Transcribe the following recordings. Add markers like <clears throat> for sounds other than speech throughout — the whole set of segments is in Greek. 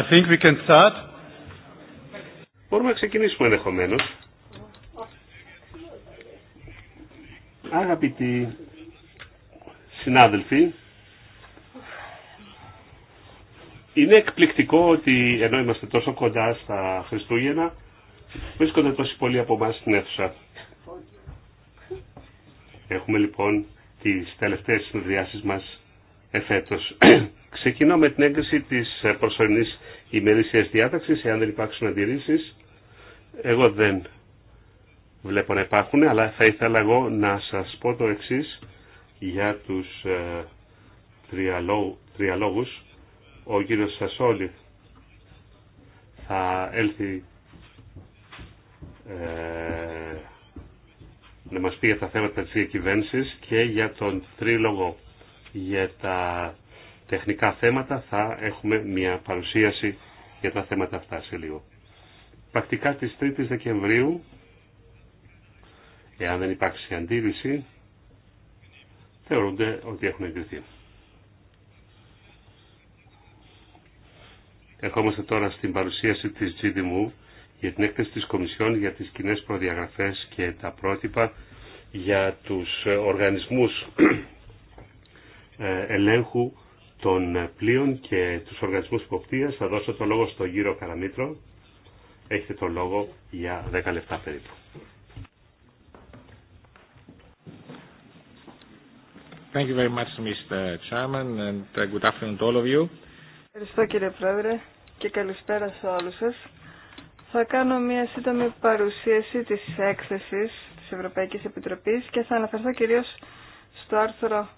I think we can start. Μπορούμε να ξεκινήσουμε ενδεχομένω. Αγαπητοί συνάδελφοι, είναι εκπληκτικό ότι ενώ είμαστε τόσο κοντά στα Χριστούγεννα, βρίσκονται τόσοι πολλοί από εμά στην αίθουσα. Έχουμε λοιπόν τις τελευταίες συνδυάσει μας εφέτος. Ξεκινώ με την έγκριση τη προσωρινή ημερησία διάταξη εάν δεν υπάρξουν αντιρρήσει. Εγώ δεν βλέπω να υπάρχουν, αλλά θα ήθελα εγώ να σα πω το εξή για τους ε, Ο κύριο Σασόλη θα έλθει ε, να μας πει για τα θέματα της διακυβέρνηση και για τον τρίλογο για τα τεχνικά θέματα θα έχουμε μια παρουσίαση για τα θέματα αυτά σε λίγο. Πρακτικά της 3ης Δεκεμβρίου, εάν δεν υπάρξει αντίληση, θεωρούνται ότι έχουν εγκριθεί. Ερχόμαστε τώρα στην παρουσίαση της GDMU για την έκθεση της Κομισιόν για τις κοινέ προδιαγραφές και τα πρότυπα για τους οργανισμούς ε, ελέγχου των πλοίων και τους οργανισμούς υποπτίας. Θα δώσω το λόγο στον κύριο Καραμήτρο. Έχετε το λόγο για 10 λεπτά περίπου. Thank you very much, Mr. Chairman, and uh, good afternoon to all of you. Ευχαριστώ κύριε Πρόεδρε και καλησπέρα σε όλους σας. Θα κάνω μια σύντομη παρουσίαση της έκθεσης της Ευρωπαϊκής Επιτροπής και θα αναφερθώ κυρίως στο άρθρο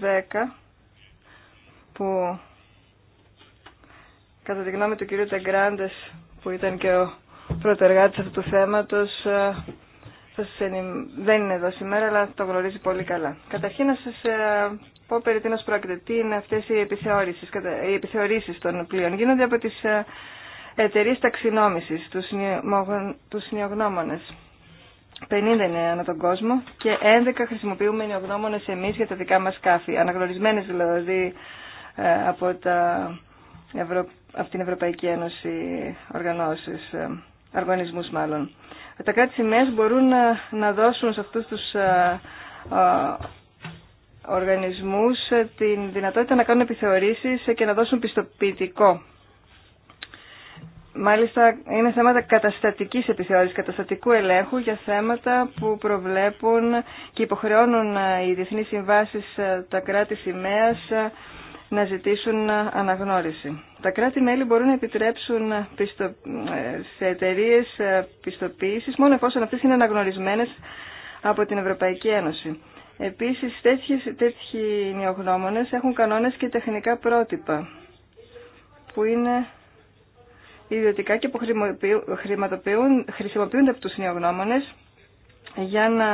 10 που κατά τη γνώμη του κυρίου Τεγκράντες που ήταν και ο πρωτεργάτης αυτού του θέματος ε, δεν είναι εδώ σήμερα αλλά το γνωρίζει πολύ καλά. Καταρχήν να σας ε, πω περί τίνος πρόκειται. Τι είναι αυτές οι επιθεωρήσεις, οι επιθεωρήσεις των πλοίων. Γίνονται από τις ε, εταιρείε ταξινόμησης, τους νεογνώμονες. 50 είναι ανά τον κόσμο και 11 χρησιμοποιούμε νεογνώμονες εμείς για τα δικά μας σκάφη. Αναγνωρισμένες δηλαδή ε, από, τα, την Ευρωπαϊκή Ένωση οργανώσεις, ε, οργανισμούς μάλλον. Τα κράτη σημαίες μπορούν να, ε, να δώσουν σε αυτούς τους οργανισμούς την δυνατότητα να κάνουν επιθεωρήσεις και να δώσουν πιστοποιητικό. Μάλιστα είναι θέματα καταστατικής επιθεώρησης, καταστατικού ελέγχου για θέματα που προβλέπουν και υποχρεώνουν οι διεθνείς συμβάσεις τα κράτη σημαίας να ζητήσουν αναγνώριση. Τα κράτη-μέλη μπορούν να επιτρέψουν σε εταιρείε πιστοποίηση μόνο εφόσον αυτέ είναι αναγνωρισμένες από την Ευρωπαϊκή Ένωση. Επίσης, τέτοιοι, τέτοιοι νεογνώμονες έχουν κανόνες και τεχνικά πρότυπα που είναι ιδιωτικά και που χρησιμοποιούνται από τους νεογνώμονε για να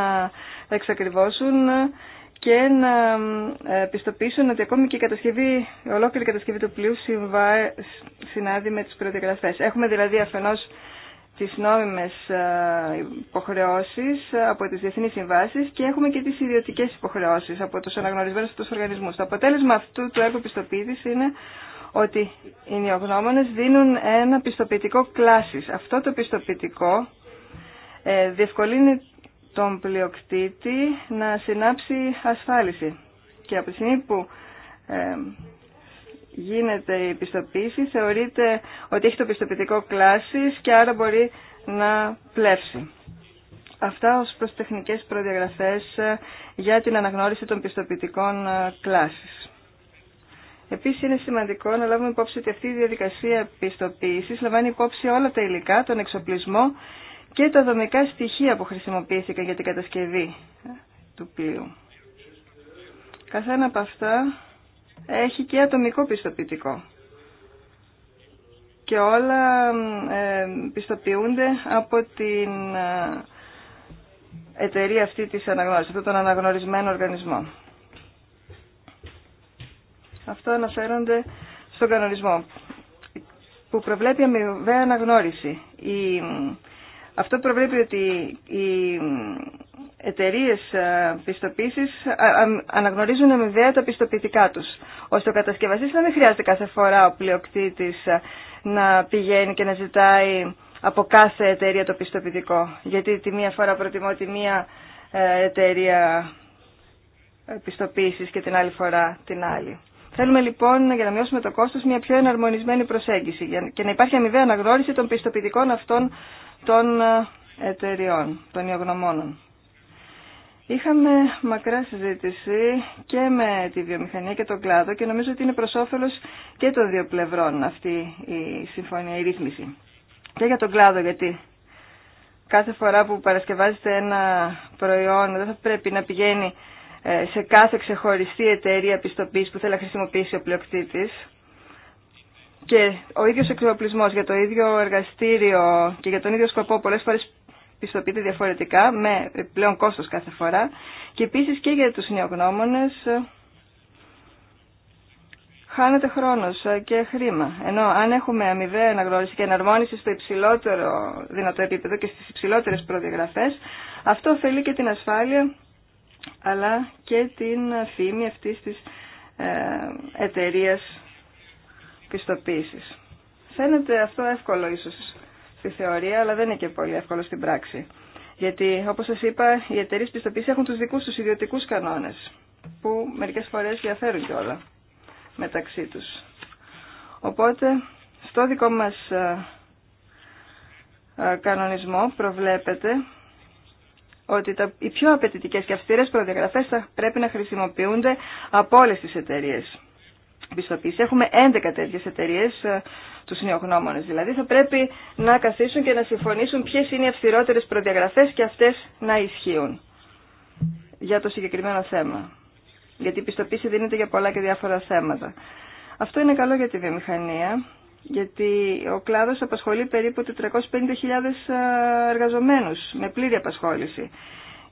εξακριβώσουν και να ε, πιστοποιήσουν ότι ακόμη και η κατασκευή, η ολόκληρη κατασκευή του πλοίου συνάδει με τις προδιαγραφές. Έχουμε δηλαδή αφενός τις νόμιμες ε, υποχρεώσεις από τις διεθνείς συμβάσεις και έχουμε και τις ιδιωτικές υποχρεώσεις από τους αναγνωρισμένους τους οργανισμούς. Το αποτέλεσμα αυτού του έργου πιστοποίησης είναι ότι οι νεογνώμονες δίνουν ένα πιστοποιητικό κλάσης. Αυτό το πιστοποιητικό ε, διευκολύνει τον πλειοκτήτη να συνάψει ασφάλιση. Και από τη στιγμή που γίνεται η πιστοποίηση θεωρείται ότι έχει το πιστοποιητικό κλάσης και άρα μπορεί να πλέψει. Αυτά ως προς τεχνικές προδιαγραφές ε, για την αναγνώριση των πιστοποιητικών ε, κλάσης. Επίσης είναι σημαντικό να λάβουμε υπόψη ότι αυτή η διαδικασία πιστοποίησης λαμβάνει υπόψη όλα τα υλικά, τον εξοπλισμό και τα δομικά στοιχεία που χρησιμοποιήθηκαν για την κατασκευή του πλοίου. Καθένα από αυτά έχει και ατομικό πιστοποιητικό. Και όλα ε, πιστοποιούνται από την ε, εταιρεία αυτή της αναγνώρισης, αυτόν τον αναγνωρισμένο οργανισμό. Αυτό αναφέρονται στον κανονισμό που προβλέπει αμοιβαία αναγνώριση. Η αυτό προβλέπει ότι οι εταιρείε πιστοποίηση ε, αναγνωρίζουν αμοιβαία τα πιστοποιητικά του, ώστε ο κατασκευαστή να μην χρειάζεται κάθε φορά ο πλειοκτήτη ε, να πηγαίνει και να ζητάει από κάθε εταιρεία το πιστοποιητικό. Γιατί τη μία φορά προτιμώ τη μία ε, εταιρεία πιστοποίηση και την άλλη φορά την άλλη. Θέλουμε λοιπόν για να μειώσουμε το κόστος μια πιο εναρμονισμένη προσέγγιση και να υπάρχει αμοιβαία αναγνώριση των πιστοποιητικών αυτών των ε, εταιριών, των υιογνωμόνων. Είχαμε μακρά συζήτηση και με τη βιομηχανία και τον κλάδο και νομίζω ότι είναι προς όφελος και των δύο πλευρών αυτή η συμφωνία, η ρύθμιση. Και για τον κλάδο γιατί κάθε φορά που παρασκευάζεται ένα προϊόν δεν θα πρέπει να πηγαίνει ε, σε κάθε ξεχωριστή εταιρεία πιστοποίηση που θέλει να χρησιμοποιήσει ο πλειοκτήτης και ο ίδιος εξοπλισμός για το ίδιο εργαστήριο και για τον ίδιο σκοπό πολλές φορές πιστοποιείται διαφορετικά με πλέον κόστος κάθε φορά και επίσης και για τους νεογνώμονες ε, χάνεται χρόνος ε, και χρήμα. Ενώ αν έχουμε αμοιβαία αναγνώριση και εναρμόνιση στο υψηλότερο δυνατό επίπεδο και στις υψηλότερες προδιαγραφές, αυτό ωφελεί και την ασφάλεια αλλά και την φήμη αυτής της ε, εταιρείας πιστοποίησης. Φαίνεται αυτό εύκολο ίσως στη θεωρία, αλλά δεν είναι και πολύ εύκολο στην πράξη. Γιατί, όπως σας είπα, οι εταιρείε πιστοποίηση έχουν τους δικούς τους ιδιωτικούς κανόνες, που μερικές φορές διαφέρουν κιόλα μεταξύ τους. Οπότε, στο δικό μας ε, ε, κανονισμό προβλέπεται ότι τα, οι πιο απαιτητικέ και αυστηρές προδιαγραφές θα πρέπει να χρησιμοποιούνται από όλε τι εταιρείε πιστοποίηση. Έχουμε 11 τέτοιε εταιρείε, ε, του νεογνώμονε δηλαδή. Θα πρέπει να καθίσουν και να συμφωνήσουν ποιε είναι οι αυστηρότερε προδιαγραφέ και αυτέ να ισχύουν για το συγκεκριμένο θέμα. Γιατί η πιστοποίηση δίνεται για πολλά και διάφορα θέματα. Αυτό είναι καλό για τη βιομηχανία, γιατί ο κλάδος απασχολεί περίπου 450.000 ε, εργαζομένους με πλήρη απασχόληση.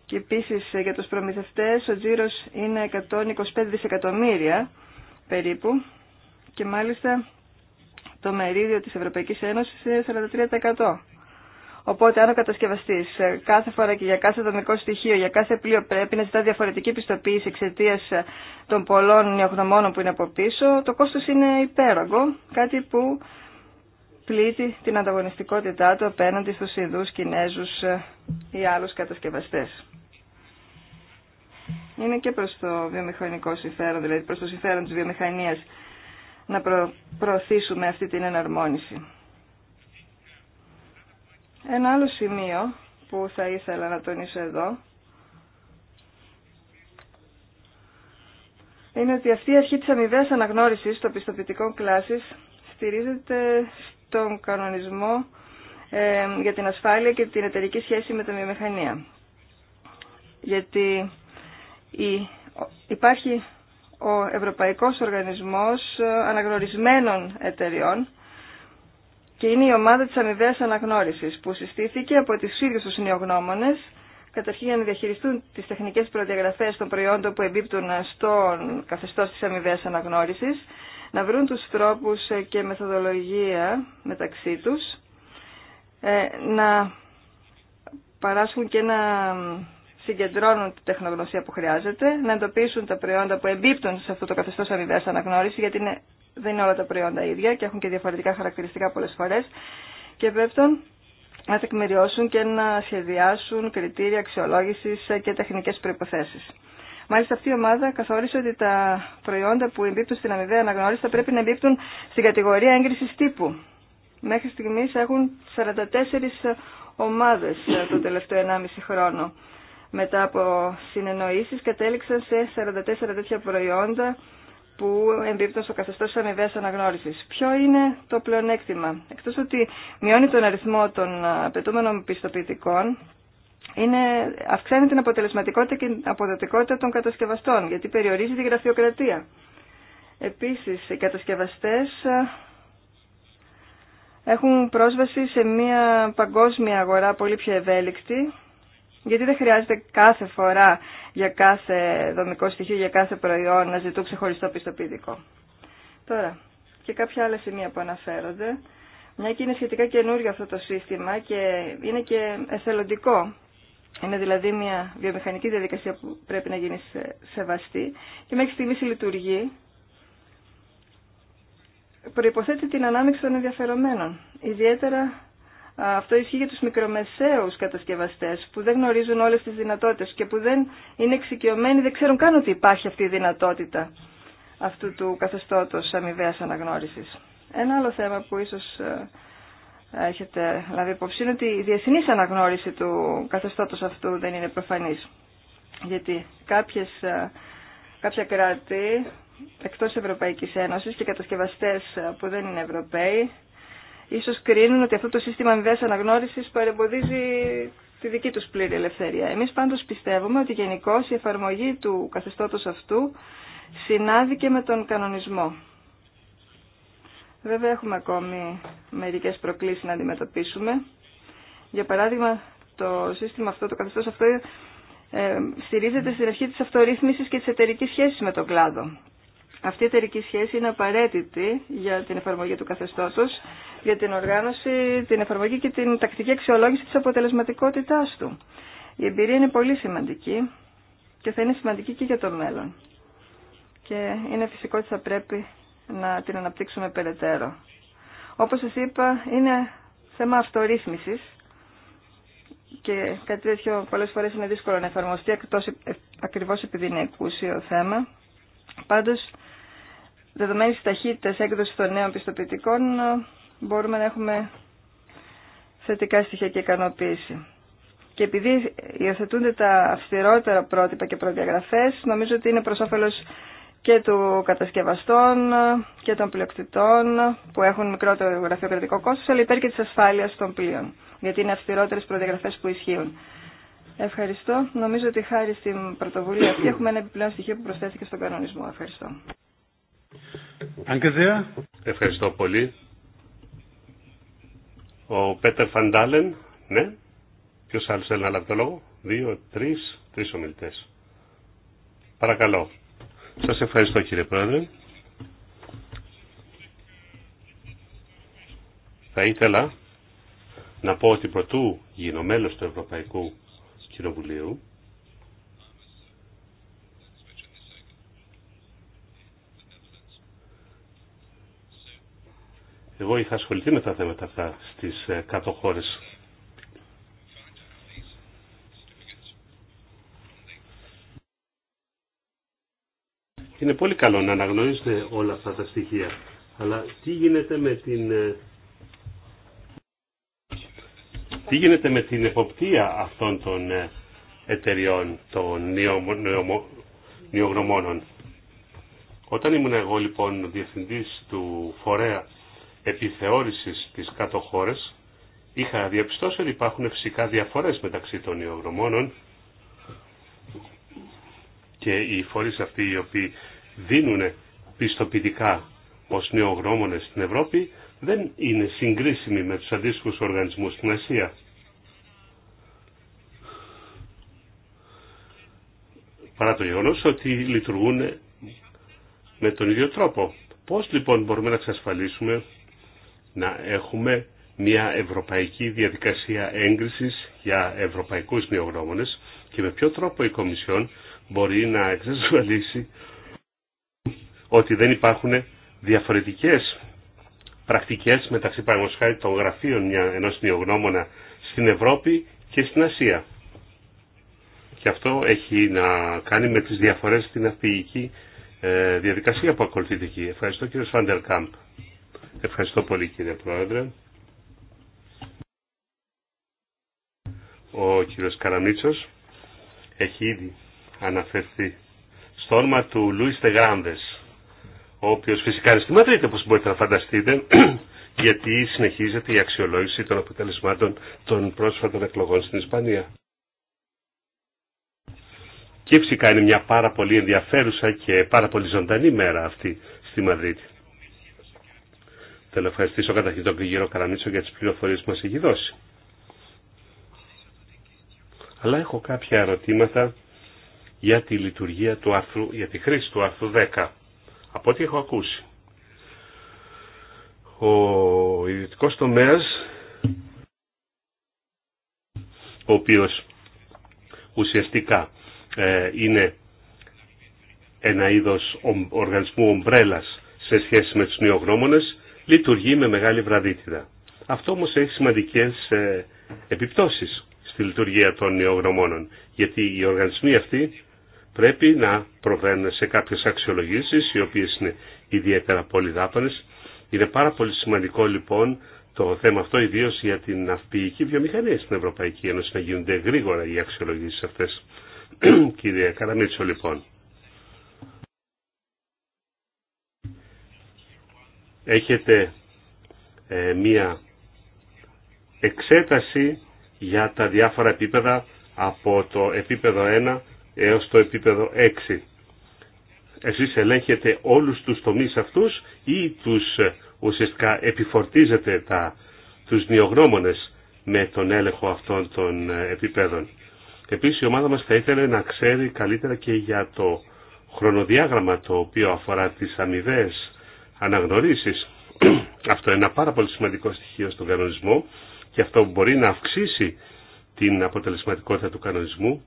Και επίσης ε, για τους προμηθευτές ο τζίρος είναι 125 δισεκατομμύρια περίπου και μάλιστα το μερίδιο της Ευρωπαϊκής Ένωσης είναι 43%. Οπότε αν ο κατασκευαστής ε, κάθε φορά και για κάθε δομικό στοιχείο, για κάθε πλοίο πρέπει να ζητά διαφορετική πιστοποίηση εξαιτία ε, των πολλών νεογνωμόνων που είναι από πίσω, το κόστος είναι υπέρογο κάτι που πλήττει την ανταγωνιστικότητά του απέναντι στους ιδούς Κινέζους ε, ή άλλους κατασκευαστές είναι και προς το βιομηχανικό συμφέρον, δηλαδή προς το συμφέρον της βιομηχανίας να προωθήσουμε αυτή την εναρμόνιση. Ένα άλλο σημείο που θα ήθελα να τονίσω εδώ είναι ότι αυτή η αρχή της αμοιβαίας αναγνώρισης των πιστοποιητικών κλάσης στηρίζεται στον κανονισμό ε, για την ασφάλεια και την εταιρική σχέση με τη βιομηχανία. Γιατί Υπάρχει ο Ευρωπαϊκός Οργανισμός Αναγνωρισμένων Εταιριών και είναι η ομάδα της αμοιβαίας αναγνώρισης που συστήθηκε από τις ίδιους τους νεογνώμονες καταρχήν για να διαχειριστούν τις τεχνικές προδιαγραφές των προϊόντων που εμπίπτουν στον καθεστώς της αμοιβαίας αναγνώρισης, να βρουν τους τρόπους και μεθοδολογία μεταξύ τους, ε, να παράσχουν και ένα συγκεντρώνουν τη τεχνογνωσία που χρειάζεται, να εντοπίσουν τα προϊόντα που εμπίπτουν σε αυτό το καθεστώ αμοιβαία αναγνώριση, γιατί δεν είναι όλα τα προϊόντα ίδια και έχουν και διαφορετικά χαρακτηριστικά πολλέ φορέ. Και βέβαια να τεκμηριώσουν και να σχεδιάσουν κριτήρια αξιολόγηση και τεχνικέ προποθέσει. Μάλιστα, αυτή η ομάδα καθόρισε ότι τα προϊόντα που εμπίπτουν στην αμοιβαία αναγνώριση θα πρέπει να εμπίπτουν στην κατηγορία έγκριση τύπου. Μέχρι στιγμή έχουν 44 ομάδες το τελευταίο 1,5 χρόνο μετά από συνεννοήσεις κατέληξαν σε 44 τέτοια προϊόντα που εμπίπτουν στο καθεστώ τη αμοιβαία αναγνώριση. Ποιο είναι το πλεονέκτημα. Εκτό ότι μειώνει τον αριθμό των απαιτούμενων πιστοποιητικών, είναι, αυξάνει την αποτελεσματικότητα και την αποδοτικότητα των κατασκευαστών, γιατί περιορίζει τη γραφειοκρατία. Επίση, οι κατασκευαστέ ε, έχουν πρόσβαση σε μια παγκόσμια αγορά πολύ πιο ευέλικτη γιατί δεν χρειάζεται κάθε φορά για κάθε δομικό στοιχείο, για κάθε προϊόν να ζητούν ξεχωριστό πιστοποιητικό. Τώρα, και κάποια άλλα σημεία που αναφέρονται. Μια και είναι σχετικά καινούργιο αυτό το σύστημα και είναι και εθελοντικό. Είναι δηλαδή μια βιομηχανική διαδικασία που πρέπει να γίνει σεβαστή και μέχρι στιγμή λειτουργεί. Προϋποθέτει την ανάμειξη των ενδιαφερομένων, ιδιαίτερα αυτό ισχύει για τους μικρομεσαίους κατασκευαστές που δεν γνωρίζουν όλες τις δυνατότητες και που δεν είναι εξοικειωμένοι, δεν ξέρουν καν ότι υπάρχει αυτή η δυνατότητα αυτού του καθεστώτος αμοιβαίας αναγνώρισης. Ένα άλλο θέμα που ίσως ε, έχετε λάβει υπόψη είναι ότι η διεθνής αναγνώριση του καθεστώτος αυτού δεν είναι προφανής. Γιατί κάποιες, ε, κάποια κράτη εκτός Ευρωπαϊκής Ένωσης και κατασκευαστές που δεν είναι Ευρωπαίοι ίσως κρίνουν ότι αυτό το σύστημα αμοιβαίας αναγνώρισης παρεμποδίζει τη δική τους πλήρη ελευθερία. Εμείς πάντως πιστεύουμε ότι γενικώ η εφαρμογή του καθεστώτος αυτού συνάδει και με τον κανονισμό. Βέβαια έχουμε ακόμη μερικές προκλήσεις να αντιμετωπίσουμε. Για παράδειγμα, το σύστημα αυτό, το καθεστώς αυτό ε, στηρίζεται στην αρχή της αυτορύθμισης και της εταιρική σχέσης με τον κλάδο. Αυτή η εταιρική σχέση είναι απαραίτητη για την εφαρμογή του καθεστώτος για την οργάνωση, την εφαρμογή και την τακτική αξιολόγηση της αποτελεσματικότητάς του. Η εμπειρία είναι πολύ σημαντική και θα είναι σημαντική και για το μέλλον. Και είναι φυσικό ότι θα πρέπει να την αναπτύξουμε περαιτέρω. Όπως σας είπα, είναι θέμα αυτορύθμισης και κάτι τέτοιο πολλές φορές είναι δύσκολο να εφαρμοστεί ε, ακριβώς επειδή είναι εκούσιο θέμα. Πάντως, δεδομένης έκδοση των νέων πιστοποιητικών, μπορούμε να έχουμε θετικά στοιχεία και ικανοποίηση. Και επειδή υιοθετούνται τα αυστηρότερα πρότυπα και προδιαγραφές, νομίζω ότι είναι προς όφελος και του κατασκευαστών και των πλειοκτητών που έχουν μικρότερο γραφειοκρατικό κόστος, αλλά υπέρ και της ασφάλειας των πλοίων, γιατί είναι αυστηρότερες προδιαγραφές που ισχύουν. Ευχαριστώ. Νομίζω ότι χάρη στην πρωτοβουλία αυτή έχουμε ένα επιπλέον στοιχείο που προσθέθηκε στον κανονισμό. Ευχαριστώ. Ευχαριστώ πολύ. Ο Πέτερ Φαντάλεν, ναι. Ποιος άλλος θέλει να λάβει το λόγο. Δύο, τρεις, τρεις ομιλητές. Παρακαλώ. Σας ευχαριστώ κύριε Πρόεδρε. Θα ήθελα να πω ότι πρωτού γίνω μέλος του Ευρωπαϊκού Κοινοβουλίου Εγώ είχα ασχοληθεί με τα θέματα αυτά στις ε, κάτω χώρες. Είναι πολύ καλό να αναγνωρίζετε όλα αυτά τα στοιχεία. Αλλά τι γίνεται με την... Ε, τι γίνεται με την εποπτεία αυτών των ε, εταιριών, των νεογνωμόνων. Όταν ήμουν εγώ λοιπόν διευθυντής του φορέα επιθεώρησης της κάτω χώρες, είχα διαπιστώσει ότι υπάρχουν φυσικά διαφορές μεταξύ των ιογρομόνων και οι φορείς αυτοί οι οποίοι δίνουν πιστοποιητικά ως νεογρόμονες στην Ευρώπη δεν είναι συγκρίσιμοι με τους αντίστοιχους οργανισμούς στην Ασία. Παρά το γεγονός ότι λειτουργούν με τον ίδιο τρόπο. Πώς λοιπόν μπορούμε να εξασφαλίσουμε να έχουμε μια ευρωπαϊκή διαδικασία έγκρισης για ευρωπαϊκούς νεογνώμονες και με ποιο τρόπο η Κομισιόν μπορεί να εξασφαλίσει ότι δεν υπάρχουν διαφορετικές πρακτικές μεταξύ παραγωγή των γραφείων μια, ενός νεογνώμονα στην Ευρώπη και στην Ασία. Και αυτό έχει να κάνει με τις διαφορές στην αυπηγική ε, διαδικασία που ακολουθείται εκεί. Ευχαριστώ κύριο Κάμπ. Ευχαριστώ πολύ κύριε Πρόεδρε. Ο κύριος Καραμίτσος έχει ήδη αναφερθεί στο όνομα του Λούις Τεγράνδες, ο οποίος φυσικά είναι στη Μαδρίτη, όπως μπορείτε να φανταστείτε, <clears throat> γιατί συνεχίζεται η αξιολόγηση των αποτελεσμάτων των πρόσφατων εκλογών στην Ισπανία. Και φυσικά είναι μια πάρα πολύ ενδιαφέρουσα και πάρα πολύ ζωντανή μέρα αυτή στη Μαδρίτη. Θέλω να ευχαριστήσω καταρχήν τον κύριο Καρανίτσο για τις πληροφορίε που μα έχει δώσει. Αλλά έχω κάποια ερωτήματα για τη λειτουργία του άρθρου, για τη χρήση του άρθρου 10. Από ό,τι έχω ακούσει. Ο ιδιωτικό τομέα, ο οποίο ουσιαστικά ε, είναι ένα είδος οργανισμού ομπρέλας σε σχέση με τους νεογνώμονες, λειτουργεί με μεγάλη βραδίτιδα. Αυτό όμως έχει σημαντικές ε, επιπτώσεις στη λειτουργία των νεογνωμόνων, γιατί οι οργανισμοί αυτοί πρέπει να προβαίνουν σε κάποιες αξιολογήσεις, οι οποίες είναι ιδιαίτερα πολυδάπανες. Είναι πάρα πολύ σημαντικό λοιπόν το θέμα αυτό, ιδίω για την αυπηγική βιομηχανία στην Ευρωπαϊκή Ένωση, να γίνονται γρήγορα οι αξιολογήσεις αυτές. <clears throat> Κύριε Καραμίτσο λοιπόν, έχετε ε, μία εξέταση για τα διάφορα επίπεδα από το επίπεδο 1 έως το επίπεδο 6. Εσείς ελέγχετε όλους τους τομείς αυτούς ή τους ουσιαστικά επιφορτίζετε τα, τους νιογνώμονες με τον έλεγχο αυτών των ε, επίπεδων. Επίσης η ομάδα μας θα ήθελε να ξέρει καλύτερα και για το χρονοδιάγραμμα το οποίο αφορά τις αμοιβέ αναγνωρίσεις. αυτό είναι ένα πάρα πολύ σημαντικό στοιχείο στον κανονισμό και αυτό μπορεί να αυξήσει την αποτελεσματικότητα του κανονισμού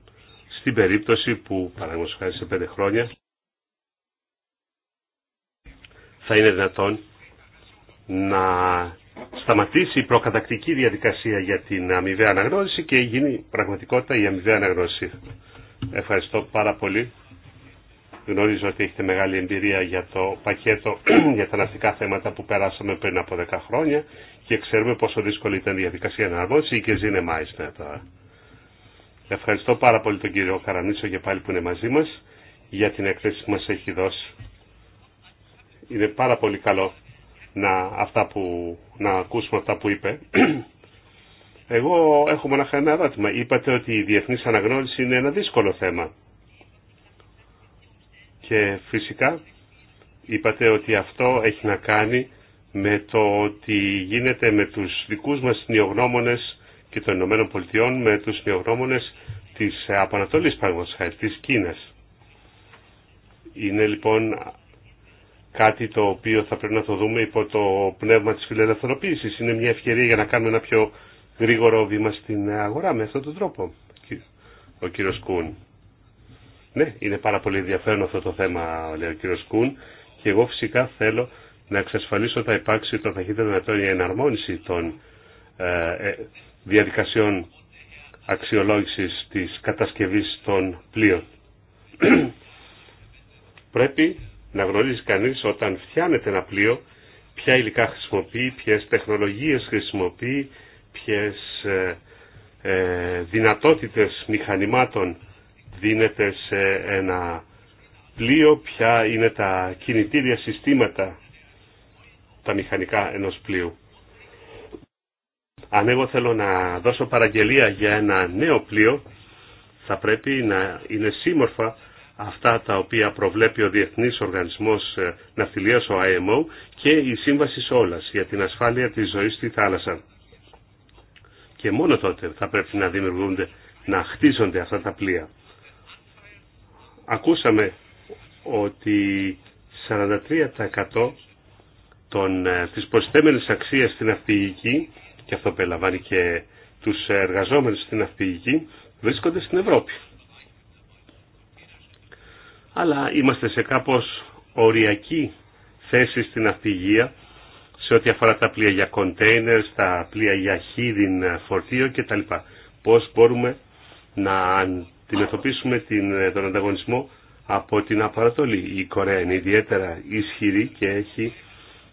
στην περίπτωση που, παραδείγματος σε πέντε χρόνια, θα είναι δυνατόν να σταματήσει η προκατακτική διαδικασία για την αμοιβαία αναγνώριση και γίνει πραγματικότητα η αμοιβαία αναγνώριση. Ευχαριστώ πάρα πολύ. Γνωρίζω ότι έχετε μεγάλη εμπειρία για το πακέτο <clears throat> για τα ναυτικά θέματα που περάσαμε πριν από 10 χρόνια και ξέρουμε πόσο δύσκολη ήταν η διαδικασία αρμόσει και ζήνε μάλιστα τώρα. Ευχαριστώ πάρα πολύ τον κύριο Καρανίσο και πάλι που είναι μαζί μας για την έκθεση που μας έχει δώσει. Είναι πάρα πολύ καλό να, αυτά που, να ακούσουμε αυτά που είπε. <clears throat> Εγώ έχω μόνο ένα ερώτημα. Είπατε ότι η διεθνής αναγνώριση είναι ένα δύσκολο θέμα. Και φυσικά είπατε ότι αυτό έχει να κάνει με το ότι γίνεται με τους δικούς μας νεογνώμονες και των Ηνωμένων Πολιτειών, με τους νεογνώμονες της Απανατολής Παγκοσχάρης, της Κίνας. Είναι λοιπόν κάτι το οποίο θα πρέπει να το δούμε υπό το πνεύμα της φιλελευθεροποίησης. Είναι μια ευκαιρία για να κάνουμε ένα πιο γρήγορο βήμα στην αγορά με αυτόν τον τρόπο. Ο κύριος Κούν. Ναι, είναι πάρα πολύ ενδιαφέρον αυτό το θέμα, λέει ο κύριο Κούν, και εγώ φυσικά θέλω να εξασφαλίσω ότι θα υπάρξει το ταχύτερο δυνατόν η εναρμόνιση των ε, ε διαδικασιών αξιολόγησης της κατασκευής των πλοίων. <clears throat> Πρέπει να γνωρίζει κανείς όταν φτιάνεται ένα πλοίο ποια υλικά χρησιμοποιεί, ποιες τεχνολογίες χρησιμοποιεί, ποιες ε, ε δυνατότητες μηχανημάτων δίνεται σε ένα πλοίο, ποια είναι τα κινητήρια συστήματα, τα μηχανικά ενός πλοίου. Αν εγώ θέλω να δώσω παραγγελία για ένα νέο πλοίο, θα πρέπει να είναι σύμμορφα αυτά τα οποία προβλέπει ο Διεθνής Οργανισμός ε, Ναυτιλίας, ο IMO, και η Σύμβαση Όλας για την ασφάλεια της ζωής στη θάλασσα. Και μόνο τότε θα πρέπει να δημιουργούνται, να χτίζονται αυτά τα πλοία. Ακούσαμε ότι 43% των, ε, της προσθέμενης αξίας στην αυτοίγική και αυτό περιλαμβάνει και τους εργαζόμενους στην αυτοίγική βρίσκονται στην Ευρώπη. Αλλά είμαστε σε κάπως οριακή θέση στην αυτοιγεία σε ό,τι αφορά τα πλοία για κοντέινερ, τα πλοία για χίδιν φορτίο κτλ. Πώς μπορούμε να αντιμετωπίσουμε την, ε, τον ανταγωνισμό από την απαρατολή. Η Κορέα είναι ιδιαίτερα ισχυρή και έχει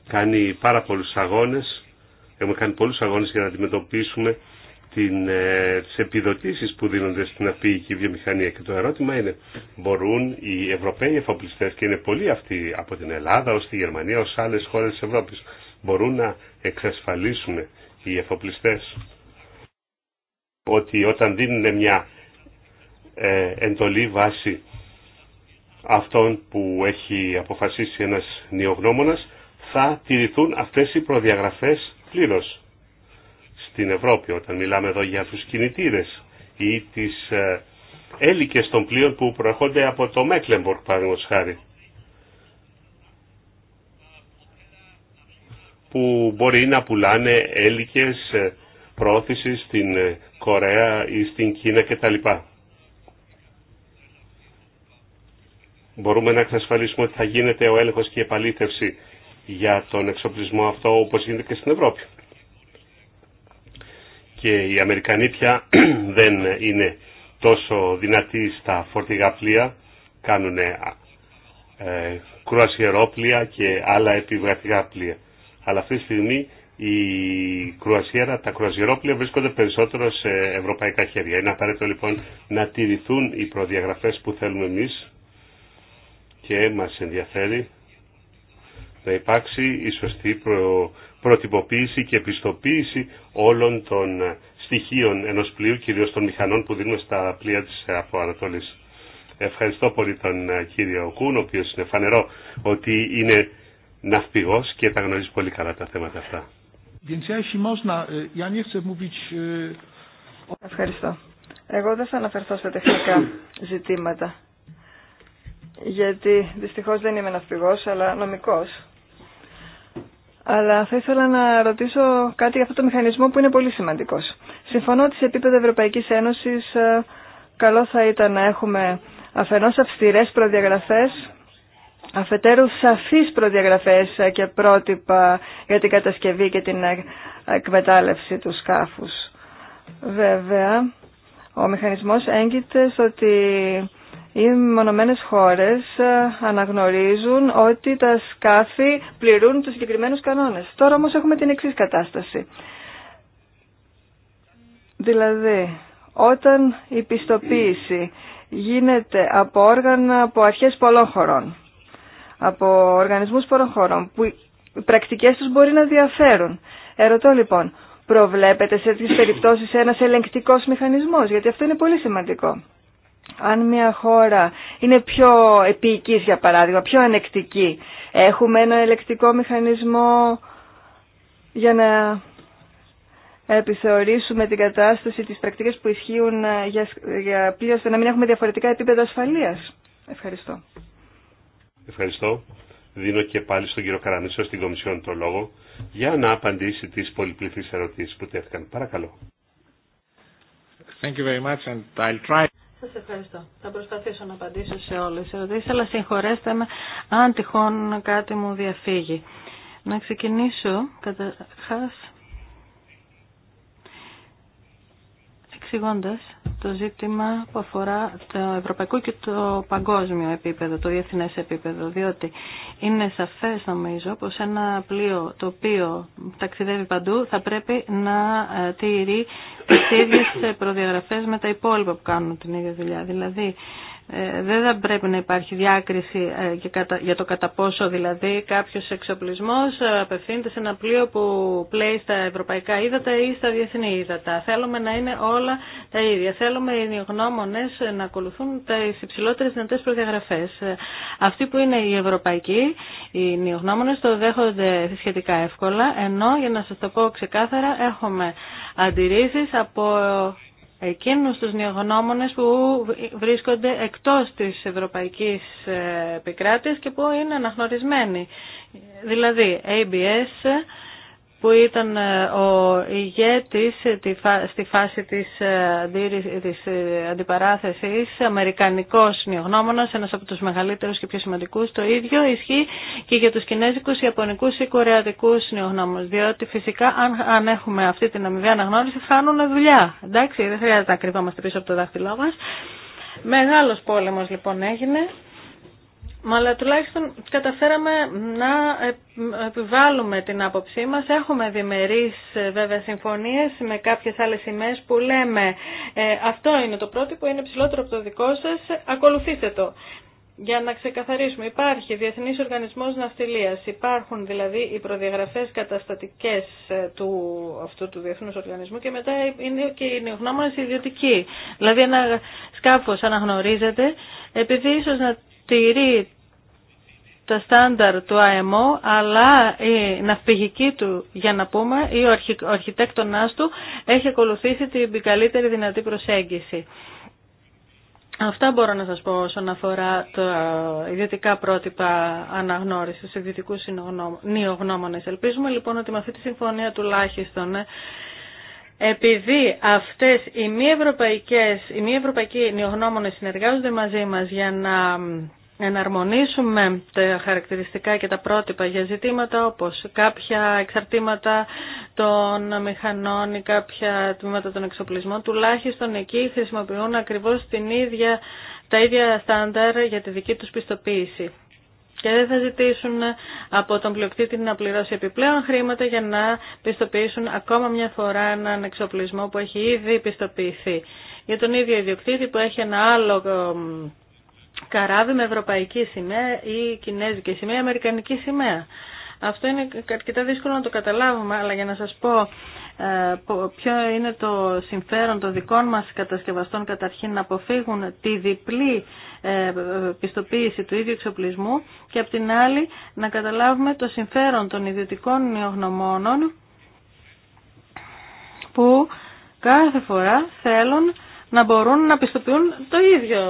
κάνει πάρα πολλού αγώνες. Έχουμε κάνει πολλούς αγώνες για να αντιμετωπίσουμε την, ε, τις επιδοτήσεις που δίνονται στην αφήγικη βιομηχανία. Και το ερώτημα είναι, μπορούν οι Ευρωπαίοι εφοπλιστές, και είναι πολλοί αυτοί από την Ελλάδα ω τη Γερμανία, ω άλλε χώρε τη Ευρώπη, μπορούν να εξασφαλίσουν οι εφοπλιστέ ότι όταν δίνουν μια ε, εντολή βάση αυτών που έχει αποφασίσει ένας νεογνώμονας θα τηρηθούν αυτές οι προδιαγραφές πλήρως στην Ευρώπη όταν μιλάμε εδώ για τους κινητήρες ή τις ε, έλικες των πλοίων που προερχόνται από το Μέκλεμπορκ παραδείγματος χάρη που μπορεί να πουλάνε έλικες ε, πρόθεση στην Κορέα ή στην Κίνα κτλ. μπορούμε να εξασφαλίσουμε ότι θα γίνεται ο έλεγχος και η επαλήθευση για τον εξοπλισμό αυτό όπως γίνεται και στην Ευρώπη. Και οι Αμερικανοί πια <clears throat> δεν είναι τόσο δυνατοί στα φορτηγά πλοία, κάνουν ε, κρουασιερόπλοια και άλλα επιβατικά πλοία. Αλλά αυτή τη στιγμή η κρουασιέρα, τα κρουαζιερόπλια βρίσκονται περισσότερο σε ευρωπαϊκά χέρια. Είναι απαραίτητο λοιπόν να τηρηθούν οι προδιαγραφές που θέλουμε εμείς και μας ενδιαφέρει να υπάρξει η σωστή προ... και επιστοποίηση όλων των στοιχείων ενός πλοίου, κυρίως των μηχανών που δίνουμε στα πλοία της Αποανατολής. Ευχαριστώ πολύ τον ε, κύριο Κούν, ο οποίος είναι φανερό ότι είναι ναυπηγός και τα γνωρίζει πολύ καλά τα θέματα αυτά. Ε, ε, Ευχαριστώ. Εγώ δεν θα αναφερθώ σε τεχνικά ζητήματα γιατί δυστυχώς δεν είμαι ναυπηγός, αλλά νομικός. Αλλά θα ήθελα να ρωτήσω κάτι για αυτό το μηχανισμό που είναι πολύ σημαντικός. Συμφωνώ ότι σε επίπεδο Ευρωπαϊκής Ένωσης ε, καλό θα ήταν να έχουμε αφενός αυστηρές προδιαγραφές, αφετέρου σαφείς προδιαγραφές ε, και πρότυπα για την κατασκευή και την ε, εκμετάλλευση του σκάφους. Βέβαια, ο μηχανισμός έγκυται στο ότι οι μονομένε χώρες ε, αναγνωρίζουν ότι τα σκάφη πληρούν τους συγκεκριμένους κανόνες. Τώρα όμως έχουμε την εξής κατάσταση. Δηλαδή, όταν η πιστοποίηση γίνεται από όργανα, από αρχές πολλών χωρών, από οργανισμούς πολλών χωρών, που οι πρακτικές τους μπορεί να διαφέρουν. Ερωτώ λοιπόν, προβλέπετε σε τέτοιες περιπτώσεις ένας ελεγκτικός μηχανισμός, γιατί αυτό είναι πολύ σημαντικό αν μια χώρα είναι πιο επίοικης για παράδειγμα, πιο ανεκτική, έχουμε ένα ελεκτικό μηχανισμό για να επιθεωρήσουμε την κατάσταση, τις πρακτικές που ισχύουν ε, για, για ώστε να μην έχουμε διαφορετικά επίπεδα ασφαλείας. Ευχαριστώ. Ευχαριστώ. Δίνω και πάλι στον κύριο Καρανίσο στην Κομισιόν το λόγο για να απαντήσει τις πολυπληθείς ερωτήσεις που τέθηκαν. Παρακαλώ. Thank you very much and Σα ευχαριστώ. Θα προσπαθήσω να απαντήσω σε όλε. τι ερωτήσει, αλλά συγχωρέστε με αν τυχόν κάτι μου διαφύγει. Να ξεκινήσω καταρχά. εξηγώντα το ζήτημα που αφορά το ευρωπαϊκό και το παγκόσμιο επίπεδο, το διεθνέ επίπεδο, διότι είναι σαφέ νομίζω πω ένα πλοίο το οποίο ταξιδεύει παντού θα πρέπει να ε, τηρεί τις ίδιες προδιαγραφές με τα υπόλοιπα που κάνουν την ίδια δουλειά. Δηλαδή ε, δεν θα πρέπει να υπάρχει διάκριση ε, για το κατά πόσο δηλαδή κάποιος εξοπλισμός ε, απευθύνεται σε ένα πλοίο που πλέει στα ευρωπαϊκά ύδατα ή στα διεθνή ύδατα. Θέλουμε να είναι όλα τα ίδια. Θέλουμε οι γνώμονες να ακολουθούν τις υψηλότερες δυνατές προδιαγραφές. Αυτοί που είναι οι ευρωπαϊκοί, οι νιογνώμονες, το δέχονται σχετικά εύκολα, ενώ για να σας το πω ξεκάθαρα έχουμε αντιρρήσεις από εκείνους τους νεογνώμονες που βρίσκονται εκτός της ευρωπαϊκής ε, επικράτειας και που είναι αναγνωρισμένοι. Δηλαδή, ABS, που ήταν ε, ο ηγέτης ε, στη φάση της, ε, της αντιπαράθεσης, αμερικανικός νιογνώμονας, ένας από τους μεγαλύτερους και πιο σημαντικούς. Το ίδιο ισχύει και για τους κινέζικους, ιαπωνικούς ή κορεατικούς νιογνώμονες, διότι φυσικά αν, αν έχουμε αυτή την αμοιβή αναγνώριση χάνουν δουλειά. Εντάξει, δεν χρειάζεται να κρυβόμαστε πίσω από το δάχτυλό μας. Μεγάλος πόλεμος λοιπόν έγινε αλλά τουλάχιστον καταφέραμε να επιβάλλουμε την άποψή μας. Έχουμε διμερείς ε, βέβαια συμφωνίες με κάποιες άλλες σημαίες που λέμε ε, αυτό είναι το πρότυπο, είναι ψηλότερο από το δικό σας, ακολουθήστε το. Για να ξεκαθαρίσουμε, υπάρχει Διεθνής Οργανισμός Ναυτιλίας, υπάρχουν δηλαδή οι προδιαγραφές καταστατικές ε, του, αυτού του Διεθνούς Οργανισμού και μετά είναι και η ιδιωτική. Δηλαδή ένα σκάφος αναγνωρίζεται, επειδή ίσως να τηρεί τα στάνταρ του ΑΕΜΟ, αλλά η ναυπηγική του, για να πούμε, ή ο αρχιτέκτονάς του, έχει ακολουθήσει την καλύτερη δυνατή προσέγγιση. Αυτά μπορώ να σας πω όσον αφορά τα ιδιωτικά πρότυπα αναγνώρισης, ιδιωτικού νεογνώμονες. Ελπίζουμε λοιπόν ότι με αυτή τη συμφωνία τουλάχιστον ε, επειδή αυτές οι μη, ευρωπαϊκές, οι μη ευρωπαϊκοί νεογνώμονες συνεργάζονται μαζί μας για να εναρμονίσουμε τα χαρακτηριστικά και τα πρότυπα για ζητήματα όπως κάποια εξαρτήματα των μηχανών ή κάποια τμήματα των εξοπλισμών, τουλάχιστον εκεί χρησιμοποιούν ακριβώς την ίδια, τα ίδια στάνταρ για τη δική τους πιστοποίηση και δεν θα ζητήσουν από τον πλειοκτήτη να πληρώσει επιπλέον χρήματα για να πιστοποιήσουν ακόμα μια φορά έναν εξοπλισμό που έχει ήδη πιστοποιηθεί. Για τον ίδιο ιδιοκτήτη που έχει ένα άλλο καράβι με ευρωπαϊκή σημαία ή κινέζικη σημαία, αμερικανική σημαία. Αυτό είναι αρκετά δύσκολο να το καταλάβουμε, αλλά για να σας πω ε, ποιο είναι το συμφέρον των δικών μας κατασκευαστών καταρχήν να αποφύγουν τη διπλή ε, πιστοποίηση του ίδιου εξοπλισμού και απ' την άλλη να καταλάβουμε το συμφέρον των ιδιωτικών νεογνωμόνων που κάθε φορά θέλουν να μπορούν να πιστοποιούν το ίδιο,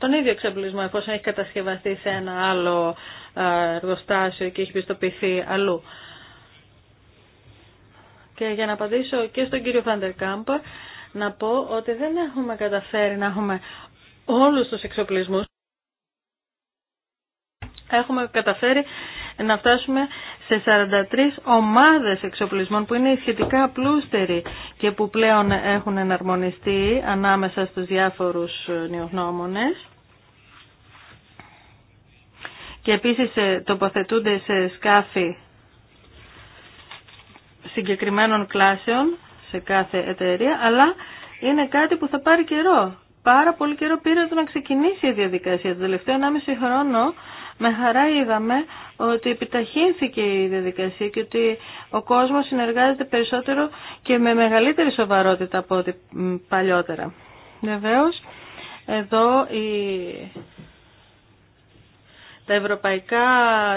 τον ίδιο εξοπλισμό εφόσον έχει κατασκευαστεί σε ένα άλλο ε, εργοστάσιο και έχει πιστοποιηθεί αλλού. Και για να απαντήσω και στον κύριο Κάμπα να πω ότι δεν έχουμε καταφέρει να έχουμε όλους τους εξοπλισμούς. Έχουμε καταφέρει να φτάσουμε σε 43 ομάδες εξοπλισμών που είναι σχετικά πλούστεροι και που πλέον έχουν εναρμονιστεί ανάμεσα στους διάφορους νεογνώμονες. Και επίσης ε, τοποθετούνται σε σκάφη συγκεκριμένων κλάσεων σε κάθε εταιρεία, αλλά είναι κάτι που θα πάρει καιρό. Πάρα πολύ καιρό πήρε το να ξεκινήσει η διαδικασία. Το τελευταίο 1,5 χρόνο με χαρά είδαμε ότι επιταχύνθηκε η διαδικασία και ότι ο κόσμος συνεργάζεται περισσότερο και με μεγαλύτερη σοβαρότητα από ό,τι παλιότερα. Βεβαίως, εδώ η τα ευρωπαϊκά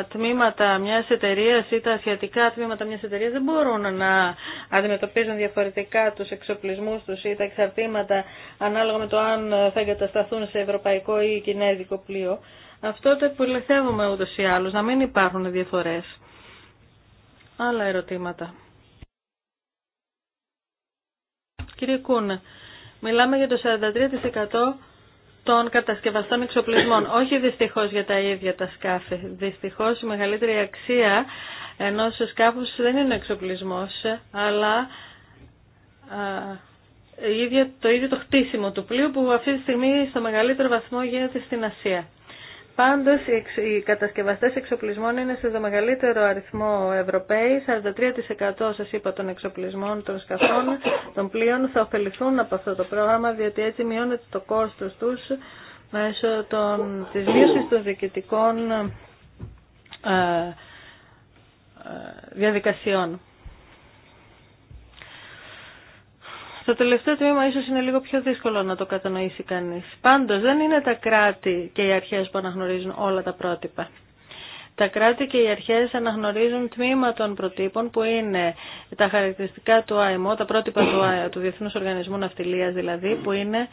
τμήματα μια εταιρεία ή τα ασιατικά τμήματα μια εταιρεία δεν μπορούν να αντιμετωπίζουν διαφορετικά τους εξοπλισμούς τους ή τα εξαρτήματα ανάλογα με το αν θα εγκατασταθούν σε ευρωπαϊκό ή κινέζικο πλοίο. Αυτό το επιληθεύουμε ούτως ή άλλως, να μην υπάρχουν διαφορές. Άλλα ερωτήματα. Κύριε Κούνε, μιλάμε για το 43% των κατασκευαστών εξοπλισμών. <clears throat> Όχι δυστυχώς για τα ίδια τα σκάφη. Δυστυχώς η μεγαλύτερη αξία ενό σκάφου δεν είναι ο εξοπλισμός, αλλά το ίδιο το χτίσιμο του πλοίου που αυτή τη στιγμή στο μεγαλύτερο βαθμό γίνεται στην Ασία. Πάντως οι κατασκευαστές εξοπλισμών είναι σε το μεγαλύτερο αριθμό Ευρωπαίοι. 43% σας είπα των εξοπλισμών των σκαφών, των πλοίων θα ωφεληθούν από αυτό το πρόγραμμα διότι έτσι μειώνεται το κόστος τους μέσω τη της μείωσης των διοικητικών ε, ε, διαδικασιών. Στο τελευταίο τμήμα ίσω είναι λίγο πιο δύσκολο να το κατανοήσει κανεί. Πάντω, δεν είναι τα κράτη και οι αρχέ που αναγνωρίζουν όλα τα πρότυπα. Τα κράτη και οι αρχέ αναγνωρίζουν τμήμα των προτύπων που είναι τα χαρακτηριστικά του ΆΕΜΟ, τα πρότυπα του, του Διεθνούς Οργανισμού Ναυτιλία δηλαδή, που είναι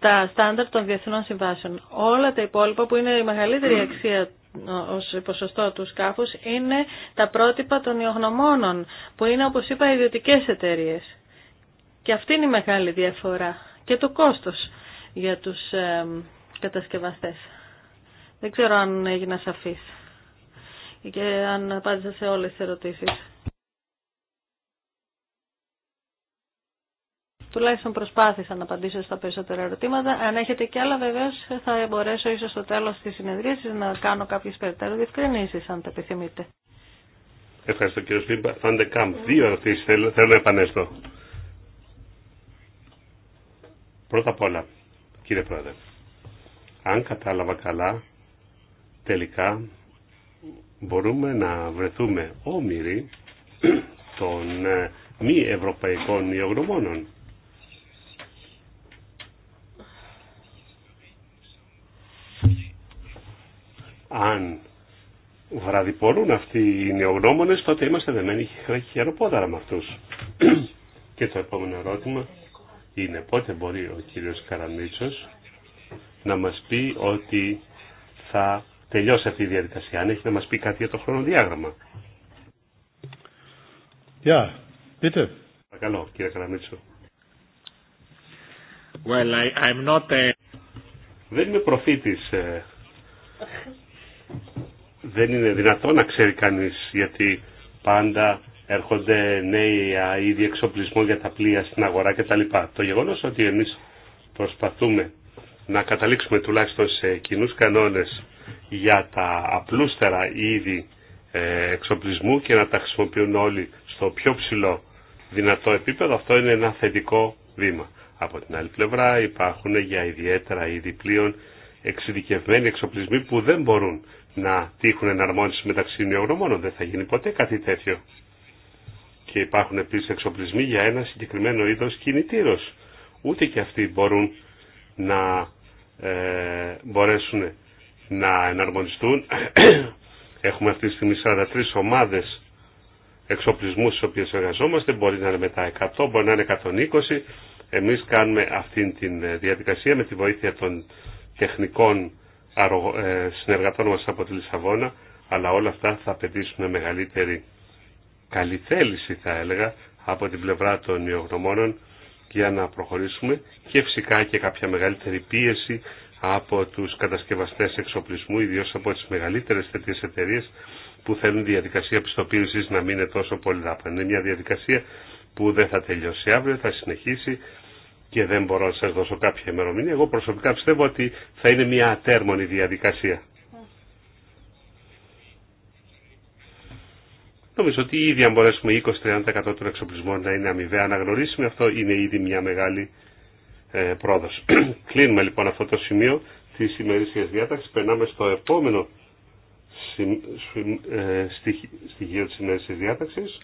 τα στάνταρ των διεθνών συμβάσεων. Όλα τα υπόλοιπα που είναι η μεγαλύτερη αξία ω ποσοστό του σκάφου είναι τα πρότυπα των ιογνωμόνων που είναι όπω είπα ιδιωτικέ εταιρείε. Και αυτή είναι η μεγάλη διαφορά και το κόστος για τους ε, κατασκευαστές. Δεν ξέρω αν έγινα σαφής και αν απάντησα σε όλες τις ερωτήσεις. Τουλάχιστον προσπάθησα να απαντήσω στα περισσότερα ερωτήματα. Αν έχετε κι άλλα βεβαίως θα μπορέσω ίσως στο τέλος της συνεδρίασης να κάνω κάποιες περαιτέρω διευκρινήσεις αν τα επιθυμείτε. Ευχαριστώ κύριε Φάντε Δύο ερωτήσεις θέλω, θέλω να επανέστω. Πρώτα απ' όλα, κύριε Πρόεδρε, αν κατάλαβα καλά, τελικά μπορούμε να βρεθούμε όμοιροι των ε, μη ευρωπαϊκών υιογνωμόνων. Αν βραδιπορούν αυτοί οι νεογνώμονες, τότε είμαστε δεμένοι χεροπόδαρα με αυτούς. <clears throat> Και το επόμενο ερώτημα είναι πότε μπορεί ο κύριος Καραμίτσος να μας πει ότι θα τελειώσει αυτή η διαδικασία. Αν έχει να μας πει κάτι για το χρονοδιάγραμμα. Γεια, yeah, Παρακαλώ, κύριε Καραμίτσο. Well, I'm not a... Δεν είμαι προφήτης. Ε. Δεν είναι δυνατό να ξέρει κανείς, γιατί πάντα έρχονται νέοι είδη εξοπλισμού για τα πλοία στην αγορά κτλ. Το γεγονό ότι εμεί προσπαθούμε να καταλήξουμε τουλάχιστον σε κοινού κανόνε για τα απλούστερα είδη ε, εξοπλισμού και να τα χρησιμοποιούν όλοι στο πιο ψηλό δυνατό επίπεδο, αυτό είναι ένα θετικό βήμα. Από την άλλη πλευρά υπάρχουν για ιδιαίτερα είδη πλοίων εξειδικευμένοι εξοπλισμοί που δεν μπορούν να τύχουν εναρμόνιση μεταξύ νεογνωμόνων. Δεν θα γίνει ποτέ κάτι τέτοιο. Και υπάρχουν επίση εξοπλισμοί για ένα συγκεκριμένο είδο κινητήρο. Ούτε και αυτοί μπορούν να ε, μπορέσουν να εναρμονιστούν. <coughs> Έχουμε αυτή τη στιγμή 43 ομάδε εξοπλισμού στις οποίε εργαζόμαστε. Μπορεί να είναι μετά 100, μπορεί να είναι 120. Εμεί κάνουμε αυτή τη ε, διαδικασία με τη βοήθεια των τεχνικών ε, συνεργατών μας από τη Λισαβόνα, αλλά όλα αυτά θα απαιτήσουν μεγαλύτερη καλή θέληση θα έλεγα από την πλευρά των ιογνωμόνων για να προχωρήσουμε και φυσικά και κάποια μεγαλύτερη πίεση από τους κατασκευαστές εξοπλισμού, ιδίως από τις μεγαλύτερες τέτοιε εταιρείε που θέλουν διαδικασία πιστοποίησης να μην είναι τόσο πολύ δάπανη. Είναι μια διαδικασία που δεν θα τελειώσει αύριο, θα συνεχίσει και δεν μπορώ να σας δώσω κάποια ημερομηνία. Εγώ προσωπικά πιστεύω ότι θα είναι μια ατέρμονη διαδικασία. Νομίζω ότι ήδη αν μπορέσουμε 20-30% των εξοπλισμών να είναι αμοιβαία γνωρίσουμε, αυτό είναι ήδη μια μεγάλη ε, <clears throat> Κλείνουμε λοιπόν αυτό το σημείο της ημερήσια διάταξη. Περνάμε στο επόμενο ε, στοιχείο της ημερήσια διάταξης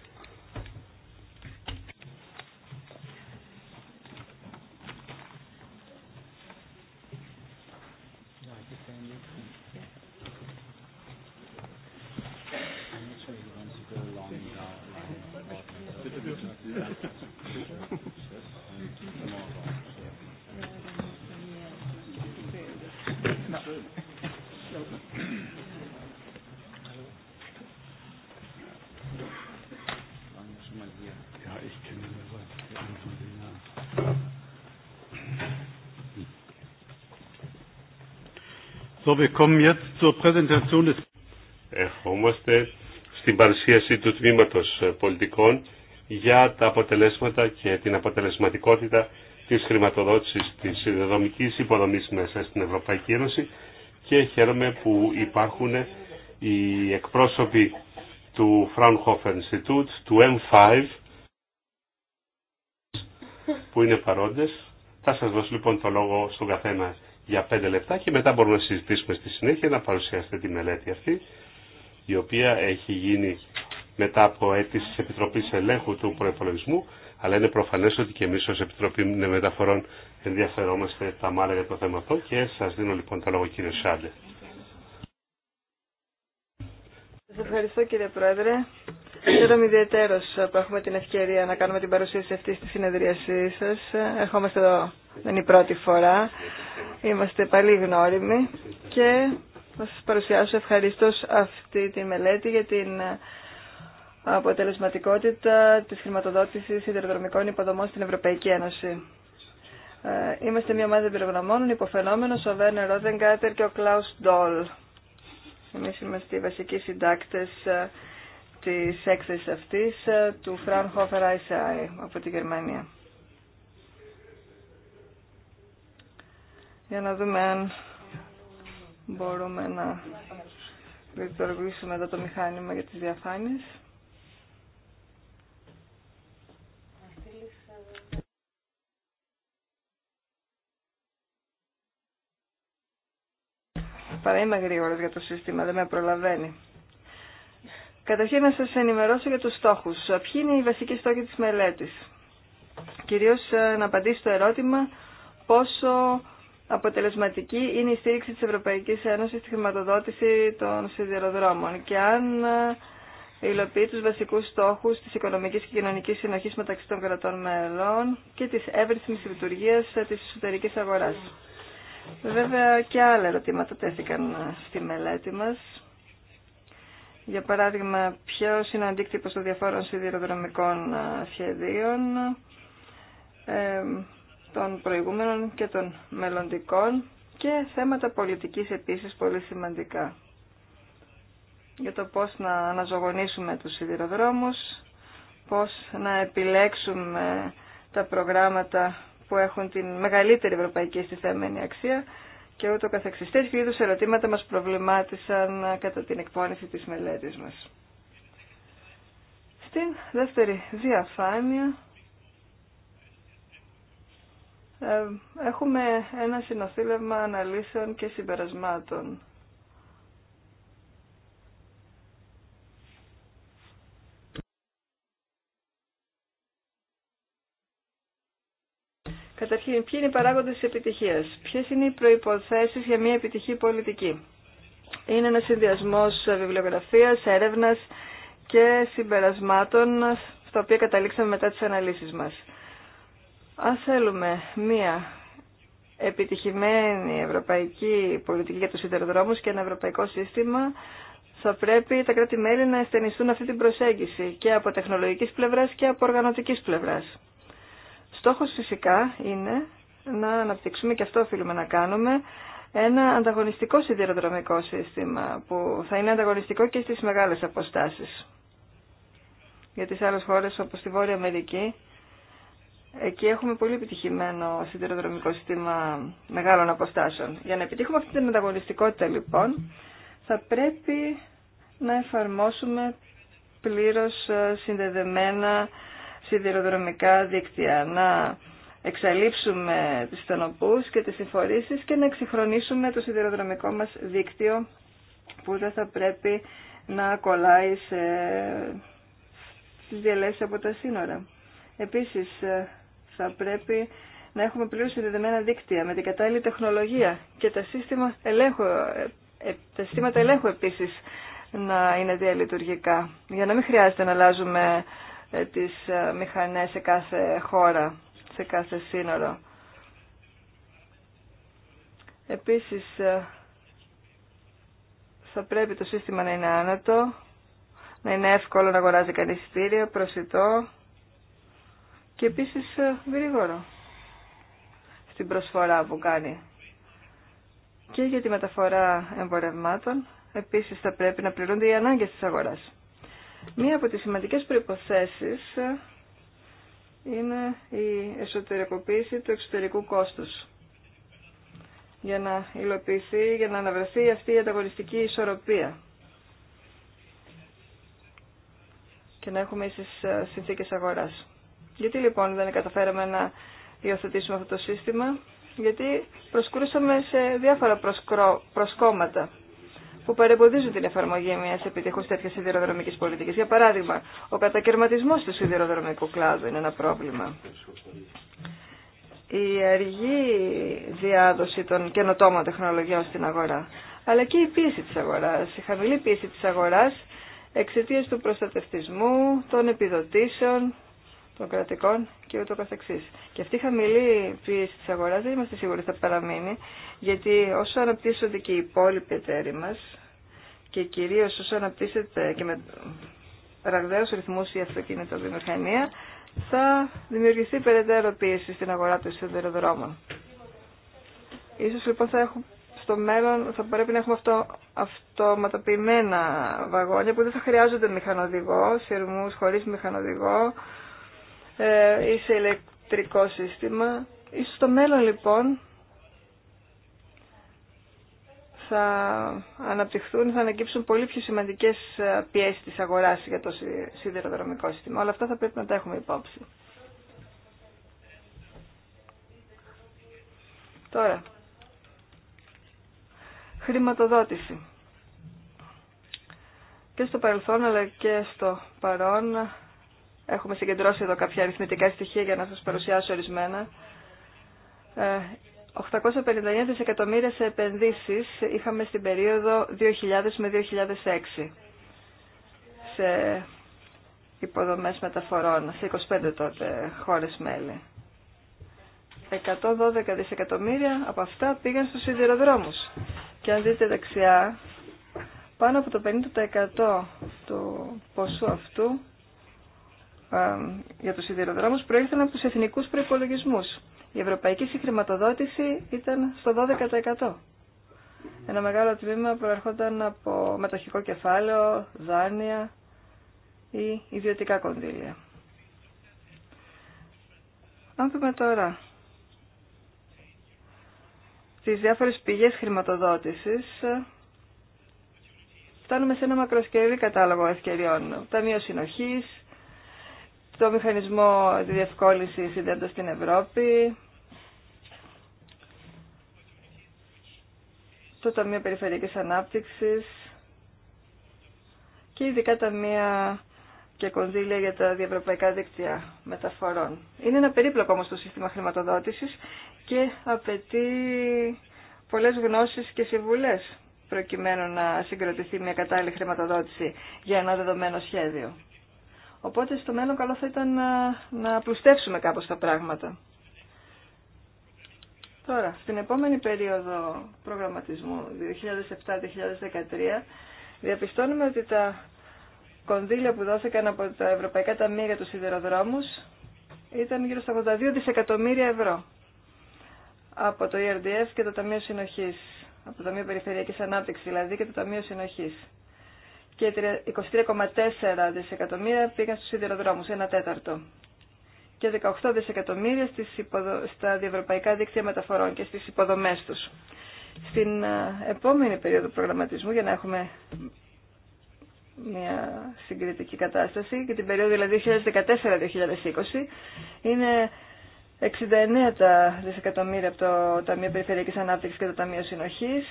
So, wir kommen jetzt zur Präsentation des Ερχόμαστε στην παρουσίαση του Τμήματος Πολιτικών για τα αποτελέσματα και την αποτελεσματικότητα της χρηματοδότησης της συνδεδομικής υποδομής μέσα στην Ευρωπαϊκή Ένωση και χαίρομαι που υπάρχουν οι εκπρόσωποι του Fraunhofer Institute, του M5, που είναι παρόντες. Θα σας δώσω λοιπόν το λόγο στον καθένα για πέντε λεπτά και μετά μπορούμε να συζητήσουμε στη συνέχεια να παρουσιάσετε τη μελέτη αυτή, η οποία έχει γίνει μετά από αίτηση της Επιτροπής Ελέγχου του Προεπολογισμού, αλλά είναι προφανές ότι και εμείς ως Επιτροπή Μεταφορών ενδιαφερόμαστε τα μάλα για το θέμα αυτό και σας δίνω λοιπόν το λόγο κύριε Σάντε. Σας ευχαριστώ κύριε Πρόεδρε. Χαίρομαι ιδιαίτερω που έχουμε την ευκαιρία να κάνουμε την παρουσίαση αυτή τη συνεδρίασή σα. Ερχόμαστε εδώ, δεν είναι η πρώτη φορά. Είμαστε πάλι γνώριμοι και θα σα παρουσιάσω ευχαρίστω αυτή τη μελέτη για την αποτελεσματικότητα της χρηματοδότησης ιδεροδρομικών υποδομών στην Ευρωπαϊκή Ένωση. Ε, είμαστε μια ομάδα εμπειρογνωμόνων, υποφαινόμενο ο Βέρνερ Ρόδενγκάτερ και ο Κλάους Ντόλ. Εμείς είμαστε οι βασικοί συντάκτες ε, της έκθεσης αυτής ε, του Fraunhofer ISI από τη Γερμανία. Για να δούμε αν μπορούμε να λειτουργήσουμε εδώ το μηχάνημα για τις διαφάνειες. Παρά είμαι γρήγορος για το σύστημα, δεν με προλαβαίνει. Καταρχήν να σας ενημερώσω για τους στόχους. Ποιοι είναι οι βασικοί στόχοι της μελέτης. Κυρίως ε, να απαντήσω στο ερώτημα πόσο αποτελεσματική είναι η στήριξη της Ευρωπαϊκής Ένωσης στη χρηματοδότηση των σιδηροδρόμων και αν ε, υλοποιεί τους βασικούς στόχους της οικονομικής και κοινωνικής συνοχής μεταξύ των κρατών μελών και της εύρυθμης λειτουργίας ε, της εσωτερικής αγοράς. Βέβαια και άλλα ερωτήματα τέθηκαν στη μελέτη μας. Για παράδειγμα, ποιος είναι ο αντίκτυπος των διαφόρων σιδηροδρομικών σχεδίων, ε, των προηγούμενων και των μελλοντικών και θέματα πολιτικής επίσης πολύ σημαντικά. Για το πώς να αναζωογονήσουμε τους σιδηροδρόμους, πώς να επιλέξουμε τα προγράμματα που έχουν την μεγαλύτερη ευρωπαϊκή συστηθέμενη αξία και ούτω καθεξής. Τέτοιου είδους ερωτήματα μας προβλημάτισαν κατά την εκπόνηση της μελέτης μας. Στην δεύτερη διαφάνεια ε, έχουμε ένα συνοθήλευμα αναλύσεων και συμπερασμάτων Καταρχήν, ποιοι είναι οι παράγοντε τη επιτυχία, ποιε είναι οι προποθέσει για μια επιτυχή πολιτική. Είναι ένα συνδυασμό βιβλιογραφία, έρευνα και συμπερασμάτων στα οποία καταλήξαμε μετά τι αναλύσει μα. Αν θέλουμε μια επιτυχημένη ευρωπαϊκή πολιτική για του σιδεροδρόμου και ένα ευρωπαϊκό σύστημα, θα πρέπει τα κράτη-μέλη να αισθενιστούν αυτή την προσέγγιση και από τεχνολογική πλευρά και από οργανωτική πλευρά στόχος φυσικά είναι να αναπτύξουμε, και αυτό οφείλουμε να κάνουμε, ένα ανταγωνιστικό σιδηροδρομικό σύστημα που θα είναι ανταγωνιστικό και στις μεγάλες αποστάσεις. Για τις άλλες χώρες όπως στη Βόρεια Αμερική, εκεί έχουμε πολύ επιτυχημένο σιδηροδρομικό σύστημα μεγάλων αποστάσεων. Για να επιτύχουμε αυτή την ανταγωνιστικότητα λοιπόν, θα πρέπει να εφαρμόσουμε πλήρως συνδεδεμένα σιδηροδρομικά δίκτυα, να εξαλείψουμε τις στενοπούς και τις συμφορήσεις και να εξυγχρονίσουμε το σιδηροδρομικό μας δίκτυο που δεν θα πρέπει να κολλάει σε... στις από τα σύνορα. Επίσης θα πρέπει να έχουμε πλήρως συνδεδεμένα δίκτυα με την κατάλληλη τεχνολογία και τα, σύστημα ελέγχου, ε, τα συστήματα ελέγχου επίσης να είναι διαλειτουργικά για να μην χρειάζεται να αλλάζουμε ε, τις ε, μηχανές σε κάθε χώρα, σε κάθε σύνορο. Επίσης, ε, θα πρέπει το σύστημα να είναι άνετο, να είναι εύκολο να αγοράζει κανείς στήριο, προσιτό και επίσης γρήγορο στην προσφορά που κάνει. Και για τη μεταφορά εμπορευμάτων, επίσης θα πρέπει να πληρούνται οι ανάγκες της αγοράς. Μία από τις σημαντικές προϋποθέσεις είναι η εσωτερικοποίηση του εξωτερικού κόστους για να υλοποιηθεί, για να αναβρεθεί αυτή η ανταγωνιστική ισορροπία και να έχουμε ίσες συνθήκες αγοράς. Γιατί λοιπόν δεν καταφέραμε να υιοθετήσουμε αυτό το σύστημα, γιατί προσκρούσαμε σε διάφορα προσκόμματα που παρεμποδίζουν την εφαρμογή μια επιτυχού τέτοια σιδηροδρομική πολιτική. Για παράδειγμα, ο κατακαιρματισμό του σιδηροδρομικού κλάδου είναι ένα πρόβλημα. Η αργή διάδοση των καινοτόμων τεχνολογιών στην αγορά, αλλά και η πίεση τη αγορά, η χαμηλή πίεση τη αγορά εξαιτία του προστατευτισμού, των επιδοτήσεων των κρατικών και ούτω καθεξής. Και αυτή η χαμηλή πίεση της αγοράς δεν είμαστε σίγουροι θα παραμείνει, γιατί όσο αναπτύσσονται και οι υπόλοιποι εταίροι μας και κυρίως όσο αναπτύσσεται και με ραγδαίους ρυθμούς η αυτοκινητοβιομηχανία, θα δημιουργηθεί περαιτέρω πίεση στην αγορά των σιδηροδρόμων. Ίσως λοιπόν θα έχουμε στο μέλλον θα πρέπει να έχουμε αυτό, αυτοματοποιημένα βαγόνια που δεν θα χρειάζονται μηχανοδηγό, σειρμούς χωρίς μηχανοδηγό, ή σε ηλεκτρικό σύστημα. Ίσως στο μέλλον λοιπόν θα αναπτυχθούν, θα ανακύψουν πολύ πιο σημαντικές ε, πιέσεις της αγοράς για το σιδηροδρομικό σύστημα. Όλα αυτά θα πρέπει να τα έχουμε υπόψη. Τώρα, χρηματοδότηση. Και στο παρελθόν αλλά και στο παρόν Έχουμε συγκεντρώσει εδώ κάποια αριθμητικά στοιχεία για να σας παρουσιάσω ορισμένα. 859 ε, δισεκατομμύρια σε επενδύσεις είχαμε στην περίοδο 2000 με 2006 σε υποδομές μεταφορών, σε 25 τότε χώρες μέλη. 112 δισεκατομμύρια από αυτά πήγαν στους σιδηροδρόμους. Και αν δείτε δεξιά, πάνω από το 50% του ποσού αυτού ε, για τους σιδηροδρόμους προήλθαν από τους εθνικούς προϋπολογισμούς. Η ευρωπαϊκή συγχρηματοδότηση ήταν στο 12%. Ένα μεγάλο τμήμα προερχόταν από μετοχικό κεφάλαιο, δάνεια ή ιδιωτικά κονδύλια. Αν δούμε τώρα τις διάφορες πηγές χρηματοδότησης, φτάνουμε σε ένα μακροσκευή κατάλογο ευκαιριών. Ταμείο Συνοχής, το μηχανισμό διευκόλυνση συνδέοντας στην Ευρώπη, το Ταμείο Περιφερειακής Ανάπτυξης και ειδικά Μία και κονδύλια για τα διευρωπαϊκά δίκτυα μεταφορών. Είναι ένα περίπλοκο όμως το σύστημα χρηματοδότησης και απαιτεί πολλές γνώσεις και συμβουλές προκειμένου να συγκροτηθεί μια κατάλληλη χρηματοδότηση για ένα δεδομένο σχέδιο. Οπότε στο μέλλον καλό θα ήταν να, να πλουστεύσουμε κάπως τα πράγματα. Τώρα, στην επόμενη περίοδο προγραμματισμού 2007-2013 διαπιστώνουμε ότι τα κονδύλια που δόθηκαν από τα Ευρωπαϊκά Ταμεία για τους σιδηροδρόμους ήταν γύρω στα 82 δισεκατομμύρια ευρώ από το ERDF και το Ταμείο Συνοχής, από το Ταμείο Περιφερειακής Ανάπτυξης δηλαδή και το Ταμείο Συνοχής και 23,4 δισεκατομμύρια πήγαν στους σιδηροδρόμους, ένα τέταρτο. Και 18 δισεκατομμύρια στις στα διευρωπαϊκά δίκτυα μεταφορών και στις υποδομές τους. Στην ε, επόμενη περίοδο προγραμματισμού, για να έχουμε μια συγκριτική κατάσταση, και την περίοδο δηλαδή 2014-2020, είναι 69 δισεκατομμύρια από το Ταμείο Περιφερειακής Ανάπτυξης και το Ταμείο Συνοχής,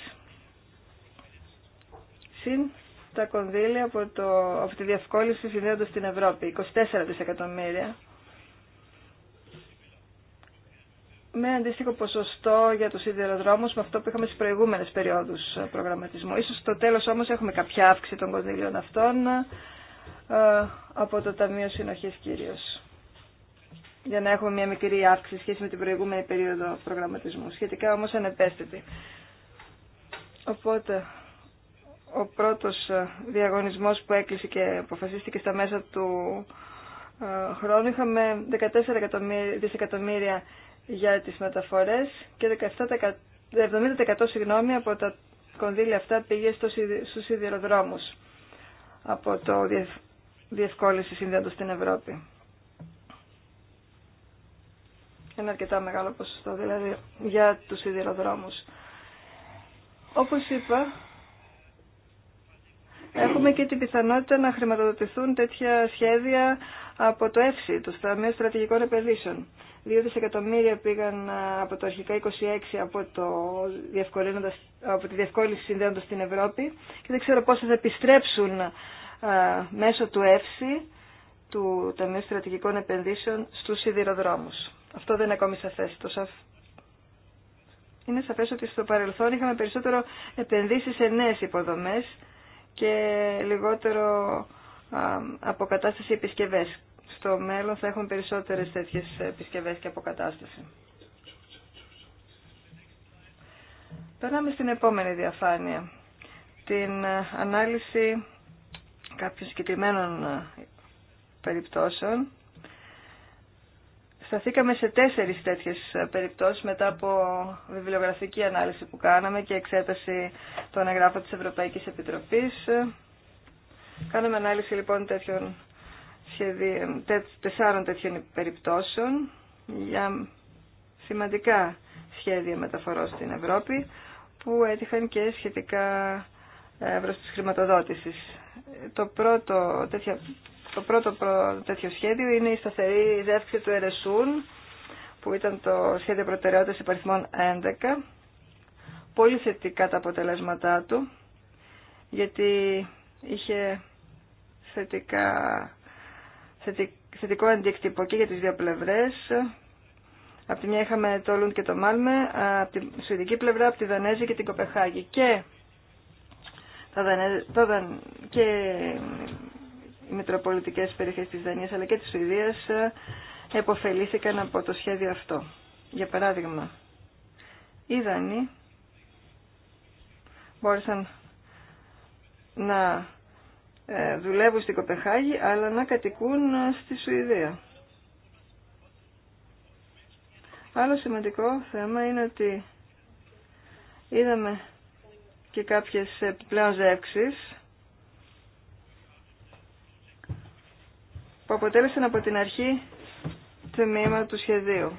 συν τα κονδύλια από, το, από τη διευκόλυνση συνδέοντας την Ευρώπη, 24 δισεκατομμύρια. με αντίστοιχο ποσοστό για τους σιδηροδρόμους με αυτό που είχαμε στις προηγούμενες περιόδους προγραμματισμού. Ίσως στο τέλος όμως έχουμε κάποια αύξηση των κονδύλιων αυτών ε, από το Ταμείο Συνοχής κυρίως. Για να έχουμε μια μικρή αύξηση σχέση με την προηγούμενη περίοδο προγραμματισμού. Σχετικά όμως ανεπέστητη. Οπότε ο πρώτος ε, διαγωνισμός που έκλεισε και αποφασίστηκε στα μέσα του ε, χρόνου είχαμε 14 δισεκατομμύρια για τις μεταφορές και 17, 70% συγγνώμη, από τα κονδύλια αυτά πήγε στο, στους σιδηροδρόμους από το διευκόλυνση συνδέοντος στην Ευρώπη. Ένα αρκετά μεγάλο ποσοστό δηλαδή για τους σιδηροδρόμους. Όπως είπα, έχουμε και την πιθανότητα να χρηματοδοτηθούν τέτοια σχέδια από το ΕΦΣΙ, το Σταμείο Στρατηγικών Επενδύσεων. Δύο δισεκατομμύρια πήγαν από το αρχικά 26 από, το από τη διευκόλυνση συνδέοντας στην Ευρώπη και δεν ξέρω πόσα θα επιστρέψουν μέσω του ΕΦΣΙ, του Ταμείου Στρατηγικών Επενδύσεων, στους σιδηροδρόμους. Αυτό δεν είναι ακόμη σαφές. Είναι σαφές ότι στο παρελθόν είχαμε περισσότερο επενδύσεις σε νέες υποδομές και λιγότερο αποκατάσταση επισκευές. Στο μέλλον θα έχουν περισσότερες τέτοιες επισκευές και αποκατάσταση. Περνάμε στην επόμενη διαφάνεια. Την ε, ανάλυση κάποιων συγκεκριμένων ε, περιπτώσεων σταθήκαμε σε τέσσερις τέτοιες ε, περιπτώσεις μετά από βιβλιογραφική ανάλυση που κάναμε και εξέταση των εγγράφων της Ευρωπαϊκής Επιτροπής. Ε, κάναμε ανάλυση λοιπόν τέτοιων ε, τεσσάρων τέτοιων περιπτώσεων για σημαντικά σχέδια μεταφορών στην Ευρώπη που έτυχαν και σχετικά προς της χρηματοδότησης. Το πρώτο, τέτοια, το πρώτο τέτοιο σχέδιο είναι η σταθερή ζεύξη του Ερεσούν, που ήταν το σχέδιο προτεραιότητας υπαριθμών 11. Πολύ θετικά τα αποτελέσματά του, γιατί είχε θετικά, θετικό αντίκτυπο και για τις δύο πλευρές. Από τη μια είχαμε το Λούντ και το Μάλμε, από τη σουηδική πλευρά, από τη Δανέζη και την Κοπεχάγη. Και, και μετροπολιτικές περιοχές της Δανίας αλλά και της Σουηδίας ε, εποφελήθηκαν από το σχέδιο αυτό. Για παράδειγμα, οι Δανείοι μπόρεσαν να ε, δουλεύουν στην Κοπεχάγη αλλά να κατοικούν ε, στη Σουηδία. Άλλο σημαντικό θέμα είναι ότι είδαμε και κάποιες επιπλέον ζεύξεις που αποτέλεσαν από την αρχή τμήμα του σχεδίου.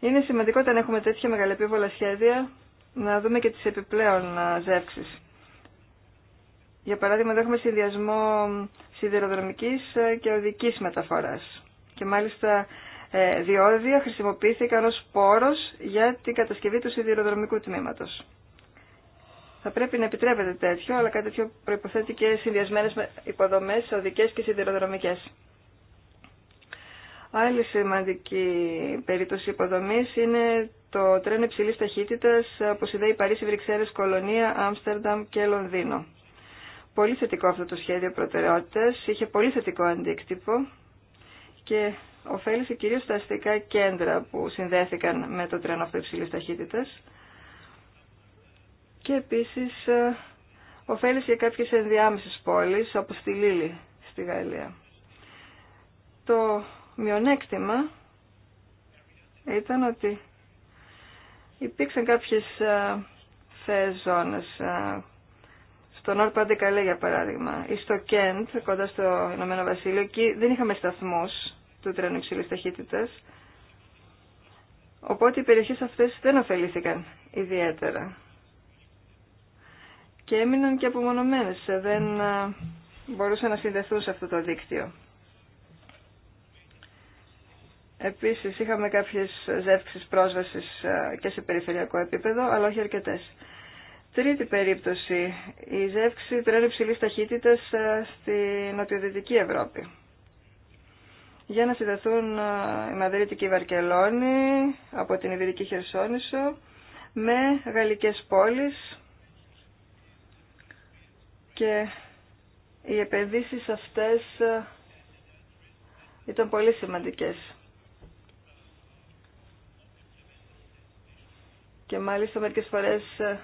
Είναι σημαντικό όταν έχουμε τέτοια μεγαλεπίβολα σχέδια να δούμε και τις επιπλέον ζεύξεις. Για παράδειγμα, εδώ έχουμε συνδυασμό σιδηροδρομικής και οδικής μεταφοράς. Και μάλιστα ε, διόδια χρησιμοποιήθηκαν ως πόρος για την κατασκευή του σιδηροδρομικού τμήματος. Θα πρέπει να επιτρέπεται τέτοιο, αλλά κάτι τέτοιο προποθέτει και συνδυασμένε υποδομέ οδικές και σιδηροδρομικέ. Άλλη σημαντική περίπτωση υποδομή είναι το τρένο υψηλή ταχύτητα, που συνδέει Παρίσι, Βρυξέλλε, Κολονία, Άμστερνταμ και Λονδίνο. Πολύ θετικό αυτό το σχέδιο προτεραιότητα. είχε πολύ θετικό αντίκτυπο και ωφέλησε κυρίω τα αστικά κέντρα που συνδέθηκαν με το τρένο αυτό υψηλή ταχύτητα και επίσης ε, ωφέλησε για κάποιες ενδιάμεσες πόλεις όπως τη Λίλη στη Γαλλία. Το μειονέκτημα ήταν ότι υπήρξαν κάποιες ε, θεές ζώνες ε, στον Νόρ Παντεκαλέ για παράδειγμα ή στο Κέντ κοντά στο Ηνωμένο Βασίλειο και δεν είχαμε σταθμούς του τρένου υψηλής ταχύτητας οπότε οι περιοχές αυτές δεν ωφελήθηκαν ιδιαίτερα και έμειναν και απομονωμένες. Δεν ε, μπορούσαν να συνδεθούν σε αυτό το δίκτυο. Επίσης είχαμε κάποιες ζεύξεις πρόσβασης ε, και σε περιφερειακό επίπεδο, αλλά όχι αρκετές. Τρίτη περίπτωση, η ζεύξη τρένου υψηλή ταχύτητα ε, στη νοτιοδυτική Ευρώπη. Για να συνδεθούν η Μαδρίτη και η Βαρκελόνη από την Ιβηρική Χερσόνησο με γαλλικές πόλεις και οι επενδύσεις αυτές ε, ήταν πολύ σημαντικές. Και μάλιστα μερικές φορές ε,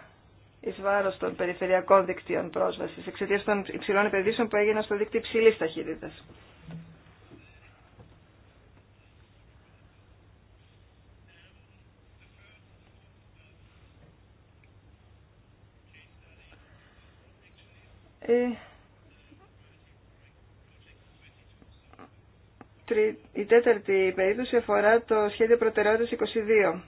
εις βάρος των περιφερειακών δικτύων πρόσβασης εξαιτίας των υψηλών επενδύσεων που έγιναν στο δίκτυο υψηλής ταχύτητας. Ε, η τέταρτη περίπτωση αφορά το σχέδιο προτεραιότητας 22.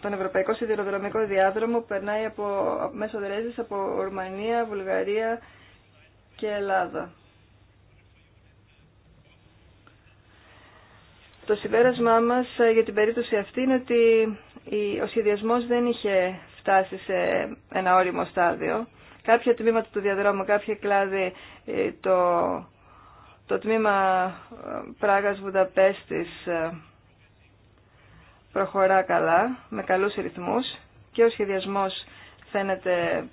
Τον Ευρωπαϊκό Σιδηροδρομικό Διάδρομο περνάει από, μέσω Δρέζης από Ορμανία, Βουλγαρία και Ελλάδα. Το συμπέρασμά μας ε, για την περίπτωση αυτή είναι ότι ο σχεδιασμός δεν είχε φτάσει σε ένα όριμο στάδιο κάποια τμήματα του διαδρόμου, κάποια κλάδη, ε, το, το τμήμα ε, Πράγας Βουδαπέστης ε, προχωρά καλά, με καλούς ρυθμούς και ο σχεδιασμός φαίνεται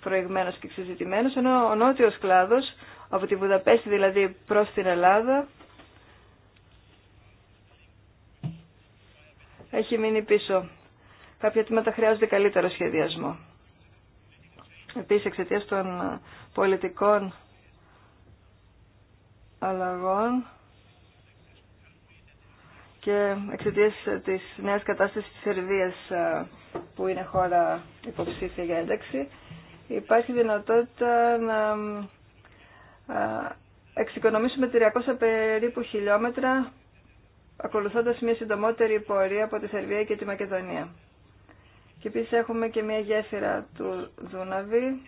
προηγμένος και ξεζητημένος, ενώ ο νότιος κλάδος, από τη Βουδαπέστη δηλαδή προς την Ελλάδα, έχει μείνει πίσω. Κάποια τμήματα χρειάζονται καλύτερο σχεδιασμό. Επίσης εξαιτίας των πολιτικών αλλαγών και εξαιτίας της νέας κατάστασης της Σερβίας ε, που είναι χώρα υποψήφια για ένταξη υπάρχει δυνατότητα να ε, εξοικονομήσουμε 300 περίπου χιλιόμετρα ακολουθώντας μια συντομότερη πορεία από τη Σερβία και τη Μακεδονία. Και επίση έχουμε και μια γέφυρα του Δούναβη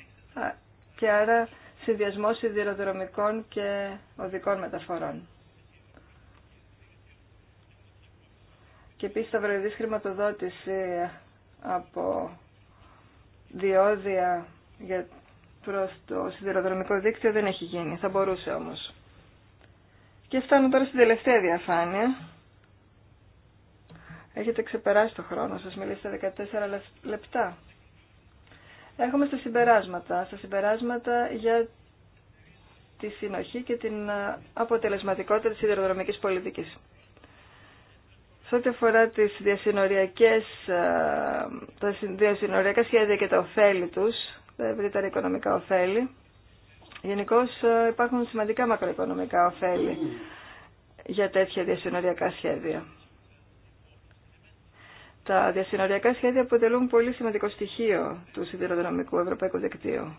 και άρα συνδυασμό σιδηροδρομικών και οδικών μεταφορών. Και επίση θα βρεθεί χρηματοδότηση από διόδια για προς το σιδηροδρομικό δίκτυο δεν έχει γίνει. Θα μπορούσε όμως. Και φτάνω τώρα στην τελευταία διαφάνεια Έχετε ξεπεράσει το χρόνο σας, μιλήσατε 14 λεπτά. Έχουμε στα συμπεράσματα, στα συμπεράσματα για τη συνοχή και την ε, αποτελεσματικότητα της ιδεροδρομικής πολιτικής. Σε ό,τι αφορά τις διασυνοριακές, ε, τα διασυνοριακά σχέδια και τα ωφέλη τους, τα ευρύτερα οικονομικά ωφέλη, γενικώ ε, υπάρχουν σημαντικά μακροοικονομικά ωφέλη για τέτοια διασυνοριακά σχέδια. Τα διασυνοριακά σχέδια αποτελούν πολύ σημαντικό στοιχείο του σιδηροδρομικού ευρωπαϊκού δικτύου.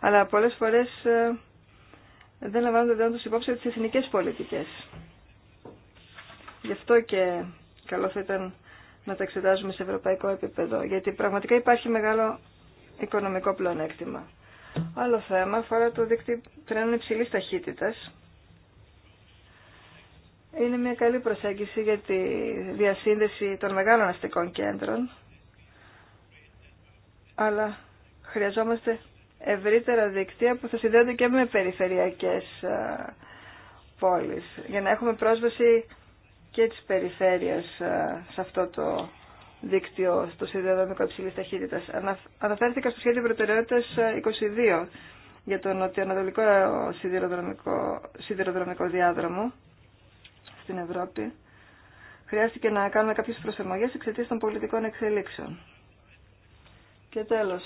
Αλλά πολλές φορές ε, δεν λαμβάνονται δεν τους υπόψη τις εθνικές πολιτικές. Γι' αυτό και καλό θα ήταν να τα εξετάζουμε σε ευρωπαϊκό επίπεδο, γιατί πραγματικά υπάρχει μεγάλο οικονομικό πλεονέκτημα. Άλλο θέμα αφορά το δίκτυο τρένων υψηλής ταχύτητας, είναι μια καλή προσέγγιση για τη διασύνδεση των μεγάλων αστικών κέντρων, αλλά χρειαζόμαστε ευρύτερα δίκτυα που θα συνδέονται και με περιφερειακές πόλεις, για να έχουμε πρόσβαση και της περιφέρειας σε αυτό το δίκτυο στο σιδηροδρομικό υψηλή ταχύτητα. Αναφέρθηκα στο σχέδιο προτεραιότητα 22 για τον νοτιοανατολικό σιδηροδρομικό, σιδηροδρομικό διάδρομο στην Ευρώπη, χρειάστηκε να κάνουμε κάποιες προσαρμογές εξαιτίας των πολιτικών εξελίξεων. Και τέλος,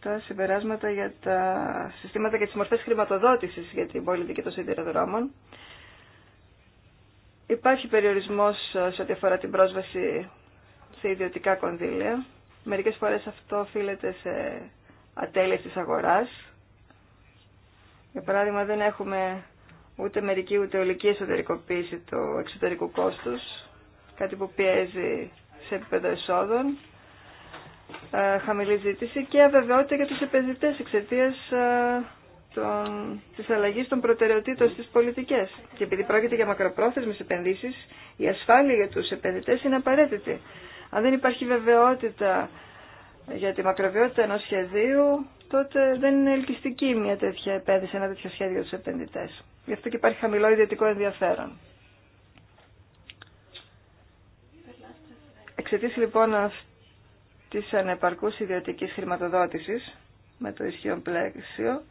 τα συμπεράσματα για τα συστήματα και τις μορφές χρηματοδότησης για την πολιτική των σιδηροδρόμων. Υπάρχει περιορισμός σε ό,τι αφορά την πρόσβαση σε ιδιωτικά κονδύλια. Μερικές φορές αυτό οφείλεται σε ατέλειες της αγοράς. Για παράδειγμα δεν έχουμε ούτε μερική ούτε ολική εσωτερικοποίηση του εξωτερικού κόστους, κάτι που πιέζει σε επίπεδο εσόδων, ε, χαμηλή ζήτηση και αβεβαιότητα για τους επενδυτές εξαιτία ε, των, της αλλαγής των προτεραιοτήτων στις πολιτικές. Και επειδή πρόκειται για μακροπρόθεσμες επενδύσεις, η ασφάλεια για τους επενδυτές είναι απαραίτητη. Αν δεν υπάρχει βεβαιότητα για τη μακροβιότητα ενός σχεδίου, τότε δεν είναι ελκυστική μια τέτοια επένδυση, ένα τέτοιο σχέδιο στους επενδυτές. Γι' αυτό και υπάρχει χαμηλό ιδιωτικό ενδιαφέρον. Εξαιτίας λοιπόν αυτής ανεπαρκούς ιδιωτικής χρηματοδότησης με το ισχύον πλαίσιο,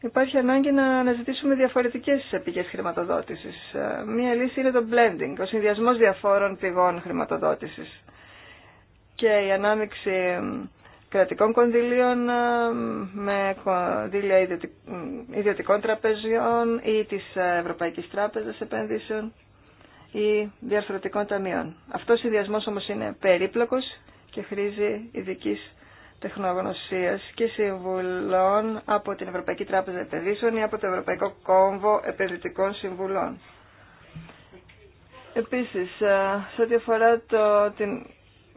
υπάρχει ανάγκη να αναζητήσουμε διαφορετικές πηγές χρηματοδότησης. Ε, μία λύση είναι το blending, ο συνδυασμός διαφόρων πηγών χρηματοδότησης. Και η ανάμειξη κρατικών κονδυλίων, ε, με κονδύλια ιδιωτικών τραπεζιών ή της Ευρωπαϊκής Τράπεζας Επένδυσεων ή διαρθρωτικών ταμείων. Αυτός ο συνδυασμός όμως είναι περίπλοκος και χρήζει ειδική τεχνογνωσίας και συμβουλών από την Ευρωπαϊκή Τράπεζα Επενδύσεων ή από το Ευρωπαϊκό Κόμβο Επενδυτικών Συμβουλών. Επίσης, ε, σε ό,τι αφορά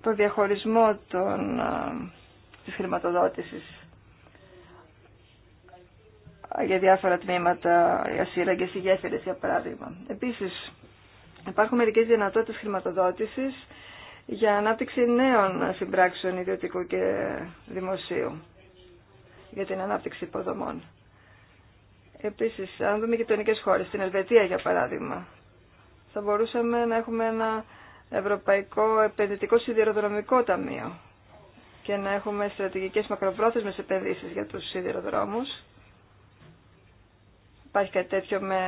το διαχωρισμό των ε, της χρηματοδότησης για διάφορα τμήματα, για σύραγγε ή γέφυρες για παράδειγμα. Επίσης υπάρχουν μερικές δυνατότητες χρηματοδότησης για ανάπτυξη νέων συμπράξεων ιδιωτικού και δημοσίου για την ανάπτυξη υποδομών. Επίσης, αν δούμε γειτονικέ χώρες, στην Ελβετία για παράδειγμα, θα μπορούσαμε να έχουμε ένα Ευρωπαϊκό Επενδυτικό Σιδηροδρομικό Ταμείο και να έχουμε στρατηγικές μακροπρόθεσμες επενδύσεις για τους σιδηροδρόμους. Υπάρχει κάτι τέτοιο με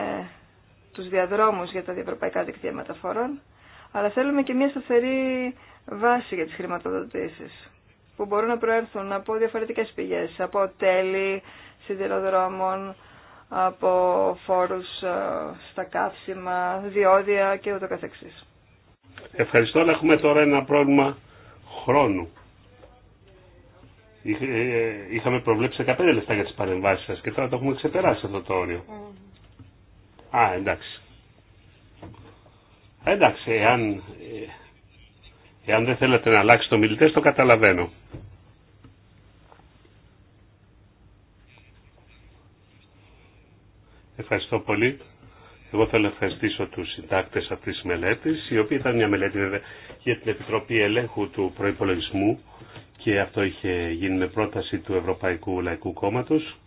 τους διαδρόμους για τα διευρωπαϊκά δικτύα μεταφορών, αλλά θέλουμε και μια σταθερή βάση για τις χρηματοδοτήσεις που μπορούν να προέρθουν από διαφορετικές πηγές, από τέλη σιδηροδρόμων, από φόρους ε, στα καύσιμα, διόδια και ούτω καθεξής. Ευχαριστώ, έχουμε τώρα ένα πρόβλημα χρόνου. Ε, είχαμε προβλέψει 15 λεφτά για τις παρεμβάσεις σας και τώρα το έχουμε ξεπεράσει αυτό το όριο. Α, εντάξει. Ε, εντάξει, εάν, ε, εάν δεν θέλετε να αλλάξει το μιλητές το καταλαβαίνω. Ευχαριστώ πολύ. Εγώ θέλω να ευχαριστήσω τους συντάκτες αυτής της μελέτης, η οποία ήταν μια μελέτη βέβαια για την Επιτροπή Ελέγχου του Προϋπολογισμού και αυτό είχε γίνει με πρόταση του Ευρωπαϊκού Λαϊκού Κόμματος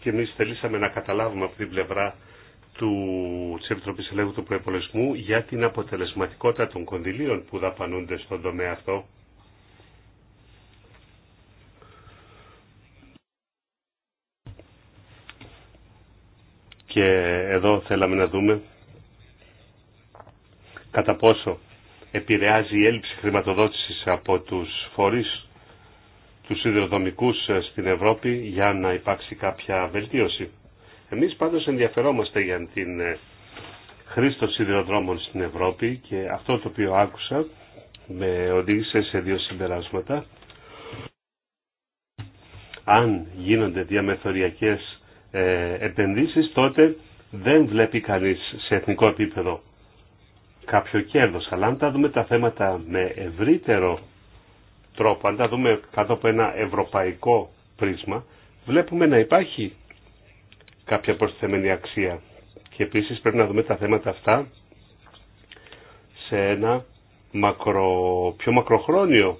και εμείς θελήσαμε να καταλάβουμε από την πλευρά του, της Επιτροπής Ελέγχου του Προεπολεσμού για την αποτελεσματικότητα των κονδυλίων που δαπανούνται στον τομέα αυτό. Και εδώ θέλαμε να δούμε κατά πόσο επηρεάζει η έλλειψη χρηματοδότησης από τους φορείς τους σιδηροδομικούς ε, στην Ευρώπη για να υπάρξει κάποια βελτίωση. Εμείς πάντως ενδιαφερόμαστε για την ε, χρήση των σιδηροδρόμων στην Ευρώπη και αυτό το οποίο άκουσα με οδήγησε σε δύο συμπεράσματα. Αν γίνονται διαμεθοριακές ε, επενδύσεις τότε δεν βλέπει κανείς σε εθνικό επίπεδο κάποιο κέρδος. Αλλά αν τα δούμε τα θέματα με ευρύτερο τρόπο, αν τα δούμε κάτω από ένα ευρωπαϊκό πρίσμα, βλέπουμε να υπάρχει κάποια προσθεμένη αξία. Και επίσης πρέπει να δούμε τα θέματα αυτά σε ένα μακρο, πιο μακροχρόνιο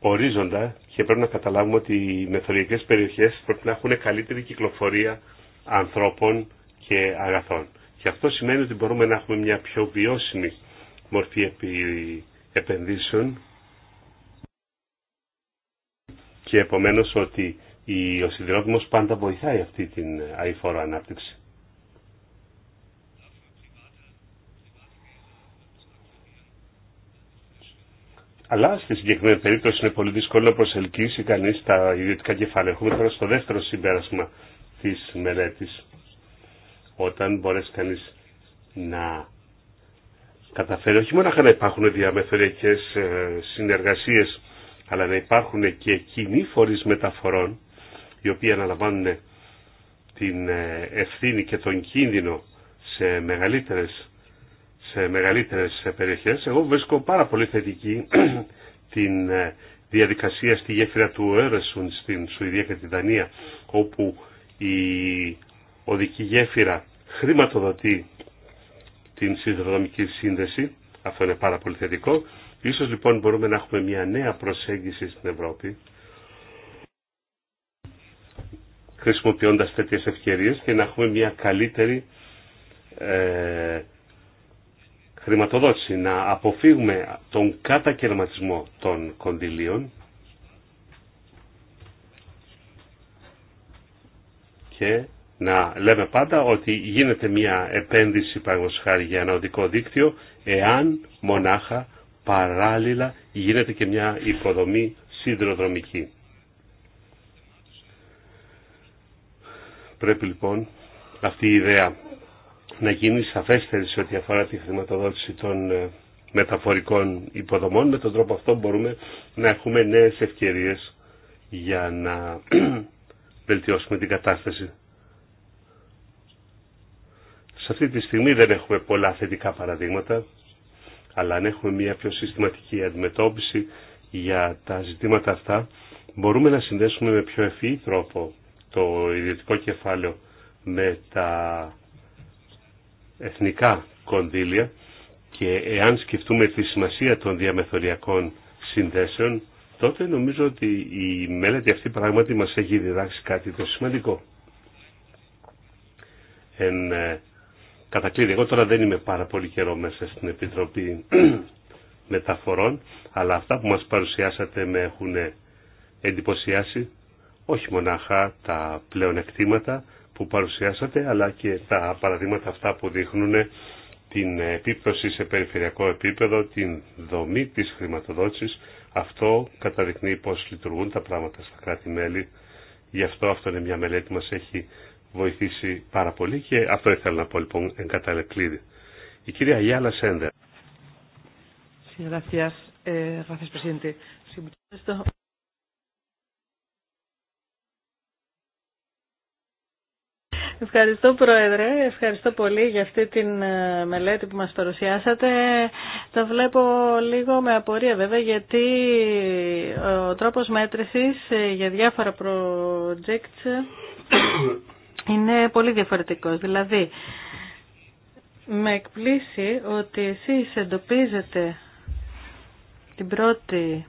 ορίζοντα και πρέπει να καταλάβουμε ότι οι μεθοριακές περιοχές πρέπει να έχουν καλύτερη κυκλοφορία ανθρώπων και αγαθών. Και αυτό σημαίνει ότι μπορούμε να έχουμε μια πιο βιώσιμη μορφή επενδύσεων και επομένως ότι ο Σιδηρόδημος πάντα βοηθάει αυτή την αηφόρο ανάπτυξη. Αλλά στη συγκεκριμένη περίπτωση είναι πολύ δύσκολο να προσελκύσει κανείς τα ιδιωτικά κεφάλαια. Έχουμε τώρα στο δεύτερο συμπέρασμα της μελέτης όταν μπορέσει κανείς να καταφέρει όχι μόνο να υπάρχουν διαμεθοριακές ε, συνεργασίες αλλά να υπάρχουν και κοινοί φορείς μεταφορών οι οποίοι αναλαμβάνουν την ε, ευθύνη και τον κίνδυνο σε μεγαλύτερες, σε μεγαλύτερες περιοχές. Εγώ βρίσκω πάρα πολύ θετική <clears throat> την ε, διαδικασία στη γέφυρα του Έρεσουν στην Σουηδία και την Δανία όπου οδική γέφυρα χρηματοδοτεί την σιδηροδρομική σύνδεση. Αυτό είναι πάρα πολύ θετικό. Ίσως λοιπόν μπορούμε να έχουμε μια νέα προσέγγιση στην Ευρώπη χρησιμοποιώντας τέτοιες ευκαιρίες και να έχουμε μια καλύτερη ε, χρηματοδότηση. Να αποφύγουμε τον κατακαιρματισμό των κονδυλίων και να λέμε πάντα ότι γίνεται μια επένδυση χάρη για ένα οδικό δίκτυο εάν μονάχα παράλληλα γίνεται και μια υποδομή σιδηροδρομική. Πρέπει λοιπόν αυτή η ιδέα να γίνει σαφέστερη σε ό,τι αφορά τη χρηματοδότηση των ε, μεταφορικών υποδομών. Με τον τρόπο αυτό μπορούμε να έχουμε νέες ευκαιρίες για να <clears throat> βελτιώσουμε την κατάσταση. Σε αυτή τη στιγμή δεν έχουμε πολλά θετικά παραδείγματα, αλλά αν έχουμε μια πιο συστηματική αντιμετώπιση για τα ζητήματα αυτά, μπορούμε να συνδέσουμε με πιο ευφυή τρόπο το ιδιωτικό κεφάλαιο με τα εθνικά κονδύλια και εάν σκεφτούμε τη σημασία των διαμεθοριακών συνδέσεων, τότε νομίζω ότι η μελέτη αυτή πράγματι μας έχει διδάξει κάτι το σημαντικό. Ε, κατακλείδη. Εγώ τώρα δεν είμαι πάρα πολύ καιρό μέσα στην Επιτροπή <clears throat> Μεταφορών, αλλά αυτά που μας παρουσιάσατε με έχουν εντυπωσιάσει όχι μονάχα τα πλεονεκτήματα που παρουσιάσατε, αλλά και τα παραδείγματα αυτά που δείχνουν την επίπτωση σε περιφερειακό επίπεδο, την δομή της χρηματοδότησης. Αυτό καταδεικνύει πώς λειτουργούν τα πράγματα στα κράτη-μέλη. Γι' αυτό αυτό είναι μια μελέτη μας έχει βοηθήσει πάρα πολύ και αυτό ήθελα να πω λοιπόν καταλεκτή. Η κυρία Γιάλα Σέντερ. Eh, ευχαριστώ Πρόεδρε, ευχαριστώ πολύ για αυτή την ε, μελέτη που μας παρουσιάσατε. Το βλέπω λίγο με απορία βέβαια γιατί ε, ο τρόπος μέτρησης ε, για διάφορα projects είναι πολύ διαφορετικός. Δηλαδή, με εκπλήσει ότι εσείς εντοπίζετε την πρώτη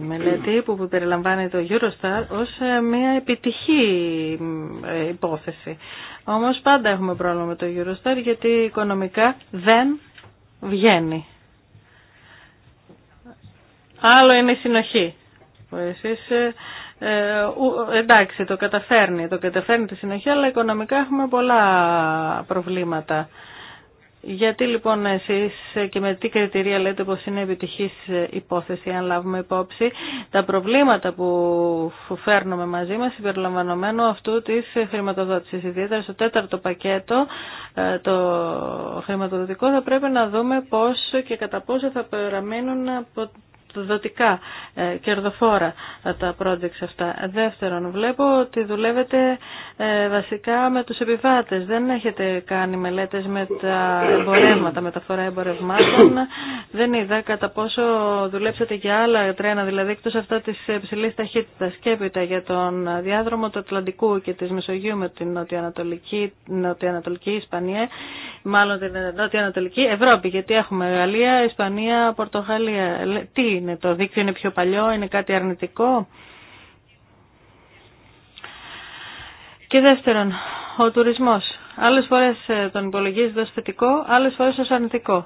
μελέτη που περιλαμβάνει το Eurostar ως ε, μια επιτυχή ε, υπόθεση. Όμως πάντα έχουμε πρόβλημα με το Eurostar γιατί οικονομικά δεν βγαίνει. Άλλο είναι η συνοχή που εσείς ε, ε, εντάξει το καταφέρνει, το καταφέρνει τη συνοχή, αλλά οικονομικά έχουμε πολλά προβλήματα. Γιατί λοιπόν εσείς ε, και με τι κριτηρία λέτε πως είναι επιτυχής υπόθεση αν λάβουμε υπόψη τα προβλήματα που φέρνουμε μαζί μας συμπεριλαμβανομένου αυτού της χρηματοδότησης. Ιδιαίτερα στο τέταρτο πακέτο ε, το χρηματοδοτικό θα πρέπει να δούμε πώς και κατά πόσο θα περαμείνουν από δοτικά ε, κερδοφόρα ε, τα projects αυτά. Δεύτερον, βλέπω ότι δουλεύετε ε, βασικά με τους επιβάτες. Δεν έχετε κάνει μελέτες με τα εμπορεύματα, φορά εμπορευμάτων. Δεν είδα κατά πόσο δουλέψατε για άλλα τρένα, δηλαδή εκτός αυτά της ψηλή ταχύτητα, και έπειτα για τον διάδρομο του Ατλαντικού και της Μεσογείου με την Νοτιοανατολική, Νοτιοανατολική Ισπανία μάλλον την νότια-ανατολική Ευρώπη, γιατί έχουμε Γαλλία, Ισπανία, Πορτογαλία. Τι είναι το δίκτυο, είναι πιο παλιό, είναι κάτι αρνητικό. Και δεύτερον, ο τουρισμός. Άλλες φορές ε, τον υπολογίζετε ως θετικό, άλλες φορές ως αρνητικό.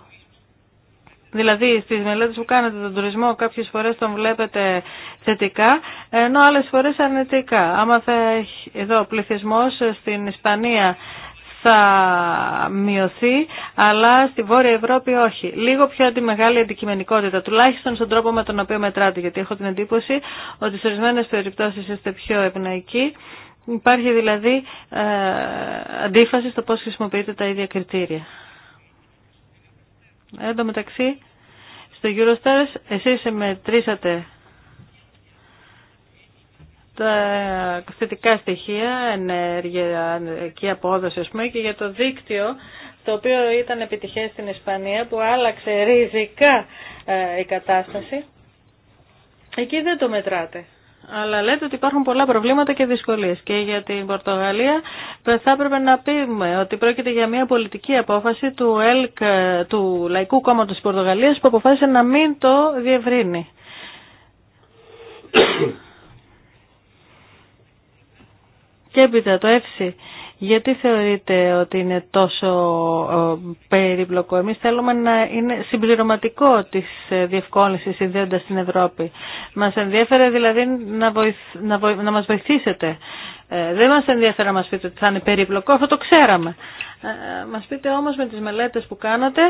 Δηλαδή στις μελέτες που κάνετε τον τουρισμό κάποιες φορές τον βλέπετε θετικά, ενώ άλλες φορές αρνητικά. Άμα θα έχει εδώ πληθυσμός ε, στην Ισπανία θα μειωθεί, αλλά στη Βόρεια Ευρώπη όχι. Λίγο πιο αντιμεγάλη αντικειμενικότητα, τουλάχιστον στον τρόπο με τον οποίο μετράτε, γιατί έχω την εντύπωση ότι σε ορισμένε περιπτώσεις είστε πιο ευνοϊκοί. Υπάρχει δηλαδή ε, αντίφαση στο πώς χρησιμοποιείτε τα ίδια κριτήρια. Εν τω μεταξύ, στο Eurostars εσείς μετρήσατε τα θετικά στοιχεία, ενεργειακή απόδοση ας πούμε, και για το δίκτυο το οποίο ήταν επιτυχές στην Ισπανία που άλλαξε ριζικά ε, η κατάσταση. Εκεί δεν το μετράτε. Αλλά λέτε ότι υπάρχουν πολλά προβλήματα και δυσκολίες. Και για την Πορτογαλία θα έπρεπε να πούμε ότι πρόκειται για μια πολιτική απόφαση του, ΕΛΚ, του Λαϊκού Κόμματος της Πορτογαλίας που αποφάσισε να μην το διευρύνει. Και έπειτα το ΕΦΣΙ. Γιατί θεωρείτε ότι είναι τόσο ε, περίπλοκο. Εμείς θέλουμε να είναι συμπληρωματικό της ε, διευκόλυνσης συνδέοντα στην Ευρώπη. Μας ενδιαφέρεται δηλαδή να, να, να μας βοηθήσετε. Ε, δεν μας ενδιαφέρει να μας πείτε ότι θα είναι περίπλοκο, αυτό το ξέραμε. μας πείτε όμως με τις μελέτες που κάνατε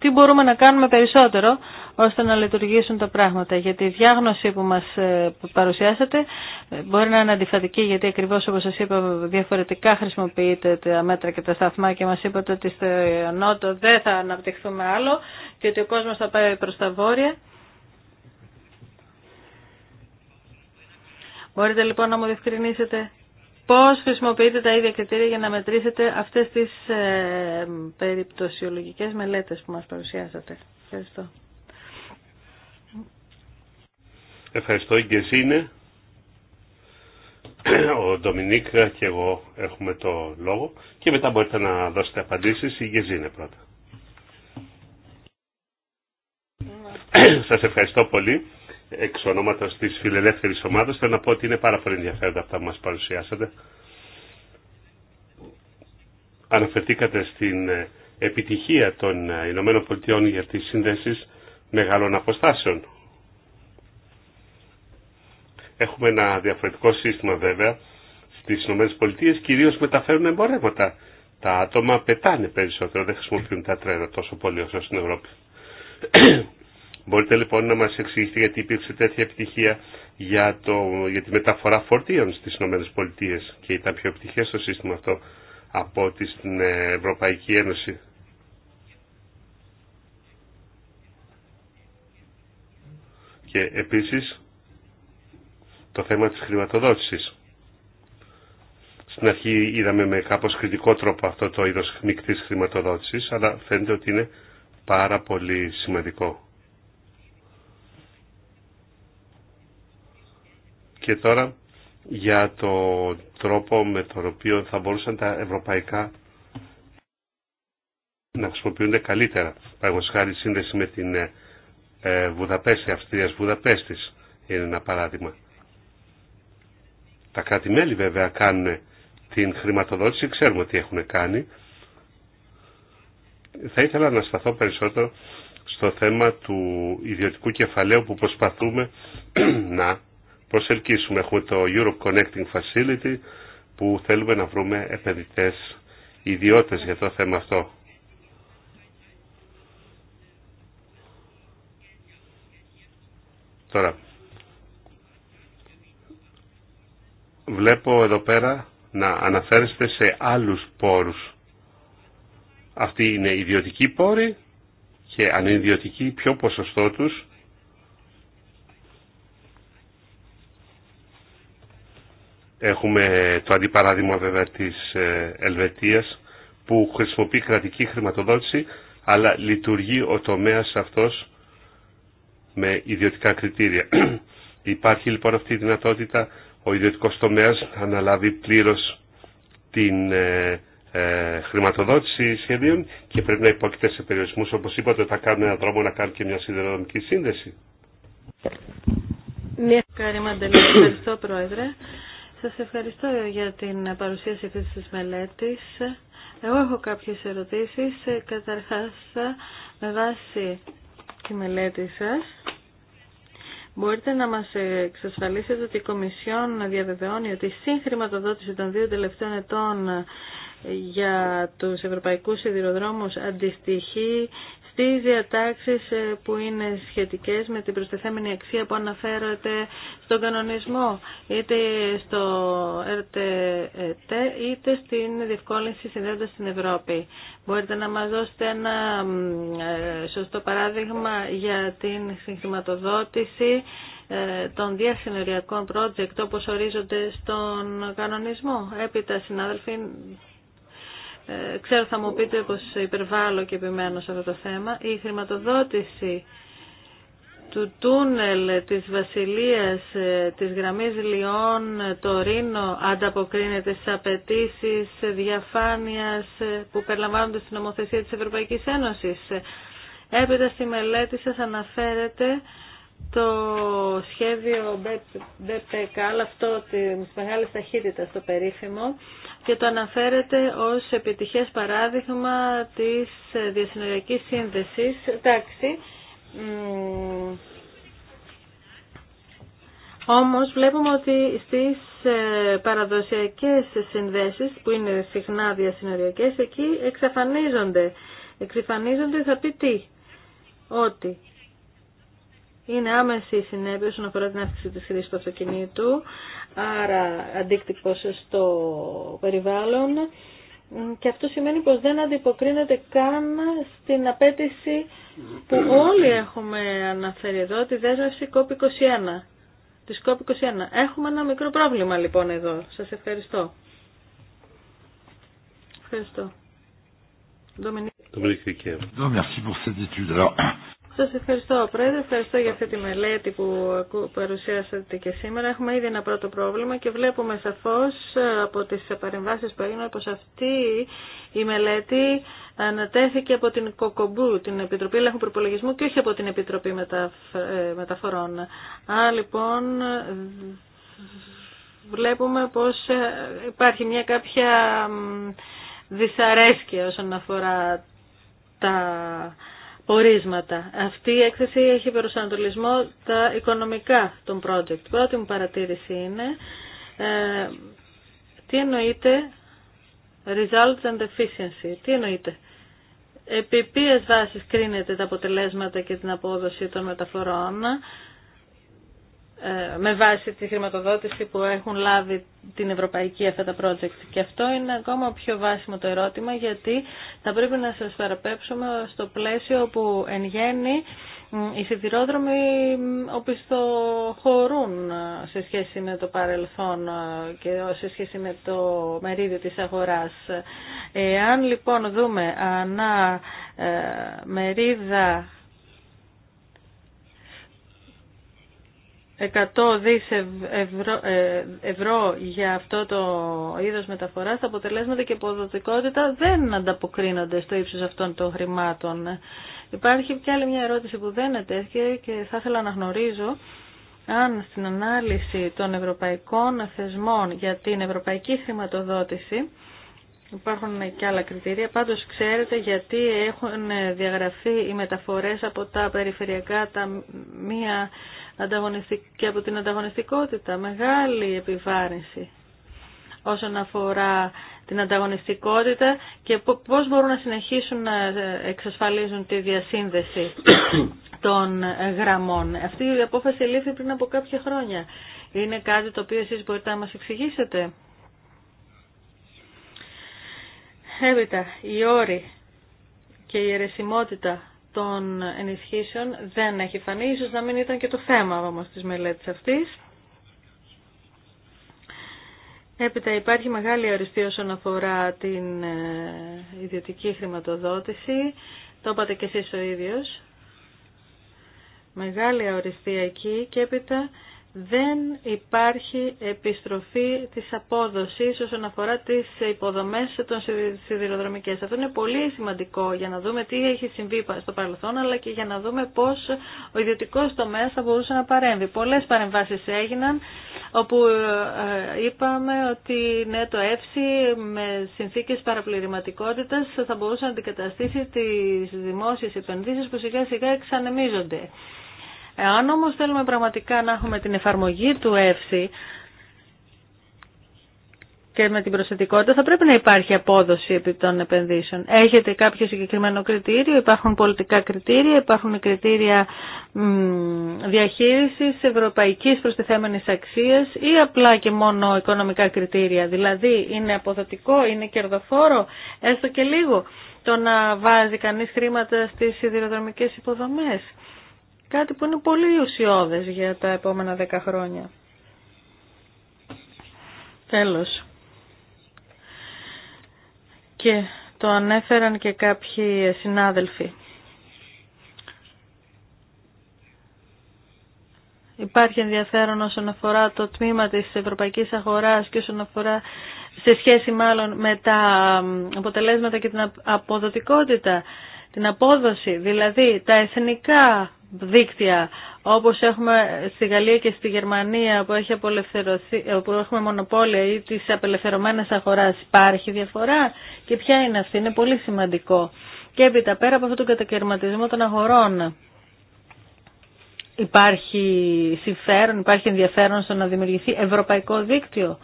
τι μπορούμε να κάνουμε περισσότερο ώστε να λειτουργήσουν τα πράγματα. Γιατί η διάγνωση που μα ε, παρουσιάσατε ε, μπορεί να είναι αντιφατική γιατί ακριβώ όπω σα είπα διαφορετικά χρησιμοποιείτε τα μέτρα και τα σταθμά και μα είπατε ότι στο νότο δεν θα αναπτυχθούμε άλλο και ότι ο κόσμο θα πάει προ τα βόρεια. Μπορείτε λοιπόν να μου διευκρινίσετε πώς χρησιμοποιείτε τα ίδια κριτήρια για να μετρήσετε αυτές τις ε, περιπτωσιολογικές μελέτες που μας παρουσιάσατε. Ευχαριστώ. Ευχαριστώ η Γκεζίνε. <clears throat> Ο Ντομινίκ και εγώ έχουμε το λόγο και μετά μπορείτε να δώσετε απαντήσεις. Η Γκεζίνε πρώτα. Σας ευχαριστώ πολύ. Εξ ονόματος της φιλελεύθερης ομάδας θέλω να πω ότι είναι πάρα πολύ ενδιαφέροντα αυτά που μας παρουσιάσατε. Αναφερθήκατε στην ε, επιτυχία των ε, Ηνωμένων Πολιτειών για τις σύνδεσεις μεγάλων αποστάσεων Έχουμε ένα διαφορετικό σύστημα βέβαια στις ΗΠΑ, κυρίως μεταφέρουν εμπορεύματα. Τα άτομα πετάνε περισσότερο, δεν χρησιμοποιούν τα τρένα τόσο πολύ όσο στην Ευρώπη. <clears throat> Μπορείτε λοιπόν να μας εξηγήσετε γιατί υπήρξε τέτοια επιτυχία για, το, για τη μεταφορά φορτίων στις ΗΠΑ και ήταν πιο επιτυχές το σύστημα αυτό από ότι στην ε, Ευρωπαϊκή Ένωση. Και επίσης το θέμα της χρηματοδότησης. Στην αρχή είδαμε με κάπως κριτικό τρόπο αυτό το είδος μικτής χρηματοδότησης, αλλά φαίνεται ότι είναι πάρα πολύ σημαντικό. Και τώρα για το τρόπο με τον οποίο θα μπορούσαν τα ευρωπαϊκά να χρησιμοποιούνται καλύτερα. Παραγωγή χάρη σύνδεση με την ε, Βουδαπέστη, Αυστρίας Βουδαπέστης είναι ένα παράδειγμα. Τα κράτη-μέλη βέβαια κάνουν την χρηματοδότηση, ξέρουμε τι έχουν κάνει. Θα ήθελα να σταθώ περισσότερο στο θέμα του ιδιωτικού κεφαλαίου που προσπαθούμε <clears throat> να προσελκύσουμε. Έχουμε το Europe Connecting Facility που θέλουμε να βρούμε επενδυτές ιδιώτες για το θέμα αυτό. Τώρα, βλέπω εδώ πέρα να αναφέρεστε σε άλλους πόρους. Αυτοί είναι ιδιωτικοί πόροι και αν είναι ιδιωτικοί ποιο ποσοστό τους Έχουμε το αντιπαράδειγμα βέβαια της ε, Ελβετίας που χρησιμοποιεί κρατική χρηματοδότηση αλλά λειτουργεί ο τομέας αυτός με ιδιωτικά κριτήρια. <clears throat> Υπάρχει λοιπόν αυτή η δυνατότητα ο ιδιωτικός τομέας αναλάβει πλήρως την ε, ε, χρηματοδότηση σχεδίων και πρέπει να υπόκειται σε περιορισμούς. Όπως είπατε, θα κάνουν ένα δρόμο να κάνουν και μια συνδρομική σύνδεση. Ναι, ευχαριστώ Πρόεδρε. Σας ευχαριστώ για την παρουσίαση αυτής της μελέτης. Εγώ έχω κάποιες ερωτήσεις. Καταρχάς, με βάση τη μελέτη σας, Μπορείτε να μας εξασφαλίσετε ότι η Κομισιόν διαβεβαιώνει ότι η συγχρηματοδότηση των δύο τελευταίων ετών για τους ευρωπαϊκούς σιδηροδρόμους αντιστοιχεί στις διατάξεις ε, που είναι σχετικές με την προστεθέμενη αξία που αναφέρεται στον κανονισμό, είτε στο RTT είτε στην διευκόλυνση συνδέοντας στην Ευρώπη. Μπορείτε να μας δώσετε ένα ε, σωστό παράδειγμα για την συγχρηματοδότηση ε, των διασυνοριακών project όπως ορίζονται στον κανονισμό. Έπειτα, συνάδελφοι, ε, ξέρω θα μου πείτε πως υπερβάλλω και επιμένω σε αυτό το θέμα, η χρηματοδότηση του τούνελ της Βασιλείας ε, της γραμμής Λιών το Ρήνο ανταποκρίνεται στις απαιτήσει διαφάνειας ε, που περιλαμβάνονται στην νομοθεσία της Ευρωπαϊκής Ένωσης. Έπειτα στη μελέτη σας αναφέρεται το σχέδιο BPK, αλλά αυτό της μεγάλης ταχύτητας το περίφημο, και το αναφέρεται ως επιτυχές παράδειγμα της διασυνοριακής σύνδεσης. Εντάξει, όμως βλέπουμε ότι στις ε, παραδοσιακές συνδέσεις που είναι συχνά διασυνοριακές εκεί εξαφανίζονται. Εξαφανίζονται θα πει τι. Ότι είναι άμεση η συνέπεια όσον αφορά την αύξηση της χρήσης του αυτοκινήτου, άρα αντίκτυπος στο περιβάλλον. Και αυτό σημαίνει πως δεν αντιποκρίνεται καν στην απέτηση που όλοι έχουμε αναφέρει εδώ, τη δέσμευση COP21. Της COP21. Έχουμε ένα μικρό πρόβλημα λοιπόν εδώ. Σας ευχαριστώ. Ευχαριστώ. Dominique. Σας ευχαριστώ, Πρόεδρε. Ευχαριστώ για αυτή τη μελέτη που παρουσιάσατε και σήμερα. Έχουμε ήδη ένα πρώτο πρόβλημα και βλέπουμε σαφώς ε, από τις παρεμβάσεις που έγιναν πως αυτή η μελέτη ανατέθηκε από την ΚΟΚΟΜΠΟΥ, την Επιτροπή Ελέγχου Προπολογισμού και όχι από την Επιτροπή ε, Μεταφορών. Α, λοιπόν, βλέπουμε πως ε, υπάρχει μια κάποια δυσαρέσκεια όσον αφορά τα ορίσματα. Αυτή η έκθεση έχει προσανατολισμό τα οικονομικά των project. Πρώτη μου παρατήρηση είναι ε, τι εννοείται results and efficiency. Τι εννοείται. Επί ποιες βάσεις κρίνεται τα αποτελέσματα και την απόδοση των μεταφορών με βάση τη χρηματοδότηση που έχουν λάβει την Ευρωπαϊκή αυτά τα project. Και αυτό είναι ακόμα πιο βάσιμο το ερώτημα γιατί θα πρέπει να σας παραπέψουμε στο πλαίσιο που εν γέννη οι σιδηρόδρομοι οπισθοχωρούν σε σχέση με το παρελθόν ε, και σε σχέση με το μερίδιο της αγοράς. Εάν λοιπόν δούμε ανά ε, μερίδα 100 δις ε, ευρώ, για αυτό το είδος μεταφοράς, τα αποτελέσματα και η δεν ανταποκρίνονται στο ύψος αυτών των χρημάτων. Υπάρχει και άλλη μια ερώτηση που δεν ετέθηκε και θα ήθελα να γνωρίζω αν στην ανάλυση των ευρωπαϊκών θεσμών για την ευρωπαϊκή χρηματοδότηση Υπάρχουν και άλλα κριτήρια. Πάντως ξέρετε γιατί έχουν διαγραφεί οι μεταφορές από τα περιφερειακά μία και από την ανταγωνιστικότητα. Μεγάλη επιβάρυνση όσον αφορά την ανταγωνιστικότητα και πώς μπορούν να συνεχίσουν να εξασφαλίζουν τη διασύνδεση <coughs> των γραμμών. Αυτή η απόφαση λήφθη πριν από κάποια χρόνια. Είναι κάτι το οποίο εσείς μπορείτε να μας εξηγήσετε. Έπειτα, οι όροι και η αιρεσιμότητα των ενισχύσεων δεν έχει φανεί, ίσως να μην ήταν και το θέμα όμως της μελέτης αυτής. Έπειτα υπάρχει μεγάλη αριστεία όσον αφορά την ε, ιδιωτική χρηματοδότηση. Το είπατε και εσείς ο ίδιος. Μεγάλη αριστεία εκεί και έπειτα δεν υπάρχει επιστροφή της απόδοσης όσον αφορά τις υποδομές των σιδηροδρομικές. Αυτό είναι πολύ σημαντικό για να δούμε τι έχει συμβεί στο παρελθόν, αλλά και για να δούμε πώς ο ιδιωτικός τομέας θα μπορούσε να παρέμβει. Πολλές παρεμβάσεις έγιναν, όπου ε, είπαμε ότι ναι, το ΕΦΣΗ με συνθήκες παραπληρηματικότητας θα μπορούσε να αντικαταστήσει τις δημόσιες επενδύσεις που σιγά σιγά εξανεμίζονται. Εάν όμως θέλουμε πραγματικά να έχουμε την εφαρμογή του ΕΦΣΥ και με την προσθετικότητα θα πρέπει να υπάρχει απόδοση επί των επενδύσεων. Έχετε κάποιο συγκεκριμένο κριτήριο, υπάρχουν πολιτικά κριτήρια, υπάρχουν κριτήρια διαχείρισης ευρωπαϊκής προστιθέμενης αξίας ή απλά και μόνο οικονομικά κριτήρια. Δηλαδή είναι αποδοτικό, είναι κερδοφόρο, έστω και λίγο το να βάζει κανείς χρήματα στις σιδηροδρομικές υποδομές. Κάτι που είναι πολύ ουσιώδες για τα επόμενα δέκα χρόνια. Τέλος. Και το ανέφεραν και κάποιοι συνάδελφοι. Υπάρχει ενδιαφέρον όσον αφορά το τμήμα της ευρωπαϊκής αγοράς και όσον αφορά σε σχέση μάλλον με τα αποτελέσματα και την αποδοτικότητα, την απόδοση, δηλαδή τα εθνικά δίκτυα όπως έχουμε στη Γαλλία και στη Γερμανία που, έχει ε, που έχουμε μονοπόλια ή τις απελευθερωμένες αγοράς υπάρχει διαφορά και ποια είναι αυτή, είναι πολύ σημαντικό. Και έπειτα πέρα από αυτόν τον κατακαιρματισμό των αγορών υπάρχει συμφέρον, υπάρχει ενδιαφέρον στο να δημιουργηθεί ευρωπαϊκό δίκτυο.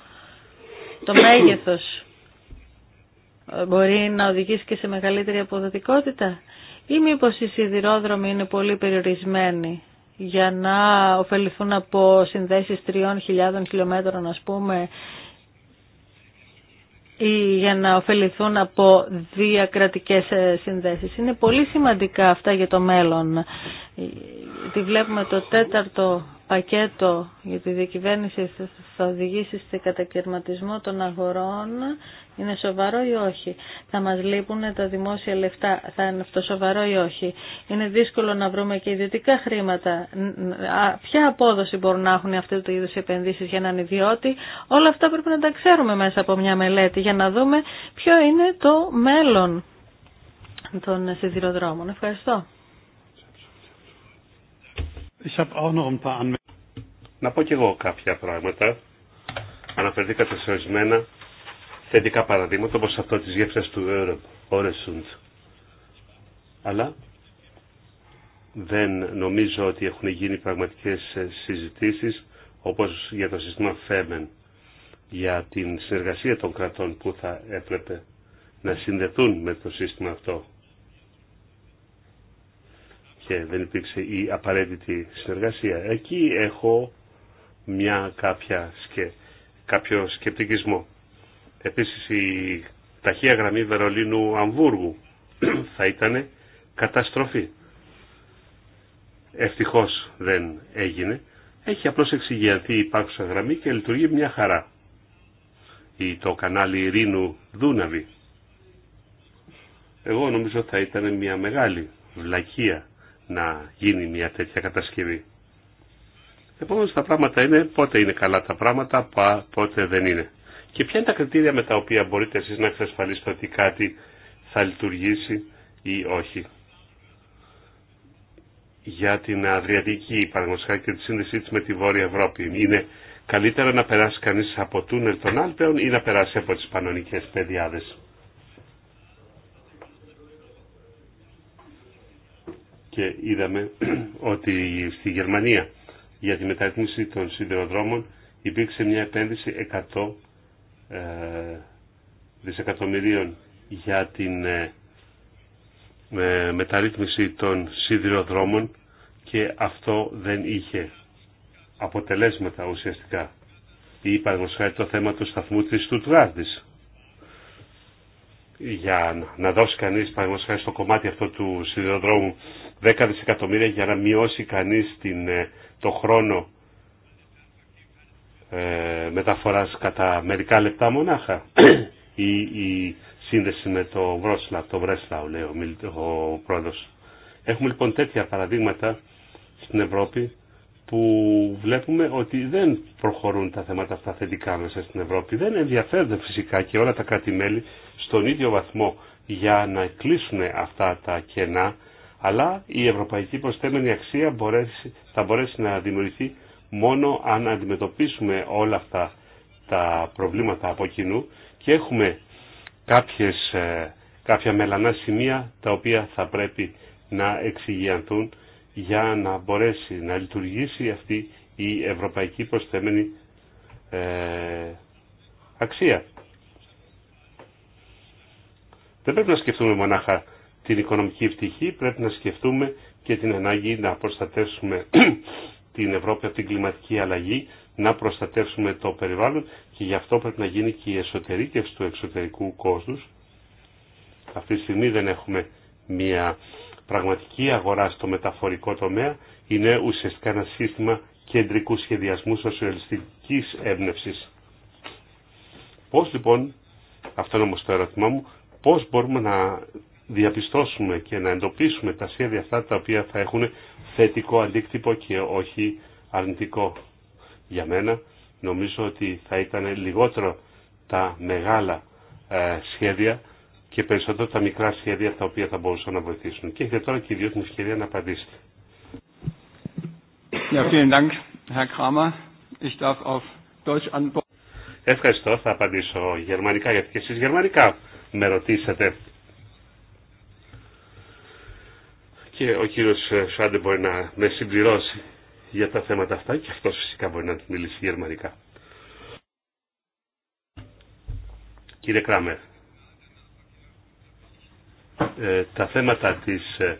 Το <coughs> μέγεθος ε, μπορεί να οδηγήσει και σε μεγαλύτερη αποδοτικότητα ή μήπως οι σιδηρόδρομοι είναι πολύ περιορισμένοι για να ωφεληθούν από συνδέσεις 3.000 χιλιόμετρων ας πούμε ή για να ωφεληθούν από διακρατικές ε, συνδέσεις. Είναι πολύ σημαντικά αυτά για το μέλλον. τη βλέπουμε το τέταρτο πακέτο για τη διακυβέρνηση θα οδηγήσει σε κατακαιρματισμό των αγορών είναι σοβαρό ή όχι. Θα μας λείπουν τα δημόσια λεφτά. Θα είναι αυτό σοβαρό ή όχι. Είναι δύσκολο να βρούμε και ιδιωτικά χρήματα. Ποια απόδοση μπορούν να έχουν αυτού του είδους επενδύσεις για έναν ιδιώτη. Όλα αυτά πρέπει να τα ξέρουμε μέσα από μια μελέτη για να δούμε ποιο είναι το μέλλον των σιδηροδρόμων. Ευχαριστώ. Να πω κι εγώ κάποια πράγματα. Αναφερθήκατε σε ορισμένα θετικά παραδείγματα όπως αυτό της γεύσης του Ωρεσούντ. Αλλά δεν νομίζω ότι έχουν γίνει πραγματικές συζητήσεις όπως για το σύστημα ΦΕΜΕΝ για την συνεργασία των κρατών που θα έπρεπε να συνδεθούν με το σύστημα αυτό. Και δεν υπήρξε η απαραίτητη συνεργασία. Εκεί έχω μια κάποια σκε... κάποιο σκεπτικισμό. Επίσης η ταχεία γραμμή Βερολίνου-Αμβούργου <clears throat> θα ήταν καταστροφή. Ευτυχώς δεν έγινε. Έχει απλώς εξηγιανθεί η υπάρχουσα γραμμή και λειτουργεί μια χαρά. Ή το κανάλι Ειρήνου Δούναβη. Εγώ νομίζω θα ήταν μια μεγάλη βλακεία να γίνει μια τέτοια κατασκευή. Επομένως τα πράγματα είναι πότε είναι καλά τα πράγματα, πότε δεν είναι. Και ποια είναι τα κριτήρια με τα οποία μπορείτε εσείς να εξασφαλίσετε ότι κάτι θα λειτουργήσει ή όχι. Για την Αδριατική, παραγωγή και τη σύνδεσή τη με τη Βόρεια Ευρώπη, είναι καλύτερα να περάσει κανείς από τούνελ των Άλπαιων ή να περάσει από τι πανονικές πεδιάδες. Και είδαμε <clears throat> ότι στη Γερμανία για τη μεταρρύθμιση των σιδηροδρόμων υπήρξε μια επένδυση 100 ε, δισεκατομμυρίων για την ε, μεταρρύθμιση των σιδηροδρόμων και αυτό δεν είχε αποτελέσματα ουσιαστικά. Ή παραδοσιακά το θέμα του σταθμού της Τουτγάρδης. Για να δώσει κανείς παραδοσιακά στο κομμάτι αυτό του σιδηροδρόμου 10 δισεκατομμύρια για να μειώσει κανείς την, ε, το χρόνο ε, μεταφοράς κατά μερικά λεπτά μονάχα <coughs> ή η σύνδεση με το Βρόσλα, το Βρέσλα ο, ο πρόεδρος. Έχουμε λοιπόν τέτοια παραδείγματα στην Ευρώπη που βλέπουμε ότι δεν προχωρούν τα θέματα αυτά θετικά μέσα στην Ευρώπη. Δεν ενδιαφέρονται φυσικά και όλα τα κράτη-μέλη στον ίδιο βαθμό για να κλείσουν αυτά τα κενά, αλλά η ευρωπαϊκή προστέμενη αξία θα μπορέσει να δημιουργηθεί μόνο αν αντιμετωπίσουμε όλα αυτά τα προβλήματα από κοινού και έχουμε κάποιες, ε, κάποια μελανά σημεία τα οποία θα πρέπει να εξηγιανθούν για να μπορέσει να λειτουργήσει αυτή η ευρωπαϊκή προσθέμενη ε, αξία. Δεν πρέπει να σκεφτούμε μονάχα την οικονομική πτυχή, πρέπει να σκεφτούμε και την ανάγκη να προστατεύσουμε την Ευρώπη από την κλιματική αλλαγή, να προστατεύσουμε το περιβάλλον και γι' αυτό πρέπει να γίνει και η εσωτερήκευση του εξωτερικού κόστους. Αυτή τη στιγμή δεν έχουμε μια πραγματική αγορά στο μεταφορικό τομέα, είναι ουσιαστικά ένα σύστημα κεντρικού σχεδιασμού σοσιαλιστικής έμπνευσης. Πώς λοιπόν, αυτό είναι όμως το ερώτημά μου, πώς μπορούμε να διαπιστώσουμε και να εντοπίσουμε τα σχέδια αυτά τα οποία θα έχουν θετικό αντίκτυπο και όχι αρνητικό. Για μένα νομίζω ότι θα ήταν λιγότερο τα μεγάλα ε, σχέδια και περισσότερο τα μικρά σχέδια τα οποία θα μπορούσαν να βοηθήσουν. Και έχετε τώρα και οι δύο την ευκαιρία να απαντήσετε. Ευχαριστώ, θα απαντήσω γερμανικά γιατί και εσείς γερμανικά με ρωτήσατε. και ο κύριος ε, Σάντε μπορεί να με συμπληρώσει για τα θέματα αυτά και αυτός φυσικά μπορεί να μιλήσει γερμανικά. Κύριε Κράμερ, ε, τα θέματα της ε,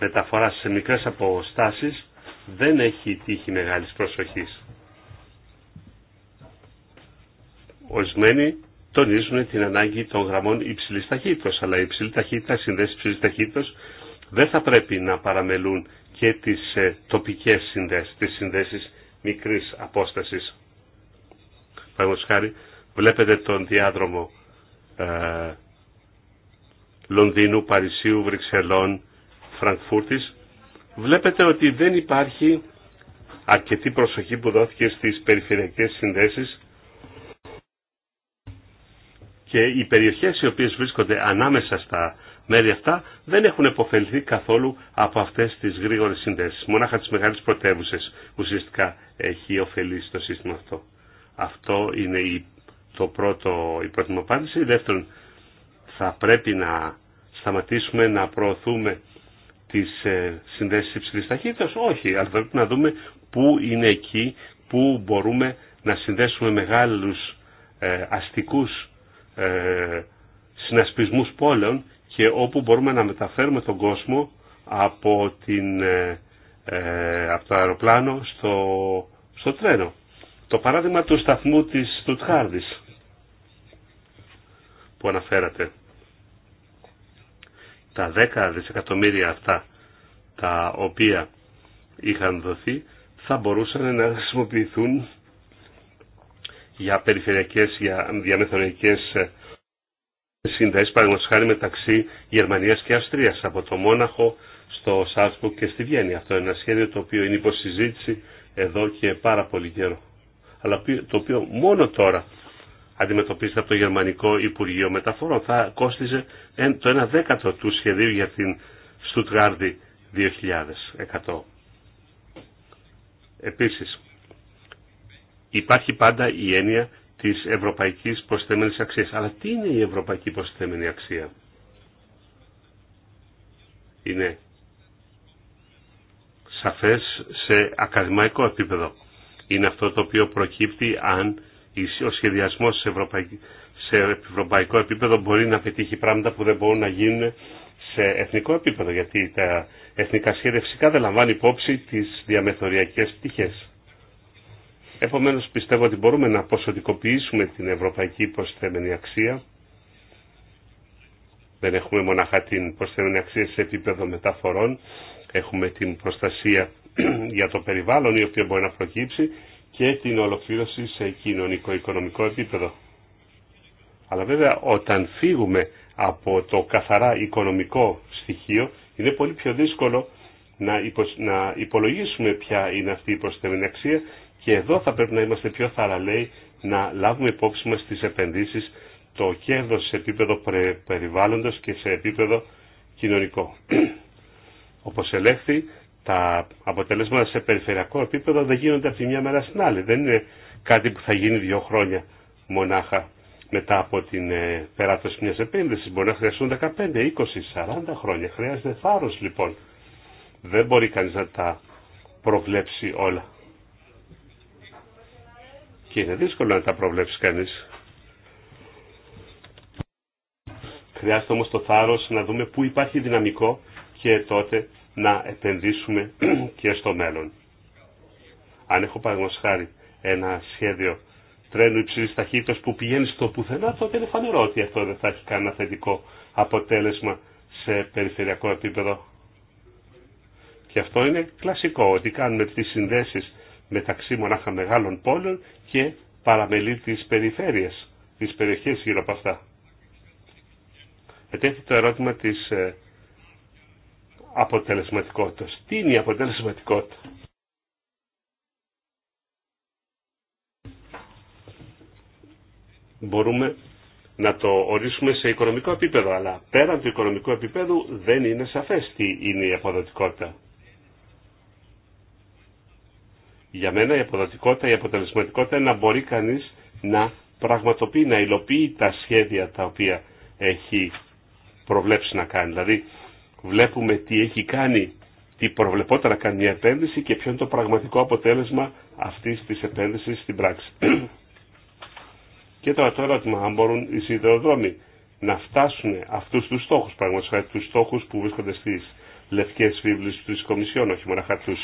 μεταφοράς σε μικρές αποστάσεις δεν έχει τύχει μεγάλης προσοχής. Ορισμένοι τονίζουν την ανάγκη των γραμμών υψηλής ταχύτητας, αλλά η υψηλή ταχύτητα συνδέσει υψηλής ταχύτητας δεν θα πρέπει να παραμελούν και τις ε, τοπικές συνδέσεις, τις συνδέσεις μικρής απόστασης. Παραδείγματος χάρη, βλέπετε τον διάδρομο ε, Λονδίνου, Παρισίου, Βρυξελών, Φραγκφούρτης. Βλέπετε ότι δεν υπάρχει αρκετή προσοχή που δόθηκε στις περιφερειακές συνδέσεις και οι περιοχές οι οποίες βρίσκονται ανάμεσα στα Μέρια αυτά δεν έχουν επωφελθεί καθόλου από αυτές τις γρήγορες συνδέσεις. Μόναχα τις μεγάλες πρωτεύουσες ουσιαστικά έχει ωφελήσει το σύστημα αυτό. Αυτό είναι η, το πρώτο, η πρώτη μου απάντηση. Δεύτερον, θα πρέπει να σταματήσουμε να προωθούμε τις ε, συνδέσεις υψηλή Όχι, αλλά πρέπει να δούμε πού είναι εκεί που μπορούμε να συνδέσουμε μεγάλου ε, αστικούς ε, πόλεων και όπου μπορούμε να μεταφέρουμε τον κόσμο από, την, ε, ε, από το αεροπλάνο στο, στο τρένο. Το παράδειγμα του σταθμού της Στουτχάρδης που αναφέρατε. Τα 10 δισεκατομμύρια αυτά τα οποία είχαν δοθεί θα μπορούσαν να χρησιμοποιηθούν για περιφερειακές, για διαμεθοριακές ε, συνδέσει παραδείγματο χάρη μεταξύ Γερμανία και Αυστρία, από το Μόναχο στο Σάλτσμπουργκ και στη Βιέννη. Αυτό είναι ένα σχέδιο το οποίο είναι υποσυζήτηση εδώ και πάρα πολύ καιρό. Αλλά το οποίο μόνο τώρα αντιμετωπίζεται από το Γερμανικό Υπουργείο Μεταφορών. Θα κόστιζε το 1 δέκατο του σχεδίου για την Στουτγάρδη 2100. Επίσης, υπάρχει πάντα η έννοια της ευρωπαϊκής προσθέμενης αξίας. Αλλά τι είναι η ευρωπαϊκή προσθέμενη αξία. Είναι σαφές σε ακαδημαϊκό επίπεδο. Είναι αυτό το οποίο προκύπτει αν ο σχεδιασμός σε, σε ευρωπαϊκό επίπεδο μπορεί να πετύχει πράγματα που δεν μπορούν να γίνουν σε εθνικό επίπεδο, γιατί τα εθνικά σχέδια φυσικά δεν λαμβάνει υπόψη τις διαμεθοριακές πτυχές. Επομένως πιστεύω ότι μπορούμε να ποσοτικοποιήσουμε την ευρωπαϊκή προσθέμενη αξία. Δεν έχουμε μονάχα την προσθέμενη αξία σε επίπεδο μεταφορών. Έχουμε την προστασία <clears throat> για το περιβάλλον η οποία μπορεί να προκύψει και την ολοκλήρωση σε κοινωνικό-οικονομικό επίπεδο. Αλλά βέβαια όταν φύγουμε από το καθαρά οικονομικό στοιχείο είναι πολύ πιο δύσκολο να, υπολογίσουμε ποια είναι αυτή η προσθέμενη αξία και εδώ θα πρέπει να είμαστε πιο θαραλέοι να λάβουμε υπόψη μας τις επενδύσεις, το κέρδος σε επίπεδο περιβάλλοντος και σε επίπεδο κοινωνικό. <clears throat> Όπως ελέγχθη, τα αποτελέσματα σε περιφερειακό επίπεδο δεν γίνονται από τη μια μέρα στην άλλη. Δεν είναι κάτι που θα γίνει δύο χρόνια μονάχα μετά από την ε, περάτωση μιας επένδυσης. Μπορεί να χρειαστούν 15, 20, 40 χρόνια. Χρειάζεται θάρρος λοιπόν. Δεν μπορεί κανείς να τα προβλέψει όλα και είναι δύσκολο να τα προβλέψει κανείς. Χρειάζεται όμως το θάρρος να δούμε πού υπάρχει δυναμικό και τότε να επενδύσουμε <clears throat> και στο μέλλον. Αν έχω παραδείγματος χάρη ένα σχέδιο τρένου υψηλής ταχύτητας που πηγαίνει στο πουθενά, τότε είναι φανερό ότι αυτό δεν θα έχει κανένα θετικό αποτέλεσμα σε περιφερειακό επίπεδο. Και αυτό είναι κλασικό, ότι κάνουμε τις συνδέσεις μεταξύ μονάχα μεγάλων πόλεων και παραμελή τη περιφέρειες, τις περιοχές γύρω από αυτά. Ετέθη το ερώτημα της ε, αποτελεσματικότητας. Τι είναι η αποτελεσματικότητα. Μπορούμε να το ορίσουμε σε οικονομικό επίπεδο, αλλά πέραν του οικονομικού επίπεδου δεν είναι σαφές τι είναι η αποδοτικότητα. Για μένα η αποδοτικότητα, η αποτελεσματικότητα είναι να μπορεί κανείς να πραγματοποιεί, να υλοποιεί τα σχέδια τα οποία έχει προβλέψει να κάνει. Δηλαδή βλέπουμε τι έχει κάνει, τι προβλεπόταν να κάνει μια επένδυση και ποιο είναι το πραγματικό αποτέλεσμα αυτής της επένδυσης στην πράξη. <clears throat> και τώρα το ερώτημα αν μπορούν οι σιδηροδρόμοι να φτάσουν αυτούς τους στόχους, πραγματικά τους στόχους που βρίσκονται στις λευκές βίβλες της Κομισιόν, όχι μόνο τους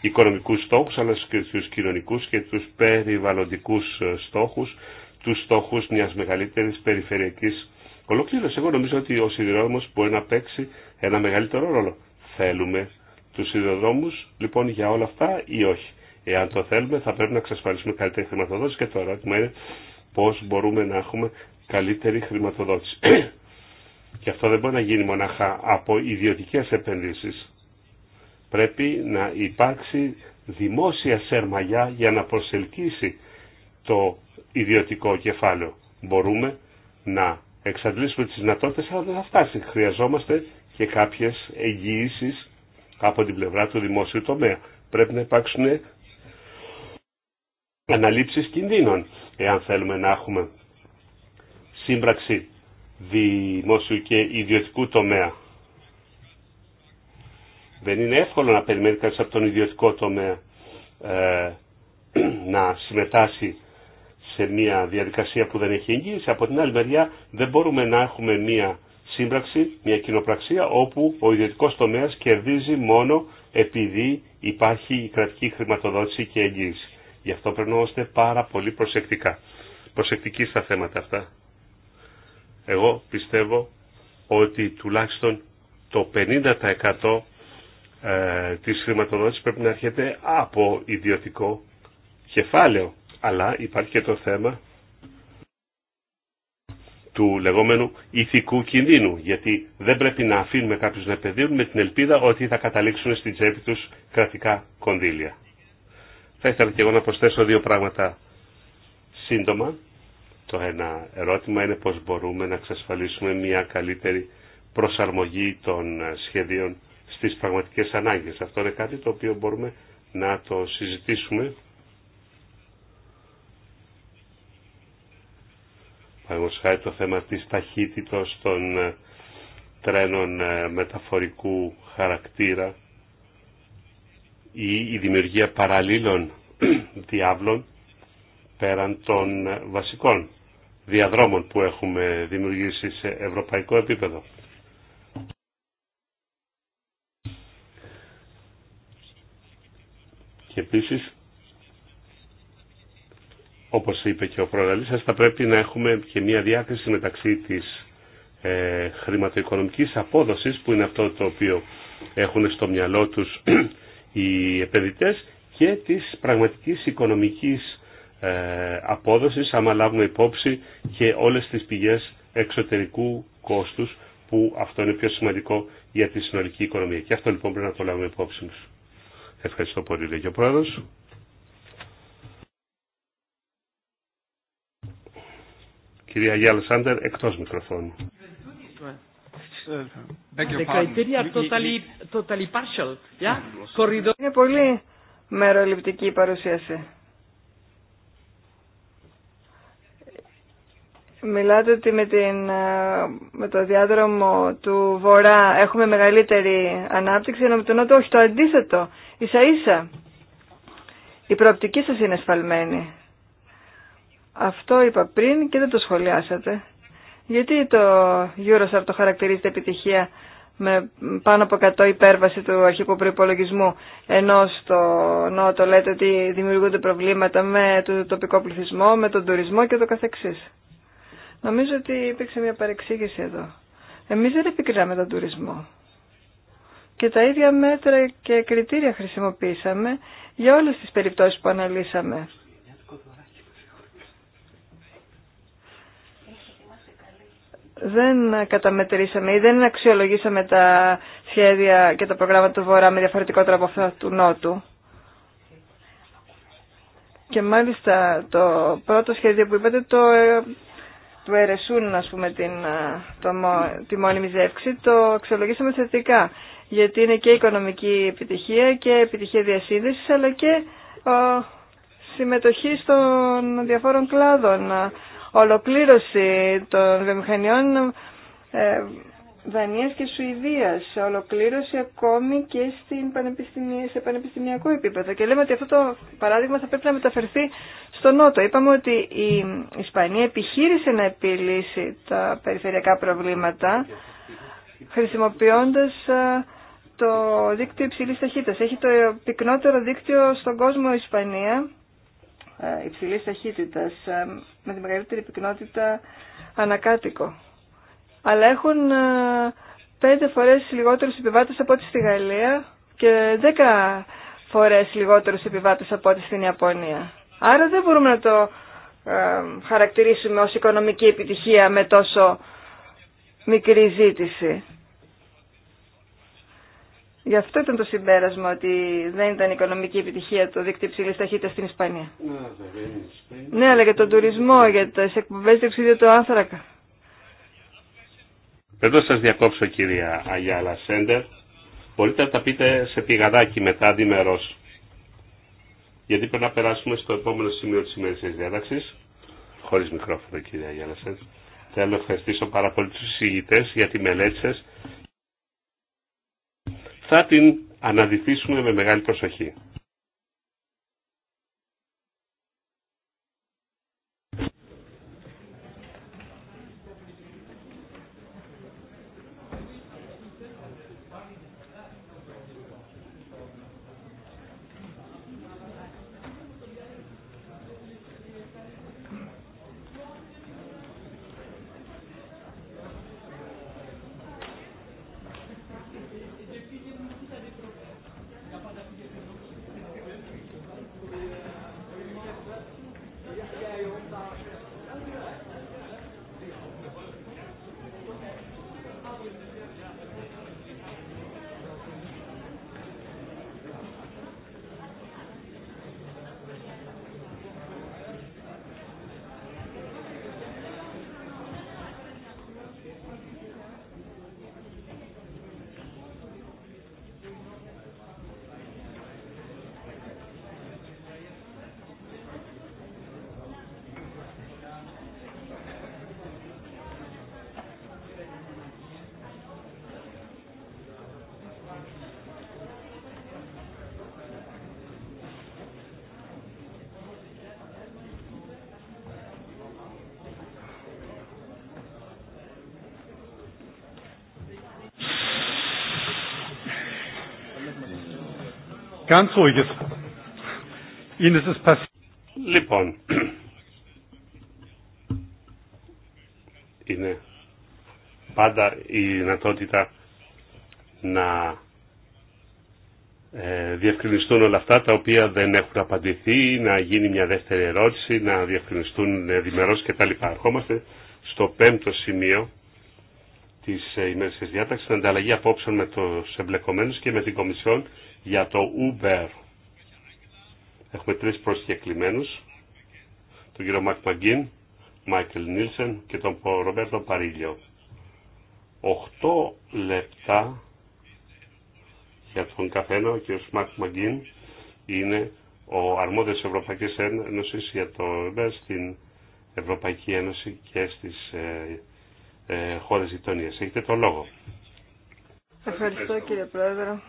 οικονομικούς στόχους αλλά και τους κοινωνικούς και τους περιβαλλοντικούς ε, στόχους, τους στόχους μιας μεγαλύτερης περιφερειακής ολοκλήρωσης. Εγώ νομίζω ότι ο σιδηρόδρομος μπορεί να παίξει ένα μεγαλύτερο ρόλο. Θέλουμε τους σιδηροδρόμους λοιπόν για όλα αυτά ή όχι. Εάν το θέλουμε θα πρέπει να εξασφαλίσουμε καλύτερη χρηματοδότηση και το ερώτημα είναι πώς μπορούμε να έχουμε καλύτερη χρηματοδότηση. <clears throat> και αυτό δεν μπορεί να γίνει μονάχα από ιδιωτικές επενδύσεις. Πρέπει να υπάρξει δημόσια σερμαγιά για να προσελκύσει το ιδιωτικό κεφάλαιο. Μπορούμε να εξαντλήσουμε τις δυνατότητες, αλλά δεν θα φτάσει. Χρειαζόμαστε και κάποιες εγγυήσει από την πλευρά του δημόσιου τομέα. Πρέπει να υπάρξουν αναλήψεις κινδύνων, εάν θέλουμε να έχουμε σύμπραξη δημόσιου και ιδιωτικού τομέα. Δεν είναι εύκολο να περιμένει κανείς από τον ιδιωτικό τομέα ε, <clears throat> να συμμετάσχει σε μια διαδικασία που δεν έχει εγγύηση. Από την άλλη μεριά δεν μπορούμε να έχουμε μια σύμπραξη, μια κοινοπραξία όπου ο ιδιωτικός τομέας κερδίζει μόνο επειδή υπάρχει η κρατική χρηματοδότηση και εγγύηση. Γι' αυτό πρέπει να είμαστε πάρα πολύ προσεκτικά. Προσεκτικοί στα θέματα αυτά. Εγώ πιστεύω ότι τουλάχιστον το 50% ε, της χρηματοδότησης πρέπει να έρχεται από ιδιωτικό κεφάλαιο. Αλλά υπάρχει και το θέμα του λεγόμενου ηθικού κινδύνου, γιατί δεν πρέπει να αφήνουμε κάποιους να επενδύουν με την ελπίδα ότι θα καταλήξουν στην τσέπη τους κρατικά κονδύλια. Θα ήθελα και εγώ να προσθέσω δύο πράγματα σύντομα. Το ένα ερώτημα είναι πώς μπορούμε να εξασφαλίσουμε μια καλύτερη προσαρμογή των σχεδίων στις πραγματικές ανάγκες. Αυτό είναι κάτι το οποίο μπορούμε να το συζητήσουμε. Παραδείγματος το θέμα της ταχύτητος των ε, τρένων ε, μεταφορικού χαρακτήρα ή η δημιουργία παραλλήλων <clears throat> διάβλων πέραν των ε, βασικών διαδρόμων που έχουμε δημιουργήσει σε ευρωπαϊκό επίπεδο. Και επίσης, όπως είπε και ο προλαλής θα πρέπει να έχουμε και μια διάκριση μεταξύ τη ε, χρηματοοικονομικής απόδοσης, που είναι αυτό το οποίο έχουν στο μυαλό τους <clears throat> οι επενδυτές, και τη πραγματική οικονομική ε, απόδοσης, άμα λάβουμε υπόψη και όλες τις πηγές εξωτερικού κόστους, που αυτό είναι πιο σημαντικό για τη συνολική οικονομία. Και αυτό λοιπόν πρέπει να το λάβουμε υπόψη μας. Ευχαριστώ πολύ, και ο πρόεδρο. Κυρία Γιάννη Σάντερ, εκτό μικροφώνου. Είναι πολύ μεροληπτική η παρουσίαση. Μιλάτε ότι με, την, ε, το διάδρομο του Βορρά έχουμε μεγαλύτερη ανάπτυξη, ενώ με τον Νότο όχι το αντίθετο. Ίσα ίσα. Η προοπτική σας είναι σφαλμένη. Αυτό είπα πριν και δεν το σχολιάσατε. Γιατί το Eurostar το χαρακτηρίζεται επιτυχία με πάνω από 100 υπέρβαση του αρχικού προϋπολογισμού, ενώ στο Νότο λέτε ότι δημιουργούνται προβλήματα με το τοπικό πληθυσμό, με τον τουρισμό και το καθεξής. Νομίζω ότι υπήρξε μια παρεξήγηση εδώ. Εμείς δεν επικρινάμε τον τουρισμό. Και τα ίδια μέτρα και κριτήρια χρησιμοποίησαμε για όλες τις περιπτώσεις που αναλύσαμε. δεν καταμετρήσαμε ή δεν αξιολογήσαμε τα σχέδια και τα προγράμματα του Βορρά με διαφορετικό τρόπο αυτά του Νότου. Και μάλιστα το πρώτο σχέδιο που είπατε το ε, που αιρεσούν πούμε, την, ε, το, τη μόνιμη ζεύξη, το αξιολογήσαμε θετικά. Γιατί είναι και οικονομική επιτυχία και επιτυχία διασύνδεσης, αλλά και ο, ε, συμμετοχή των διαφόρων κλάδων, ε, ολοκλήρωση των βιομηχανιών, Δανίας και Σουηδίας, ολοκλήρωση ακόμη και στην πανεπιστημία, σε πανεπιστημιακό επίπεδο. Και λέμε ότι αυτό το παράδειγμα θα πρέπει να μεταφερθεί στο Νότο. Είπαμε ότι η Ισπανία επιχείρησε να επιλύσει τα περιφερειακά προβλήματα χρησιμοποιώντας το δίκτυο υψηλής ταχύτητας. Έχει το πυκνότερο δίκτυο στον κόσμο η Ισπανία υψηλής ταχύτητας με τη μεγαλύτερη πυκνότητα ανακάτοικο αλλά έχουν ε, πέντε φορές λιγότερους επιβάτες από ό,τι στη Γαλλία και δέκα φορές λιγότερους επιβάτες από ό,τι στην Ιαπωνία. Άρα δεν μπορούμε να το ε, χαρακτηρίσουμε ως οικονομική επιτυχία με τόσο μικρή ζήτηση. Γι' αυτό ήταν το συμπέρασμα ότι δεν ήταν οικονομική επιτυχία το δίκτυο υψηλή ταχύτητα στην Ισπανία. Ναι, αλλά για τον τουρισμό, για τι εκπομπέ διοξιδίου του άνθρακα. Δεν θα σας διακόψω κυρία Αγιάλα Σέντερ. Μπορείτε να τα πείτε σε πηγαδάκι μετά διμερός. Γιατί πρέπει να περάσουμε στο επόμενο σημείο της της διάταξης. Χωρίς μικρόφωνο κυρία Αγιάλα Σέντερ. Θέλω να ευχαριστήσω πάρα πολύ τους συζητητές για τη μελέτη σας. Θα την αναδυθήσουμε με μεγάλη προσοχή. Ganz Ihnen ist es passiert. Λοιπόν, είναι πάντα η δυνατότητα να ε, διευκρινιστούν όλα αυτά τα οποία δεν έχουν απαντηθεί, να γίνει μια δεύτερη ερώτηση, να διευκρινιστούν τα κτλ. Ερχόμαστε στο πέμπτο σημείο της ε, ημέρας της διάταξης, ανταλλαγή απόψεων με τους εμπλεκομένους και με την Κομισιόν για το Uber. Έχουμε τρεις προσκεκλημένους, τον κύριο Μακ Μαγκίν, Μάικλ Νίλσεν και τον Ρομπέρτο Παρίλιο. Οχτώ λεπτά για τον καθένα, ο κύριος Μακ Μαγκίν είναι ο αρμόδιος Ευρωπαϊκής Ένωσης για το Uber στην Ευρωπαϊκή Ένωση και στις ε, ε, χώρες γειτονίας. Έχετε το λόγο. Ευχαριστώ, Ευχαριστώ. κύριε Πρόεδρο.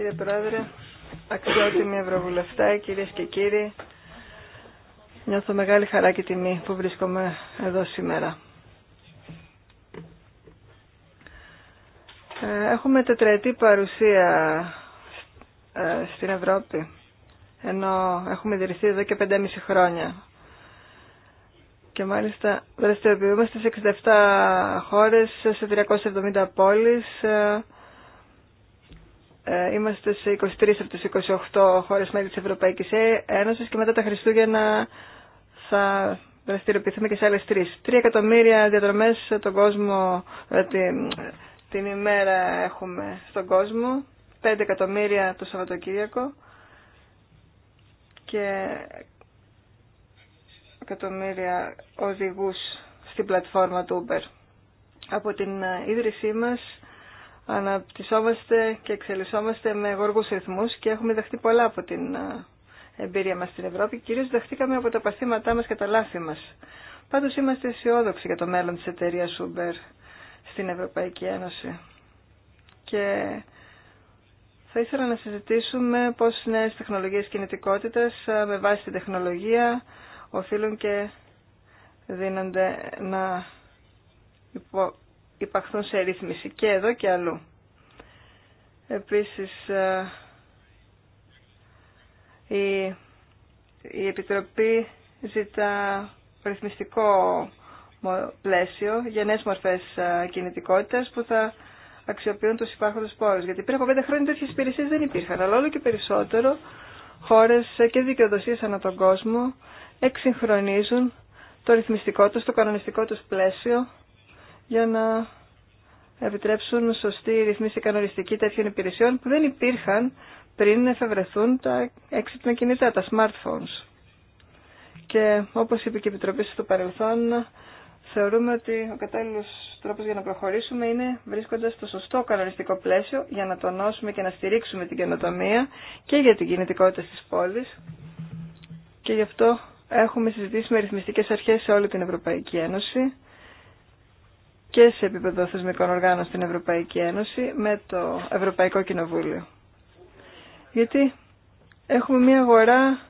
Κύριε Πρόεδρε, αξιότιμοι Ευρωβουλευτά, κυρίε και κύριοι, νιώθω μεγάλη χαρά και τιμή που βρίσκομαι εδώ σήμερα. Ε, έχουμε τετραετή παρουσία ε, στην Ευρώπη, ενώ έχουμε ιδρυθεί εδώ και 5,5 χρόνια. Και μάλιστα δραστηριοποιούμαστε σε 67 χώρες, σε 370 πόλεις, ε, ε, είμαστε σε 23 από τις 28 χώρες μέλη της Ευρωπαϊκής ε, Ένωσης και μετά τα Χριστούγεννα θα δραστηριοποιηθούμε και σε άλλες τρεις. Τρία εκατομμύρια διαδρομές τον κόσμο, ε, την, την ημέρα έχουμε στον κόσμο, 5 εκατομμύρια το Σαββατοκύριακο και εκατομμύρια οδηγούς στην πλατφόρμα του Uber. Από την ίδρυσή μας αναπτυσσόμαστε και εξελισσόμαστε με γοργούς ρυθμούς και έχουμε δεχτεί πολλά από την εμπειρία μας στην Ευρώπη. Κυρίως δεχτήκαμε από τα παθήματά μας και τα λάθη μας. Πάντως είμαστε αισιόδοξοι για το μέλλον της εταιρεία Uber στην Ευρωπαϊκή Ένωση. Και θα ήθελα να συζητήσουμε πώς νέες τεχνολογίες κινητικότητας με βάση την τεχνολογία οφείλουν και δίνονται να υπο υπαχθούν σε ρύθμιση και εδώ και αλλού. Επίσης, ε, η, η Επιτροπή ζητά ρυθμιστικό πλαίσιο για νέες μορφές ε, κινητικότητας που θα αξιοποιούν τους υπάρχοντες πόρους. Γιατί πριν από πέντε χρόνια τέτοιες υπηρεσίες δεν υπήρχαν, αλλά όλο και περισσότερο χώρες ε, και δικαιοδοσίες ανά τον κόσμο εξυγχρονίζουν το ρυθμιστικό τους, το κανονιστικό τους πλαίσιο για να επιτρέψουν σωστή ρυθμίση κανονιστική τέτοιων υπηρεσιών που δεν υπήρχαν πριν εφευρεθούν τα έξυπνα κινητά, τα smartphones. Και όπως είπε και η Επιτροπή στο παρελθόν, θεωρούμε ότι ο κατάλληλος τρόπος για να προχωρήσουμε είναι βρίσκοντας το σωστό κανονιστικό πλαίσιο για να τονώσουμε και να στηρίξουμε την καινοτομία και για την κινητικότητα στις πόλεις. Και γι' αυτό έχουμε συζητήσει με ρυθμιστικές αρχές σε όλη την Ευρωπαϊκή Ένωση και σε επίπεδο θεσμικών οργάνων στην Ευρωπαϊκή Ένωση με το Ευρωπαϊκό Κοινοβούλιο. Γιατί έχουμε μια αγορά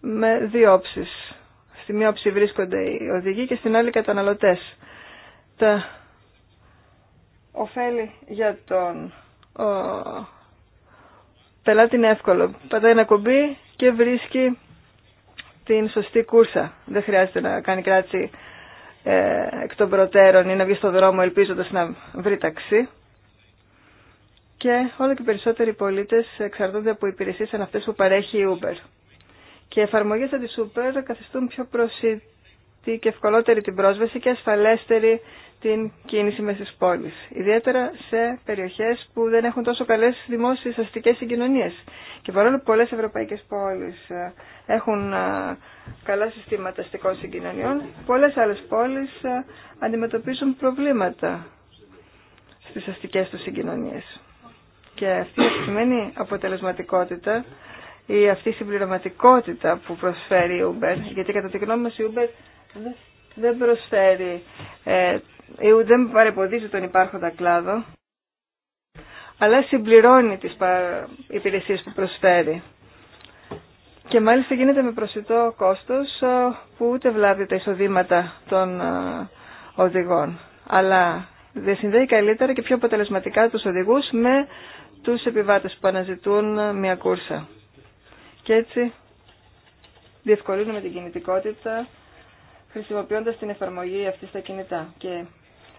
με δύο όψεις. Στη μία όψη βρίσκονται οι οδηγοί και στην άλλη οι καταναλωτές. Τα ωφέλη για τον ο, πελάτη είναι εύκολο. Πατάει ένα κουμπί και βρίσκει την σωστή κούρσα. Δεν χρειάζεται να κάνει κράτηση ε, εκ των προτέρων ή να βγει στον δρόμο ελπίζοντας να βρει ταξί. Και όλο και περισσότεροι πολίτες εξαρτώνται από υπηρεσίες σαν αυτές που παρέχει η Uber. Και οι εφαρμογές σαν τη Uber καθιστούν πιο προσιτή και ευκολότερη την πρόσβαση και ασφαλέστερη την κίνηση μέσα στις πόλεις. Ιδιαίτερα σε περιοχές που δεν έχουν τόσο καλές δημόσιες αστικές συγκοινωνίες. Και παρόλο που πολλές ευρωπαϊκές πόλεις ε, έχουν ε, καλά συστήματα αστικών συγκοινωνιών, πολλές άλλες πόλεις ε, αντιμετωπίζουν προβλήματα στις αστικές τους συγκοινωνίες. Και αυτή η αυξημένη αποτελεσματικότητα ή αυτή η συμπληρωματικότητα που προσφέρει η Uber, γιατί κατά τη γνώμη μας η Uber δεν προσφέρει Ιού δεν παρεμποδίζει τον υπάρχοντα κλάδο, αλλά συμπληρώνει τις υπηρεσίες που προσφέρει. Και μάλιστα γίνεται με προσιτό κόστος που ούτε βλάβει τα εισοδήματα των οδηγών. Αλλά διασυνδέει καλύτερα και πιο αποτελεσματικά τους οδηγούς με τους επιβάτες που αναζητούν μια κούρσα. Και έτσι διευκολύνουμε την κινητικότητα χρησιμοποιώντας την εφαρμογή αυτή στα κινητά. Και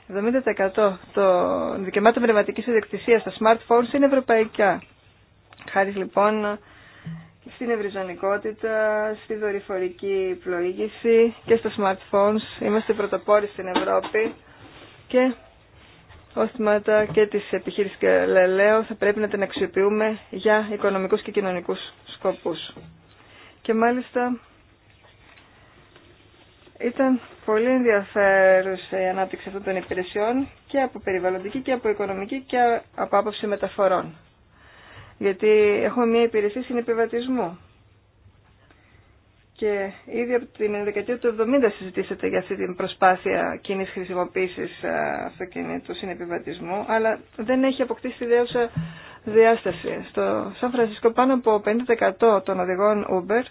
70% των δικαιωμάτων πνευματική ιδιοκτησίας στα smartphones είναι ευρωπαϊκά. Χάρη λοιπόν στην ευρυζωνικότητα, στη δορυφορική πλοήγηση και στα smartphones. Είμαστε πρωτοπόροι στην Ευρώπη και όστιματα και της επιχείρησης λέω, θα πρέπει να την αξιοποιούμε για οικονομικούς και κοινωνικούς σκοπούς. Και μάλιστα ήταν πολύ ενδιαφέρουσα η ανάπτυξη αυτών των υπηρεσιών και από περιβαλλοντική και από οικονομική και από άποψη μεταφορών. Γιατί έχουμε μια υπηρεσία συνεπιβατισμού. Και ήδη από την δεκαετία του 70 συζητήσατε για αυτή την προσπάθεια κοινή χρησιμοποίηση αυτοκινήτου συνεπιβατισμού, αλλά δεν έχει αποκτήσει τη διάσταση. Στο Σαν Φρανσισκό πάνω από 50% των οδηγών Uber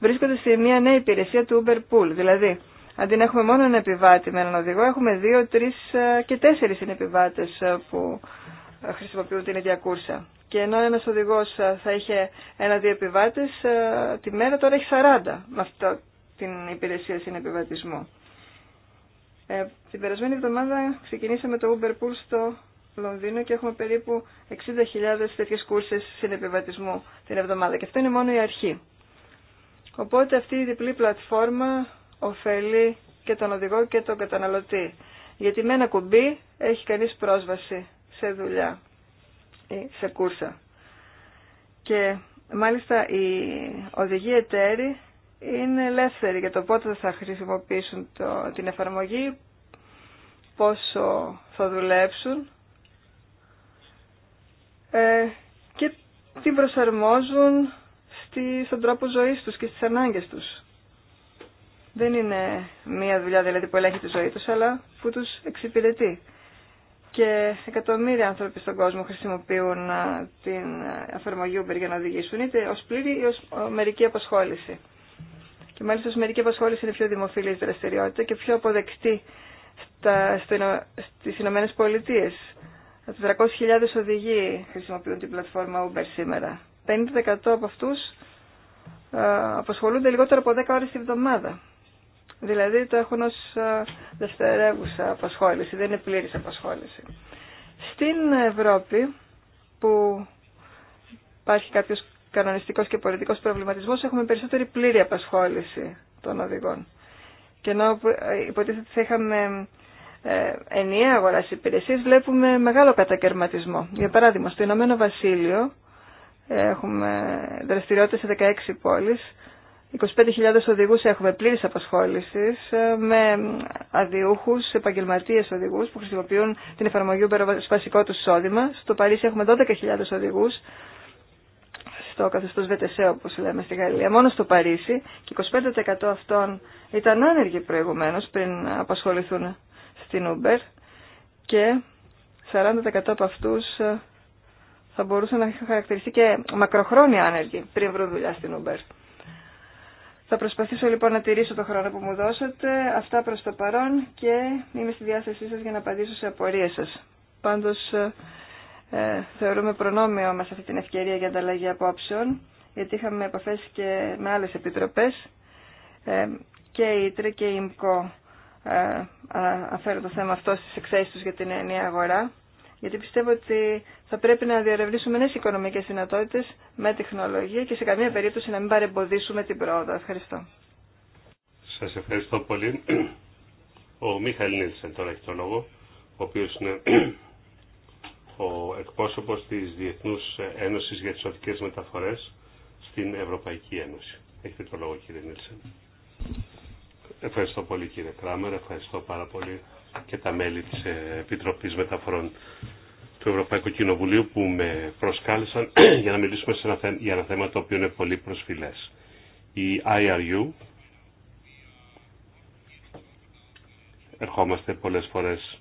βρίσκονται σε μια νέα υπηρεσία του Uber Pool. Δηλαδή, αντί να έχουμε μόνο ένα επιβάτη με έναν οδηγό, έχουμε δύο, τρει ε, και τέσσερι συνεπιβάτε ε, που ε, χρησιμοποιούν την ίδια κούρσα. Και ενώ ένα οδηγό θα είχε ένα-δύο επιβάτε, τη μέρα τώρα έχει 40 με αυτή την υπηρεσία συνεπιβατισμού. Ε, την περασμένη εβδομάδα ξεκινήσαμε το Uber Pool στο Λονδίνο και έχουμε περίπου 60.000 τέτοιε κούρσες συνεπιβατισμού την εβδομάδα. Και αυτό είναι μόνο η αρχή. Οπότε αυτή η διπλή πλατφόρμα ωφελεί και τον οδηγό και τον καταναλωτή. Γιατί με ένα κουμπί έχει κανείς πρόσβαση σε δουλειά ή σε κούρσα. Και μάλιστα οι οδηγοί εταίροι είναι ελεύθεροι για το πότε θα χρησιμοποιήσουν την εφαρμογή, πόσο θα δουλέψουν ε, και την προσαρμόζουν στη, στον τρόπο ζωής τους και στις ανάγκες τους. Δεν είναι μία δουλειά δηλαδή που ελέγχει τη ζωή τους, αλλά που τους εξυπηρετεί. Και εκατομμύρια άνθρωποι στον κόσμο χρησιμοποιούν την εφαρμογή Uber για να οδηγήσουν, είτε ως πλήρη ή ως μερική απασχόληση. Και μάλιστα ως μερική απασχόληση είναι πιο δημοφιλής δραστηριότητα και πιο αποδεκτή στα, στις Ηνωμένες Πολιτείες. 400.000 οδηγοί χρησιμοποιούν την πλατφόρμα Uber σήμερα. 50% από αυτούς ε, απασχολούνται λιγότερο από 10 ώρες τη βδομάδα. Δηλαδή το έχουν ως ε, δευτερεύουσα απασχόληση, δεν είναι πλήρης απασχόληση. Στην Ευρώπη που υπάρχει κάποιος κανονιστικός και πολιτικός προβληματισμός έχουμε περισσότερη πλήρη απασχόληση των οδηγών. Και ενώ ε, υποτίθεται ότι θα είχαμε ενιαία αγορά υπηρεσίε βλέπουμε μεγάλο κατακαιρματισμό. Για παράδειγμα, στο Ηνωμένο Βασίλειο Έχουμε δραστηριότητες σε 16 πόλεις. 25.000 οδηγούς έχουμε πλήρης απασχόλησης ε, με αδιούχους, επαγγελματίες οδηγούς που χρησιμοποιούν την εφαρμογή Uber ως βασικό του εισόδημα. Στο Παρίσι έχουμε 12.000 οδηγούς στο καθεστώς ΒΤΣΕ όπως λέμε στη Γαλλία. Μόνο στο Παρίσι και 25% αυτών ήταν άνεργοι προηγουμένως πριν απασχοληθούν στην Uber και 40% από αυτούς ε, θα μπορούσα να έχω χαρακτηριστεί και μακροχρόνια άνεργη πριν βρουν δουλειά στην Uber. Θα προσπαθήσω λοιπόν να τηρήσω το χρόνο που μου δώσατε. Αυτά προς το παρόν και είμαι στη διάθεσή σας για να απαντήσω σε απορίες σας. Πάντως ε, ε, θεωρούμε προνόμιο μας αυτή την ευκαιρία για ανταλλαγή απόψεων γιατί είχαμε επαφές και με άλλες επιτροπές ε, και η ΤΡΕ και η ΙΜΚΟ ε, το θέμα αυτό στις εξαίσεις για την ενιαία αγορά γιατί πιστεύω ότι θα πρέπει να διαρευνήσουμε νέες οικονομικές δυνατότητες με τεχνολογία και σε καμία περίπτωση να μην παρεμποδίσουμε την πρόοδο. Ευχαριστώ. Σας ευχαριστώ πολύ. Ο Μίχαλ Νίλσεν τώρα έχει το λόγο, ο οποίος είναι ο εκπόσωπος της Διεθνούς Ένωσης για τις Οδικές Μεταφορές στην Ευρωπαϊκή Ένωση. Έχετε το λόγο κύριε Νίλσεν. Ευχαριστώ πολύ κύριε Κράμερ, ευχαριστώ πάρα πολύ και τα μέλη της Επιτροπής Μεταφορών του Ευρωπαϊκού Κοινοβουλίου που με προσκάλεσαν <clears throat> για να μιλήσουμε σε ένα, για ένα θέμα το οποίο είναι πολύ προσφυλές. Η IRU, ερχόμαστε πολλές φορές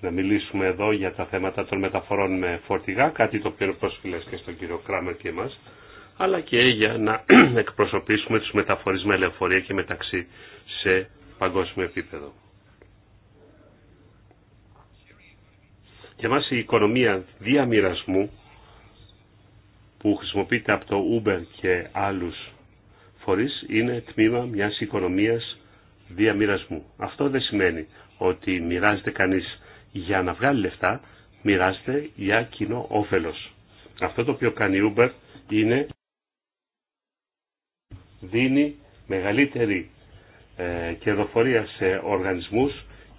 να μιλήσουμε εδώ για τα θέματα των μεταφορών με φορτηγά, κάτι το οποίο είναι προσφυλές και στον κύριο Κράμερ και εμάς, αλλά και για να <clears throat> εκπροσωπήσουμε τους μεταφορείς με ελευφορία και μεταξύ σε παγκόσμιο επίπεδο. Για μας η οικονομία διαμοιρασμού που χρησιμοποιείται από το Uber και άλλους φορείς είναι τμήμα μιας οικονομίας διαμοιρασμού. Αυτό δεν σημαίνει ότι μοιράζεται κανείς για να βγάλει λεφτά, μοιράζεται για κοινό όφελος. Αυτό το οποίο κάνει Uber είναι δίνει μεγαλύτερη ε, κερδοφορία σε οργανισμούς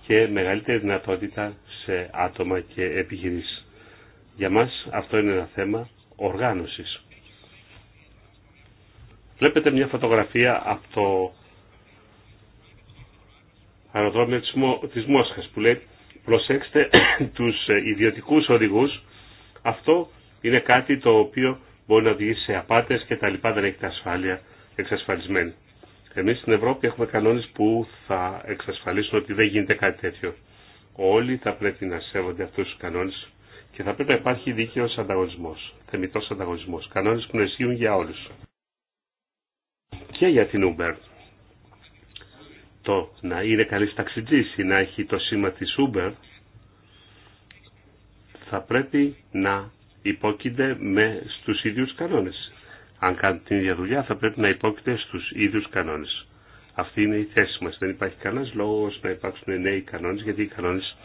και μεγαλύτερη δυνατότητα σε άτομα και επιχειρήσεις. Για μας αυτό είναι ένα θέμα οργάνωσης. Βλέπετε μια φωτογραφία από το αεροδρόμιο της Μόσχας που λέει προσέξτε <coughs> τους ιδιωτικούς οδηγούς. Αυτό είναι κάτι το οποίο μπορεί να οδηγήσει σε απάτες και τα λοιπά δεν έχει τα ασφάλεια εξασφαλισμένη. Εμείς στην Ευρώπη έχουμε κανόνες που θα εξασφαλίσουν ότι δεν γίνεται κάτι τέτοιο. Όλοι θα πρέπει να σέβονται αυτούς τους κανόνες και θα πρέπει να υπάρχει δίκαιος ανταγωνισμός, θεμητός ανταγωνισμός, κανόνες που να ισχύουν για όλους. Και για την Uber. Το να είναι καλή ταξιτζής ή να έχει το σήμα της Uber θα πρέπει να υπόκεινται με στους ίδιους κανόνες αν κάνουν την ίδια δουλειά θα πρέπει να υπόκειται στους ίδιους κανόνες. Αυτή είναι η θέση μας. Δεν υπάρχει κανένας λόγος να υπάρξουν νέοι κανόνες γιατί οι κανόνες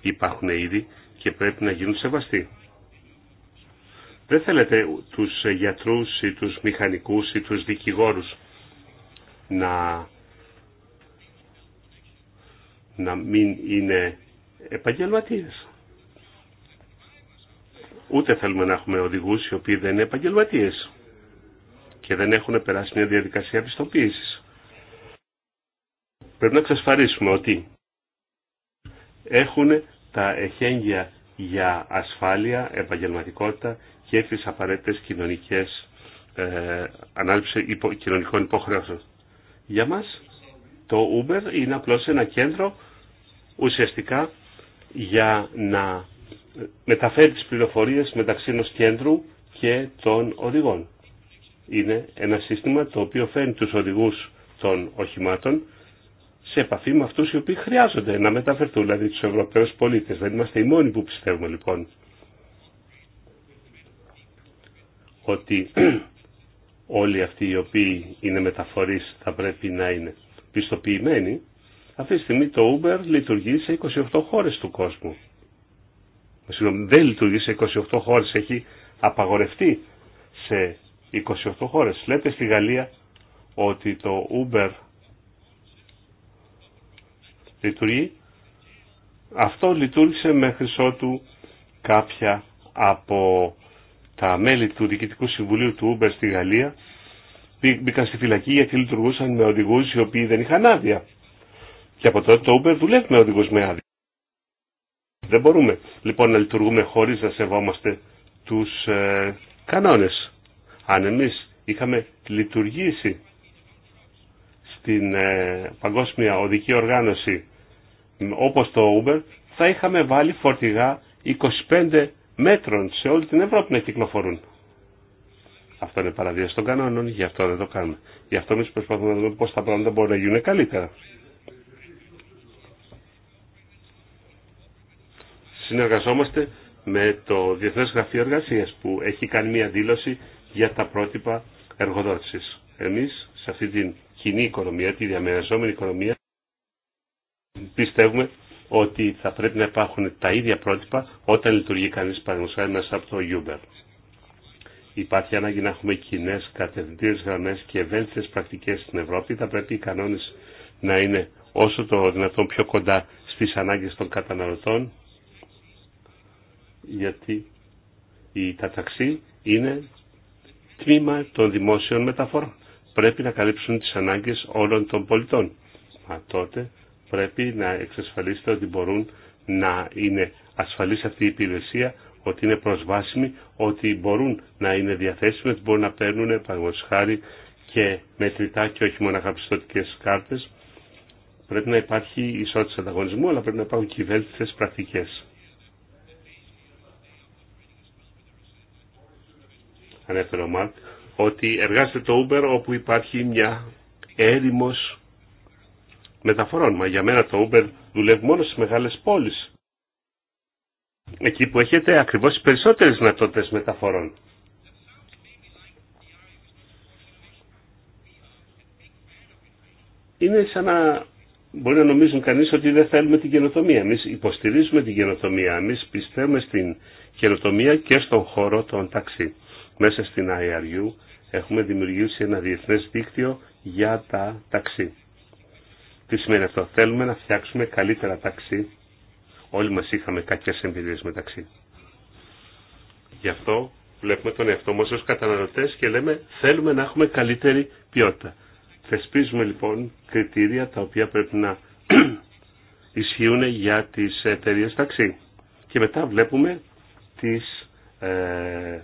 υπάρχουν ήδη και πρέπει να γίνουν σεβαστοί. Δεν θέλετε τους γιατρούς ή τους μηχανικούς ή τους δικηγόρους να, να μην είναι επαγγελματίες. Ούτε θέλουμε να έχουμε οδηγούς οι οποίοι δεν είναι επαγγελματίες και δεν έχουν περάσει μια διαδικασία πιστοποίηση. Πρέπει να εξασφαλίσουμε ότι έχουν τα εχέγγυα για ασφάλεια, επαγγελματικότητα και τις απαραίτητες κοινωνικές ε, ανάληψη κοινωνικών υποχρεώσεων. Για μας το Uber είναι απλώς ένα κέντρο ουσιαστικά για να μεταφέρει τις πληροφορίες μεταξύ ενός κέντρου και των οδηγών είναι ένα σύστημα το οποίο φέρνει τους οδηγούς των οχημάτων σε επαφή με αυτούς οι οποίοι χρειάζονται να μεταφερθούν, δηλαδή τους Ευρωπαίους πολίτες. Δεν είμαστε οι μόνοι που πιστεύουμε λοιπόν ότι <clears throat> όλοι αυτοί οι οποίοι είναι μεταφορείς θα πρέπει να είναι πιστοποιημένοι. Αυτή τη στιγμή το Uber λειτουργεί σε 28 χώρες του κόσμου. δεν λειτουργεί σε 28 χώρες, έχει απαγορευτεί σε 28 χώρες. Λέτε στη Γαλλία ότι το Uber λειτουργεί. Αυτό λειτουργήσε μέχρι ότου κάποια από τα μέλη του Διοικητικού Συμβουλίου του Uber στη Γαλλία μπήκαν στη φυλακή γιατί λειτουργούσαν με οδηγούς οι οποίοι δεν είχαν άδεια. Και από τότε το Uber δουλεύει με οδηγούς με άδεια. Δεν μπορούμε λοιπόν να λειτουργούμε χωρίς να σεβόμαστε τους ε, κανόνες. Αν εμείς είχαμε λειτουργήσει στην ε, παγκόσμια οδική οργάνωση όπως το Uber, θα είχαμε βάλει φορτηγά 25 μέτρων σε όλη την Ευρώπη να κυκλοφορούν. Αυτό είναι παραδείγμα των κανόνων, γι' αυτό δεν το κάνουμε. Γι' αυτό εμεί προσπαθούμε να δούμε πώ τα πράγματα μπορούν να γίνουν καλύτερα. Συνεργαζόμαστε με το Διεθνές Γραφείο Εργασίας που έχει κάνει μια δήλωση για τα πρότυπα εργοδότησης. Εμείς σε αυτή την κοινή οικονομία, τη διαμεριζόμενη οικονομία, πιστεύουμε ότι θα πρέπει να υπάρχουν τα ίδια πρότυπα όταν λειτουργεί κανείς παραγωγικά μέσα από το Uber. Υπάρχει ανάγκη να έχουμε κοινέ κατευθυντήρε γραμμέ και ευέλικτε πρακτικέ στην Ευρώπη. Θα πρέπει οι κανόνε να είναι όσο το δυνατόν πιο κοντά στι ανάγκε των καταναλωτών, γιατί η ταξί είναι τμήμα των δημόσιων μεταφορών. Πρέπει να καλύψουν τις ανάγκες όλων των πολιτών. Μα τότε πρέπει να εξασφαλίσετε ότι μπορούν να είναι ασφαλής αυτή η υπηρεσία, ότι είναι προσβάσιμη, ότι μπορούν να είναι διαθέσιμοι, ότι μπορούν να παίρνουν χάρη και μετρητά και όχι μόνο αγαπηστοτικές κάρτες. Πρέπει να υπάρχει ισότητα ανταγωνισμού, αλλά πρέπει να υπάρχουν και βέλτιστες πρακτικές. ανέφερε ο Μάρκ, ότι εργάζεται το Uber όπου υπάρχει μια έρημος μεταφορών. Μα για μένα το Uber δουλεύει μόνο στις μεγάλες πόλεις. Εκεί που έχετε ακριβώς τις περισσότερες δυνατότητες μεταφορών. Είναι σαν να μπορεί να νομίζουν κανείς ότι δεν θέλουμε την καινοτομία. Εμείς υποστηρίζουμε την καινοτομία. Εμείς πιστεύουμε στην καινοτομία και στον χώρο των ταξί μέσα στην IRU έχουμε δημιουργήσει ένα διεθνές δίκτυο για τα ταξί. Τι σημαίνει αυτό. Θέλουμε να φτιάξουμε καλύτερα ταξί. Όλοι μας είχαμε κακές εμπειρίες με ταξί. Γι' αυτό βλέπουμε τον εαυτό μας ως καταναλωτές και λέμε θέλουμε να έχουμε καλύτερη ποιότητα. Θεσπίζουμε λοιπόν κριτήρια τα οποία πρέπει να <clears throat> ισχύουν για τις εταιρείε ταξί. Και μετά βλέπουμε τις ε,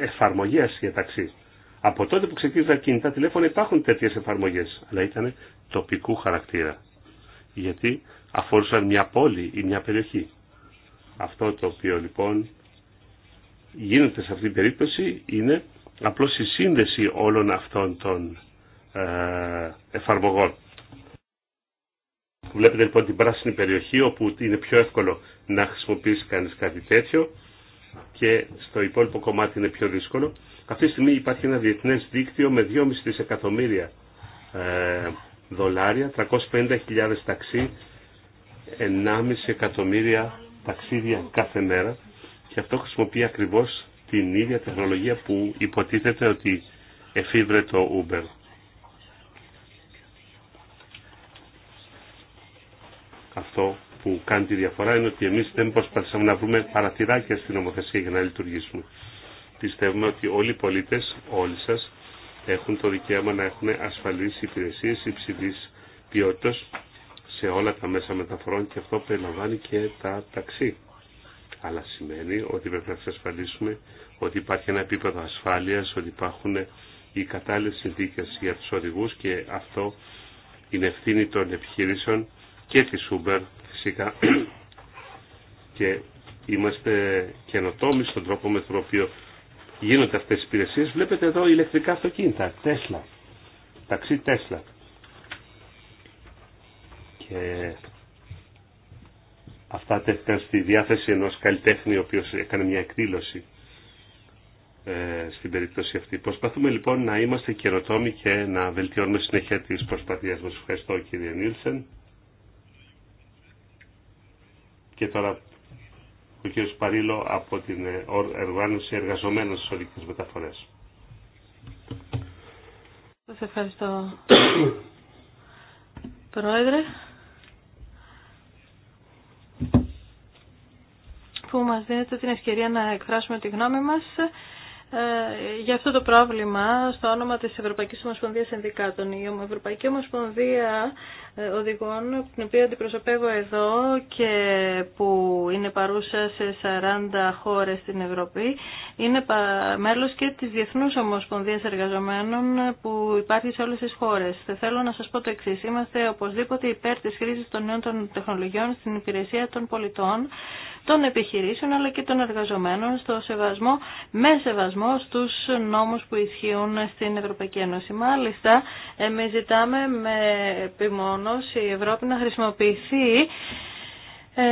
εφαρμογές για ταξί. Από τότε που ξεκίνησαν τα κινητά τηλέφωνα υπάρχουν τέτοιες εφαρμογές, αλλά ήταν τοπικού χαρακτήρα. Γιατί αφορούσαν μια πόλη ή μια περιοχή. Αυτό το οποίο λοιπόν γίνεται σε αυτή την περίπτωση είναι απλώς η σύνδεση όλων αυτών των ε, εφαρμογών. Βλέπετε λοιπόν την πράσινη περιοχή όπου είναι πιο εύκολο να χρησιμοποιήσει κανείς κάτι τέτοιο και στο υπόλοιπο κομμάτι είναι πιο δύσκολο. Αυτή τη στιγμή υπάρχει ένα διεθνέ δίκτυο με 2,5 δισεκατομμύρια ε, δολάρια, 350.000 ταξί, 1,5 εκατομμύρια ταξίδια κάθε μέρα και αυτό χρησιμοποιεί ακριβώς την ίδια τεχνολογία που υποτίθεται ότι εφήβρε το Uber. Αυτό που κάνει τη διαφορά είναι ότι εμείς δεν προσπαθήσαμε να βρούμε παραθυράκια στην νομοθεσία για να λειτουργήσουμε. Πιστεύουμε ότι όλοι οι πολίτες, όλοι σας, έχουν το δικαίωμα να έχουν ασφαλείς υπηρεσίες υψηλής ποιότητας σε όλα τα μέσα μεταφορών και αυτό περιλαμβάνει και τα ταξί. Αλλά σημαίνει ότι πρέπει να εξασφαλίσουμε ότι υπάρχει ένα επίπεδο ασφάλειας, ότι υπάρχουν οι κατάλληλες συνθήκες για τους οδηγούς και αυτό είναι ευθύνη των επιχειρήσεων και τη Uber φυσικά <clears throat> και είμαστε καινοτόμοι στον τρόπο με τον οποίο γίνονται αυτές οι υπηρεσίες. Βλέπετε εδώ ηλεκτρικά αυτοκίνητα, Τέσλα, ταξί Τέσλα. Και αυτά τέθηκαν στη διάθεση ενός καλλιτέχνη ο οποίος έκανε μια εκδήλωση ε, στην περίπτωση αυτή. Προσπαθούμε λοιπόν να είμαστε καινοτόμοι και να βελτιώνουμε συνέχεια τις προσπάθειές μας. Ευχαριστώ κύριε Νίλσεν. Και τώρα ο κ. Παρίλο από την ε, Οργάνωση Εργαζομένων στις Οδικές Μεταφορές. Σας ευχαριστώ. Πρόεδρε, που μας δίνετε την ευκαιρία να εκφράσουμε τη γνώμη μας ε, για αυτό το πρόβλημα στο όνομα της Ευρωπαϊκής Ομοσπονδίας Ενδικάτων, Η Ευρωπαϊκή Ομοσπονδία ε, Οδηγών, την οποία αντιπροσωπεύω εδώ και που είναι παρούσα σε 40 χώρες στην Ευρώπη, είναι μέλος και της Διεθνούς Ομοσπονδίας Εργαζομένων που υπάρχει σε όλες τις χώρες. Θέλω να σας πω το εξής. Είμαστε οπωσδήποτε υπέρ της χρήσης των νέων των τεχνολογιών στην υπηρεσία των πολιτών των επιχειρήσεων αλλά και των εργαζομένων στο σεβασμό, με σεβασμό στους νόμους που ισχύουν στην Ευρωπαϊκή Ένωση. Μάλιστα, εμείς ζητάμε με επιμόνωση η Ευρώπη να χρησιμοποιηθεί ε,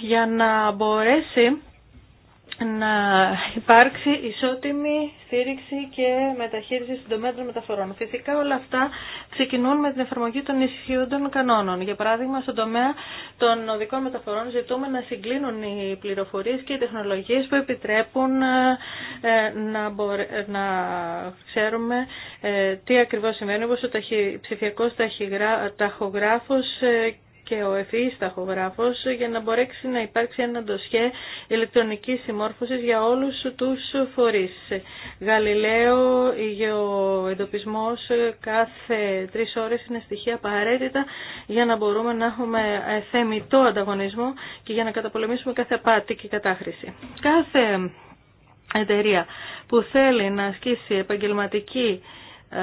για να μπορέσει να υπάρξει ισότιμη στήριξη και μεταχείριση στον τομέα των μεταφορών. Φυσικά όλα αυτά ξεκινούν με την εφαρμογή των ισχυόντων κανόνων. Για παράδειγμα, στον τομέα των οδικών μεταφορών ζητούμε να συγκλίνουν οι πληροφορίες και οι τεχνολογίες που επιτρέπουν ε, να, να ξέρουμε ε, τι ακριβώς σημαίνει, όπως ο ψηφιακός ταχογράφος ε, και ο ευφυής e ταχογράφος για να μπορέσει να υπάρξει ένα ντοσιέ ηλεκτρονικής συμμόρφωσης για όλους τους φορείς. Γαλιλαίο, υγειοεντοπισμός κάθε τρεις ώρες είναι στοιχεία απαραίτητα για να μπορούμε να έχουμε θεμητό ανταγωνισμό και για να καταπολεμήσουμε κάθε πάτη και κατάχρηση. Κάθε εταιρεία που θέλει να ασκήσει επαγγελματική ε,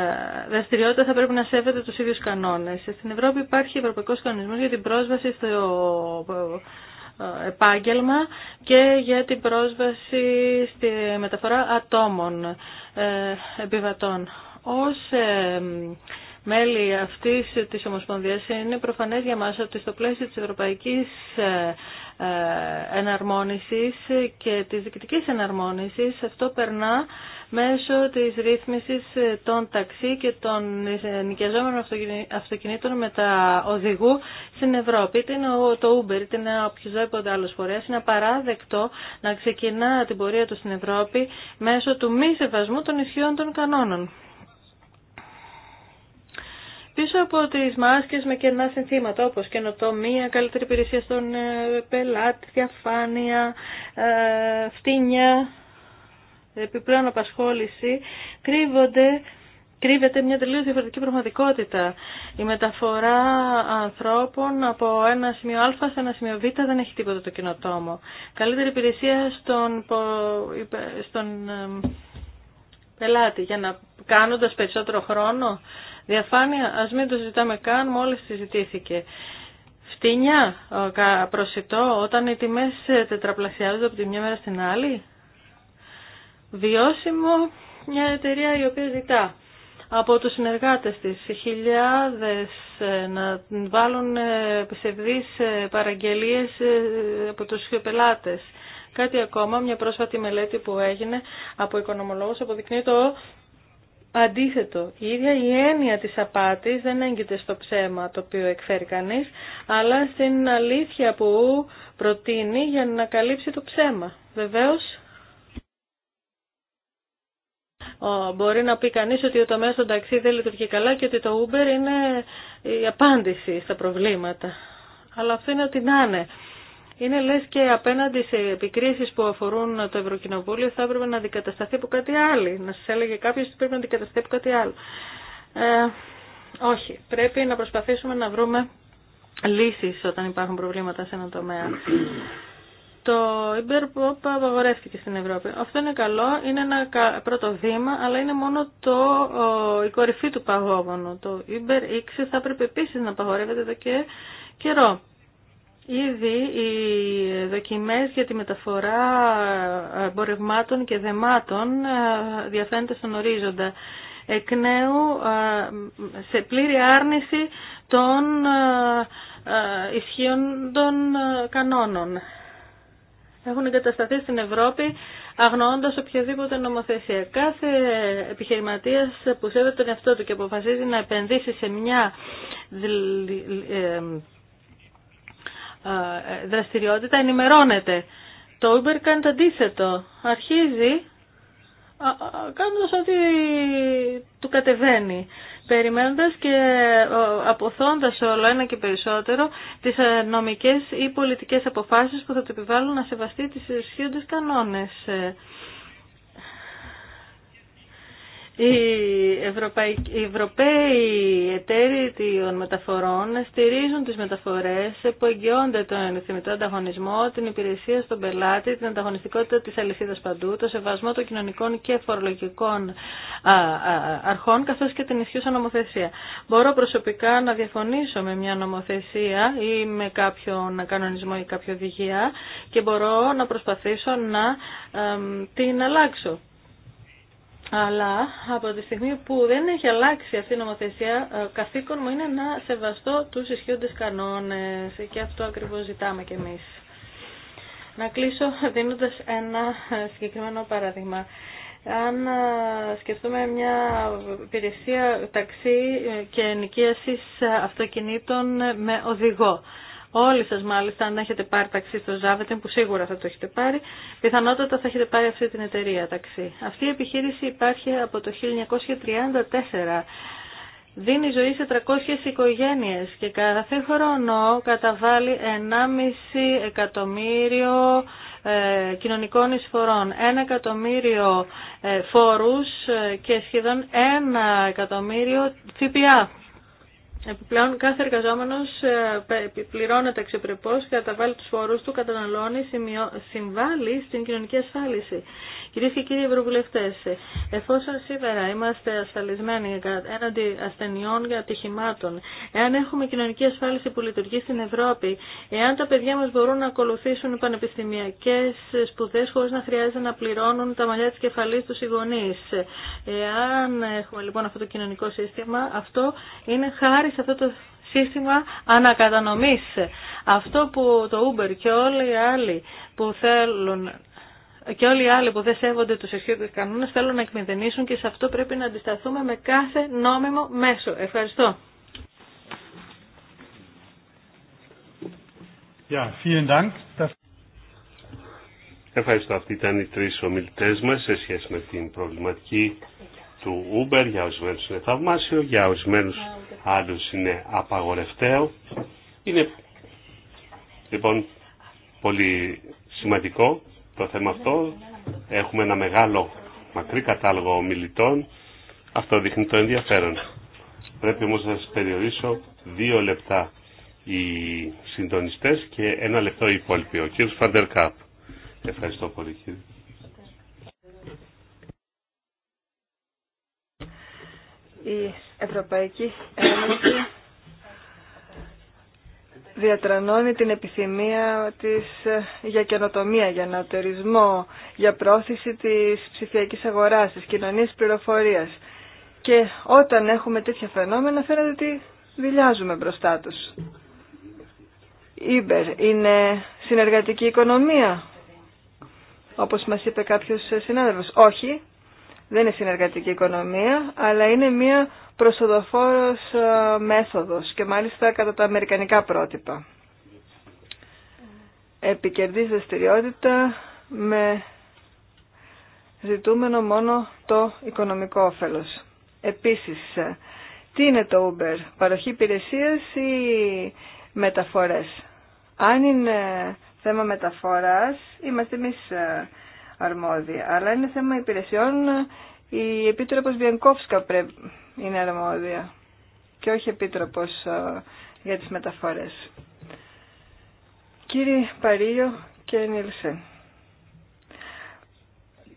δραστηριότητα θα πρέπει να σέβεται τους ίδιους κανόνες. Στην Ευρώπη υπάρχει ευρωπαϊκός κανονισμός για την πρόσβαση στο ε, ε, επάγγελμα και για την πρόσβαση στη μεταφορά ατόμων επιβατών. Ως μέλη αυτής της Ομοσπονδίας είναι προφανές για μας ότι στο πλαίσιο της Ευρωπαϊκής εναρμόνισης και της διοικητικής εναρμόνισης αυτό περνά μέσω της ρύθμισης ε, των ταξί και των ε, νοικιαζόμενων αυτοκινήτων με τα οδηγού στην Ευρώπη. Είτε είναι το Uber, είτε είναι οποιοδήποτε άλλο φορέα. Είναι απαράδεκτο να ξεκινά την πορεία του στην Ευρώπη μέσω του μη σεβασμού των ισχύων των κανόνων. Πίσω από τις μάσκες με κενά συνθήματα όπως καινοτομία, καλύτερη υπηρεσία στον ε, πελάτη, διαφάνεια, φτύνια, επιπλέον απασχόληση κρύβονται κρύβεται μια τελείως διαφορετική πραγματικότητα. Η μεταφορά ανθρώπων από ένα σημείο Α σε ένα σημείο Β δεν έχει τίποτα το κοινοτόμο. Καλύτερη υπηρεσία στον, στον πελάτη για να κάνοντας περισσότερο χρόνο. Διαφάνεια, ας μην το ζητάμε καν, μόλις συζητήθηκε. Φτηνιά, προσιτό, όταν οι τιμές τετραπλασιάζονται από τη μια μέρα στην άλλη, βιώσιμο μια εταιρεία η οποία ζητά από τους συνεργάτες της χιλιάδες ε, να βάλουν ε, ψευδείς ε, παραγγελίες από τους πελάτες. Κάτι ακόμα, μια πρόσφατη μελέτη που έγινε από οικονομολόγους αποδεικνύει το αντίθετο. Η ίδια η έννοια της απάτης δεν έγκυται στο ψέμα το οποίο εκφέρει κανείς, αλλά στην αλήθεια που προτείνει για να καλύψει το ψέμα. Βεβαίως, μπορεί να πει κανείς ότι ο τομέας των ταξί δεν λειτουργεί καλά και ότι το Uber είναι η απάντηση στα προβλήματα. Αλλά αυτό είναι ότι να είναι. Είναι λες και απέναντι σε επικρίσεις που αφορούν το Ευρωκοινοβούλιο θα έπρεπε να αντικατασταθεί από κάτι άλλο. Να σας έλεγε κάποιος ότι πρέπει να αντικατασταθεί από κάτι άλλο. Ε, όχι. Πρέπει να προσπαθήσουμε να βρούμε λύσεις όταν υπάρχουν προβλήματα σε ένα τομέα. Το Uber απαγορεύτηκε στην Ευρώπη. Αυτό είναι καλό, είναι ένα πρώτο βήμα, αλλά είναι μόνο το, η κορυφή του παγόβωνου. Το Uber X θα πρέπει επίσης να απαγορεύεται εδώ και καιρό. Ήδη οι δοκιμές για τη μεταφορά εμπορευμάτων και δεμάτων ε, διαφαίνεται στον ορίζοντα. Εκ νέου ε, σε πλήρη άρνηση των ε, ισχύων των κανόνων έχουν εγκατασταθεί στην Ευρώπη αγνοώντας οποιαδήποτε νομοθεσία. Κάθε επιχειρηματίας που σέβεται τον εαυτό του και αποφασίζει να επενδύσει σε μια ε, ε, ε, δραστηριότητα ενημερώνεται. Το Uber κάνει το αντίθετο. Αρχίζει κάνοντας ό,τι του κατεβαίνει περιμένοντας και ε, αποθώντας όλο ένα και περισσότερο τις ε, νομικές ή πολιτικές αποφάσεις που θα του επιβάλλουν να σεβαστεί τις ισχύοντες κανόνες. Ε, οι, Ευρωπαίοι εταίροι των μεταφορών στηρίζουν τις μεταφορές που εγγυώνται τον ενθυμητό ανταγωνισμό, την υπηρεσία στον πελάτη, την ανταγωνιστικότητα της αλυσίδας παντού, το σεβασμό των κοινωνικών και φορολογικών αρχών, καθώς και την ισχύουσα νομοθεσία. Μπορώ προσωπικά να διαφωνήσω με μια νομοθεσία ή με κάποιον κανονισμό ή κάποια οδηγία και μπορώ να προσπαθήσω να την αλλάξω. Αλλά από τη στιγμή που δεν έχει αλλάξει αυτή η νομοθεσία, ε, καθήκον μου είναι να σεβαστώ τους ισχύοντες κανόνες και αυτό ακριβώς ζητάμε κι εμείς. Να κλείσω δίνοντας ένα ε, συγκεκριμένο παράδειγμα. Αν ε, σκεφτούμε μια υπηρεσία ταξί και ενοικίασης αυτοκινήτων με οδηγό, Όλοι σας μάλιστα, αν έχετε πάρει ταξί στο Ζάβετεν, που σίγουρα θα το έχετε πάρει, πιθανότατα θα έχετε πάρει αυτή την εταιρεία ταξί. Αυτή η επιχείρηση υπάρχει από το 1934. Δίνει ζωή σε 300 οικογένειες και κάθε χρόνο καταβάλει 1,5 εκατομμύριο ε, κοινωνικών εισφορών, 1 εκατομμύριο ε, φόρους ε, και σχεδόν 1 εκατομμύριο ΦΠΑ. Επιπλέον, κάθε εργαζόμενος ε, πληρώνεται αξιοπρεπώς, καταβάλει τους φόρους του, καταναλώνει, συμβάλλει στην κοινωνική ασφάλιση. Κυρίε και κύριοι Ευρωβουλευτέ, εφόσον σήμερα είμαστε ασφαλισμένοι έναντι ασθενειών και ατυχημάτων, εάν έχουμε κοινωνική ασφάλιση που λειτουργεί στην Ευρώπη, εάν τα παιδιά μα μπορούν να ακολουθήσουν πανεπιστημιακέ σπουδέ χωρί να χρειάζεται να πληρώνουν τα μαλλιά τη κεφαλή του οι γονεί, εάν έχουμε λοιπόν αυτό το κοινωνικό σύστημα, αυτό είναι χάρη σε αυτό το σύστημα ανακατανομής. Αυτό που το Uber και όλοι οι άλλοι που θέλουν και όλοι οι άλλοι που δεν σέβονται τους ισχύοντε κανόνες θέλουν να εκμηδενήσουν και σε αυτό πρέπει να αντισταθούμε με κάθε νόμιμο μέσο. Ευχαριστώ. Ευχαριστώ. Αυτοί ήταν οι τρεις ομιλητές μας σε σχέση με την προβληματική του Uber. Για ορισμένους είναι θαυμάσιο, για ορισμένους άλλους είναι απαγορευτέο. Είναι λοιπόν πολύ σημαντικό το θέμα αυτό. Έχουμε ένα μεγάλο μακρύ κατάλογο ομιλητών. Αυτό δείχνει το ενδιαφέρον. Πρέπει όμως να σας περιορίσω δύο λεπτά οι συντονιστές και ένα λεπτό οι υπόλοιποι. Ο κύριος Φαντερκάπ. Ευχαριστώ πολύ κύριε. Η Ευρωπαϊκή Ένωση διατρανώνει την επιθυμία της ε, για καινοτομία, για ανατερισμό, για πρόθεση της ψηφιακής αγοράς, της κοινωνίας πληροφορίας. Και όταν έχουμε τέτοια φαινόμενα φαίνεται ότι δηλιάζουμε μπροστά τους. Ήμπερ, είναι συνεργατική οικονομία, όπως μας είπε κάποιος συνάδελφος. Όχι, δεν είναι συνεργατική οικονομία, αλλά είναι μια προσοδοφόρος ε, μέθοδος και μάλιστα κατά τα αμερικανικά πρότυπα. Επικερδής δραστηριότητα με ζητούμενο μόνο το οικονομικό όφελος. Επίσης, ε, τι είναι το Uber, παροχή υπηρεσίας ή μεταφορές. Αν είναι θέμα μεταφοράς, είμαστε εμείς ε, αρμόδιοι, αλλά είναι θέμα υπηρεσιών η Επίτροπος Βιενκόφσκα είναι αρμόδια και όχι Επίτροπος ε, για τις μεταφορές. Κύριε Παρίο και Νίλσεν,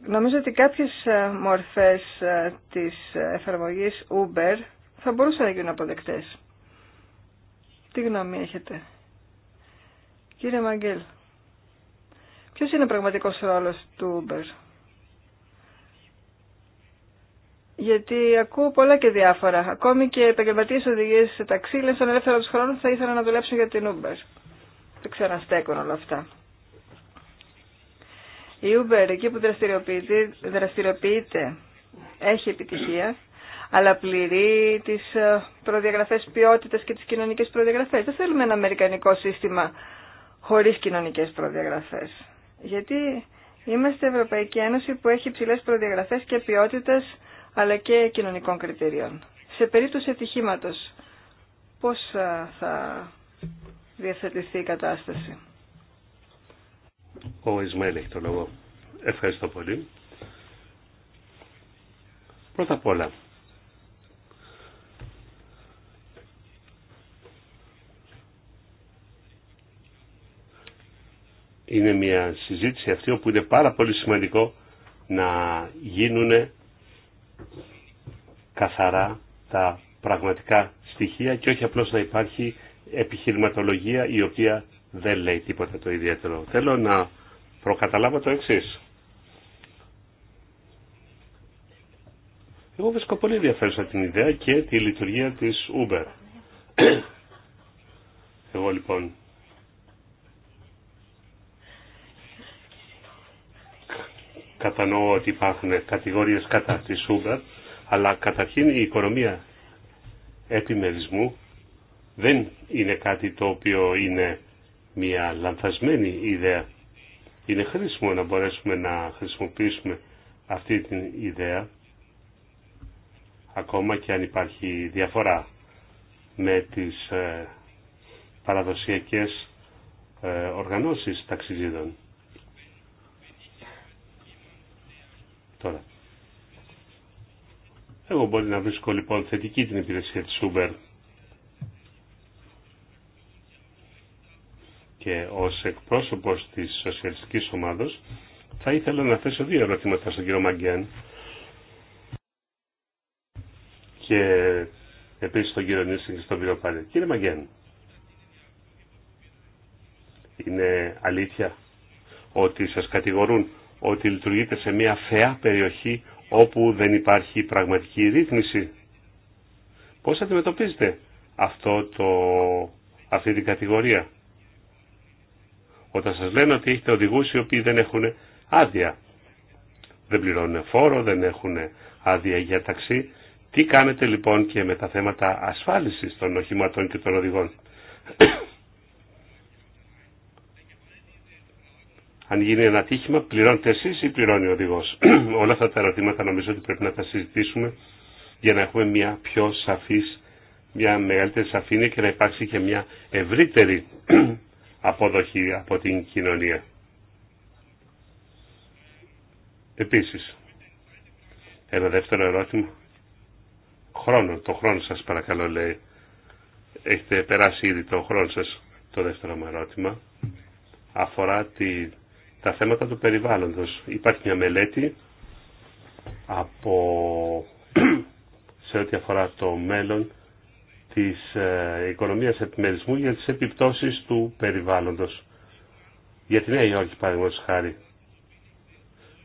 νομίζω ότι κάποιες ε, μορφές ε, της εφαρμογής Uber θα μπορούσαν να γίνουν αποδεκτές. Τι γνώμη έχετε. Κύριε Μαγγέλ, ποιος είναι ο πραγματικός ρόλος του Uber. Γιατί ακούω πολλά και διάφορα. Ακόμη και επαγγελματίε οδηγίε σε ταξί λένε στον ελεύθερο του χρόνου θα ήθελα να δουλέψουν για την Uber. Δεν ξέρω αν στέκουν όλα αυτά. Η Uber εκεί που δραστηριοποιείται, δραστηριοποιείται έχει επιτυχία, αλλά πληρεί τι ε, προδιαγραφέ ποιότητα και τι κοινωνικέ προδιαγραφέ. Δεν θέλουμε ένα αμερικανικό σύστημα χωρί κοινωνικέ προδιαγραφέ. Γιατί είμαστε Ευρωπαϊκή Ένωση που έχει υψηλέ προδιαγραφέ και ποιότητα αλλά και κοινωνικών κριτηρίων. Σε περίπτωση ατυχήματο, Πώ θα διαθετηθεί η κατάσταση. Ο Ισμαήλ έχει το λόγο. Ευχαριστώ πολύ. Πρώτα απ' όλα, είναι μια συζήτηση αυτή όπου είναι πάρα πολύ σημαντικό να γίνουν καθαρά τα πραγματικά στοιχεία και όχι απλώς να υπάρχει επιχειρηματολογία η οποία δεν λέει τίποτα το ιδιαίτερο. Θέλω να προκαταλάβω το εξής. Εγώ βρίσκω πολύ ενδιαφέρουσα την ιδέα και τη λειτουργία της Uber. Εγώ λοιπόν κατανοώ ότι υπάρχουν κατηγορίες κατά τη Uber, αλλά καταρχήν η οικονομία επιμερισμού δεν είναι κάτι το οποίο είναι μια λανθασμένη ιδέα. Είναι χρήσιμο να μπορέσουμε να χρησιμοποιήσουμε αυτή την ιδέα ακόμα και αν υπάρχει διαφορά με τις ε, παραδοσιακές ε, οργανώσεις ταξιδίδων. Τώρα. Εγώ μπορεί να βρίσκω λοιπόν θετική την υπηρεσία της Uber και ως εκπρόσωπος της σοσιαλιστικής ομάδος θα ήθελα να θέσω δύο ερωτήματα στον κύριο Μαγκέν και επίσης στον κύριο Νίσιν και στον κύριο Πάλι. Κύριε Μαγκέν, είναι αλήθεια ότι σας κατηγορούν ότι λειτουργείτε σε μια φαιά περιοχή όπου δεν υπάρχει πραγματική ρύθμιση. Πώς αντιμετωπίζετε αυτό το, αυτή την κατηγορία. Όταν σας λένε ότι έχετε οδηγούς οι οποίοι δεν έχουν άδεια. Δεν πληρώνουν φόρο, δεν έχουν άδεια για ταξί. Τι κάνετε λοιπόν και με τα θέματα ασφάλισης των οχημάτων και των οδηγών. αν γίνει ένα ατύχημα, πληρώνετε εσεί ή πληρώνει ο οδηγό. <clears throat> Όλα αυτά τα ερωτήματα νομίζω ότι πρέπει να τα συζητήσουμε για να έχουμε μια πιο σαφή, μια μεγαλύτερη σαφήνεια και να υπάρξει και μια ευρύτερη <clears throat> αποδοχή από την κοινωνία. Επίσης, ένα δεύτερο ερώτημα. Χρόνο, το χρόνο σας παρακαλώ λέει. Έχετε περάσει ήδη το χρόνο σας. Το δεύτερο μου ερώτημα αφορά τη τα θέματα του περιβάλλοντος. Υπάρχει μια μελέτη από <clears throat> σε ό,τι αφορά το μέλλον της ε, οικονομίας επιμερισμού για τις επιπτώσεις του περιβάλλοντος. Για τη Νέα Υόρκη, παραδείγματος χάρη,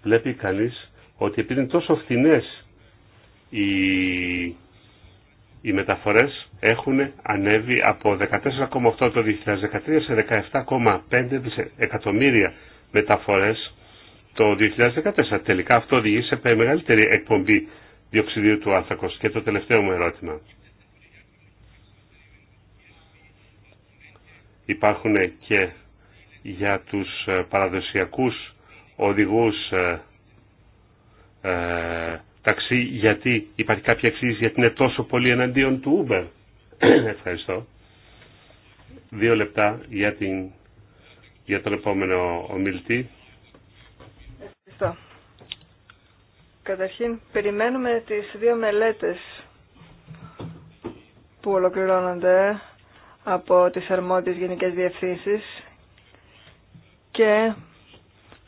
βλέπει κανείς ότι επειδή είναι τόσο φθηνές οι, οι μεταφορές έχουν ανέβει από 14,8 το 2013 σε 17,5 εκατομμύρια μεταφορές το 2014. Τελικά αυτό οδηγεί σε μεγαλύτερη εκπομπή διοξιδίου του άνθρακος. Και το τελευταίο μου ερώτημα. Υπάρχουν και για τους ε, παραδοσιακούς οδηγούς ε, ε, ταξί γιατί υπάρχει κάποια εξήγηση γιατί είναι τόσο πολύ εναντίον του Uber. <coughs> Ευχαριστώ. Δύο λεπτά για την για τον επόμενο ομιλητή. Ευχαριστώ. Καταρχήν, περιμένουμε τις δύο μελέτες που ολοκληρώνονται από τις αρμόδιες γενικές διευθύνσεις και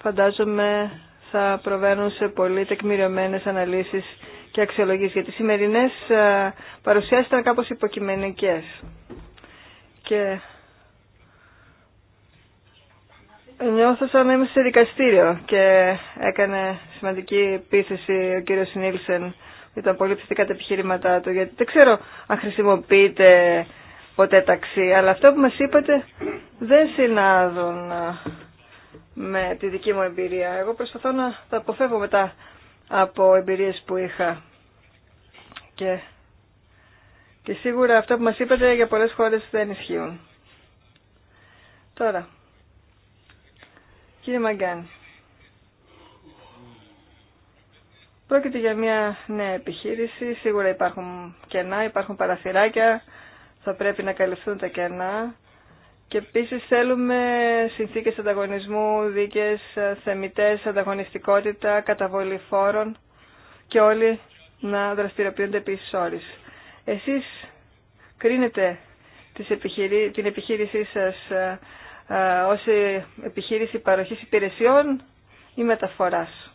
φαντάζομαι θα προβαίνουν σε πολύ τεκμηριωμένες αναλύσεις και αξιολογήσεις γιατί οι σημερινές ε, παρουσιάσεις ήταν κάπως υποκειμενικές και νιώθω σαν να είμαι σε δικαστήριο και έκανε σημαντική επίθεση ο κύριος Νίλσεν ήταν πολύ ψηφικά τα επιχείρηματά του γιατί δεν ξέρω αν χρησιμοποιείτε ποτέ ταξί αλλά αυτό που μας είπατε δεν συνάδουν με τη δική μου εμπειρία εγώ προσπαθώ να τα αποφεύγω μετά από εμπειρίες που είχα και, και σίγουρα αυτό που μας είπατε για πολλές χώρες δεν ισχύουν τώρα Κύριε Μαγκάν, πρόκειται για μια νέα επιχείρηση. Σίγουρα υπάρχουν κενά, υπάρχουν παραθυράκια. Θα πρέπει να καλυφθούν τα κενά. Και επίση θέλουμε συνθήκε ανταγωνισμού, δίκε, θεμητέ, ανταγωνιστικότητα, καταβολή φόρων και όλοι να δραστηριοποιούνται επίση όρει. Εσεί κρίνετε την επιχείρησή σας ε, ως ε, επιχείρηση παροχής υπηρεσιών ή μεταφοράς.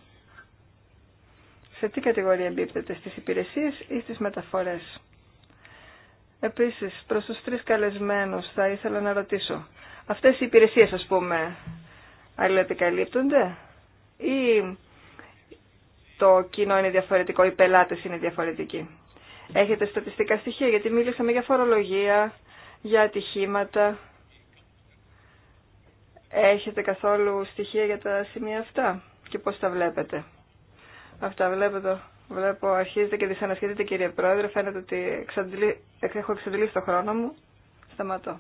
Σε τι κατηγορία εμπίπτεται, στις υπηρεσίες ή στις μεταφορές. Επίσης, προς τους τρεις καλεσμένους θα ήθελα να ρωτήσω. Αυτές οι υπηρεσίες, ας πούμε, αλληλεπικαλύπτονται ή το κοινό είναι διαφορετικό, οι πελάτες είναι διαφορετικοί. Έχετε στατιστικά στοιχεία, γιατί μίλησαμε για φορολογία, για ατυχήματα, Έχετε καθόλου στοιχεία για τα σημεία αυτά και πώς τα βλέπετε. Αυτά βλέπετε. Βλέπω, αρχίζετε και δυσανασχετείτε κύριε Πρόεδρε. Φαίνεται ότι εξαντλή, έχω εξαντλήσει το χρόνο μου. Σταματώ.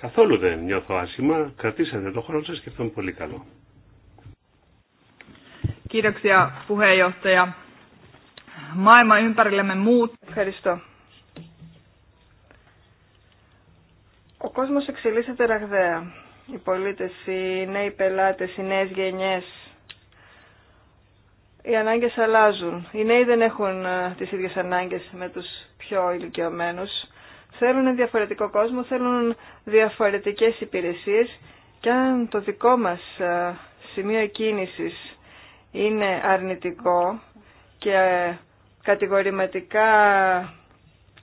Καθόλου δεν νιώθω άσχημα. Κρατήσατε το χρόνο σας και αυτό είναι πολύ καλό. Ευχαριστώ. Ο κόσμος εξελίσσεται ραγδαία οι πολίτες, οι νέοι πελάτες, οι νέες γενιές. Οι ανάγκες αλλάζουν. Οι νέοι δεν έχουν ε, τις ίδιες ανάγκες με τους πιο ηλικιωμένους. Θέλουν διαφορετικό κόσμο, θέλουν διαφορετικές υπηρεσίες και αν το δικό μας ε, σημείο κίνησης είναι αρνητικό και ε, κατηγορηματικά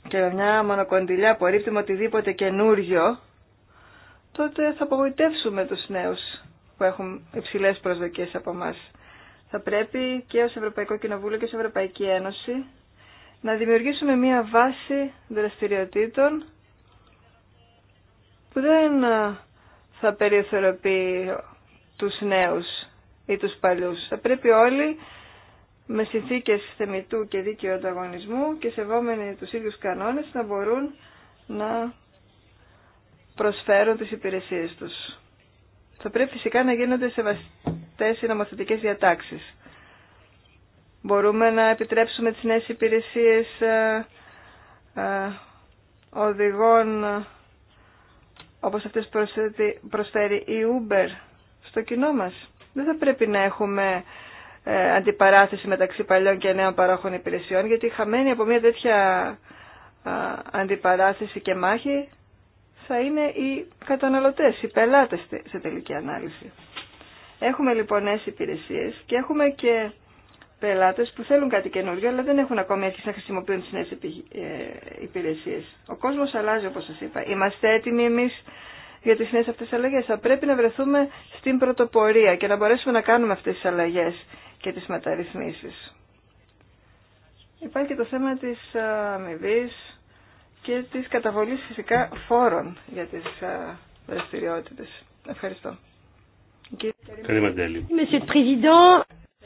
και μια μονοκοντιλιά απορρίπτουμε οτιδήποτε καινούριο, τότε θα απογοητεύσουμε τους νέους που έχουν υψηλές προσδοκίες από εμά. Θα πρέπει και ως Ευρωπαϊκό Κοινοβούλιο και ως Ευρωπαϊκή Ένωση να δημιουργήσουμε μία βάση δραστηριοτήτων που δεν θα περιθωριοποιεί τους νέους ή τους παλιούς. Θα πρέπει όλοι με συνθήκες θεμητού και δίκαιου ανταγωνισμού και σεβόμενοι τους ίδιους κανόνες να μπορούν να προσφέρουν τις υπηρεσίες τους. Θα πρέπει φυσικά να γίνονται σεβαστές οι νομοθετικές διατάξεις. Μπορούμε να επιτρέψουμε τις νέες υπηρεσίες ε, ε, οδηγών ε, όπως αυτές προσφέρει η Uber στο κοινό μας. Δεν θα πρέπει να έχουμε αντιπαράθεση μεταξύ παλιών και νέων παρόχων υπηρεσιών γιατί χαμένοι από μια τέτοια αντιπαράθεση και μάχη θα είναι οι καταναλωτές, οι πελάτες σε τελική ανάλυση. Έχουμε λοιπόν νέες υπηρεσίες και έχουμε και πελάτες που θέλουν κάτι καινούργιο αλλά δεν έχουν ακόμη αρχίσει να χρησιμοποιούν τις νέες ε, υπηρεσίες. Ο κόσμος αλλάζει όπως σας είπα. Είμαστε έτοιμοι εμείς για τις νέες αυτές αλλαγές. Θα πρέπει να βρεθούμε στην πρωτοπορία και να μπορέσουμε να κάνουμε αυτές τις αλλαγές και τις μεταρρυθμίσεις. Υπάρχει και το θέμα της ε, αμοιβή και της καταβολής φυσικά φόρων για τις δραστηριότητες. Ευχαριστώ. Κύριε Μαντέλη.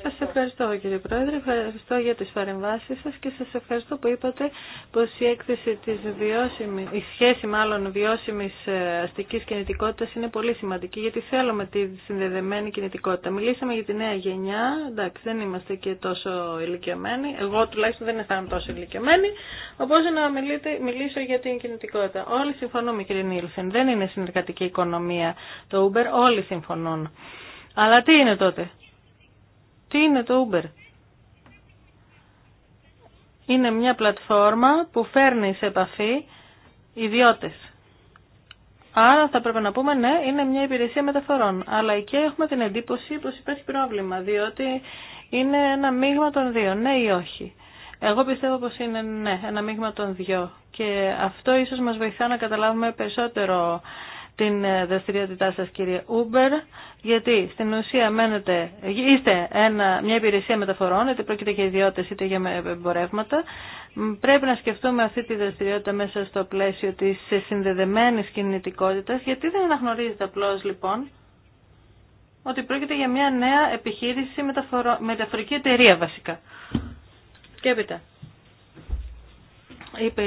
Σας ευχαριστώ κύριε Πρόεδρε, ευχαριστώ για τις παρεμβάσεις σας και σας ευχαριστώ που είπατε πως η έκθεση της βιώσιμης, η σχέση μάλλον βιώσιμης ε, αστικής κινητικότητας είναι πολύ σημαντική γιατί θέλουμε τη συνδεδεμένη κινητικότητα. Μιλήσαμε για τη νέα γενιά, εντάξει δεν είμαστε και τόσο ηλικιωμένοι, εγώ τουλάχιστον δεν αισθάνομαι τόσο ηλικιωμένη, οπότε να μιλείτε, μιλήσω για την κινητικότητα. Όλοι συμφωνούμε κύριε Νίλσεν, δεν είναι συνεργατική οικονομία το Uber, όλοι συμφωνούν. Αλλά τι είναι τότε, τι είναι το Uber? Είναι μια πλατφόρμα που φέρνει σε επαφή ιδιώτες. Άρα θα πρέπει να πούμε ναι, είναι μια υπηρεσία μεταφορών. Αλλά εκεί έχουμε την εντύπωση πως υπάρχει πρόβλημα, διότι είναι ένα μείγμα των δύο, ναι ή όχι. Εγώ πιστεύω πως είναι ναι, ένα μείγμα των δυο. Και αυτό ίσως μας βοηθά να καταλάβουμε περισσότερο την ε, δραστηριότητά σας κύριε Uber, γιατί στην ουσία μένετε, είστε ένα, μια υπηρεσία μεταφορών, είτε πρόκειται για ιδιώτες είτε για εμπορεύματα. Πρέπει να σκεφτούμε αυτή τη δραστηριότητα μέσα στο πλαίσιο της συνδεδεμένης κινητικότητας, γιατί δεν αναγνωρίζεται απλώ λοιπόν ότι πρόκειται για μια νέα επιχείρηση μεταφορική εταιρεία βασικά. Και έπειτα είπε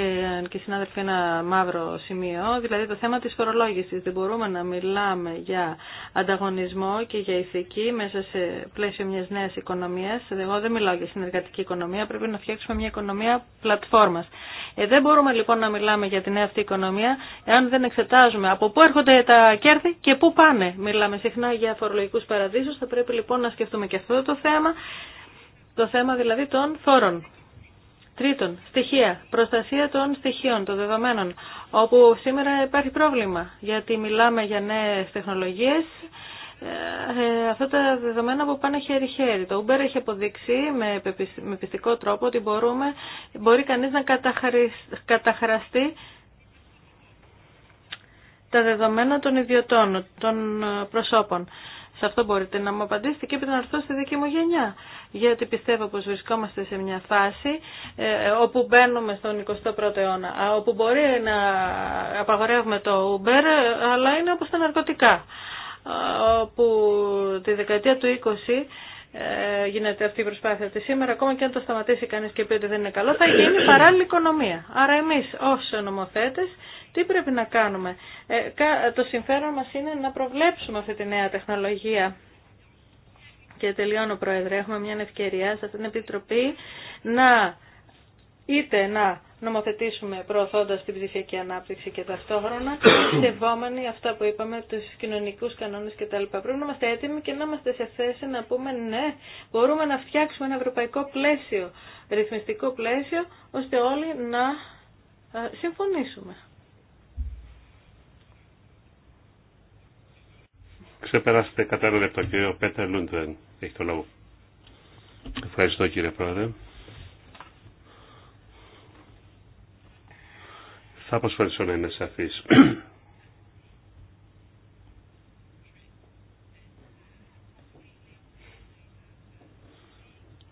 και η συνάδελφοι ένα μαύρο σημείο, δηλαδή το θέμα της φορολόγησης. Δεν μπορούμε να μιλάμε για ανταγωνισμό και για ηθική μέσα σε πλαίσιο μιας νέας οικονομίας. Εγώ δεν μιλάω για συνεργατική οικονομία, πρέπει να φτιάξουμε μια οικονομία πλατφόρμας. Ε, δεν μπορούμε λοιπόν να μιλάμε για την νέα αυτή οικονομία εάν δεν εξετάζουμε από πού έρχονται τα κέρδη και πού πάνε. Μιλάμε συχνά για φορολογικούς παραδείσους, θα πρέπει λοιπόν να σκεφτούμε και αυτό το θέμα, το θέμα δηλαδή των φόρων. Τρίτον, στοιχεία. Προστασία των στοιχείων, των δεδομένων, όπου σήμερα υπάρχει πρόβλημα, γιατί μιλάμε για νέες τεχνολογίες, ε, αυτά τα δεδομένα που πάνε χέρι-χέρι. Το Uber έχει αποδείξει με, με πιστικό τρόπο ότι μπορούμε, μπορεί κανείς να καταχραστεί τα δεδομένα των ιδιωτών, των προσώπων. Σε αυτό μπορείτε να μου απαντήσετε και έπειτα να έρθω στη δική μου γενιά. Γιατί πιστεύω πως βρισκόμαστε σε μια φάση ε, όπου μπαίνουμε στον 21ο αιώνα, όπου μπορεί να απαγορεύουμε το Uber, αλλά είναι όπως τα ναρκωτικά όπου τη δεκαετία του 20 ε, γίνεται αυτή η προσπάθεια σήμερα ακόμα και αν το σταματήσει κανείς και πει ότι δεν είναι καλό θα γίνει παράλληλη οικονομία. Άρα εμείς ως νομοθέτες τι πρέπει να κάνουμε. Ε, το συμφέρον μας είναι να προβλέψουμε αυτή τη νέα τεχνολογία. Και τελειώνω Πρόεδρε, έχουμε μια ευκαιρία σε αυτήν την Επιτροπή να είτε να νομοθετήσουμε προωθώντας την ψηφιακή ανάπτυξη και ταυτόχρονα <coughs> σεβόμενοι αυτά που είπαμε, τους κοινωνικούς κανόνες κτλ. Πρέπει να είμαστε έτοιμοι και να είμαστε σε θέση να πούμε ναι, μπορούμε να φτιάξουμε ένα ευρωπαϊκό πλαίσιο, ρυθμιστικό πλαίσιο, ώστε όλοι να ε, συμφωνήσουμε. Ξεπεράσετε κατά ένα λεπτό κύριο Πέτερ Λούντρεν. Έχει το λόγο. Ευχαριστώ κύριε Πρόεδρε. Θα προσπαθήσω να είμαι σαφής.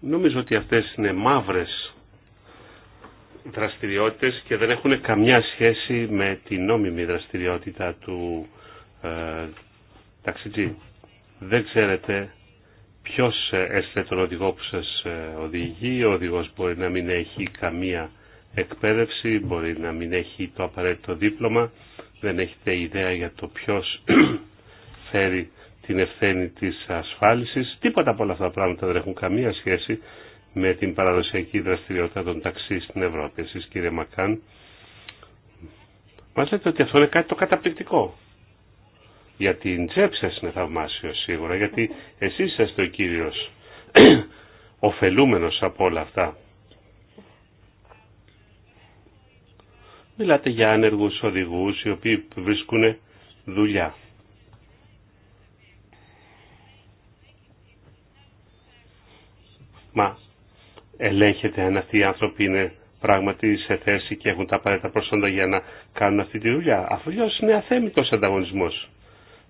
Νομίζω ότι αυτές είναι μαύρες δραστηριότητες και δεν έχουν καμιά σχέση με την νόμιμη δραστηριότητα του ε, ταξιτζή. Δεν ξέρετε ποιος ε, έστειλε τον οδηγό που σας ε, οδηγεί. Ο οδηγός μπορεί να μην έχει καμία εκπαίδευση, μπορεί να μην έχει το απαραίτητο δίπλωμα, δεν έχετε ιδέα για το ποιος <clears throat> φέρει την ευθένη της ασφάλισης. Τίποτα από όλα αυτά τα πράγματα δεν έχουν καμία σχέση με την παραδοσιακή δραστηριότητα των ταξί στην Ευρώπη. Εσείς κύριε Μακάν, μας λέτε ότι αυτό είναι κάτι το καταπληκτικό. Για την τσέπη σας είναι θαυμάσιο σίγουρα, γιατί εσείς είστε ο κύριος <clears throat> ωφελούμενος από όλα αυτά. Μιλάτε για άνεργους οδηγούς οι οποίοι βρίσκουν δουλειά. Μα ελέγχεται αν αυτοί οι άνθρωποι είναι πράγματι σε θέση και έχουν τα απαραίτητα προσόντα για να κάνουν αυτή τη δουλειά. Αφού είναι αθέμητος ανταγωνισμός.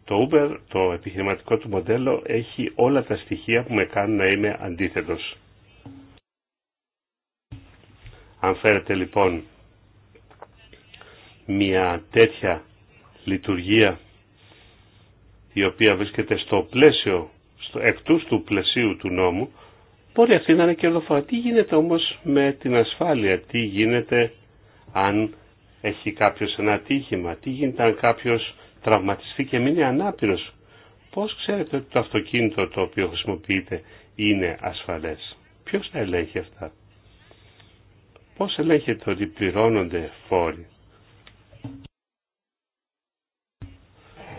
Το Uber, το επιχειρηματικό του μοντέλο, έχει όλα τα στοιχεία που με κάνουν να είμαι αντίθετος. Αν φέρετε λοιπόν μια τέτοια λειτουργία η οποία βρίσκεται στο πλαίσιο, στο, εκτός του πλαισίου του νόμου, μπορεί αυτή να είναι κερδοφορά. Τι γίνεται όμως με την ασφάλεια, τι γίνεται αν έχει κάποιος ένα ατύχημα, τι γίνεται αν κάποιος τραυματιστεί και μείνει ανάπηρος. Πώς ξέρετε ότι το αυτοκίνητο το οποίο χρησιμοποιείτε είναι ασφαλές. Ποιος θα ελέγχει αυτά. Πώς ελέγχεται ότι πληρώνονται φόροι.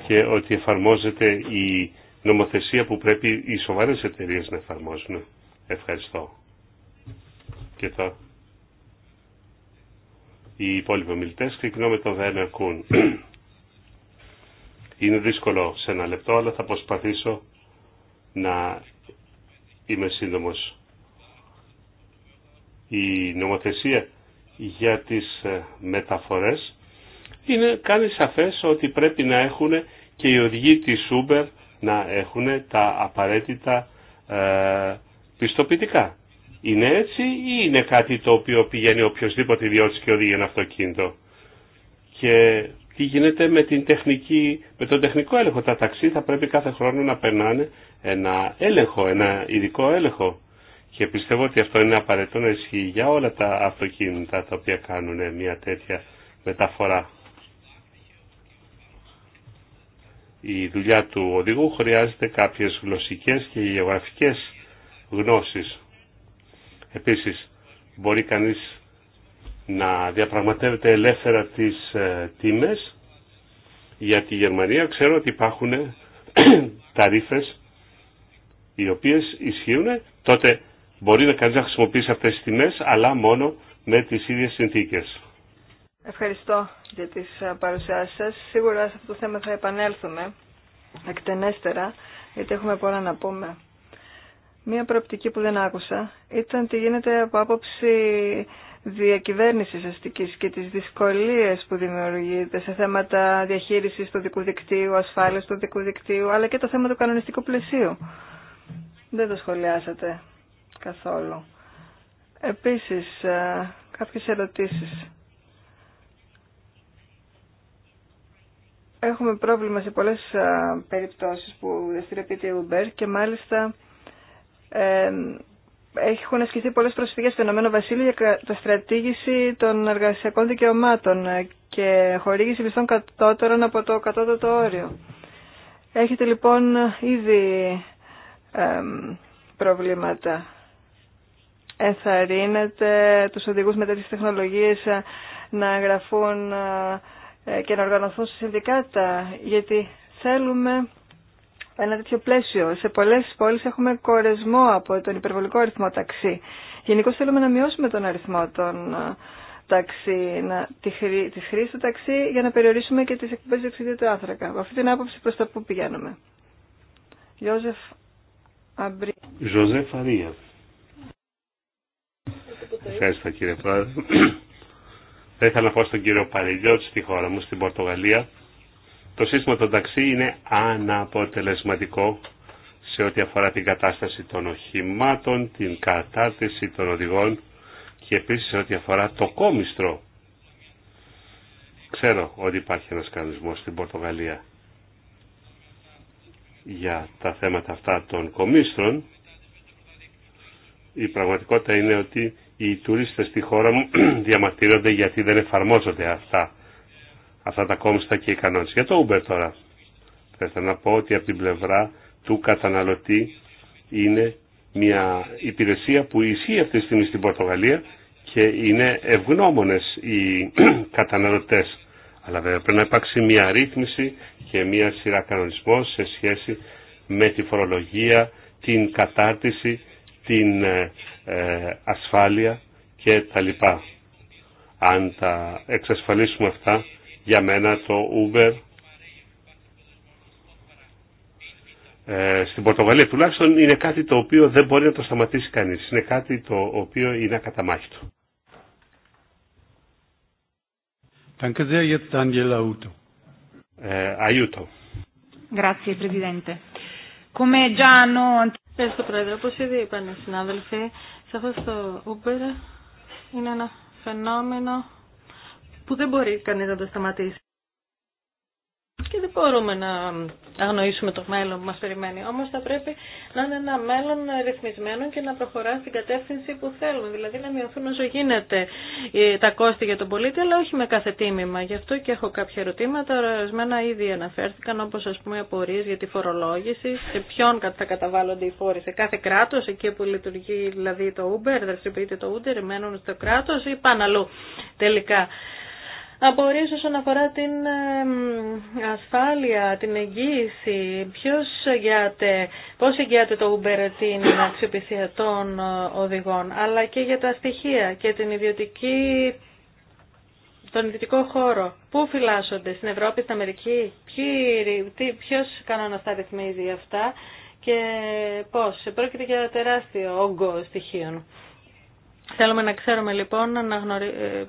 και ότι εφαρμόζεται η νομοθεσία που πρέπει οι σοβαρές εταιρείες να εφαρμόζουν. Ευχαριστώ. Και τώρα. Οι υπόλοιποι ομιλητέ ξεκινώ με το Κούν. <clears throat> Είναι δύσκολο σε ένα λεπτό, αλλά θα προσπαθήσω να είμαι σύντομος. Η νομοθεσία για τις ε, μεταφορές είναι, κάνει σαφές ότι πρέπει να έχουν και οι οδηγοί της Uber να έχουν τα απαραίτητα ε, πιστοποιητικά. Είναι έτσι ή είναι κάτι το οποίο πηγαίνει οποιοδήποτε ιδιώτης και οδηγεί ένα αυτοκίνητο. Και τι γίνεται με, την τεχνική, με τον τεχνικό έλεγχο. Τα ταξί θα πρέπει κάθε χρόνο να περνάνε ένα έλεγχο, ένα ειδικό έλεγχο. Και πιστεύω ότι αυτό είναι απαραίτητο να ισχύει για όλα τα αυτοκίνητα τα οποία κάνουν μια τέτοια μεταφορά. η δουλειά του οδηγού χρειάζεται κάποιες γλωσσικές και γεωγραφικές γνώσεις. Επίσης, μπορεί κανείς να διαπραγματεύεται ελεύθερα τις ε, τιμές. Για τη Γερμανία ξέρω ότι υπάρχουν <clears throat> ταρίφες οι οποίες ισχύουν. Τότε μπορεί να κανείς να χρησιμοποιήσει αυτές τις τιμές, αλλά μόνο με τις ίδιες συνθήκες. Ευχαριστώ για τις παρουσιάσεις σας. Σίγουρα σε αυτό το θέμα θα επανέλθουμε εκτενέστερα, γιατί έχουμε πολλά να πούμε. Μία προοπτική που δεν άκουσα ήταν τι γίνεται από άποψη διακυβέρνησης αστικής και τις δυσκολίες που δημιουργείται σε θέματα διαχείρισης του δικού δικτύου, ασφάλειας του δικού δικτύου, αλλά και το θέμα του κανονιστικού πλαισίου. Δεν το σχολιάσατε καθόλου. Επίσης, κάποιες ερωτήσεις. έχουμε πρόβλημα σε πολλές περιπτώσεις που δραστηριοποιείται η Uber και μάλιστα έχουν ασκηθεί πολλές προσφυγές στο Ηνωμένο Βασίλειο για στρατήγηση των εργασιακών δικαιωμάτων και χορήγηση μισθών κατώτερων από το κατώτατο όριο. Έχετε λοιπόν ήδη προβλήματα. Ενθαρρύνετε τους οδηγούς με τέτοιες τεχνολογίες να γραφούν ε, και να οργανωθούν σε συνδικάτα, γιατί θέλουμε ένα τέτοιο πλαίσιο. Σε πολλές πόλεις έχουμε κορεσμό από τον υπερβολικό αριθμό ταξί. Γενικώ θέλουμε να μειώσουμε τον αριθμό των ε, ταξί, να, τη, χρή, τη χρήση του ταξί για να περιορίσουμε και τις εκπομπές διοξιδίου του άνθρακα. Από αυτή την άποψη προς τα που πηγαίνουμε. Ιώζεφ Αμπρί. Ζωζεφ Αρία. Ευχαριστώ κύριε θα ήθελα να πω στον κύριο Παριλιώτ στη χώρα μου, στην Πορτογαλία. Το σύστημα των ταξί είναι αναποτελεσματικό σε ό,τι αφορά την κατάσταση των οχημάτων, την κατάρτιση των οδηγών και επίσης σε ό,τι αφορά το κόμιστρο. Ξέρω ότι υπάρχει ένας κανονισμός στην Πορτογαλία για τα θέματα αυτά των κομίστρων. Η πραγματικότητα είναι ότι οι τουρίστες στη χώρα μου <clears throat> διαμαρτύρονται γιατί δεν εφαρμόζονται αυτά, αυτά τα κόμιστα και οι κανόνες. Για το Uber τώρα. Θα να πω ότι από την πλευρά του καταναλωτή είναι μια υπηρεσία που ισχύει αυτή τη στιγμή στην Πορτογαλία και είναι ευγνώμονες οι <clears throat> καταναλωτές. Αλλά βέβαια πρέπει να υπάρξει μια ρύθμιση και μια σειρά κανονισμών σε σχέση με τη φορολογία, την κατάρτιση την ε, ε, ασφάλεια και τα λοιπά. Αν τα εξασφαλίσουμε αυτά, για μένα το Uber ε, στην Πορτογαλία τουλάχιστον είναι κάτι το οποίο δεν μπορεί να το σταματήσει κανείς. Είναι κάτι το οποίο είναι ακαταμάχητο. Ε, Aiuto. Ευχαριστώ Πρόεδρε. Όπως ήδη είπαν οι συνάδελφοι, σαφώς το Uber είναι ένα φαινόμενο που δεν μπορεί κανείς να το σταματήσει και δεν μπορούμε να αγνοήσουμε το μέλλον που μας περιμένει. Όμως θα πρέπει να είναι ένα μέλλον ρυθμισμένο και να προχωρά στην κατεύθυνση που θέλουμε. Δηλαδή να μειωθούν όσο γίνεται τα κόστη για τον πολίτη, αλλά όχι με κάθε τίμημα. Γι' αυτό και έχω κάποια ερωτήματα. Ορισμένα ήδη αναφέρθηκαν, όπως ας πούμε απορίες για τη φορολόγηση, σε ποιον θα καταβάλλονται οι φόροι, σε κάθε κράτο εκεί που λειτουργεί δηλαδή το Uber, δραστηριοποιείται το Uber, μένουν στο κράτο ή πάνω αλλού τελικά απορίες όσον αφορά την ασφάλεια, την εγγύηση, ποιος εγγυάται, πώς εγγυάται το Uber την αξιοπιστία των ε, οδηγών, αλλά και για τα στοιχεία και την ιδιωτική, τον ιδιωτικό χώρο. Πού φυλάσσονται, στην Ευρώπη, στην Αμερική, Ποιοι, ποιος αυτά τα ρυθμίζει αυτά και πώς. Πρόκειται για τεράστιο όγκο στοιχείων. Θέλουμε να ξέρουμε λοιπόν, να γνωρί... Ε, ε,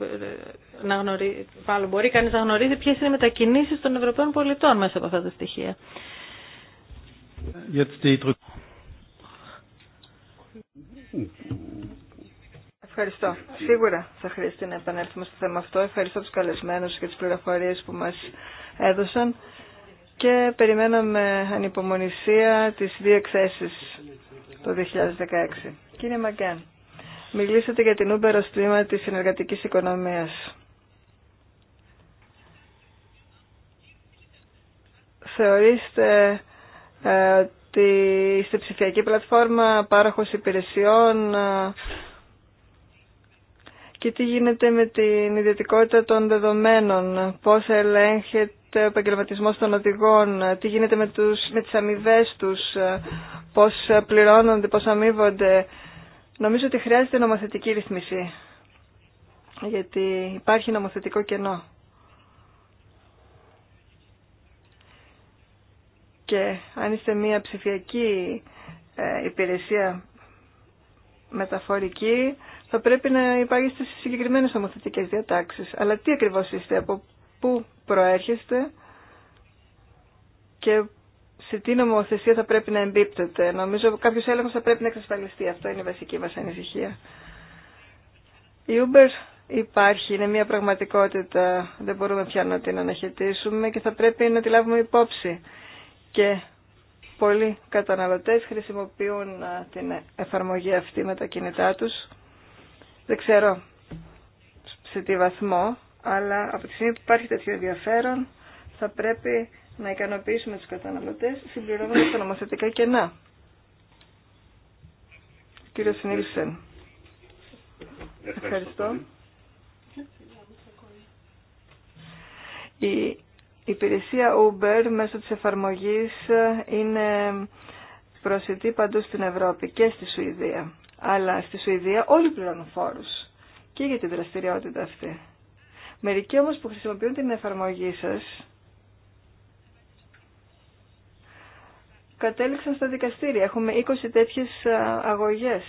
να γνωρί... μπορεί κανείς να γνωρίζει ποιες είναι οι μετακινήσεις των Ευρωπαίων πολιτών μέσα από αυτά τα στοιχεία. Ευχαριστώ. Σίγουρα θα χρειαστεί να επανέλθουμε στο θέμα αυτό. Ευχαριστώ τους καλεσμένους και τις πληροφορίες που μας έδωσαν και περιμένω με ανυπομονησία τις δύο εκθέσεις το 2016. Κύριε Μαγκάν. Μιλήσατε για την Uber ως τμήμα της συνεργατικής οικονομίας. Θεωρείστε ε, ότι είστε ψηφιακή πλατφόρμα, πάροχος υπηρεσιών ε, και τι γίνεται με την ιδιωτικότητα των δεδομένων, πώς ελέγχεται ο επαγγελματισμό των οδηγών, τι γίνεται με, τους, με τις αμοιβέ τους, ε, πώς πληρώνονται, πώς αμοιβόνται. Νομίζω ότι χρειάζεται νομοθετική ρυθμίση, γιατί υπάρχει νομοθετικό κενό. Και αν είστε μια ψηφιακή ε, υπηρεσία μεταφορική, θα πρέπει να υπάρχετε σε συγκεκριμένες νομοθετικές διατάξεις. Αλλά τι ακριβώς είστε, από πού προέρχεστε και σε τι νομοθεσία θα πρέπει να εμπίπτεται. Νομίζω κάποιο έλεγχο θα πρέπει να εξασφαλιστεί. Αυτό είναι η βασική μα ανησυχία. Η Uber υπάρχει, είναι μια πραγματικότητα. Δεν μπορούμε πια να την αναχαιτήσουμε και θα πρέπει να τη λάβουμε υπόψη. Και πολλοί καταναλωτές χρησιμοποιούν την εφαρμογή αυτή με τα κινητά τους. Δεν ξέρω σε τι βαθμό, αλλά από τη στιγμή που υπάρχει τέτοιο ενδιαφέρον θα πρέπει να ικανοποιήσουμε τους καταναλωτές, συμπληρώνουμε τα νομοθετικά κενά. Κύριε Σινίλσεν, Ευχαριστώ. Η υπηρεσία Uber μέσω της εφαρμογής είναι προσιτή παντού στην Ευρώπη και στη Σουηδία. Αλλά στη Σουηδία όλοι πληρώνουν φόρους και για την δραστηριότητα αυτή. Μερικοί όμως που χρησιμοποιούν την εφαρμογή σας κατέληξαν στα δικαστήρια. Έχουμε 20 τέτοιες ε, αγωγές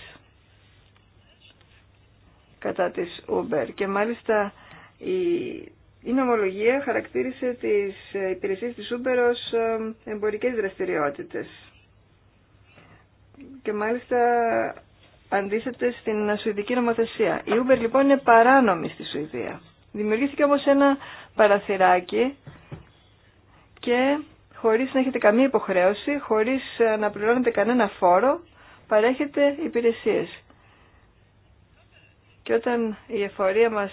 κατά της Uber και μάλιστα η, η νομολογία χαρακτήρισε τις ε, υπηρεσίες της Uber ως ε, εμπορικές δραστηριότητες και μάλιστα αντίθεται στην Σουηδική νομοθεσία. Η Uber λοιπόν είναι παράνομη στη Σουηδία. Δημιουργήθηκε όμως ένα παραθυράκι και χωρίς να έχετε καμία υποχρέωση, χωρίς ε, να πληρώνετε κανένα φόρο, παρέχετε υπηρεσίες. Και όταν η εφορία μας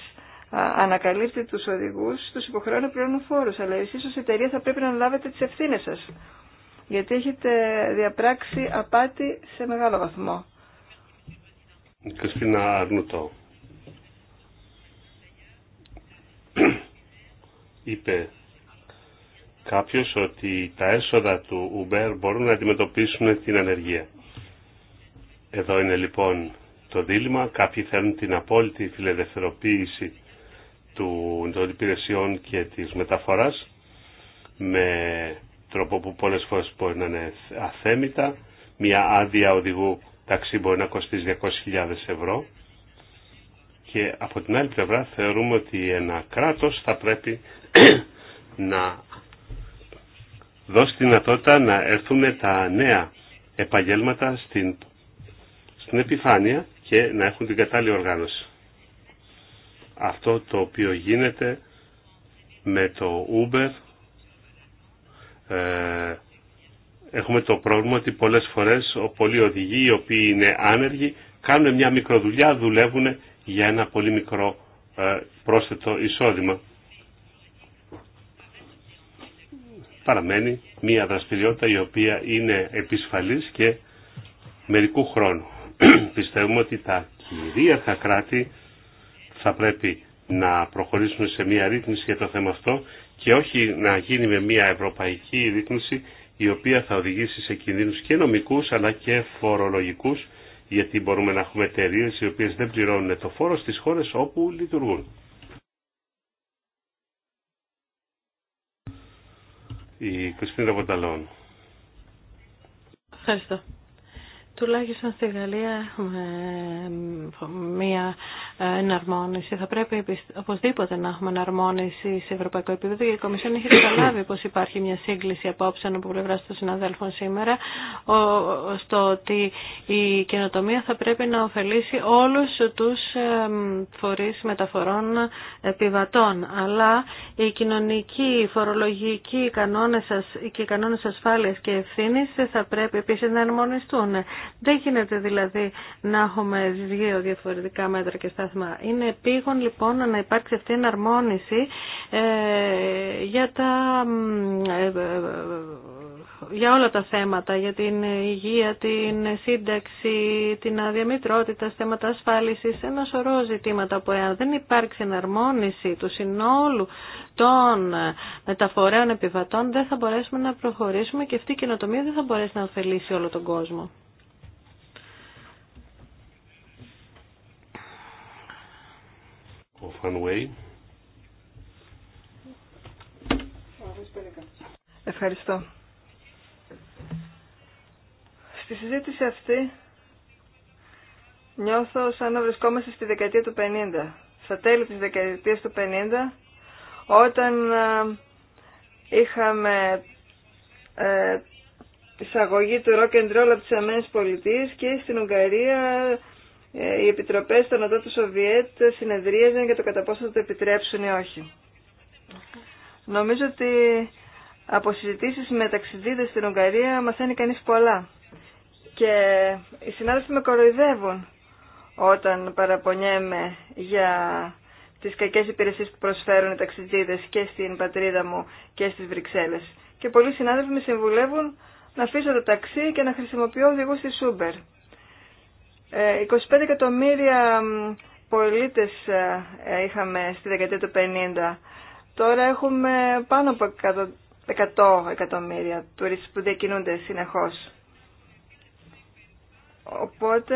ανακαλύπτει τους οδηγούς, τους υποχρεώνει να πληρώνουν φόρους. Αλλά εσείς ως εταιρεία θα πρέπει να λάβετε τις ευθύνες σας. Γιατί έχετε διαπράξει απάτη σε μεγάλο βαθμό. Κριστίνα Αρνούτο. <coughs> Είπε κάποιος ότι τα έσοδα του Uber μπορούν να αντιμετωπίσουν την ανεργία. Εδώ είναι λοιπόν το δίλημα. Κάποιοι θέλουν την απόλυτη φιλελευθεροποίηση του, των υπηρεσιών και της μεταφοράς με τρόπο που πολλές φορές μπορεί να είναι αθέμητα. Μια άδεια οδηγού ταξί μπορεί να κοστίσει 200.000 ευρώ. Και από την άλλη πλευρά θεωρούμε ότι ένα κράτος θα πρέπει <clears throat> να δώσει τη δυνατότητα να έρθουν τα νέα επαγγέλματα στην, στην επιφάνεια και να έχουν την κατάλληλη οργάνωση. Αυτό το οποίο γίνεται με το Uber ε, έχουμε το πρόβλημα ότι πολλές φορές πολλοί οδηγοί οι οποίοι είναι άνεργοι κάνουν μια μικροδουλειά, δουλεύουν για ένα πολύ μικρό ε, πρόσθετο εισόδημα. παραμένει μια δραστηριότητα η οποία είναι επισφαλής και μερικού χρόνου. <clears throat> Πιστεύουμε ότι τα κυρίαρχα κράτη θα πρέπει να προχωρήσουν σε μια ρύθμιση για το θέμα αυτό και όχι να γίνει με μια ευρωπαϊκή ρύθμιση η οποία θα οδηγήσει σε κινδύνους και νομικούς αλλά και φορολογικούς γιατί μπορούμε να έχουμε εταιρείε οι οποίες δεν πληρώνουν το φόρο στις χώρες όπου λειτουργούν. η Κριστίνα Βονταλόν. Ευχαριστώ τουλάχιστον στη Γαλλία μία ε, εναρμόνιση. Θα πρέπει οπωσδήποτε να έχουμε εναρμόνιση σε ευρωπαϊκό επίπεδο και η Κομισιόν έχει καταλάβει πως υπάρχει μια σύγκληση απόψεων από πλευρά των συναδέλφων σήμερα στο ότι η καινοτομία θα πρέπει να ωφελήσει όλους τους φορείς μεταφορών επιβατών. Αλλά οι κοινωνικοί, οι φορολογικοί οι κανόνες και οι κανόνες ασφάλειας και ευθύνης θα πρέπει επίσης να εναρμονιστούν. Δεν γίνεται δηλαδή να έχουμε δύο διαφορετικά μέτρα και στάθμα. Είναι επίγον λοιπόν να υπάρξει αυτή η εναρμόνιση ε, για, τα, ε, ε, όλα τα θέματα, για την υγεία, την σύνταξη, την αδιαμητρότητα, θέματα ασφάλισης, ένα σωρό ζητήματα που εάν δεν υπάρξει εναρμόνιση του συνόλου των μεταφορέων επιβατών δεν θα μπορέσουμε να προχωρήσουμε και αυτή η καινοτομία δεν θα μπορέσει να ωφελήσει όλο τον κόσμο. Ευχαριστώ. Στη συζήτηση αυτή νιώθω σαν να βρισκόμαστε στη δεκαετία του 50. Στα τέλη της δεκαετίας του 50, όταν ε, είχαμε ε, εισαγωγή του rock and roll από τις Αμένες Πολιτείες και στην Ουγγαρία ε, οι επιτροπέ των οδών του Σοβιέτ συνεδρίαζαν για το κατά πόσο θα το επιτρέψουν ή όχι. Νομίζω ότι από συζητήσει με ταξιδίδες στην Ουγγαρία μαθαίνει κανεί πολλά. Και οι συνάδελφοι με κοροϊδεύουν όταν παραπονιέμαι για τις κακές υπηρεσίες που προσφέρουν οι ταξιδιδε και στην πατρίδα μου και στις Βρυξέλλε. Και πολλοί συνάδελφοι με συμβουλεύουν να αφήσω το ταξί και να χρησιμοποιώ οδηγού στη Σούμπερ. 25 ε, εκατομμύρια πολίτες ε, είχαμε στη δεκαετία του 50. Τώρα έχουμε πάνω από 100 εκατομμύρια τουρίστες που διακινούνται συνεχώς. Οπότε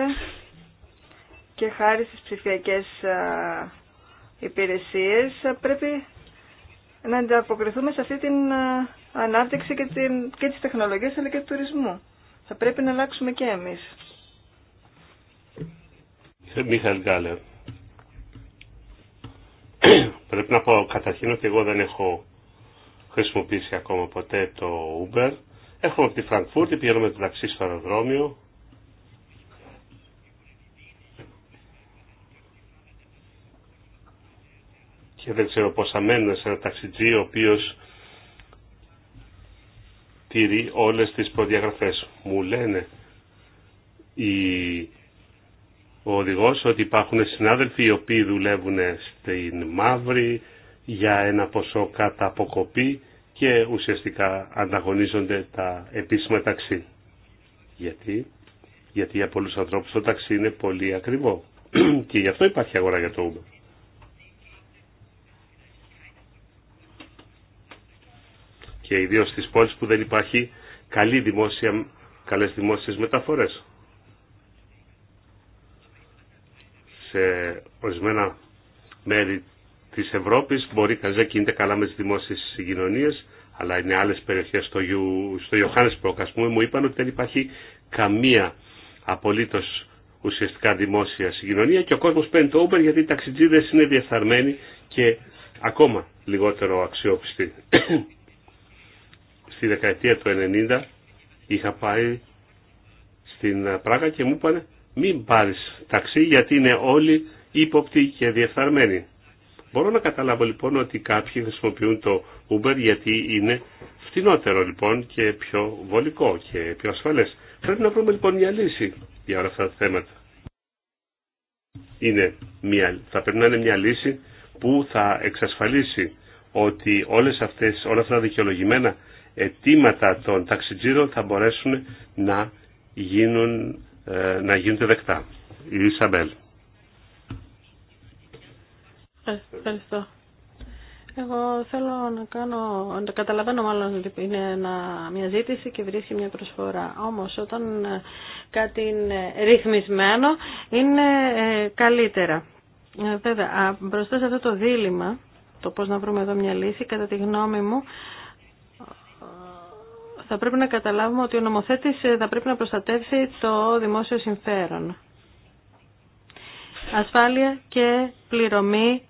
και χάρη στις ψηφιακές ε, υπηρεσίες πρέπει να ανταποκριθούμε σε αυτή την ανάπτυξη και, την, και της τεχνολογίας αλλά και του τουρισμού. Θα πρέπει να αλλάξουμε και εμείς. Μίχαλ Γκάλερ. <clears throat> Πρέπει να πω καταρχήν ότι εγώ δεν έχω χρησιμοποιήσει ακόμα ποτέ το Uber. Έρχομαι από τη Φραγκφούρτη, πηγαίνω με το ταξί στο αεροδρόμιο. Και δεν ξέρω πόσα μένουν σε ένα ταξιτζί ο οποίος τηρεί όλες τις προδιαγραφές. Μου λένε οι ο οδηγός ότι υπάρχουν συνάδελφοι οι οποίοι δουλεύουν στην μαύρη για ένα ποσό κατά αποκοπή και ουσιαστικά ανταγωνίζονται τα επίσημα ταξί. Γιατί, Γιατί για πολλούς ανθρώπους το ταξί είναι πολύ ακριβό <clears throat> και γι' αυτό υπάρχει αγορά για το Uber. Και ιδίως στις πόλεις που δεν υπάρχει καλή δημόσια, καλές δημόσιες μεταφορές. σε ορισμένα μέρη της Ευρώπης μπορεί κανείς να κινείται καλά με τις δημόσιες συγκοινωνίες, αλλά είναι άλλες περιοχές στο, Ιου, στο πούμε, μου είπαν ότι δεν υπάρχει καμία απολύτως ουσιαστικά δημόσια συγκοινωνία και ο κόσμος παίρνει το Uber γιατί οι ταξιτζίδες είναι διεφθαρμένοι και ακόμα λιγότερο αξιόπιστοι. <coughs> Στη δεκαετία του 90 είχα πάει στην ε, Πράγα και μου είπανε μην πάρεις ταξί γιατί είναι όλοι ύποπτοι και διεφθαρμένοι. Μπορώ να καταλάβω λοιπόν ότι κάποιοι χρησιμοποιούν το Uber γιατί είναι φτηνότερο λοιπόν και πιο βολικό και πιο ασφαλές. Πρέπει να βρούμε λοιπόν μια λύση για όλα αυτά τα θέματα. Είναι μια, θα πρέπει να είναι μια λύση που θα εξασφαλίσει ότι όλες αυτές, όλα αυτά τα δικαιολογημένα αιτήματα των ταξιτζήρων θα μπορέσουν να γίνουν ε, να γίνονται δεκτά. Η Ισαμπέλ. Ευχαριστώ. Εγώ θέλω να κάνω, να καταλαβαίνω μάλλον ότι είναι ένα, μια ζήτηση και βρίσκει μια προσφορά. Όμως όταν ε, κάτι είναι ρυθμισμένο είναι ε, καλύτερα. βέβαια, μπροστά σε αυτό το δίλημα, το πώς να βρούμε εδώ μια λύση, κατά τη γνώμη μου θα πρέπει να καταλάβουμε ότι ο νομοθέτης ε, θα πρέπει να προστατεύσει το δημόσιο συμφέρον. Ασφάλεια και πληρωμή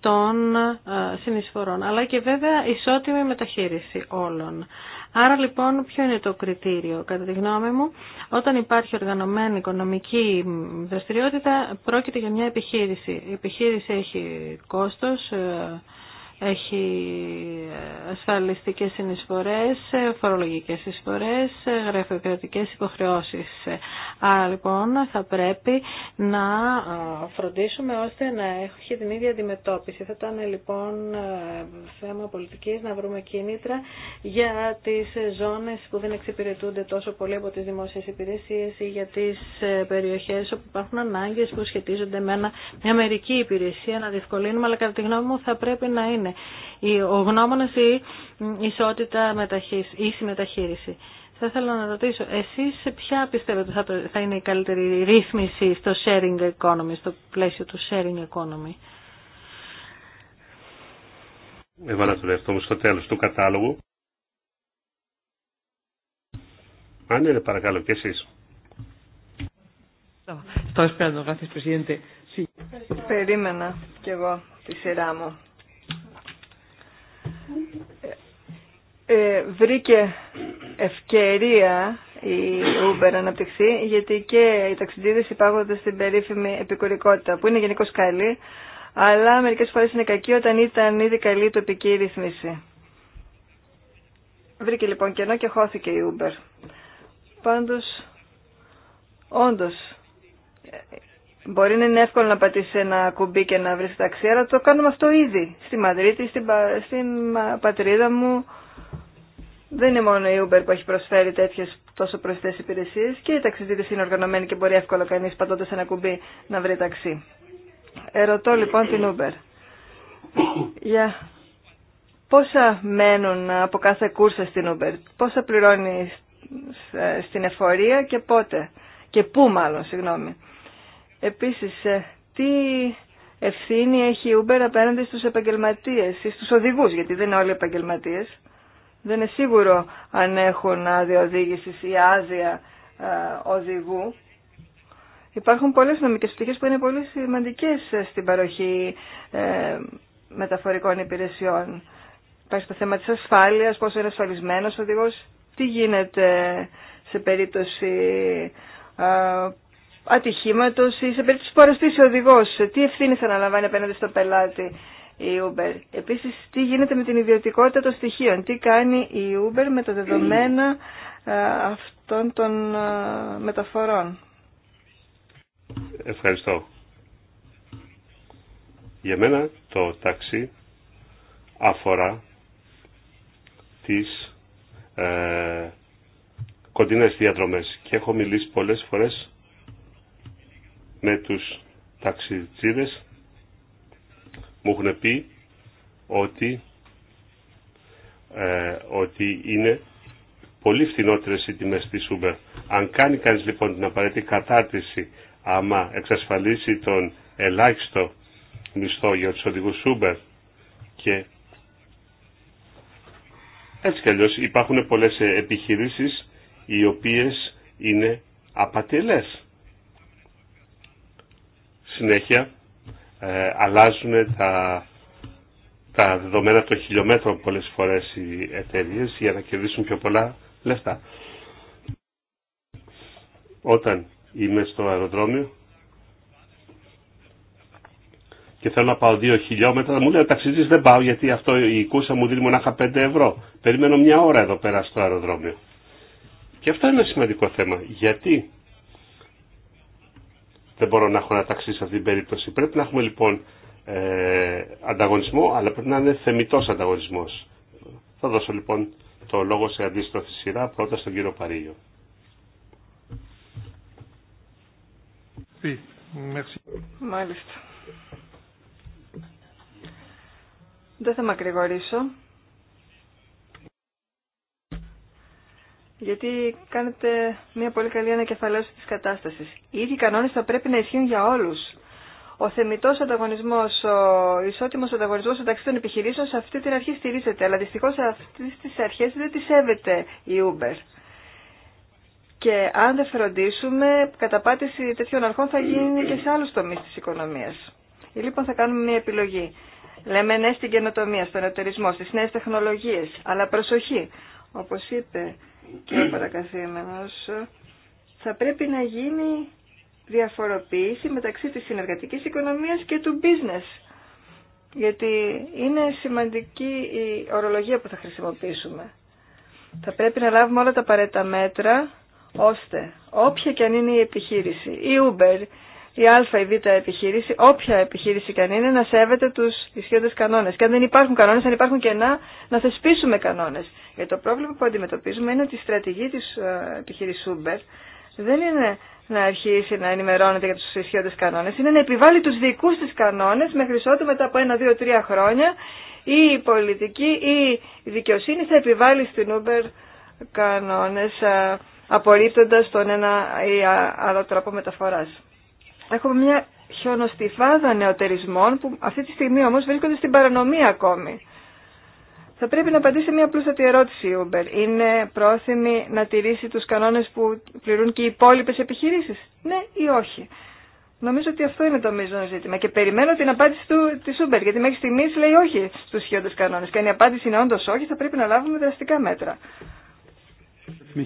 των ε, συνεισφορών, αλλά και βέβαια ισότιμη μεταχείριση όλων. Άρα λοιπόν ποιο είναι το κριτήριο κατά τη γνώμη μου. Όταν υπάρχει οργανωμένη οικονομική δραστηριότητα πρόκειται για μια επιχείρηση. Η επιχείρηση έχει κόστος, ε, έχει ασφαλιστικές συνεισφορές, φορολογικές εισφορές, γραφειοκρατικές υποχρεώσεις. Άρα λοιπόν θα πρέπει να φροντίσουμε ώστε να έχει την ίδια αντιμετώπιση. Θα ήταν λοιπόν ε, θέμα πολιτικής να βρούμε κίνητρα για τις ζώνες που δεν εξυπηρετούνται τόσο πολύ από τις δημόσιες υπηρεσίες ή για τις ε, περιοχές όπου υπάρχουν ανάγκες που σχετίζονται με μια μερική υπηρεσία να διευκολύνουμε, αλλά κατά τη γνώμη μου θα πρέπει να είναι ο γνώμονας ή ισότητα μεταχείριση, ίση μεταχείριση. Θα ήθελα να ρωτήσω, εσείς ποια πιστεύετε θα είναι η ισοτητα ή θα ηθελα να ρωτησω ρύθμιση στο sharing economy, στο πλαίσιο του sharing economy. Έβαλα Το εαυτό μου στο τέλος του κατάλογου. Αν είναι παρακαλώ και εσείς. Περίμενα κι εγώ τη σειρά μου. Ε, βρήκε ευκαιρία η Uber να αναπτυχθεί, γιατί και οι ταξιδίδες υπάγονται στην περίφημη επικουρικότητα, που είναι γενικώ καλή, αλλά μερικές φορές είναι κακή όταν ήταν ήδη καλή η τοπική ρυθμίση. Βρήκε λοιπόν κενό και χώθηκε η Uber. Πάντως, όντως, μπορεί να είναι εύκολο να πατήσει ένα κουμπί και να βρει ταξί, αλλά το κάνουμε αυτό ήδη στη Μαδρίτη, στην πατρίδα μου, δεν είναι μόνο η Uber που έχει προσφέρει τέτοιε τόσο προσιτέ υπηρεσίε και οι ταξιδιώτε είναι οργανωμένοι και μπορεί εύκολα κανεί πατώντα ένα κουμπί να βρει ταξί. Ερωτώ λοιπόν την Uber. Για πόσα μένουν από κάθε κούρσα στην Uber, πόσα πληρώνει στην εφορία και πότε, και πού μάλλον, συγγνώμη. Επίσης, ε, τι ευθύνη έχει η Uber απέναντι στους επαγγελματίες ή στους οδηγούς, γιατί δεν είναι όλοι επαγγελματίες. Δεν είναι σίγουρο αν έχουν άδεια οδήγηση ή άδεια ε, οδηγού. Υπάρχουν πολλές νομικές πτυχές που είναι πολύ σημαντικές ε, στην παροχή ε, μεταφορικών υπηρεσιών. Υπάρχει το θέμα της ασφάλειας, πόσο είναι ασφαλισμένος ο οδηγός, τι γίνεται σε περίπτωση ατυχήματος ή σε περίπτωση που αρρωστήσει ο οδηγός, τι ευθύνη θα αναλαμβάνει απέναντι στο πελάτη η Uber. Επίσης, τι γίνεται με την ιδιωτικότητα των στοιχείων. Τι κάνει η Uber με τα δεδομένα ε, αυτών των ε, μεταφορών. Ευχαριστώ. Για μένα το ταξί αφορά τις ε, κοντινές διαδρομές και έχω μιλήσει πολλές φορές με τους ταξιτζίδες μου έχουν πει ότι, ε, ότι είναι πολύ φθηνότερε οι τιμέ τη Uber. Αν κάνει κανεί λοιπόν την απαραίτητη κατάρτιση, άμα εξασφαλίσει τον ελάχιστο μισθό για του οδηγού Uber και έτσι κι αλλιώς υπάρχουν πολλές ε, επιχειρήσεις οι οποίες είναι απατηλές. Συνέχεια, ε, αλλάζουν τα, τα δεδομένα των χιλιόμετρων πολλές φορές οι εταιρείε για να κερδίσουν πιο πολλά λεφτά. Όταν είμαι στο αεροδρόμιο και θέλω να πάω δύο χιλιόμετρα, μου λέει ο ταξιτής δεν πάω γιατί αυτό η κούσα μου δίνει μονάχα 5 ευρώ. Περιμένω μια ώρα εδώ πέρα στο αεροδρόμιο. Και αυτό είναι ένα σημαντικό θέμα. Γιατί δεν μπορώ να έχω ένα ταξί σε αυτή την περίπτωση. Πρέπει να έχουμε λοιπόν ε, ανταγωνισμό, αλλά πρέπει να είναι θεμητό ανταγωνισμός. Θα δώσω λοιπόν το λόγο σε αντίστροφη σειρά πρώτα στον κύριο Παρίγιο. Μάλιστα. Δεν θα ακρηγορήσω. γιατί κάνετε μια πολύ καλή ανακεφαλαίωση της κατάστασης. Οι ίδιοι κανόνες θα πρέπει να ισχύουν για όλους. Ο θεμητός ανταγωνισμός, ο ισότιμος ανταγωνισμός μεταξύ των επιχειρήσεων σε αυτή την αρχή στηρίζεται, αλλά δυστυχώς αυτέ τις αρχές δεν τις σέβεται η Uber. Και αν δεν φροντίσουμε, καταπάτηση τέτοιων αρχών θα γίνει και σε άλλους τομείς της οικονομίας. Ή λοιπόν θα κάνουμε μια επιλογή. Λέμε ναι στην καινοτομία, στον εταιρισμό, στις νέες τεχνολογίες, αλλά προσοχή. Όπως είπε και παρακαθήμενος, θα πρέπει να γίνει διαφοροποίηση μεταξύ της συνεργατικής οικονομίας και του business. Γιατί είναι σημαντική η ορολογία που θα χρησιμοποιήσουμε. Θα πρέπει να λάβουμε όλα τα απαραίτητα μέτρα, ώστε όποια και αν είναι η επιχείρηση, η Uber, η Α ή Β επιχείρηση, όποια επιχείρηση και αν είναι, να σέβεται τους ισχύοντες κανόνες. Και αν δεν υπάρχουν κανόνες, αν υπάρχουν κενά, να θεσπίσουμε κανόνες. Για ε, το πρόβλημα που αντιμετωπίζουμε είναι ότι η στρατηγή της επιχείρηση Uber δεν είναι να αρχίσει να ενημερώνεται για τους ισχύοντες κανόνες, είναι να επιβάλλει τους δικούς της κανόνες μέχρι ότου μετά από ένα, δύο, τρία χρόνια ή η πολιτική ή δικαιοσύνη θα επιβάλλει στην Uber κανόνες ε, απορρίπτοντας τον ένα ή άλλο τρόπο μεταφοράς. Έχουμε μια χιονοστιφάδα νεοτερισμών που αυτή τη στιγμή όμως βρίσκονται στην παρανομία ακόμη θα πρέπει να απαντήσει μια πλούστατη ερώτηση η Uber. Είναι πρόθυμη να τηρήσει τους κανόνες που πληρούν και οι υπόλοιπε επιχειρήσεις. Ναι ή όχι. Νομίζω ότι αυτό είναι το μείζον ζήτημα και περιμένω την απάντηση του, της Uber γιατί μέχρι στιγμής λέει όχι στους χιόντες κανόνες και αν η απάντηση είναι όντως όχι θα πρέπει να λάβουμε δραστικά μέτρα. Ο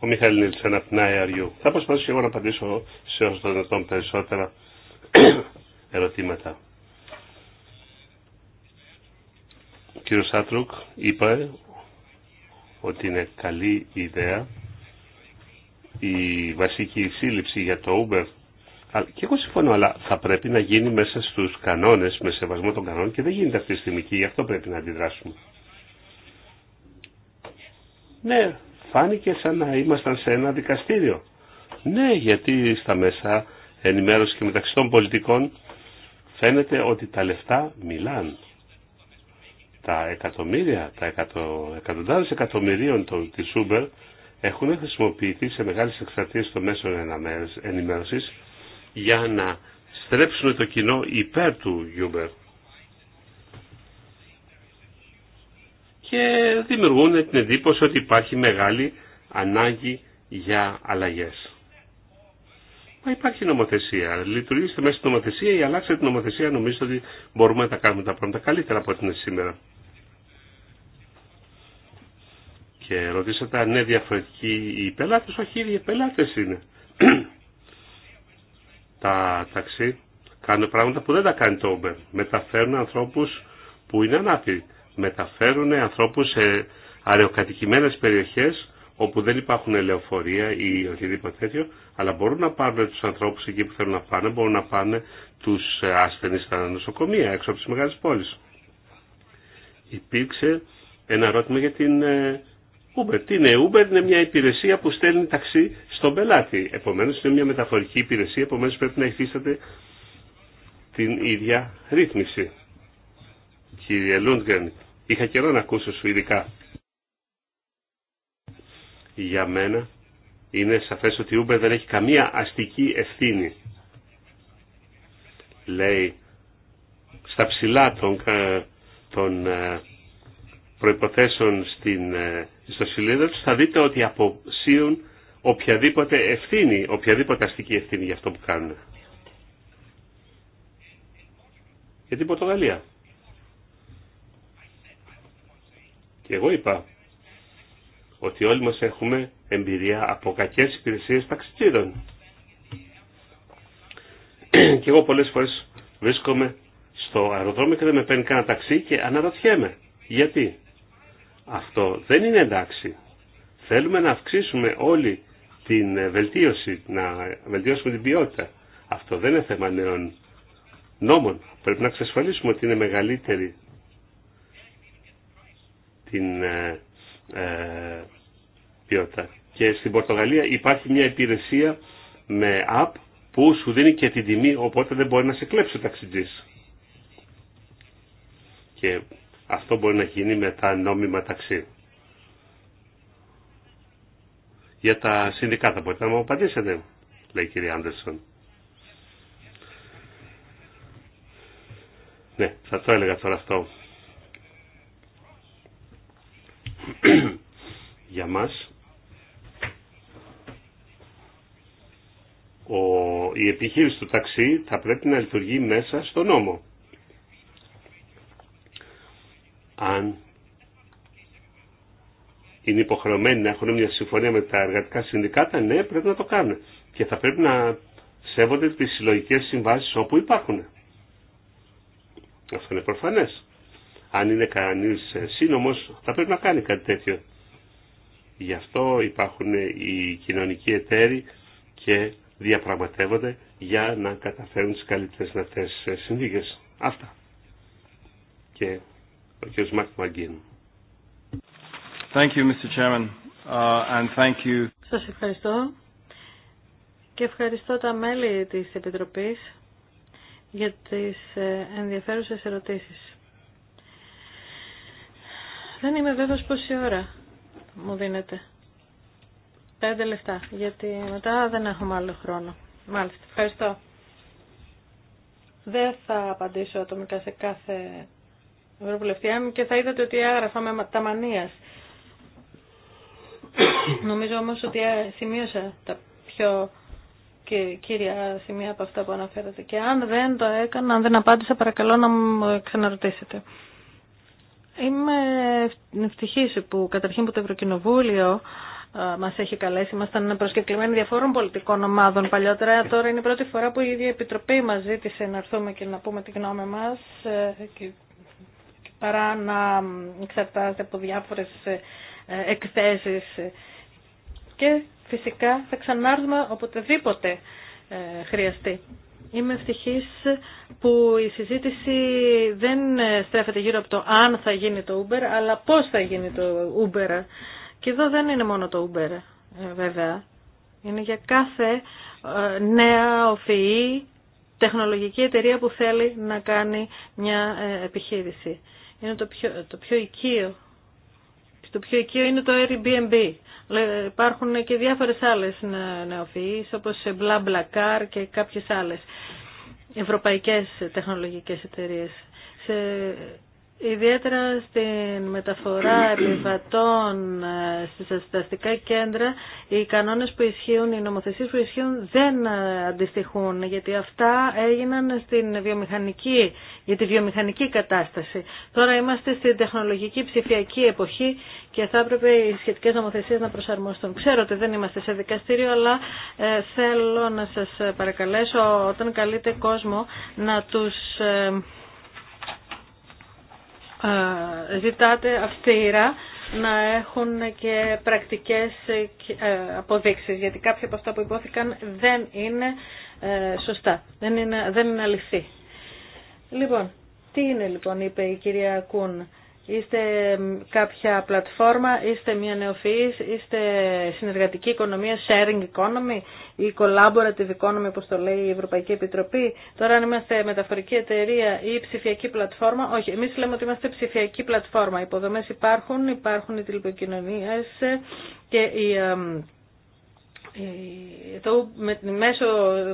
Μιχαήλ από την IRU. Θα προσπαθήσω εγώ να απαντήσω σε όσο το δυνατόν περισσότερα <coughs> ερωτήματα. Ο κύριος Άτρουκ είπε ότι είναι καλή ιδέα η βασική σύλληψη για το Uber. Και εγώ συμφωνώ, αλλά θα πρέπει να γίνει μέσα στους κανόνες, με σεβασμό των κανόνων και δεν γίνεται αυτή τη στιγμή και γι' αυτό πρέπει να αντιδράσουμε. Ναι, φάνηκε σαν να ήμασταν σε ένα δικαστήριο. Ναι, γιατί στα μέσα ενημέρωση και μεταξύ των πολιτικών φαίνεται ότι τα λεφτά μιλάνε τα εκατομμύρια, τα εκατο, εκατοντάδες εκατομμυρίων των, της Uber έχουν χρησιμοποιηθεί σε μεγάλες εξαρτήσεις των μέσων ενημέρωσης για να στρέψουν το κοινό υπέρ του Uber. Και δημιουργούν την εντύπωση ότι υπάρχει μεγάλη ανάγκη για αλλαγές. Μα υπάρχει νομοθεσία. Λειτουργήστε μέσα στην νομοθεσία ή αλλάξετε την νομοθεσία. Νομίζω ότι μπορούμε να τα κάνουμε τα πράγματα καλύτερα από ό,τι είναι σήμερα. Και ρωτήσατε αν είναι διαφορετικοί οι πελάτες. Όχι, οι πελάτες είναι. <clears throat> τα ταξί κάνουν πράγματα που δεν τα κάνει το Uber. Μεταφέρουν ανθρώπους που είναι ανάπηροι. Μεταφέρουν ανθρώπους σε αραιοκατοικημένες περιοχές όπου δεν υπάρχουν ελεοφορία ή οτιδήποτε τέτοιο, αλλά μπορούν να πάρουν τους ανθρώπους εκεί που θέλουν να πάνε, μπορούν να πάνε τους ασθενείς στα νοσοκομεία έξω από τις μεγάλες πόλεις. Υπήρξε ένα ερώτημα για την ε, Uber. Τι είναι Uber, είναι μια υπηρεσία που στέλνει ταξί στον πελάτη. Επομένω είναι μια μεταφορική υπηρεσία, επομένω πρέπει να υφίσταται την ίδια ρύθμιση. Κύριε Λούντγκεν, είχα καιρό να ακούσω σου ειδικά. Για μένα είναι σαφές ότι η Uber δεν έχει καμία αστική ευθύνη. Λέει στα ψηλά των, των ε, προϋποθέσεων στην ιστοσελίδα ε, του θα δείτε ότι αποσύουν οποιαδήποτε ευθύνη, οποιαδήποτε αστική ευθύνη για αυτό που κάνουν. Για την Πορτογαλία. Και εγώ είπα ότι όλοι μας έχουμε εμπειρία από κακές υπηρεσίες ταξιτήρων. <clears throat> και εγώ πολλές φορές βρίσκομαι στο αεροδρόμιο και δεν με παίρνει κανένα ταξί και αναρωτιέμαι. Γιατί. Αυτό δεν είναι εντάξει. Θέλουμε να αυξήσουμε όλη την ε, βελτίωση, να βελτιώσουμε την ποιότητα. Αυτό δεν είναι θέμα νέων νόμων. Πρέπει να εξασφαλίσουμε ότι είναι μεγαλύτερη την ε, ε, ποιότητα. Και στην Πορτογαλία υπάρχει μια υπηρεσία με app που σου δίνει και την τιμή οπότε δεν μπορεί να σε κλέψει ο ταξιτζής. Και αυτό μπορεί να γίνει με τα νόμιμα ταξί. Για τα συνδικάτα μπορείτε να μου απαντήσετε, λέει η κυρία Άντερσον. Ναι, θα το έλεγα τώρα αυτό. Για μας, ο, η επιχείρηση του ταξί θα πρέπει να λειτουργεί μέσα στο νόμο αν είναι υποχρεωμένοι να έχουν μια συμφωνία με τα εργατικά συνδικάτα, ναι, πρέπει να το κάνουν. Και θα πρέπει να σέβονται τις συλλογικέ συμβάσεις όπου υπάρχουν. Αυτό είναι προφανές. Αν είναι κανείς ε, σύνομος, θα πρέπει να κάνει κάτι τέτοιο. Γι' αυτό υπάρχουν οι κοινωνικοί εταίροι και διαπραγματεύονται για να καταφέρουν τις καλύτερες αυτές ε, συνθήκε. Αυτά. Και Σα uh, Σας ευχαριστώ και ευχαριστώ τα μέλη της Επιτροπής για τις ε, ενδιαφέρουσες ερωτήσεις. Δεν είμαι βέβαιος πόση ώρα μου δίνετε. Πέντε λεφτά, γιατί μετά δεν έχουμε άλλο χρόνο. Μάλιστα, ευχαριστώ. Δεν θα απαντήσω ατομικά σε κάθε αν και θα είδατε ότι έγραφα με τα μανία. Νομίζω όμως ότι ε, σημείωσα τα πιο και κύρια σημεία από αυτά που αναφέρατε. Και αν δεν το έκανα, αν δεν απάντησα, παρακαλώ να μου ξαναρωτήσετε. Είμαι ευτυχής που καταρχήν που το Ευρωκοινοβούλιο ε, μα έχει καλέσει. Ήμασταν προσκεκλημένοι διαφόρων πολιτικών ομάδων παλιότερα. Τώρα είναι η πρώτη φορά που η ίδια Επιτροπή μας ζήτησε να έρθουμε και να πούμε τη γνώμη μα. Ε, παρά να εξαρτάται από διάφορες ε, ε, εκθέσεις. Και φυσικά θα ξανάρθουμε οποτεδήποτε ε, χρειαστεί. Είμαι ευτυχής που η συζήτηση δεν στρέφεται γύρω από το αν θα γίνει το Uber, αλλά πώς θα γίνει το Uber. Και εδώ δεν είναι μόνο το Uber, βέβαια. Είναι για κάθε νέα οφειή τεχνολογική εταιρεία που θέλει να κάνει μια επιχείρηση είναι το πιο, το πιο οικείο. Και το πιο είναι το Airbnb. Υπάρχουν και διάφορες άλλες νεοφυείς, όπως BlaBlaCar και κάποιες άλλες ευρωπαϊκές τεχνολογικές εταιρείες. Σε ιδιαίτερα στην μεταφορά επιβατών ε, στις ασταστικά κέντρα, οι κανόνες που ισχύουν, οι νομοθεσίες που ισχύουν δεν ε, αντιστοιχούν, γιατί αυτά έγιναν στην βιομηχανική, για τη βιομηχανική κατάσταση. Τώρα είμαστε στην τεχνολογική ψηφιακή εποχή και θα έπρεπε οι σχετικές νομοθεσίες να προσαρμοστούν. Ξέρω ότι δεν είμαστε σε δικαστήριο, αλλά ε, θέλω να σας παρακαλέσω όταν καλείτε κόσμο να τους ζητάτε αυστηρά να έχουν και πρακτικές ε, ε, αποδείξεις, γιατί κάποια από αυτά που υπόθηκαν δεν είναι ε, σωστά, δεν είναι, δεν είναι αληθή. Λοιπόν, τι είναι λοιπόν, είπε η κυρία Κούν, Είστε κάποια πλατφόρμα, είστε μια νεοφυής, είστε συνεργατική οικονομία, sharing economy ή collaborative economy όπως το λέει η Ευρωπαϊκή Επιτροπή. Τώρα αν είμαστε μεταφορική εταιρεία ή ψηφιακή πλατφόρμα, όχι, εμείς λέμε ότι είμαστε ψηφιακή πλατφόρμα. Οι υποδομές υπάρχουν, υπάρχουν οι τηλεπικοινωνίες και οι, το, με,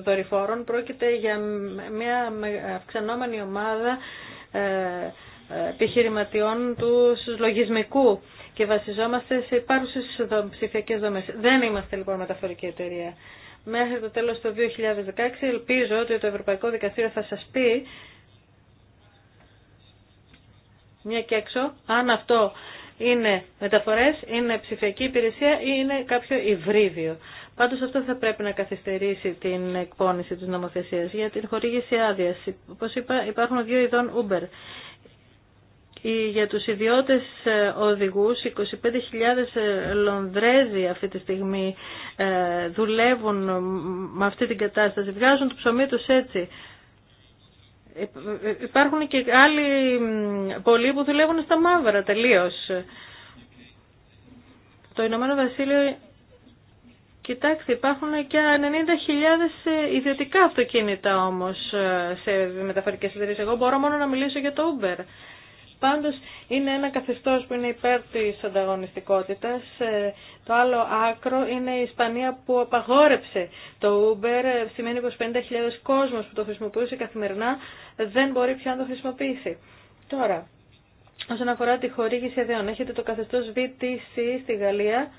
δορυφόρων πρόκειται για μια αυξανόμενη ομάδα ε, επιχειρηματιών του λογισμικού και βασιζόμαστε σε υπάρχουσες ψηφιακές δομές. Δεν είμαστε λοιπόν μεταφορική εταιρεία. Μέχρι το τέλος του 2016 ελπίζω ότι το Ευρωπαϊκό Δικαστήριο θα σας πει μια και έξω αν αυτό είναι μεταφορές, είναι ψηφιακή υπηρεσία ή είναι κάποιο υβρίδιο. Πάντως αυτό θα πρέπει να καθυστερήσει την εκπόνηση της νομοθεσίας για την χορήγηση άδεια. Όπως είπα υπάρχουν δύο ειδών Uber για τους ιδιώτες ε, οδηγούς 25.000 ε, Λονδρέζοι αυτή τη στιγμή ε, δουλεύουν με αυτή την κατάσταση. Βγάζουν το ψωμί τους έτσι. Υπάρχουν και άλλοι πολλοί που δουλεύουν στα μαύρα τελείως. Το Ηνωμένο Βασίλειο, κοιτάξτε, υπάρχουν και 90.000 ιδιωτικά αυτοκίνητα όμως σε μεταφορικές εταιρείες. Εγώ μπορώ μόνο να μιλήσω για το Uber. Πάντως είναι ένα καθεστώς που είναι υπέρ της ανταγωνιστικότητας. Ε, το άλλο άκρο είναι η Ισπανία που απαγόρεψε το Uber. Ε, σημαίνει πως 50.000 κόσμος που το χρησιμοποιούσε καθημερινά δεν μπορεί πια να το χρησιμοποιήσει. Τώρα, όσον αφορά τη χορήγηση ιδεών, έχετε το καθεστώς VTC στη Γαλλία.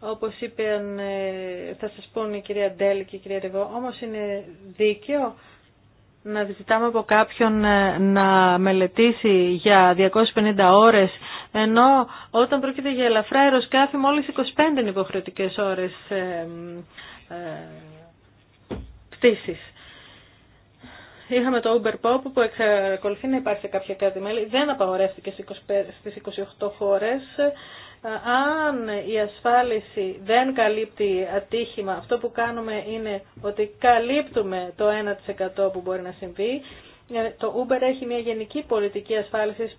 Όπως είπαν, ε, θα σας πούν η κυρία Ντέλ και η κυρία Ριβό, όμως είναι δίκαιο να ζητάμε από κάποιον ε, να μελετήσει για 250 ώρες, ενώ όταν πρόκειται για ελαφρά αεροσκάφη μόλις 25 είναι υποχρεωτικές ώρες ε, ε, πτήσης. Είχαμε το Uber Pop που εξακολουθεί να υπάρχει σε κάποια κάτι μέλη. Δεν απαγορεύτηκε στις 28 χώρες αν η ασφάλιση δεν καλύπτει ατύχημα, αυτό που κάνουμε είναι ότι καλύπτουμε το 1% που μπορεί να συμβεί. Ε, το Uber έχει μια γενική πολιτική ασφάλισης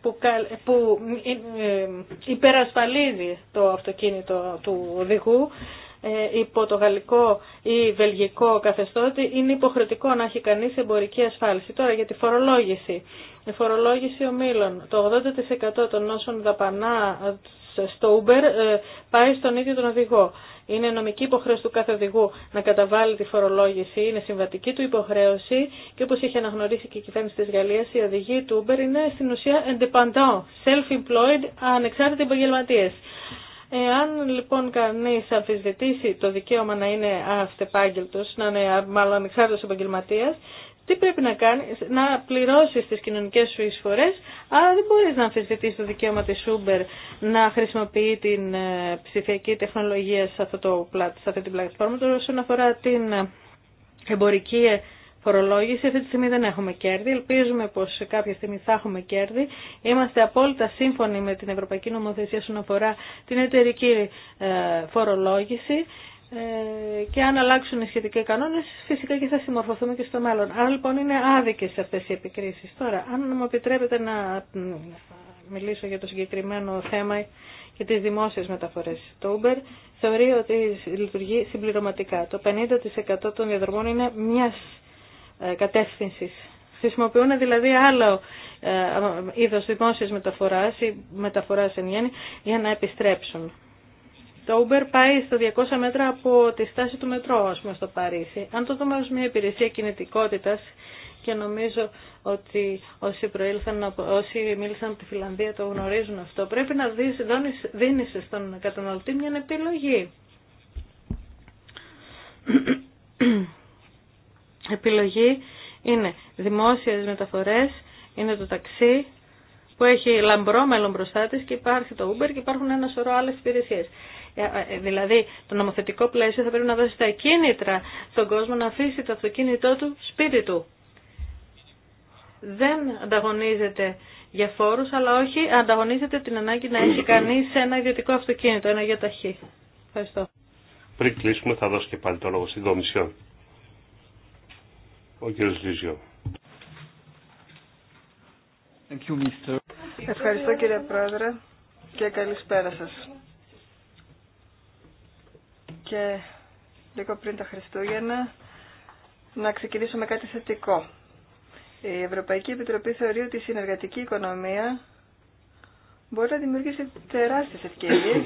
που ε, ε, υπερασφαλίζει το αυτοκίνητο του οδηγού υπό το γαλλικό ή βελγικό ότι είναι υποχρεωτικό να έχει κανείς εμπορική ασφάλιση. Τώρα για τη φορολόγηση. Η φορολόγηση ομίλων, Το 80% των όσων δαπανά στο Uber ε, πάει στον ίδιο τον οδηγό. Είναι νομική υποχρέωση του κάθε οδηγού να καταβάλει τη φορολόγηση, είναι συμβατική του υποχρέωση και όπως είχε αναγνωρίσει και η κυβέρνηση της Γαλλίας, η οδηγοί του Uber είναι στην ουσία independent, self-employed, ανεξάρτητοι επαγγελματίε. Εάν λοιπόν κανεί αμφισβητήσει το δικαίωμα να είναι αυτεπάγγελτο, να είναι μάλλον ανεξάρτητο επαγγελματία, τι πρέπει να κάνεις, να πληρώσεις τις κοινωνικές σου εισφορές, αλλά δεν μπορείς να αμφισβητείς το δικαίωμα της Uber να χρησιμοποιεί την ε, ψηφιακή τεχνολογία σε, αυτό το, σε αυτή την πλατφόρμα. Όσον αφορά την εμπορική φορολόγηση, αυτή τη στιγμή δεν έχουμε κέρδη. Ελπίζουμε πως κάποια στιγμή θα έχουμε κέρδη. Είμαστε απόλυτα σύμφωνοι με την Ευρωπαϊκή Νομοθεσία όσον αφορά την εταιρική ε, φορολόγηση ε, και αν αλλάξουν οι σχετικοί κανόνες φυσικά και θα συμμορφωθούμε και στο μέλλον. Άρα λοιπόν είναι άδικες αυτέ οι επικρίσει. Τώρα, αν μου επιτρέπετε να μιλήσω για το συγκεκριμένο θέμα και τις δημόσιες μεταφορές. Το Uber θεωρεί ότι λειτουργεί συμπληρωματικά. Το 50% των διαδρομών είναι μιας ε, κατεύθυνση. Χρησιμοποιούν δηλαδή άλλο ε, είδος δημόσιας μεταφοράς ή μεταφοράς εν γέννη για να επιστρέψουν. Το Uber πάει στα 200 μέτρα από τη στάση του μετρό, ας πούμε, στο Παρίσι. Αν το δούμε ως μια υπηρεσία κινητικότητας, και νομίζω ότι όσοι, προήλθαν, όσοι μίλησαν από τη Φιλανδία το γνωρίζουν αυτό, πρέπει να δίνεις στον καταναλωτή μια επιλογή. <clears throat> επιλογή είναι δημόσιες μεταφορές, είναι το ταξί, που έχει λαμπρό μέλλον μπροστά τη και υπάρχει το Uber και υπάρχουν ένα σωρό άλλε υπηρεσίε. Ε, ε, ε, δηλαδή, το νομοθετικό πλαίσιο θα πρέπει να δώσει τα κίνητρα στον κόσμο να αφήσει το αυτοκίνητό του σπίτι του. Δεν ανταγωνίζεται για φόρους, αλλά όχι ανταγωνίζεται την ανάγκη να έχει κανείς ένα ιδιωτικό αυτοκίνητο, ένα για ταχύ. Ευχαριστώ. Πριν κλείσουμε θα δώσω και πάλι το λόγο στην Κομισιόν. Ο κύριος Λίζιο. Ευχαριστώ κύριε Πρόεδρε και καλησπέρα σας και λίγο πριν τα Χριστούγεννα να ξεκινήσω με κάτι θετικό. Η Ευρωπαϊκή Επιτροπή θεωρεί ότι η συνεργατική οικονομία μπορεί να δημιουργήσει τεράστιες ευκαιρίες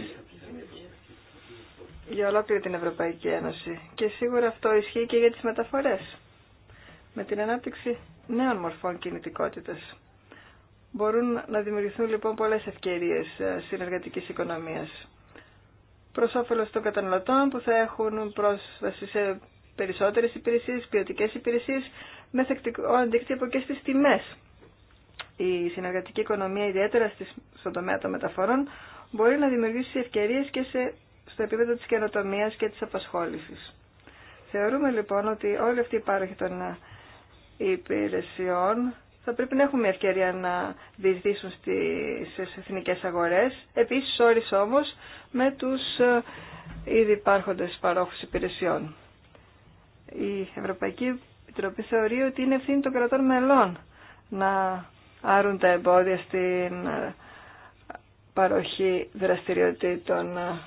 για ολόκληρη την Ευρωπαϊκή Ένωση. Και σίγουρα αυτό ισχύει και για τις μεταφορές. Με την ανάπτυξη νέων μορφών κινητικότητας. Μπορούν να δημιουργηθούν λοιπόν πολλές ευκαιρίες ε, συνεργατικής οικονομίας προς όφελος των καταναλωτών που θα έχουν πρόσβαση σε περισσότερες υπηρεσίες, ποιοτικές υπηρεσίες, με θεκτικό αντίκτυπο και στις τιμές. Η συνεργατική οικονομία, ιδιαίτερα στον τομέα των μεταφορών, μπορεί να δημιουργήσει ευκαιρίες και σε, στο επίπεδο της καινοτομία και της απασχόλησης. Θεωρούμε λοιπόν ότι όλη αυτή οι πάροχοι των ε, υπηρεσιών θα πρέπει να έχουμε μια ευκαιρία να διεισδύσουν στις εθνικές αγορές. Επίσης όρις όμως με τους ε, ήδη υπάρχοντες παρόχους υπηρεσιών. Η Ευρωπαϊκή Επιτροπή θεωρεί ότι είναι ευθύνη των κρατών μελών να άρουν τα εμπόδια στην ε, παροχή δραστηριοτήτων ε,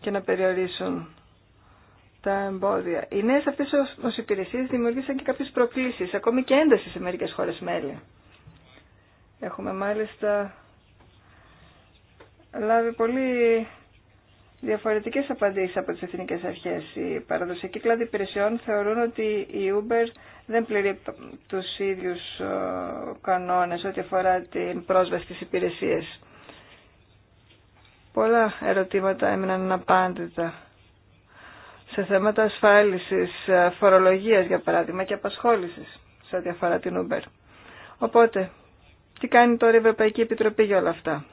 και να περιορίσουν τα εμπόδια. Οι νέε αυτέ ω υπηρεσίε δημιούργησαν και κάποιε προκλήσει, ακόμη και ένταση σε μερικέ χώρε μέλη. Έχουμε μάλιστα λάβει πολύ διαφορετικέ απαντήσει από τι εθνικέ αρχέ. Οι παραδοσιακοί κλάδοι υπηρεσιών θεωρούν ότι η Uber δεν πληρεί του ίδιου κανόνε ό,τι αφορά την πρόσβαση στι υπηρεσίε. Πολλά ερωτήματα έμειναν απάντητα σε θέματα ασφάλισης, ε, φορολογίας για παράδειγμα και απασχόλησης σε ό,τι αφορά την Uber. Οπότε, τι κάνει τώρα η Ευρωπαϊκή Επιτροπή για όλα αυτά.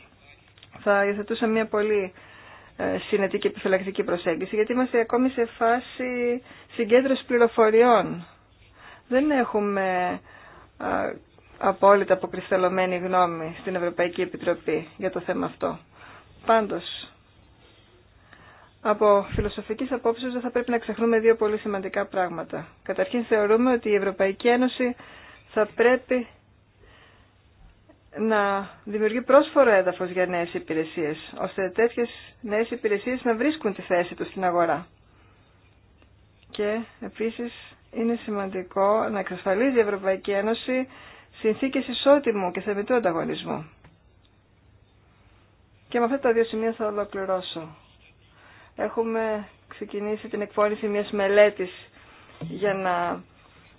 Θα υιοθετούσα μια πολύ ε, συνετή και επιφυλακτική προσέγγιση, γιατί είμαστε ακόμη σε φάση συγκέντρωση πληροφοριών. Δεν έχουμε ε, απόλυτα αποκρισταλωμένη γνώμη στην Ευρωπαϊκή Επιτροπή για το θέμα αυτό. Πάντως, από φιλοσοφικής απόψεως δεν θα πρέπει να ξεχνούμε δύο πολύ σημαντικά πράγματα. Καταρχήν θεωρούμε ότι η Ευρωπαϊκή Ένωση θα πρέπει να δημιουργεί πρόσφορο έδαφος για νέες υπηρεσίες, ώστε τέτοιες νέες υπηρεσίες να βρίσκουν τη θέση τους στην αγορά. Και επίσης είναι σημαντικό να εξασφαλίζει η Ευρωπαϊκή Ένωση συνθήκες ισότιμου και θεμητού ανταγωνισμού. Και με αυτά τα δύο σημεία θα ολοκληρώσω έχουμε ξεκινήσει την εκφώνηση μιας μελέτης για να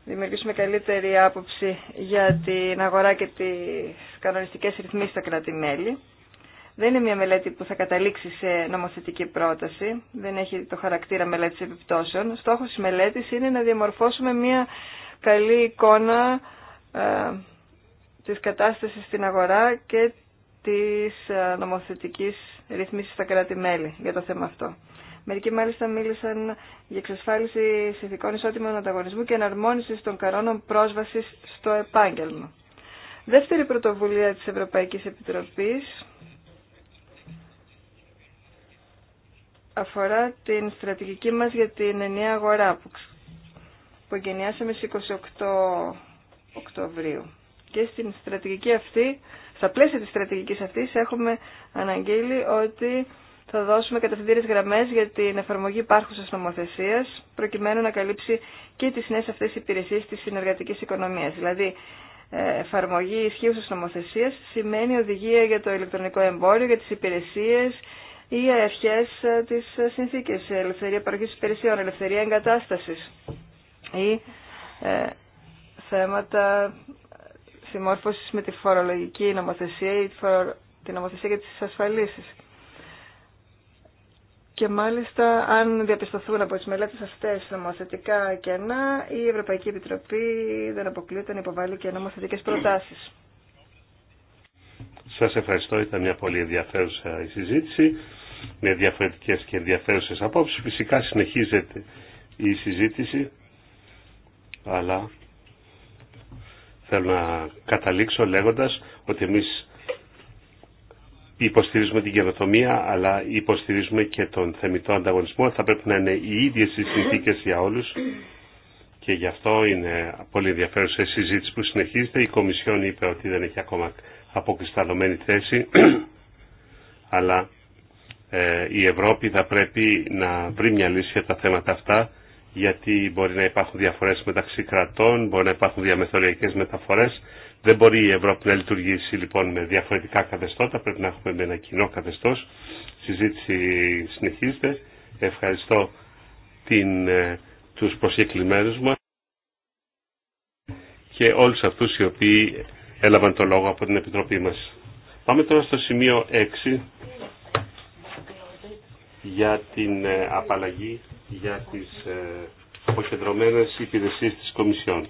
δημιουργήσουμε καλύτερη άποψη για την αγορά και τις κανονιστικές ρυθμίσεις στα κράτη-μέλη. Δεν είναι μια μελέτη που θα καταλήξει σε νομοθετική πρόταση, δεν έχει το χαρακτήρα μελέτης επιπτώσεων. Στόχος της μελέτης είναι να διαμορφώσουμε μια καλή εικόνα ε, της κατάστασης στην αγορά και της ε, νομοθετικής ρυθμίσης στα κράτη-μέλη για το θέμα αυτό. Μερικοί μάλιστα μίλησαν για εξασφάλιση συνθηκών ισότιμων ανταγωνισμού και εναρμόνιση των κανόνων πρόσβασης στο επάγγελμα. Δεύτερη πρωτοβουλία της Ευρωπαϊκής Επιτροπής αφορά την στρατηγική μας για την ενιαία αγορά που εγκαινιάσαμε στις 28 Οκτωβρίου. Και στην στρατηγική αυτή στα πλαίσια της στρατηγικής αυτής έχουμε αναγγείλει ότι θα δώσουμε κατευθυντήρες γραμμές για την εφαρμογή υπάρχουσας νομοθεσίας προκειμένου να καλύψει και τις νέες αυτές υπηρεσίες της συνεργατικής οικονομίας. Δηλαδή, ε, εφαρμογή ισχύουσας νομοθεσίας σημαίνει οδηγία για το ηλεκτρονικό εμπόριο, για τις υπηρεσίες ή αρχές ε, της συνθήκης, ε, ελευθερία παροχής υπηρεσιών, ελευθερία εγκατάστασης ή θέματα συμμόρφωση με τη φορολογική νομοθεσία ή τη νομοθεσία για τις ασφαλίσεις. Και μάλιστα, αν διαπιστωθούν από τις μελέτες αυτές νομοθετικά κενά, η Ευρωπαϊκή Επιτροπή δεν αποκλείται να υποβάλει και νομοθετικές προτάσεις. Σας ευχαριστώ. Ήταν μια πολύ ενδιαφέρουσα η συζήτηση με διαφορετικές και ενδιαφέρουσες απόψεις. Φυσικά συνεχίζεται η συζήτηση, αλλά Θέλω να καταλήξω λέγοντας ότι εμείς υποστηρίζουμε την καινοτομία, αλλά υποστηρίζουμε και τον θεμητό ανταγωνισμό. Θα πρέπει να είναι οι ίδιες οι συνθήκες για όλους και γι' αυτό είναι πολύ ενδιαφέρουσα η συζήτηση που συνεχίζεται. Η Κομισιόν είπε ότι δεν έχει ακόμα αποκρισταλωμένη θέση, αλλά ε, η Ευρώπη θα πρέπει να βρει μια λύση για τα θέματα αυτά γιατί μπορεί να υπάρχουν διαφορές μεταξύ κρατών, μπορεί να υπάρχουν διαμεθοριακές μεταφορές. Δεν μπορεί η Ευρώπη να λειτουργήσει λοιπόν με διαφορετικά καθεστώτα, πρέπει να έχουμε με ένα κοινό καθεστώς. Συζήτηση συνεχίζεται. Ευχαριστώ την, ε, τους προσκεκλημένους μας και όλους αυτούς οι οποίοι έλαβαν το λόγο από την Επιτροπή μας. Πάμε τώρα στο σημείο 6 για την ε, απαλλαγή για τις ε, αποκεντρωμένες υπηρεσίες της Κομισιόν.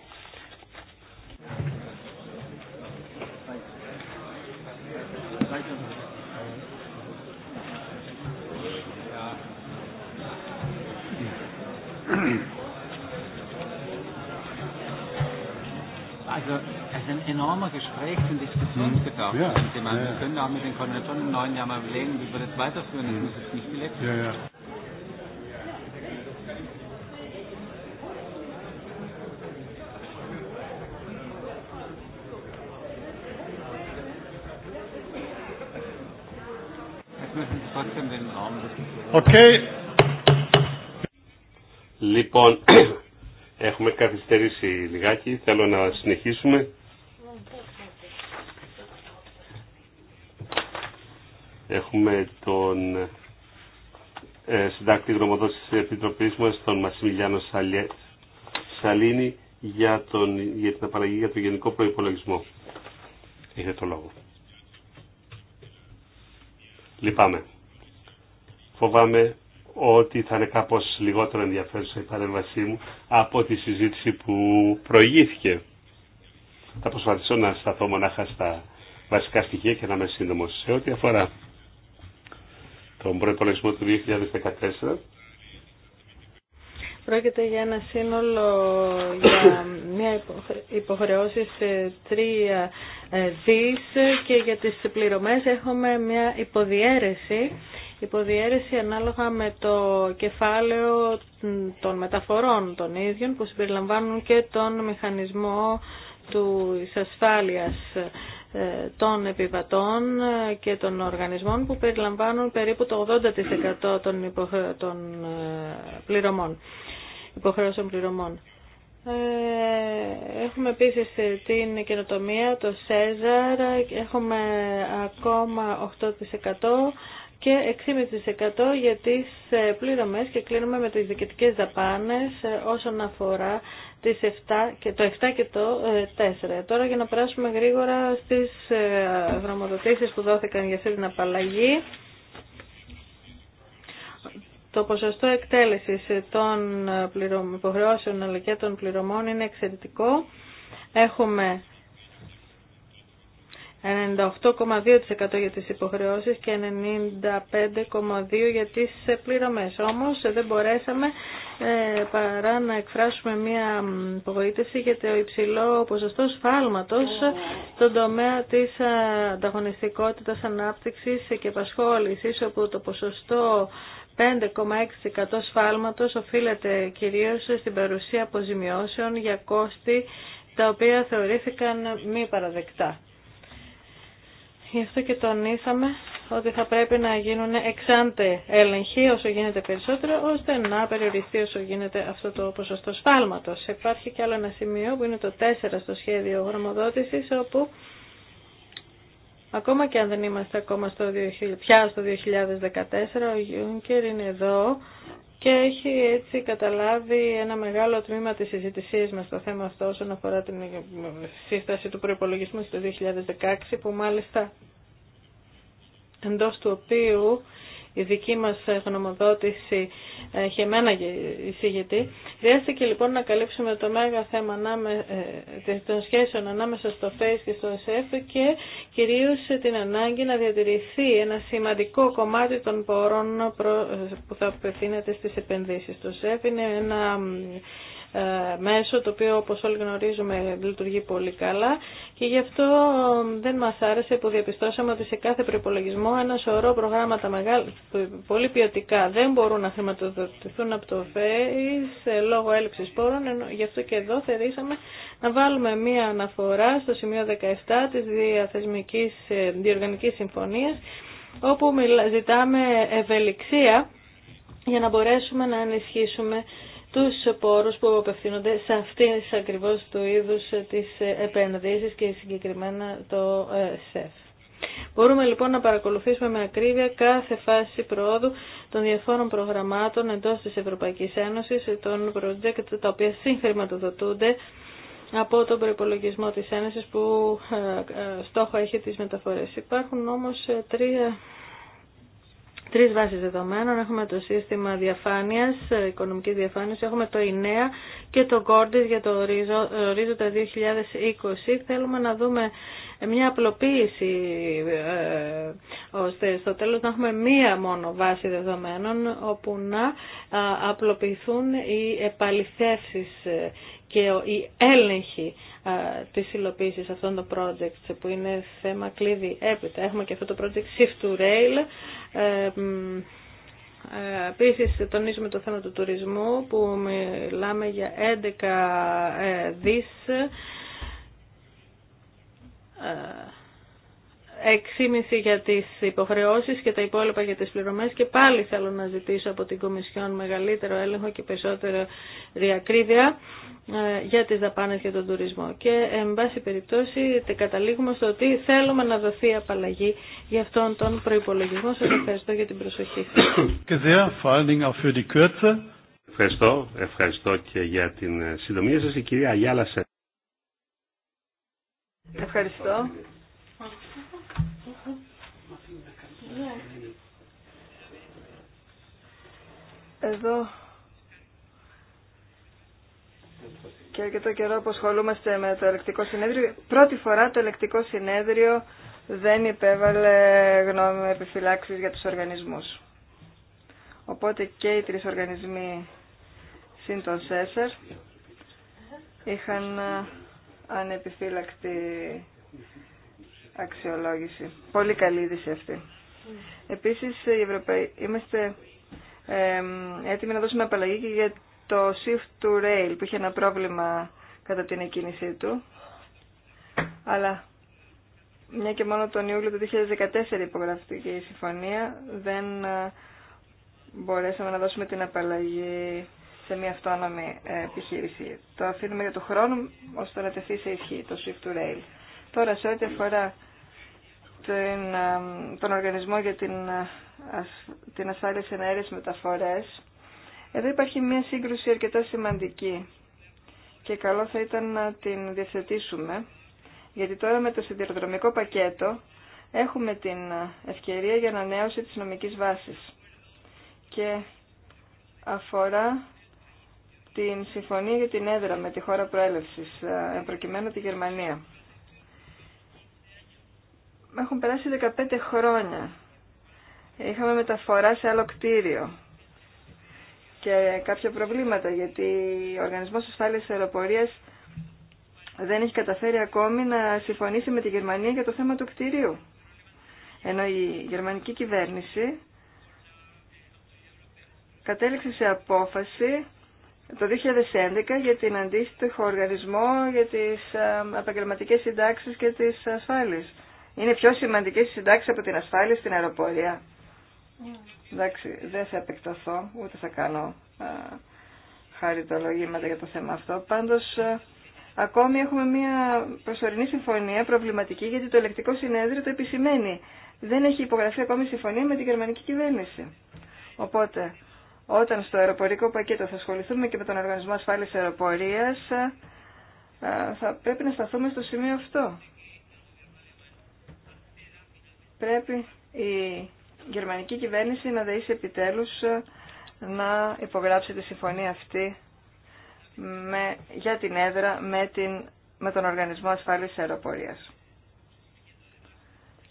Also es ist ein enormer Gesprächs- und Diskussionsbedarf ja. Ja, anderen Wir können auch mit den Koordinatoren im neuen Jahr mal überlegen, wie wir das weiterführen. Das muss jetzt nicht die letzte ja, ja. Okay. Λοιπόν, Έχουμε καθυστερήσει λιγάκι, θέλω να συνεχίσουμε. Έχουμε τον ε, συντάκτη γνωμοδότηση τη Επιτροπής μας, τον Μασιμιλιάνο Σαλίνη, για, τον, για την απαλλαγή για τον Γενικό προπολογισμό. Είχε το λόγο. Λυπάμαι. Φοβάμαι ότι θα είναι κάπως λιγότερο ενδιαφέρουσα η παρέμβασή μου από τη συζήτηση που προηγήθηκε. Θα προσπαθήσω να σταθώ μονάχα στα βασικά στοιχεία και να είμαι σύντομο σε ό,τι αφορά τον προϋπολογισμό του 2014. Πρόκειται για ένα σύνολο για μια σε τρία ε, δις και για τις πληρωμές έχουμε μια υποδιέρεση υποδιέρεση ανάλογα με το κεφάλαιο των μεταφορών των ίδιων που συμπεριλαμβάνουν και τον μηχανισμό του ασφάλειας ε, των επιβατών ε, και των οργανισμών που περιλαμβάνουν περίπου το 80% των, υποχρε... Ε, πληρωμών, υποχρεώσεων πληρωμών. Έχουμε επίσης την καινοτομία, το ΣΕΖΑΡ, έχουμε ακόμα 8% και 6,5% για τις ε, πληρωμές και κλείνουμε με τις διοικητικές δαπάνες ε, όσον αφορά τις 7 και το 7 και το 4. Ε, Τώρα για να περάσουμε γρήγορα στις γραμματοτήσεις που δόθηκαν για αυτή την απαλλαγή. Το ποσοστό εκτέλεσης των υποχρεώσεων αλλά και των πληρωμών είναι εξαιρετικό. Έχουμε 98,2% για τις υποχρεώσεις και 95,2% για τις ε, πληρωμές. Όμως ε, δεν μπορέσαμε ε, παρά να εκφράσουμε μία απογοήτευση για το υψηλό ποσοστό σφάλματος στον τομέα της ανταγωνιστικότητας ανάπτυξης και επασχόλησης, όπου το ποσοστό 5,6% σφάλματος οφείλεται κυρίως στην παρουσία αποζημιώσεων για κόστη τα οποία θεωρήθηκαν μη παραδεκτά. Γι' αυτό και τονίσαμε ότι θα πρέπει να γίνουν εξάντε έλεγχοι όσο γίνεται περισσότερο, ώστε να περιοριστεί όσο γίνεται αυτό το ποσοστό σφάλματο. Υπάρχει και άλλο ένα σημείο που είναι το 4 στο σχέδιο γραμμοδότησης, όπου ακόμα και αν δεν είμαστε ακόμα στο πια στο 2014, ο Γιούνκερ είναι εδώ και έχει έτσι καταλάβει ένα μεγάλο τμήμα της συζητησή μας στο θέμα αυτό όσον αφορά την σύσταση του προϋπολογισμού στο 2016 που μάλιστα εντός του οποίου η δική μας γνωμοδότηση χεμένα ε, εισηγητή. Χρειάστηκε λοιπόν να καλύψουμε το μέγα θέμα ανάμε, ε, ε, των σχέσεων ανάμεσα στο ΦΕΙΣ και στο ΕΣΕΦ και κυρίως την ανάγκη να διατηρηθεί ένα σημαντικό κομμάτι των πόρων που θα απευθύνεται στις επενδύσεις. Το ΣΕΦ είναι ένα ε, μέσο, το οποίο όπως όλοι γνωρίζουμε λειτουργεί πολύ καλά και γι' αυτό δεν μας άρεσε που διαπιστώσαμε ότι σε κάθε προπολογισμό ένα σωρό προγράμματα μεγάλη, πολύ ποιοτικά δεν μπορούν να χρηματοδοτηθούν από το ΦΕΙΣ λόγω έλλειψης πόρων, γι' αυτό και εδώ θερήσαμε να βάλουμε μία αναφορά στο σημείο 17 της διαθεσμικής ε, διοργανικής συμφωνίας όπου ζητάμε ευελιξία για να μπορέσουμε να ενισχύσουμε τους πόρους που απευθύνονται σε αυτήν ακριβώς του είδους τις επενδύσεις και συγκεκριμένα το ε, ΣΕΦ. Μπορούμε λοιπόν να παρακολουθήσουμε με ακρίβεια κάθε φάση προόδου των διαφόρων προγραμμάτων εντός της Ευρωπαϊκής Ένωσης, των project τα οποία συγχρηματοδοτούνται από τον προπολογισμό της Ένωσης που ε, ε, στόχο έχει τις μεταφορές. Υπάρχουν όμως τρία τρεις βάσεις δεδομένων. Έχουμε το σύστημα διαφάνειας, οικονομικής διαφάνειας, έχουμε το ΙΝΕΑ και το Κόρτις για το ορίζοντα 2020. Θέλουμε να δούμε μια απλοποίηση ε, ώστε στο τέλος να έχουμε μία μόνο βάση δεδομένων όπου να απλοποιηθούν οι επαληθεύσεις ε, και οι έλεγχοι ε, τη υλοποίησης αυτών των projects που είναι θέμα κλείδι έπειτα. Έχουμε και αυτό το project Shift to Rail. Ε, ε, Επίση, τονίζουμε το θέμα του τουρισμού που μιλάμε για 11 δις 6,5 για τις υποχρεώσεις και τα υπόλοιπα για τις πληρωμές και πάλι θέλω να ζητήσω από την Κομισιόν μεγαλύτερο έλεγχο και περισσότερο διακρίδια ε, για τις δαπάνες για τον τουρισμό. Και εν πάση περιπτώσει καταλήγουμε στο ότι θέλουμε να δοθεί απαλλαγή για αυτόν τον προϋπολογισμό. Σας ευχαριστώ για την προσοχή Ευχαριστώ, ευχαριστώ και για την ε, συντομία σας η κυρία Αγιάλα Ευχαριστώ. Εδώ και αρκετό καιρό που ασχολούμαστε με το ελεκτικό συνέδριο. Πρώτη φορά το ελεκτικό συνέδριο δεν υπέβαλε γνώμη επιφυλάξεις για τους οργανισμούς. Οπότε και οι τρεις οργανισμοί συν τον ΣΕΣΕΡ είχαν ανεπιφύλακτη αξιολόγηση. Πολύ καλή είδηση αυτή. Επίσης, οι Ευρωπαίοι, είμαστε έτοιμοι να δώσουμε απαλλαγή και για το shift to rail που είχε ένα πρόβλημα κατά την εκκίνησή του. Αλλά μια και μόνο τον Ιούλιο του 2014 υπογραφτήκε η συμφωνία, δεν ε, μπορέσαμε να δώσουμε την απαλλαγή σε μια αυτόνομη ε, επιχείρηση. Το αφήνουμε για το χρόνο ώστε να τεθεί σε ισχύ το shift to rail. Τώρα, σε ό,τι αφορά τον Οργανισμό για την, την Ασφάλεια σε Αέριες Μεταφορές, εδώ υπάρχει μια σύγκρουση αρκετά σημαντική και καλό θα ήταν να την διαθετήσουμε γιατί τώρα με το συντηροδρομικό πακέτο έχουμε την ευκαιρία για ανανέωση της νομικής βάσης και αφορά την συμφωνία για την έδρα με τη χώρα προέλευσης, ε, προκειμένου τη Γερμανία. Έχουν περάσει 15 χρόνια. Είχαμε μεταφορά σε άλλο κτίριο και κάποια προβλήματα γιατί ο Οργανισμός Ασφάλειας Αεροπορίας δεν έχει καταφέρει ακόμη να συμφωνήσει με τη Γερμανία για το θέμα του κτίριου. Ενώ η γερμανική κυβέρνηση κατέληξε σε απόφαση το 2011 για την αντίστοιχο οργανισμό για τις ε, επαγγελματικέ συντάξεις και τις ασφάλειες είναι πιο σημαντικέ οι συντάξει από την ασφάλεια στην αεροπορία. Εντάξει, δεν θα επεκταθώ, ούτε θα κάνω α, χαριτολογήματα για το θέμα αυτό. Πάντως, ακόμη έχουμε μια προσωρινή συμφωνία προβληματική, γιατί το ελεκτικό συνέδριο το επισημαίνει. Δεν έχει υπογραφεί ακόμη συμφωνία με την γερμανική κυβέρνηση. Οπότε, όταν στο αεροπορικό πακέτο θα ασχοληθούμε και με τον Οργανισμό ασφάλεια Αεροπορίας, θα πρέπει να σταθούμε στο σημείο αυτό πρέπει η γερμανική κυβέρνηση να δεήσει επιτέλους ε, να υπογράψει τη συμφωνία αυτή με, για την έδρα με, την, με τον Οργανισμό Ασφάλειας Αεροπορίας.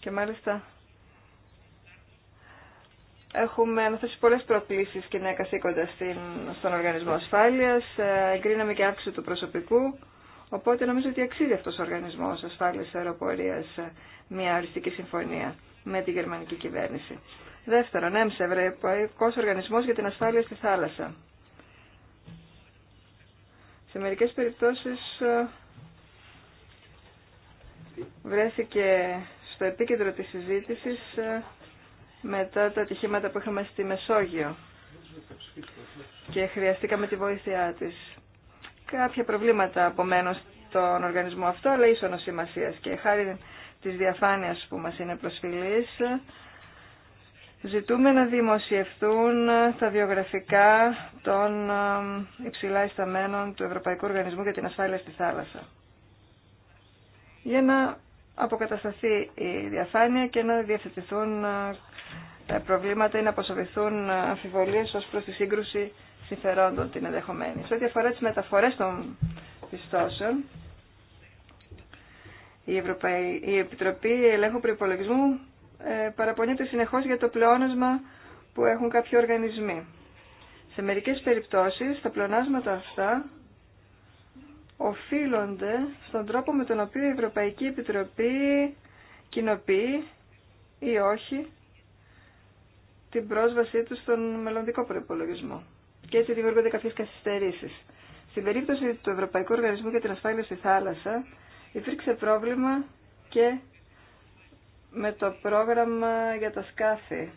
Και μάλιστα έχουμε αναθέσει πολλές προκλήσεις και νέα καθήκοντα στον Οργανισμό Ασφάλειας. Ε, εγκρίναμε και αύξηση του προσωπικού Οπότε νομίζω ότι αξίζει αυτός ο οργανισμός ασφάλειας αεροπορίας ε, μια οριστική συμφωνία με τη γερμανική κυβέρνηση. Δεύτερον, έμψε ευρωπαϊκός οργανισμός για την ασφάλεια στη θάλασσα. Σε μερικές περιπτώσεις ε, βρέθηκε στο επίκεντρο της συζήτησης ε, μετά τα ατυχήματα που είχαμε στη Μεσόγειο και χρειαστήκαμε τη βοήθειά της. Κάποια προβλήματα απομένουν στον οργανισμό αυτό, αλλά ίσω σημασία και χάρη της διαφάνειας που μας είναι προσφυλής, ζητούμε να δημοσιευθούν τα βιογραφικά των υψηλά εισταμένων του Ευρωπαϊκού Οργανισμού για την Ασφάλεια στη Θάλασσα. Για να αποκατασταθεί η διαφάνεια και να διευθετηθούν ε, προβλήματα ή να αποσοβηθούν αμφιβολίες ως προς τη σύγκρουση συμφερόντων την ενδεχομένη. Σε ό,τι αφορά τι μεταφορέ των πιστώσεων, η, Ευρωπαϊ... Επιτροπή Ελέγχου προπολογισμού ε, παραπονιέται συνεχώς για το πλεόνασμα που έχουν κάποιοι οργανισμοί. Σε μερικές περιπτώσεις τα πλεονάσματα αυτά οφείλονται στον τρόπο με τον οποίο η Ευρωπαϊκή Επιτροπή κοινοποιεί ή όχι την πρόσβασή του στον μελλοντικό προπολογισμό και έτσι δημιουργούνται κάποιε καθυστερήσει. Στην περίπτωση του Ευρωπαϊκού Οργανισμού για την Ασφάλεια στη Θάλασσα υπήρξε πρόβλημα και με το πρόγραμμα για τα σκάφη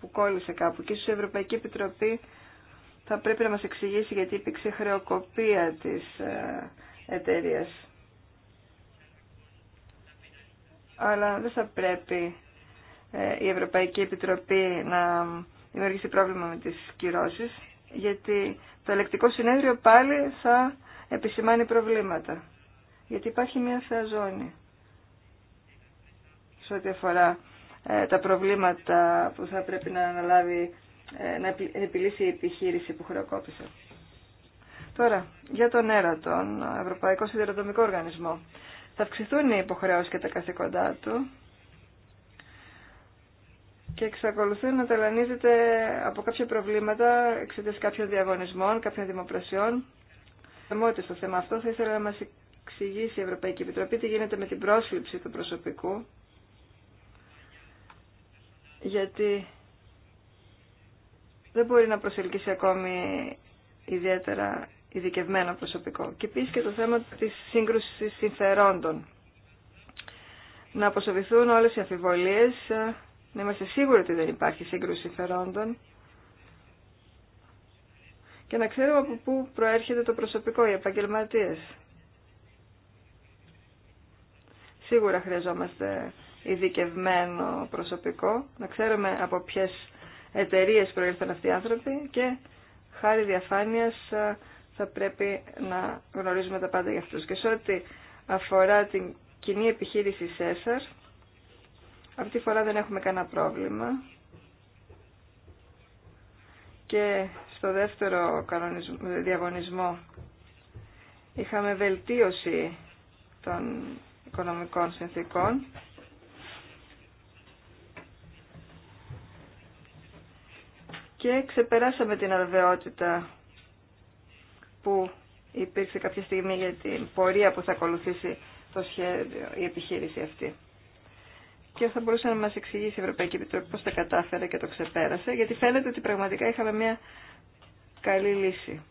που κόλλησε κάπου και ίσως η Ευρωπαϊκή Επιτροπή θα πρέπει να μας εξηγήσει γιατί υπήρξε χρεοκοπία της ε, εταιρεία. Αλλά δεν θα πρέπει ε, η Ευρωπαϊκή Επιτροπή να δημιουργήσει πρόβλημα με τις κυρώσεις γιατί το ελεκτικό συνέδριο πάλι θα επισημάνει προβλήματα. Γιατί υπάρχει μια θεά ζώνη σε ό,τι αφορά ε, τα προβλήματα που θα πρέπει να αναλάβει, ε, να επιλύσει η επιχείρηση που χρεοκόπησε. Τώρα, για τον ΕΡΑ, τον Ευρωπαϊκό Σιδηροδομικό Οργανισμό. Θα αυξηθούν οι υποχρεώσεις και τα καθήκοντά του και εξακολουθεί να ταλανίζεται από κάποια προβλήματα εξαιτία κάποιων διαγωνισμών, κάποιων δημοπρασιών. Θεμότητα στο θέμα αυτό θα ήθελα να μα εξηγήσει η Ευρωπαϊκή Επιτροπή τι γίνεται με την πρόσληψη του προσωπικού. Γιατί δεν μπορεί να προσελκύσει ακόμη ιδιαίτερα ειδικευμένο προσωπικό. Και επίση και το θέμα τη σύγκρουση συμφερόντων. Να αποσοβηθούν όλες οι αφιβολίες να είμαστε σίγουροι ότι δεν υπάρχει σύγκρουση φερόντων. και να ξέρουμε από πού προέρχεται το προσωπικό, οι επαγγελματίε. Σίγουρα χρειαζόμαστε ειδικευμένο προσωπικό, να ξέρουμε από ποιες εταιρείες προήλθαν αυτοί οι άνθρωποι και χάρη διαφάνειας θα πρέπει να γνωρίζουμε τα πάντα για αυτούς. Και σε ό,τι αφορά την κοινή επιχείρηση ΣΕΣΑΡ, αυτή τη φορά δεν έχουμε κανένα πρόβλημα. Και στο δεύτερο διαγωνισμό είχαμε βελτίωση των οικονομικών συνθήκων. Και ξεπεράσαμε την αρβαιότητα που υπήρξε κάποια στιγμή για την πορεία που θα ακολουθήσει το σχέδιο, η επιχείρηση αυτή και θα μπορούσε να μας εξηγήσει η Ευρωπαϊκή Επιτροπή πώς τα κατάφερε και το ξεπέρασε, γιατί φαίνεται ότι πραγματικά είχαμε μια καλή λύση.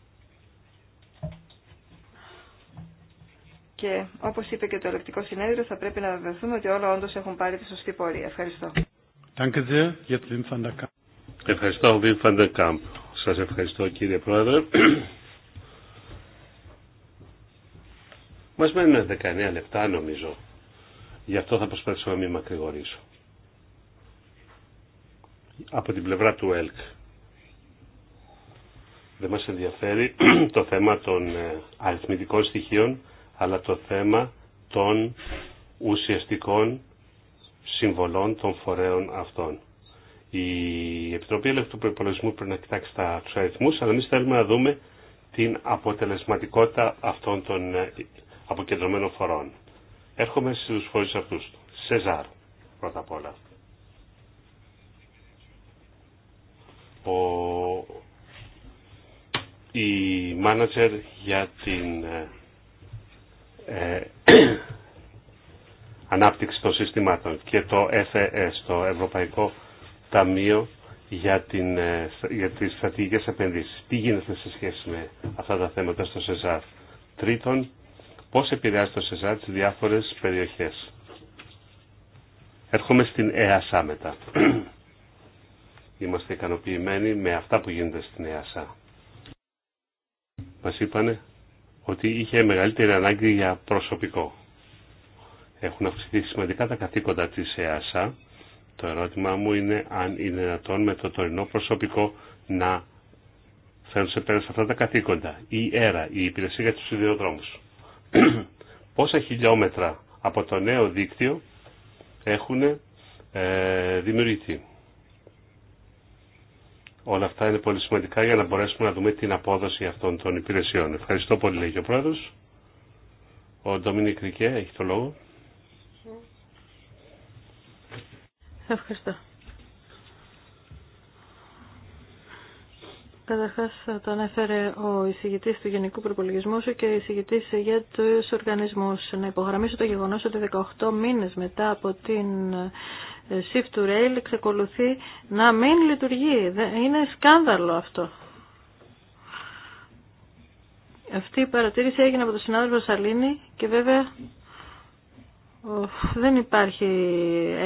Και όπως είπε και το ελεκτικό συνέδριο, θα πρέπει να βεβαιωθούμε ότι όλα όντως έχουν πάρει τη σωστή πορεία. Ευχαριστώ. Ευχαριστώ, Βιμ Φαντακάμπ. Σας ευχαριστώ, κύριε Πρόεδρε. Μας μένουν 19 λεπτά, νομίζω. Γι' αυτό θα προσπαθήσω να μην μακρηγορήσω. Από την πλευρά του ΕΛΚ. Δεν μας ενδιαφέρει <clears throat> το θέμα των ε, αριθμητικών στοιχείων, αλλά το θέμα των ουσιαστικών συμβολών των φορέων αυτών. Η Επιτροπή Ελεύθερου Προϋπολογισμού Προπολογισμού πρέπει να κοιτάξει τα αριθμού, αλλά εμεί θέλουμε να δούμε την αποτελεσματικότητα αυτών των ε, αποκεντρωμένων φορών. Έρχομαι στους φορείς αυτούς. Σεζάρ, πρώτα απ' όλα. Ο... Η μάνατζερ για την ε, ε <clears throat> ανάπτυξη των συστημάτων και το FES, το Ευρωπαϊκό Ταμείο για, την, ε, για τις στρατηγικές επενδύσεις. Τι γίνεται σε σχέση με αυτά τα θέματα στο ΣΕΖΑΡ. Τρίτον, πώς επηρεάζει το ΣΕΖΑ τις διάφορες περιοχές. Έρχομαι στην ΕΑΣΑ μετά. Είμαστε ικανοποιημένοι με αυτά που γίνονται στην ΕΑΣΑ. Μας είπανε ότι είχε μεγαλύτερη ανάγκη για προσωπικό. Έχουν αυξηθεί σημαντικά τα καθήκοντα της ΕΑΣΑ. Το ερώτημά μου είναι αν είναι δυνατόν με το τωρινό προσωπικό να φέρουν σε πέρα σε αυτά τα καθήκοντα. Η ΕΡΑ, η Υπηρεσία για τους Ιδιοδρόμους. <coughs> πόσα χιλιόμετρα από το νέο δίκτυο έχουν ε, δημιουργηθεί. Όλα αυτά είναι πολύ σημαντικά για να μπορέσουμε να δούμε την απόδοση αυτών των υπηρεσιών. Ευχαριστώ πολύ, λέγει ο πρόεδρος. Ο Ντομίνικ Κρικέ έχει το λόγο. Ευχαριστώ. Καταρχά το έφερε ο εισηγητή του Γενικού Προπολογισμού σου και εισηγητή για του Οργανισμού. Να υπογραμμίσω το γεγονός ότι 18 μήνες μετά από την ε, Shift to Rail εξακολουθεί να μην λειτουργεί. Είναι σκάνδαλο αυτό. Αυτή η παρατήρηση έγινε από τον συνάδελφο Σαλίνη και βέβαια δεν υπάρχει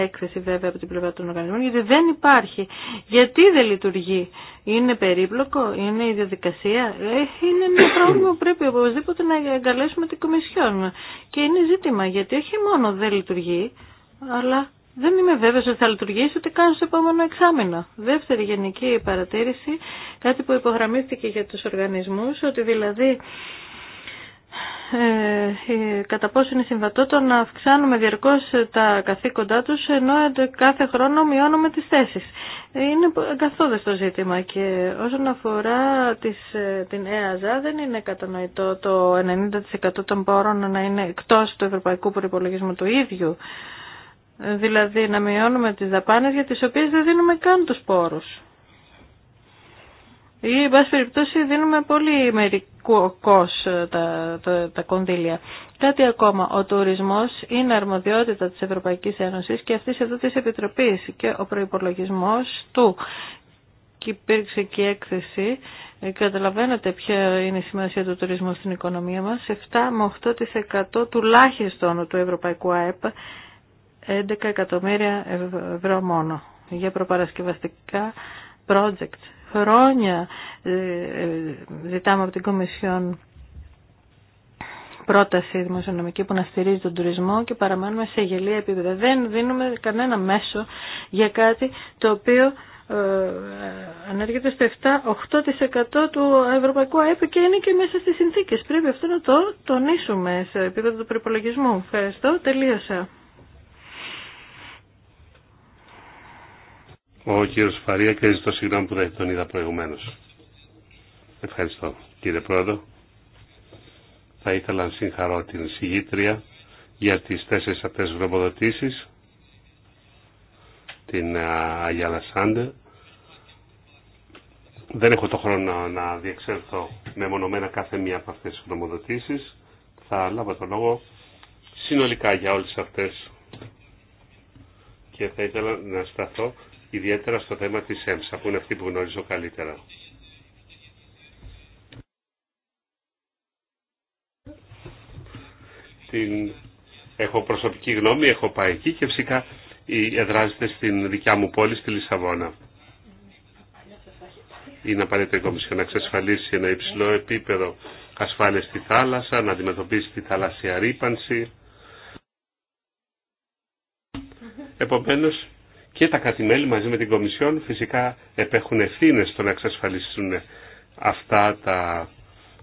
έκθεση βέβαια από την πλευρά των οργανισμών γιατί δεν υπάρχει. Γιατί δεν λειτουργεί. Είναι περίπλοκο, είναι η διαδικασία. Ε, είναι ένα <coughs> πρόβλημα που πρέπει οπωσδήποτε να εγκαλέσουμε την Κομισιόν. Και είναι ζήτημα γιατί όχι μόνο δεν λειτουργεί, αλλά δεν είμαι βέβαιος ότι θα λειτουργήσει ούτε καν στο επόμενο εξάμεινο. Δεύτερη γενική παρατήρηση, κάτι που υπογραμμίστηκε για τους οργανισμούς, ότι δηλαδή ε, ε, κατά πόσο είναι συμβατό το να αυξάνουμε διαρκώς τα καθήκοντά τους ενώ κάθε χρόνο μειώνουμε τις θέσεις. Είναι καθόδες το ζήτημα και όσον αφορά τις, ε, την ΕΑΖΑ δεν είναι κατανοητό το 90% των πόρων να είναι εκτός του ευρωπαϊκού Προϋπολογισμού του ίδιου. Δηλαδή να μειώνουμε τις δαπάνες για τις οποίες δεν δίνουμε καν τους πόρους. Ή, εν πάση περιπτώσει, δίνουμε πολύ μερικού ε, τα, τα, κονδύλια. Κάτι ακόμα. Ο τουρισμός είναι αρμοδιότητα της Ευρωπαϊκής Ένωσης και αυτής εδώ της Επιτροπής και ο προϋπολογισμός του. Και υπήρξε και έκθεση. Ε, καταλαβαίνετε ποια είναι η σημασία του τουρισμού στην οικονομία μας. 7 με 8% τουλάχιστον του Ευρωπαϊκού ΑΕΠ, 11 εκατομμύρια ευρώ μόνο για προπαρασκευαστικά project χρόνια ε, ε, ζητάμε από την Κομισιόν πρόταση δημοσιονομική που να στηρίζει τον τουρισμό και παραμένουμε σε γελία επίπεδα. Δεν δίνουμε κανένα μέσο για κάτι το οποίο ε, ανέρχεται στο 7-8% του ευρωπαϊκού ΑΕΠ και είναι και μέσα στις συνθήκες. Πρέπει αυτό να το τονίσουμε σε επίπεδο του προπολογισμού. Ευχαριστώ. Τελείωσα. ο κύριο Φαρία και ζητώ συγγνώμη που δεν τον είδα προηγουμένω. Ευχαριστώ κύριε Πρόεδρο. Θα ήθελα να συγχαρώ την συγγήτρια για τι τέσσερι αυτέ γνωμοδοτήσει. την Αγιάλα Δεν έχω το χρόνο να διεξέλθω μεμονωμένα κάθε μία από αυτές τις γνωμοδοτήσεις. Θα λάβω το λόγο συνολικά για όλες αυτές και θα ήθελα να σταθώ ιδιαίτερα στο θέμα της ΕΜΣΑ, που είναι αυτή που γνωρίζω καλύτερα. Την... Έχω προσωπική γνώμη, έχω πάει εκεί και φυσικά εδράζεται στην δικιά μου πόλη, στη Λισαβόνα. Είναι απαραίτητο η Κομισιόν να εξασφαλίσει ένα υψηλό επίπεδο ασφάλεια στη θάλασσα, να αντιμετωπίσει τη θαλασσια ρήπανση. Επομένως, και τα κατημέλη μαζί με την Κομισιόν φυσικά επέχουν ευθύνε στο να εξασφαλίσουν αυτά τα,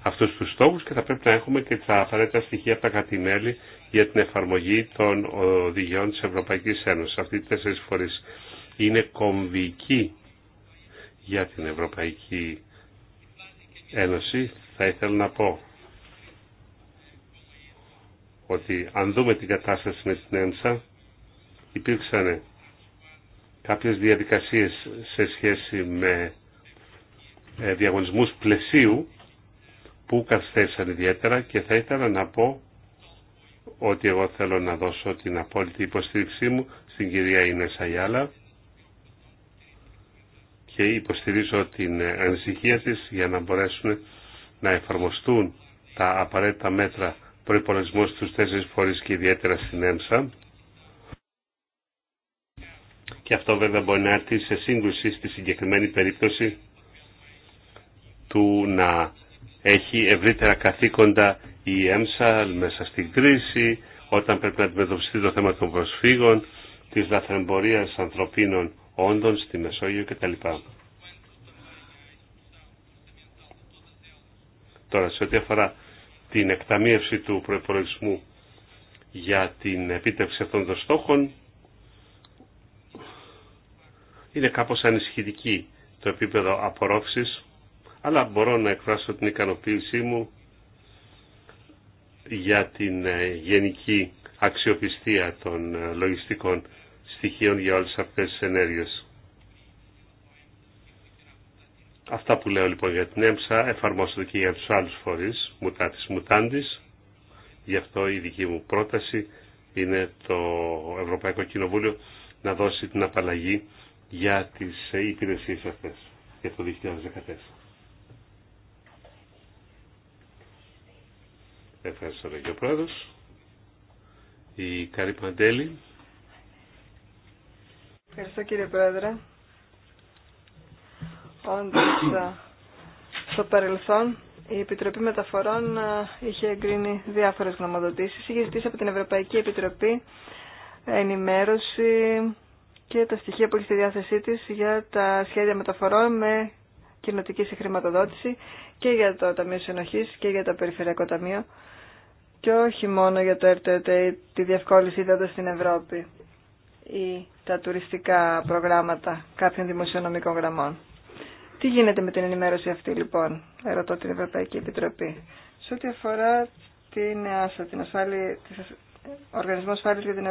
αυτούς τους στόχους και θα πρέπει να έχουμε και τα απαραίτητα στοιχεία από τα κατημέλη για την εφαρμογή των οδηγιών της Ευρωπαϊκής Ένωσης. Αυτή οι τέσσερις φορείς είναι κομβική για την Ευρωπαϊκή Ένωση. Θα ήθελα να πω ότι αν δούμε την κατάσταση με την ΕΝΣΑ υπήρξαν κάποιες διαδικασίες σε σχέση με ε, διαγωνισμούς πλαισίου που καθυστέρησαν ιδιαίτερα και θα ήθελα να πω ότι εγώ θέλω να δώσω την απόλυτη υποστήριξή μου στην κυρία Ινέσα Αγιάλα και υποστηρίζω την ανησυχία της για να μπορέσουν να εφαρμοστούν τα απαραίτητα μέτρα προπολογισμό στους τέσσερις φορείς και ιδιαίτερα στην ΕΜΣΑ και αυτό βέβαια μπορεί να έρθει σε σύγκρουση στη συγκεκριμένη περίπτωση του να έχει ευρύτερα καθήκοντα η ΕΜΣΑ μέσα στην κρίση, όταν πρέπει να αντιμετωπιστεί το θέμα των προσφύγων, της λαθρεμπορίας ανθρωπίνων όντων στη Μεσόγειο κτλ. Τώρα, σε ό,τι αφορά την εκταμίευση του προπολογισμού για την επίτευξη αυτών των στόχων, είναι κάπως ανησυχητική το επίπεδο απορρόφησης, αλλά μπορώ να εκφράσω την ικανοποίησή μου για την ε, γενική αξιοπιστία των ε, λογιστικών στοιχείων για όλες αυτές τις ενέργειες. Αυτά που λέω λοιπόν για την έμψα εφαρμόζονται και για τους άλλους φορείς, μουτάτης μουτάντης. Γι' αυτό η δική μου πρόταση είναι το Ευρωπαϊκό Κοινοβούλιο να δώσει την απαλλαγή για τις ε, υπηρεσίες αυτές για το 2014. Ευχαριστώ και ο Πρόεδρος. Η Καρή Παντέλη. Ευχαριστώ κύριε Πρόεδρε. Όντως, ε, στο παρελθόν η Επιτροπή Μεταφορών ε, είχε εγκρίνει διάφορες γνωμοδοτήσεις. Είχε ζητήσει από την Ευρωπαϊκή Επιτροπή ενημέρωση και τα στοιχεία που έχει στη διάθεσή της για τα σχέδια μεταφορών με κοινοτική συγχρηματοδότηση και για το Ταμείο Συνοχής και για το Περιφερειακό Ταμείο και όχι μόνο για το RTT, τη διευκόλυνση δέντα στην Ευρώπη ή τα τουριστικά προγράμματα κάποιων δημοσιονομικών γραμμών. Τι γίνεται με την ενημέρωση αυτή λοιπόν, ερωτώ την Ευρωπαϊκή Επιτροπή. Σε ό,τι αφορά την ΑΣΑ, την ασφάλεια, Οργανισμό Ασφάλεια για την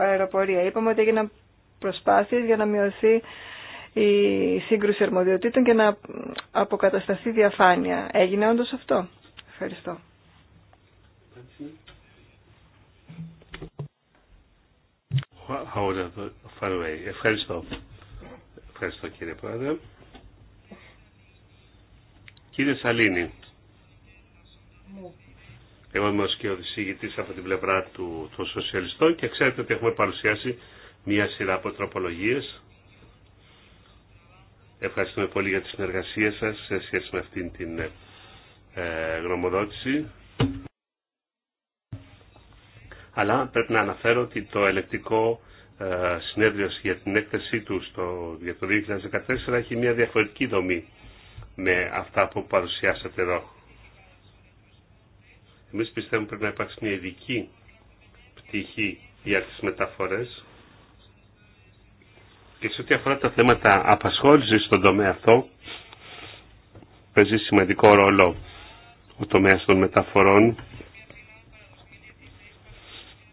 αεροπορία. Είπαμε ότι έγιναν προσπάθειες για να μειωθεί η σύγκρουση αρμοδιοτήτων και να αποκατασταθεί διαφάνεια. Έγινε όντως αυτό. Ευχαριστώ. Ευχαριστώ. Ευχαριστώ κύριε Πρόεδρε. Κύριε Σαλίνη, εγώ είμαι ο σκιοδησίγητης από την πλευρά του, των σοσιαλιστών και ξέρετε ότι έχουμε παρουσιάσει μία σειρά από τροπολογίες. Ευχαριστούμε πολύ για τη συνεργασία σας σε σχέση με αυτήν την ε, γνωμοδότηση. Αλλά πρέπει να αναφέρω ότι το ελεκτικό ε, συνέδριο για την έκθεσή του στο, για το 2014 έχει μια διαφορετική δομή με αυτά που παρουσιάσατε εδώ. Εμείς πιστεύουμε πρέπει να υπάρξει μια ειδική πτυχή για τις μεταφορές και σε ό,τι αφορά τα θέματα απασχόλησης στον τομέα αυτό, παίζει σημαντικό ρόλο ο τομέας των μεταφορών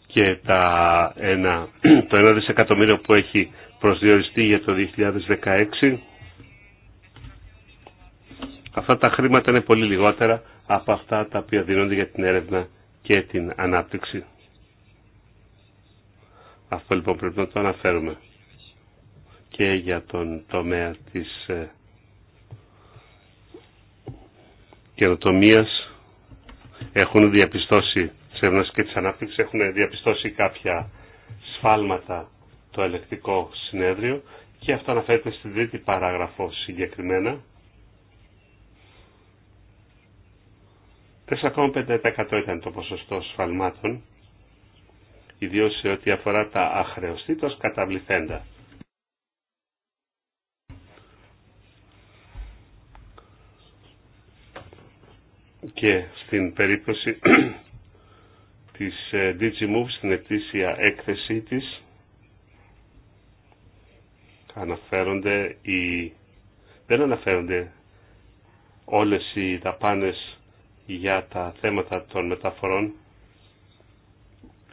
και τα ένα, <clears throat> το 1 δισεκατομμύριο που έχει προσδιοριστεί για το 2016. Αυτά τα χρήματα είναι πολύ λιγότερα από αυτά τα οποία δίνονται για την έρευνα και την ανάπτυξη. Αυτό λοιπόν πρέπει να το αναφέρουμε και για τον τομέα της ε, καινοτομίας έχουν διαπιστώσει της έρευνας και της έχουν διαπιστώσει κάποια σφάλματα το ελεκτικό συνέδριο και αυτό αναφέρεται στην τρίτη παράγραφο συγκεκριμένα 4,5% ήταν το ποσοστό σφαλμάτων ιδίως σε ό,τι αφορά τα αχρεωστήτως καταβληθέντα. και στην περίπτωση <clears throat> της ε, DigiMove στην ετήσια έκθεσή της αναφέρονται οι... δεν αναφέρονται όλες οι δαπάνες για τα θέματα των μεταφορών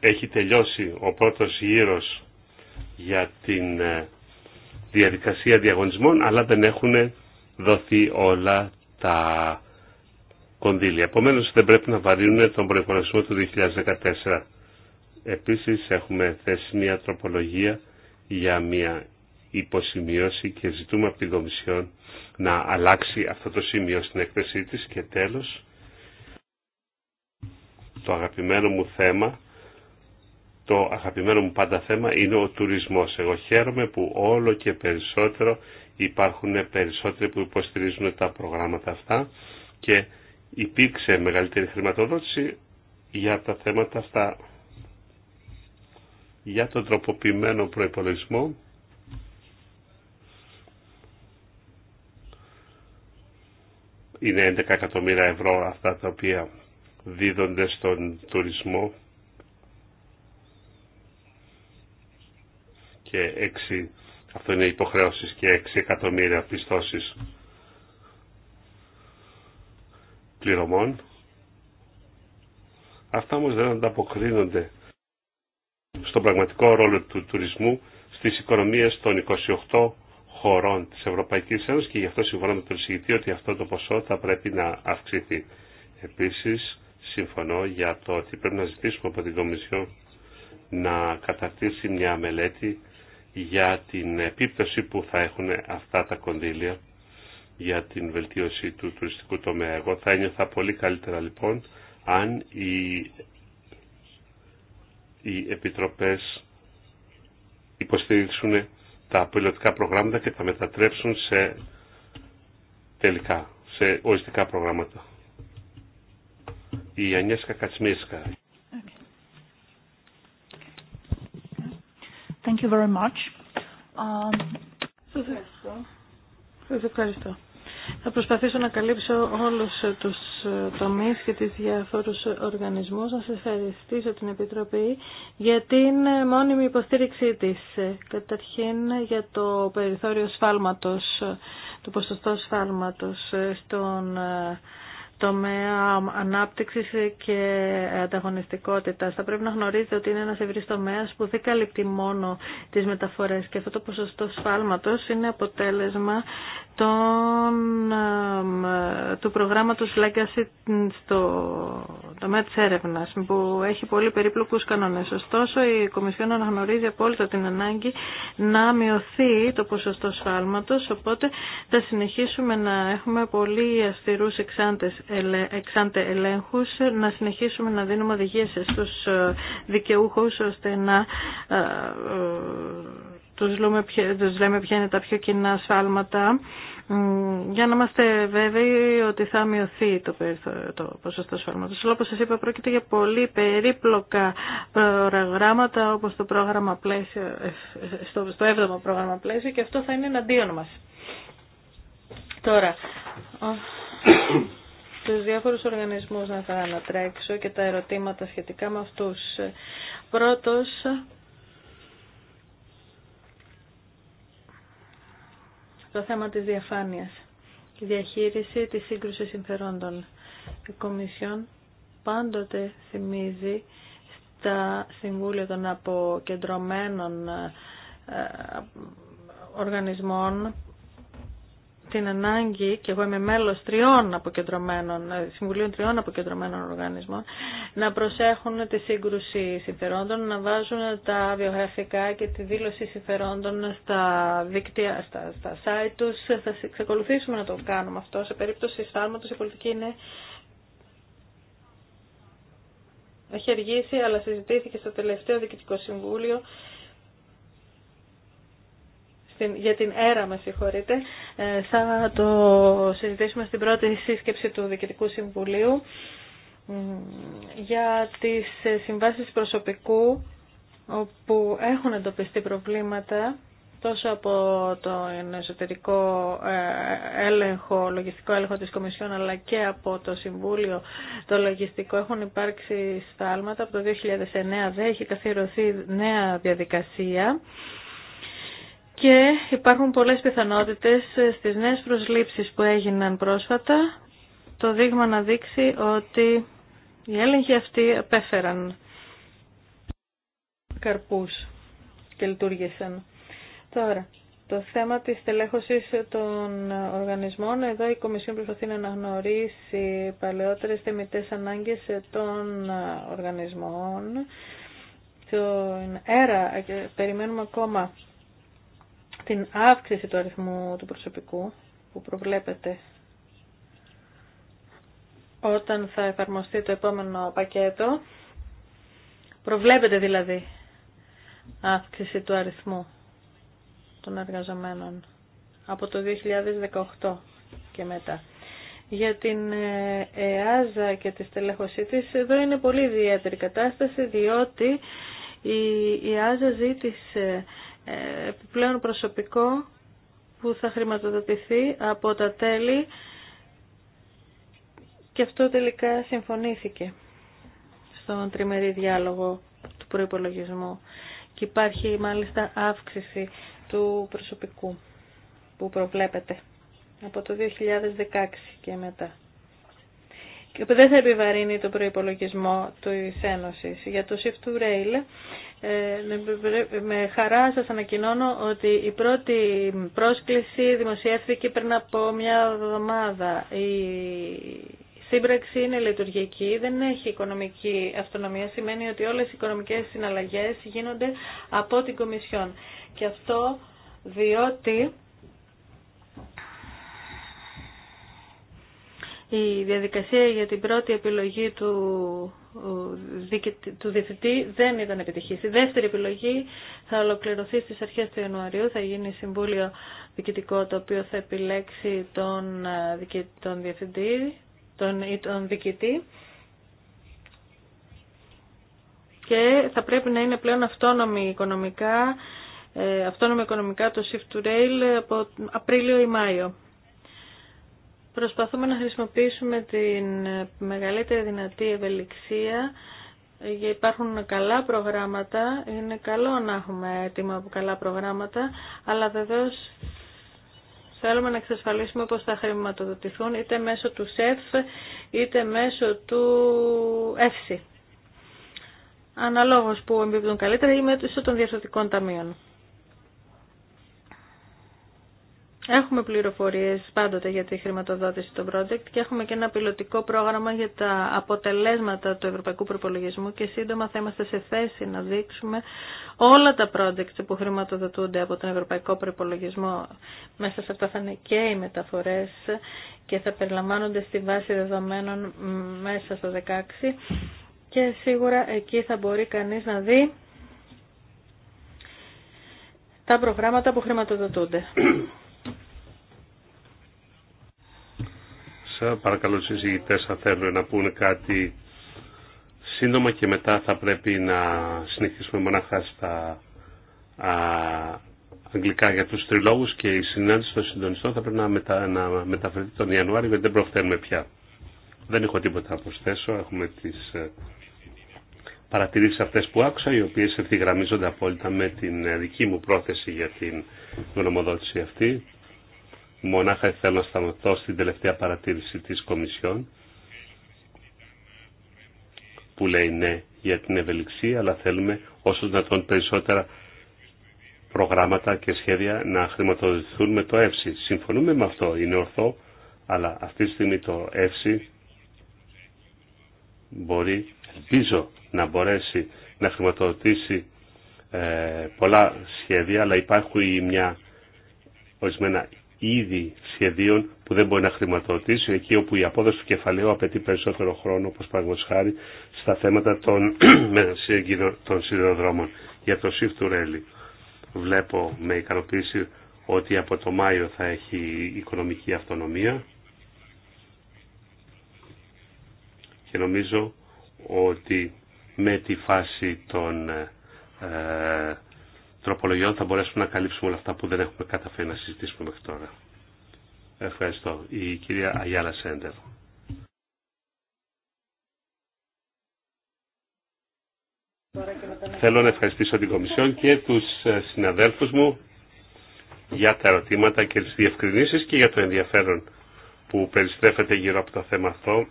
έχει τελειώσει ο πρώτος γύρος για την ε, διαδικασία διαγωνισμών αλλά δεν έχουν δοθεί όλα τα κονδύλια. Επομένως δεν πρέπει να βαρύνουν τον προϋπολογισμό του 2014. Επίσης έχουμε θέσει μια τροπολογία για μια υποσημείωση και ζητούμε από την Κομισιόν να αλλάξει αυτό το σημείο στην έκθεσή της και τέλος το αγαπημένο μου θέμα το αγαπημένο μου πάντα θέμα είναι ο τουρισμός. Εγώ χαίρομαι που όλο και περισσότερο υπάρχουν περισσότεροι που υποστηρίζουν τα προγράμματα αυτά και υπήρξε μεγαλύτερη χρηματοδότηση για τα θέματα στα Για τον τροποποιημένο προϋπολογισμό είναι 11 εκατομμύρια ευρώ αυτά τα οποία δίδονται στον τουρισμό και 6, αυτό είναι υποχρέωσεις και 6 εκατομμύρια πιστώσεις πληρωμών. Αυτά όμως δεν ανταποκρίνονται στον πραγματικό ρόλο του τουρισμού στις οικονομίες των 28 χωρών της Ευρωπαϊκής Ένωσης και γι' αυτό συμφωνώ με τον εισηγητή ότι αυτό το ποσό θα πρέπει να αυξηθεί. Επίσης, συμφωνώ για το ότι πρέπει να ζητήσουμε από την Κομισιό να καταρτήσει μια μελέτη για την επίπτωση που θα έχουν αυτά τα κονδύλια για την βελτίωση του τουριστικού τομέα. Εγώ θα ένιωθα πολύ καλύτερα λοιπόν αν οι, οι επιτροπές υποστηρίξουν τα πιλωτικά προγράμματα και τα μετατρέψουν σε τελικά, σε οριστικά προγράμματα. Η Ανιέσκα Κατσμίσκα. Thank you very much. ευχαριστώ. Σας ευχαριστώ. Θα προσπαθήσω να καλύψω όλους τους ε, τομείς και τις διαφόρους οργανισμούς. Να σας ευχαριστήσω την Επιτροπή για την ε, μόνιμη υποστήριξή της. Ε, καταρχήν για το περιθώριο σφάλματος, το ποσοστό σφάλματος στον τομέα ανάπτυξης και ανταγωνιστικότητας. Θα πρέπει να γνωρίζετε ότι είναι ένας ευρύς τομέας που δεν καλύπτει μόνο τις μεταφορές και αυτό το ποσοστό σφάλματος είναι αποτέλεσμα του προγράμματος Legacy στο τομέα της έρευνας που έχει πολύ περίπλοκους κανόνες. Ωστόσο η Κομισιόν αναγνωρίζει απόλυτα την ανάγκη να μειωθεί το ποσοστό σφάλματος οπότε θα συνεχίσουμε να έχουμε πολύ αυστηρούς εξάντες εξάντε ελέγχους, να συνεχίσουμε να δίνουμε οδηγίες στους ε, δικαιούχους ώστε να ε, ε, τους λέμε, ποια, τους λέμε ποια είναι τα πιο κοινά σφάλματα για να είμαστε βέβαιοι ότι θα μειωθεί το, το ποσοστό σφάλματος. Αλλά όπως σας είπα πρόκειται για πολύ περίπλοκα προγράμματα όπως το πρόγραμμα πλαίσιο, στο, 7ο πρόγραμμα πλαίσιο και αυτό θα είναι εναντίον μα. Τώρα, τους διάφορους οργανισμούς να θα ανατρέξω και τα ερωτήματα σχετικά με αυτούς. Πρώτος, το θέμα της διαφάνειας και διαχείριση της σύγκρουσης συμφερόντων. Η Κομισιόν πάντοτε θυμίζει στα συμβούλια των αποκεντρωμένων ε, οργανισμών την ανάγκη, και εγώ είμαι μέλο τριών αποκεντρωμένων, ε, συμβουλίων τριών αποκεντρωμένων οργανισμών, να προσέχουν τη σύγκρουση συμφερόντων, να βάζουν τα βιογραφικά και τη δήλωση συμφερόντων στα δίκτυα, στα, στα site του. Θα ξεκολουθήσουμε να το κάνουμε αυτό. Σε περίπτωση σφάλματος η πολιτική είναι έχει αργήσει, αλλά συζητήθηκε στο τελευταίο Διοικητικό Συμβούλιο για την αίρα, μας συγχωρείτε, ε, θα το συζητήσουμε στην πρώτη σύσκεψη του Διοικητικού Συμβουλίου για τις ε, συμβάσεις προσωπικού όπου έχουν εντοπιστεί προβλήματα τόσο από το εσωτερικό ε, έλεγχο, λογιστικό έλεγχο της Κομισιόν αλλά και από το Συμβούλιο το λογιστικό έχουν υπάρξει σφάλματα. Από το 2009 δεν έχει καθιερωθεί νέα διαδικασία και υπάρχουν πολλές πιθανότητες στις νέες προσλήψεις που έγιναν πρόσφατα το δείγμα να δείξει ότι οι έλεγχοι αυτοί απέφεραν καρπούς και λειτουργήσαν. Τώρα, το θέμα της τελέχωσης των οργανισμών. Εδώ η Κομισιόν προσπαθεί να αναγνωρίσει παλαιότερες θεμητές ανάγκες των οργανισμών. Το ΕΡΑ ε, περιμένουμε ακόμα την αύξηση του αριθμού του προσωπικού που προβλέπεται όταν θα εφαρμοστεί το επόμενο πακέτο. Προβλέπεται δηλαδή αύξηση του αριθμού των εργαζομένων από το 2018 και μετά. Για την ε, ΕΑΖΑ και τη στελέχωσή της, εδώ είναι πολύ ιδιαίτερη κατάσταση, διότι η ΕΑΖΑ ζήτησε επιπλέον προσωπικό που θα χρηματοδοτηθεί από τα τέλη και αυτό τελικά συμφωνήθηκε στον τριμερή διάλογο του προϋπολογισμού και υπάρχει μάλιστα αύξηση του προσωπικού που προβλέπεται από το 2016 και μετά. Και δεν θα επιβαρύνει το προϋπολογισμό του Ένωσης. Για το Shift to Rail ε, με χαρά σας ανακοινώνω ότι η πρώτη πρόσκληση δημοσιεύθηκε πριν από μια εβδομάδα. Η σύμπραξη είναι λειτουργική, δεν έχει οικονομική αυτονομία. Σημαίνει ότι όλες οι οικονομικές συναλλαγές γίνονται από την Κομισιόν. Και αυτό διότι η διαδικασία για την πρώτη επιλογή του, του διευθυντή δεν ήταν επιτυχής. Η δεύτερη επιλογή θα ολοκληρωθεί στις αρχές του Ιανουαρίου, θα γίνει συμβούλιο διοικητικό το οποίο θα επιλέξει τον, ε, τον διευθυντή τον, ή τον διοικητή και θα πρέπει να είναι πλέον αυτόνομη οικονομικά, ε, αυτόνομη οικονομικά το shift to rail από Απρίλιο ή Μάιο. Προσπαθούμε να χρησιμοποιήσουμε την μεγαλύτερη δυνατή ευελιξία υπάρχουν καλά προγράμματα, είναι καλό να έχουμε έτοιμα από καλά προγράμματα, αλλά βεβαίω θέλουμε να εξασφαλίσουμε πως θα χρηματοδοτηθούν είτε μέσω του ΣΕΦ είτε μέσω του ΕΦΣΥ. Αναλόγως που εμπίπτουν καλύτερα ή μέσω των διαστατικών ταμείων. Έχουμε πληροφορίες πάντοτε για τη χρηματοδότηση των project και έχουμε και ένα πιλωτικό πρόγραμμα για τα αποτελέσματα του Ευρωπαϊκού Προπολογισμού και σύντομα θα είμαστε σε θέση να δείξουμε όλα τα project που χρηματοδοτούνται από τον Ευρωπαϊκό Προπολογισμό. Μέσα σε αυτά θα είναι και οι μεταφορές και θα περιλαμβάνονται στη βάση δεδομένων μέσα στο 16 και σίγουρα εκεί θα μπορεί κανείς να δει τα προγράμματα που χρηματοδοτούνται. Παρακαλώ οι συζητητές θα θέλουν να πούνε κάτι σύντομα και μετά θα πρέπει να συνεχίσουμε μονάχα στα α, αγγλικά για τους τριλόγους και η συνάντηση των συντονιστών θα πρέπει να, μετα, μεταφερθεί τον Ιανουάριο γιατί δεν προφθαίνουμε πια. Δεν έχω τίποτα να προσθέσω. Έχουμε τις ε, παρατηρήσεις αυτές που άκουσα, οι οποίες ευθυγραμμίζονται απόλυτα με την ε, δική μου πρόθεση για την γνωμοδότηση αυτή. Μονάχα θέλω να σταματώ στην τελευταία παρατήρηση της Κομισιόν που λέει ναι για την ευελιξία, αλλά θέλουμε όσο δυνατόν περισσότερα προγράμματα και σχέδια να χρηματοδοτηθούν με το ΕΦΣΥ. Συμφωνούμε με αυτό, είναι ορθό, αλλά αυτή τη στιγμή το ΕΦΣΥ μπορεί, ελπίζω να μπορέσει να χρηματοδοτήσει ε, πολλά σχέδια, αλλά υπάρχουν μια ορισμένα είδη σχεδίων που δεν μπορεί να χρηματοδοτήσει, εκεί όπου η απόδοση του κεφαλαίου απαιτεί περισσότερο χρόνο, όπως παραγωγή χάρη, στα θέματα των, <clears throat> των σιδηροδρόμων. Για το Shift to Rally βλέπω με ικανοποίηση ότι από το Μάιο θα έχει οικονομική αυτονομία και νομίζω ότι με τη φάση των ε, τροπολογιών θα μπορέσουμε να καλύψουμε όλα αυτά που δεν έχουμε καταφέρει να συζητήσουμε μέχρι τώρα. Ευχαριστώ. Η κυρία Αγιάλα Σέντερ. Θέλω να ευχαριστήσω την Κομισιόν και τους ε, συναδέλφους μου για τα ερωτήματα και τις διευκρινήσεις και για το ενδιαφέρον που περιστρέφεται γύρω από το θέμα αυτό.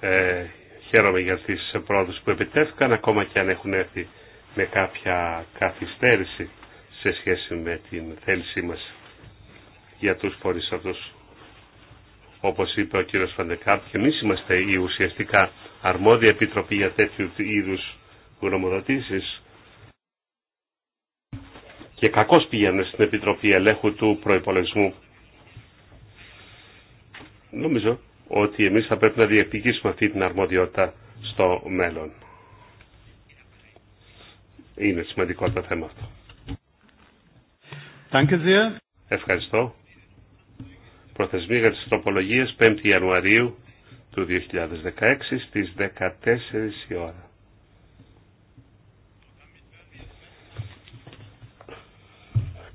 Ε, χαίρομαι για τις πρόοδους που επιτέθηκαν, ακόμα και αν έχουν έρθει με κάποια καθυστέρηση σε σχέση με την θέλησή μας για τους φορείς αυτούς. Όπως είπε ο κύριος Φαντεκάπ, και εμείς είμαστε η ουσιαστικά αρμόδια επιτροπή για τέτοιου είδους γνωμοδοτήσεις και κακώς πήγαινε στην Επιτροπή Ελέγχου του Προϋπολογισμού. Νομίζω ότι εμείς θα πρέπει να διεκδικήσουμε αυτή την αρμοδιότητα στο μέλλον. Είναι σημαντικό το θέμα αυτό. Ευχαριστώ. Προθεσμία για τις τροπολογίες 5 Ιανουαρίου του 2016 στις 14 η ώρα.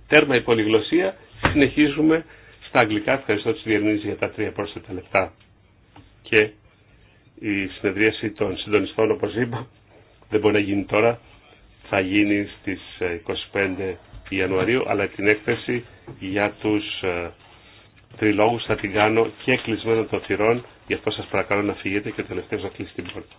Τέρμα η πολυγλωσία. Συνεχίζουμε στα αγγλικά. Ευχαριστώ τη διερμηνείς για τα τρία πρόσθετα λεπτά. Και η συνεδρίαση των συντονιστών, όπως είπα, δεν μπορεί να γίνει τώρα θα γίνει στις 25 ε, Ιανουαρίου, αλλά την έκθεση για τους ε, τριλόγους θα την κάνω και κλεισμένο των θυρών, γι' αυτό σας παρακαλώ να φύγετε και ο τελευταίος να κλείσει την πόρτα.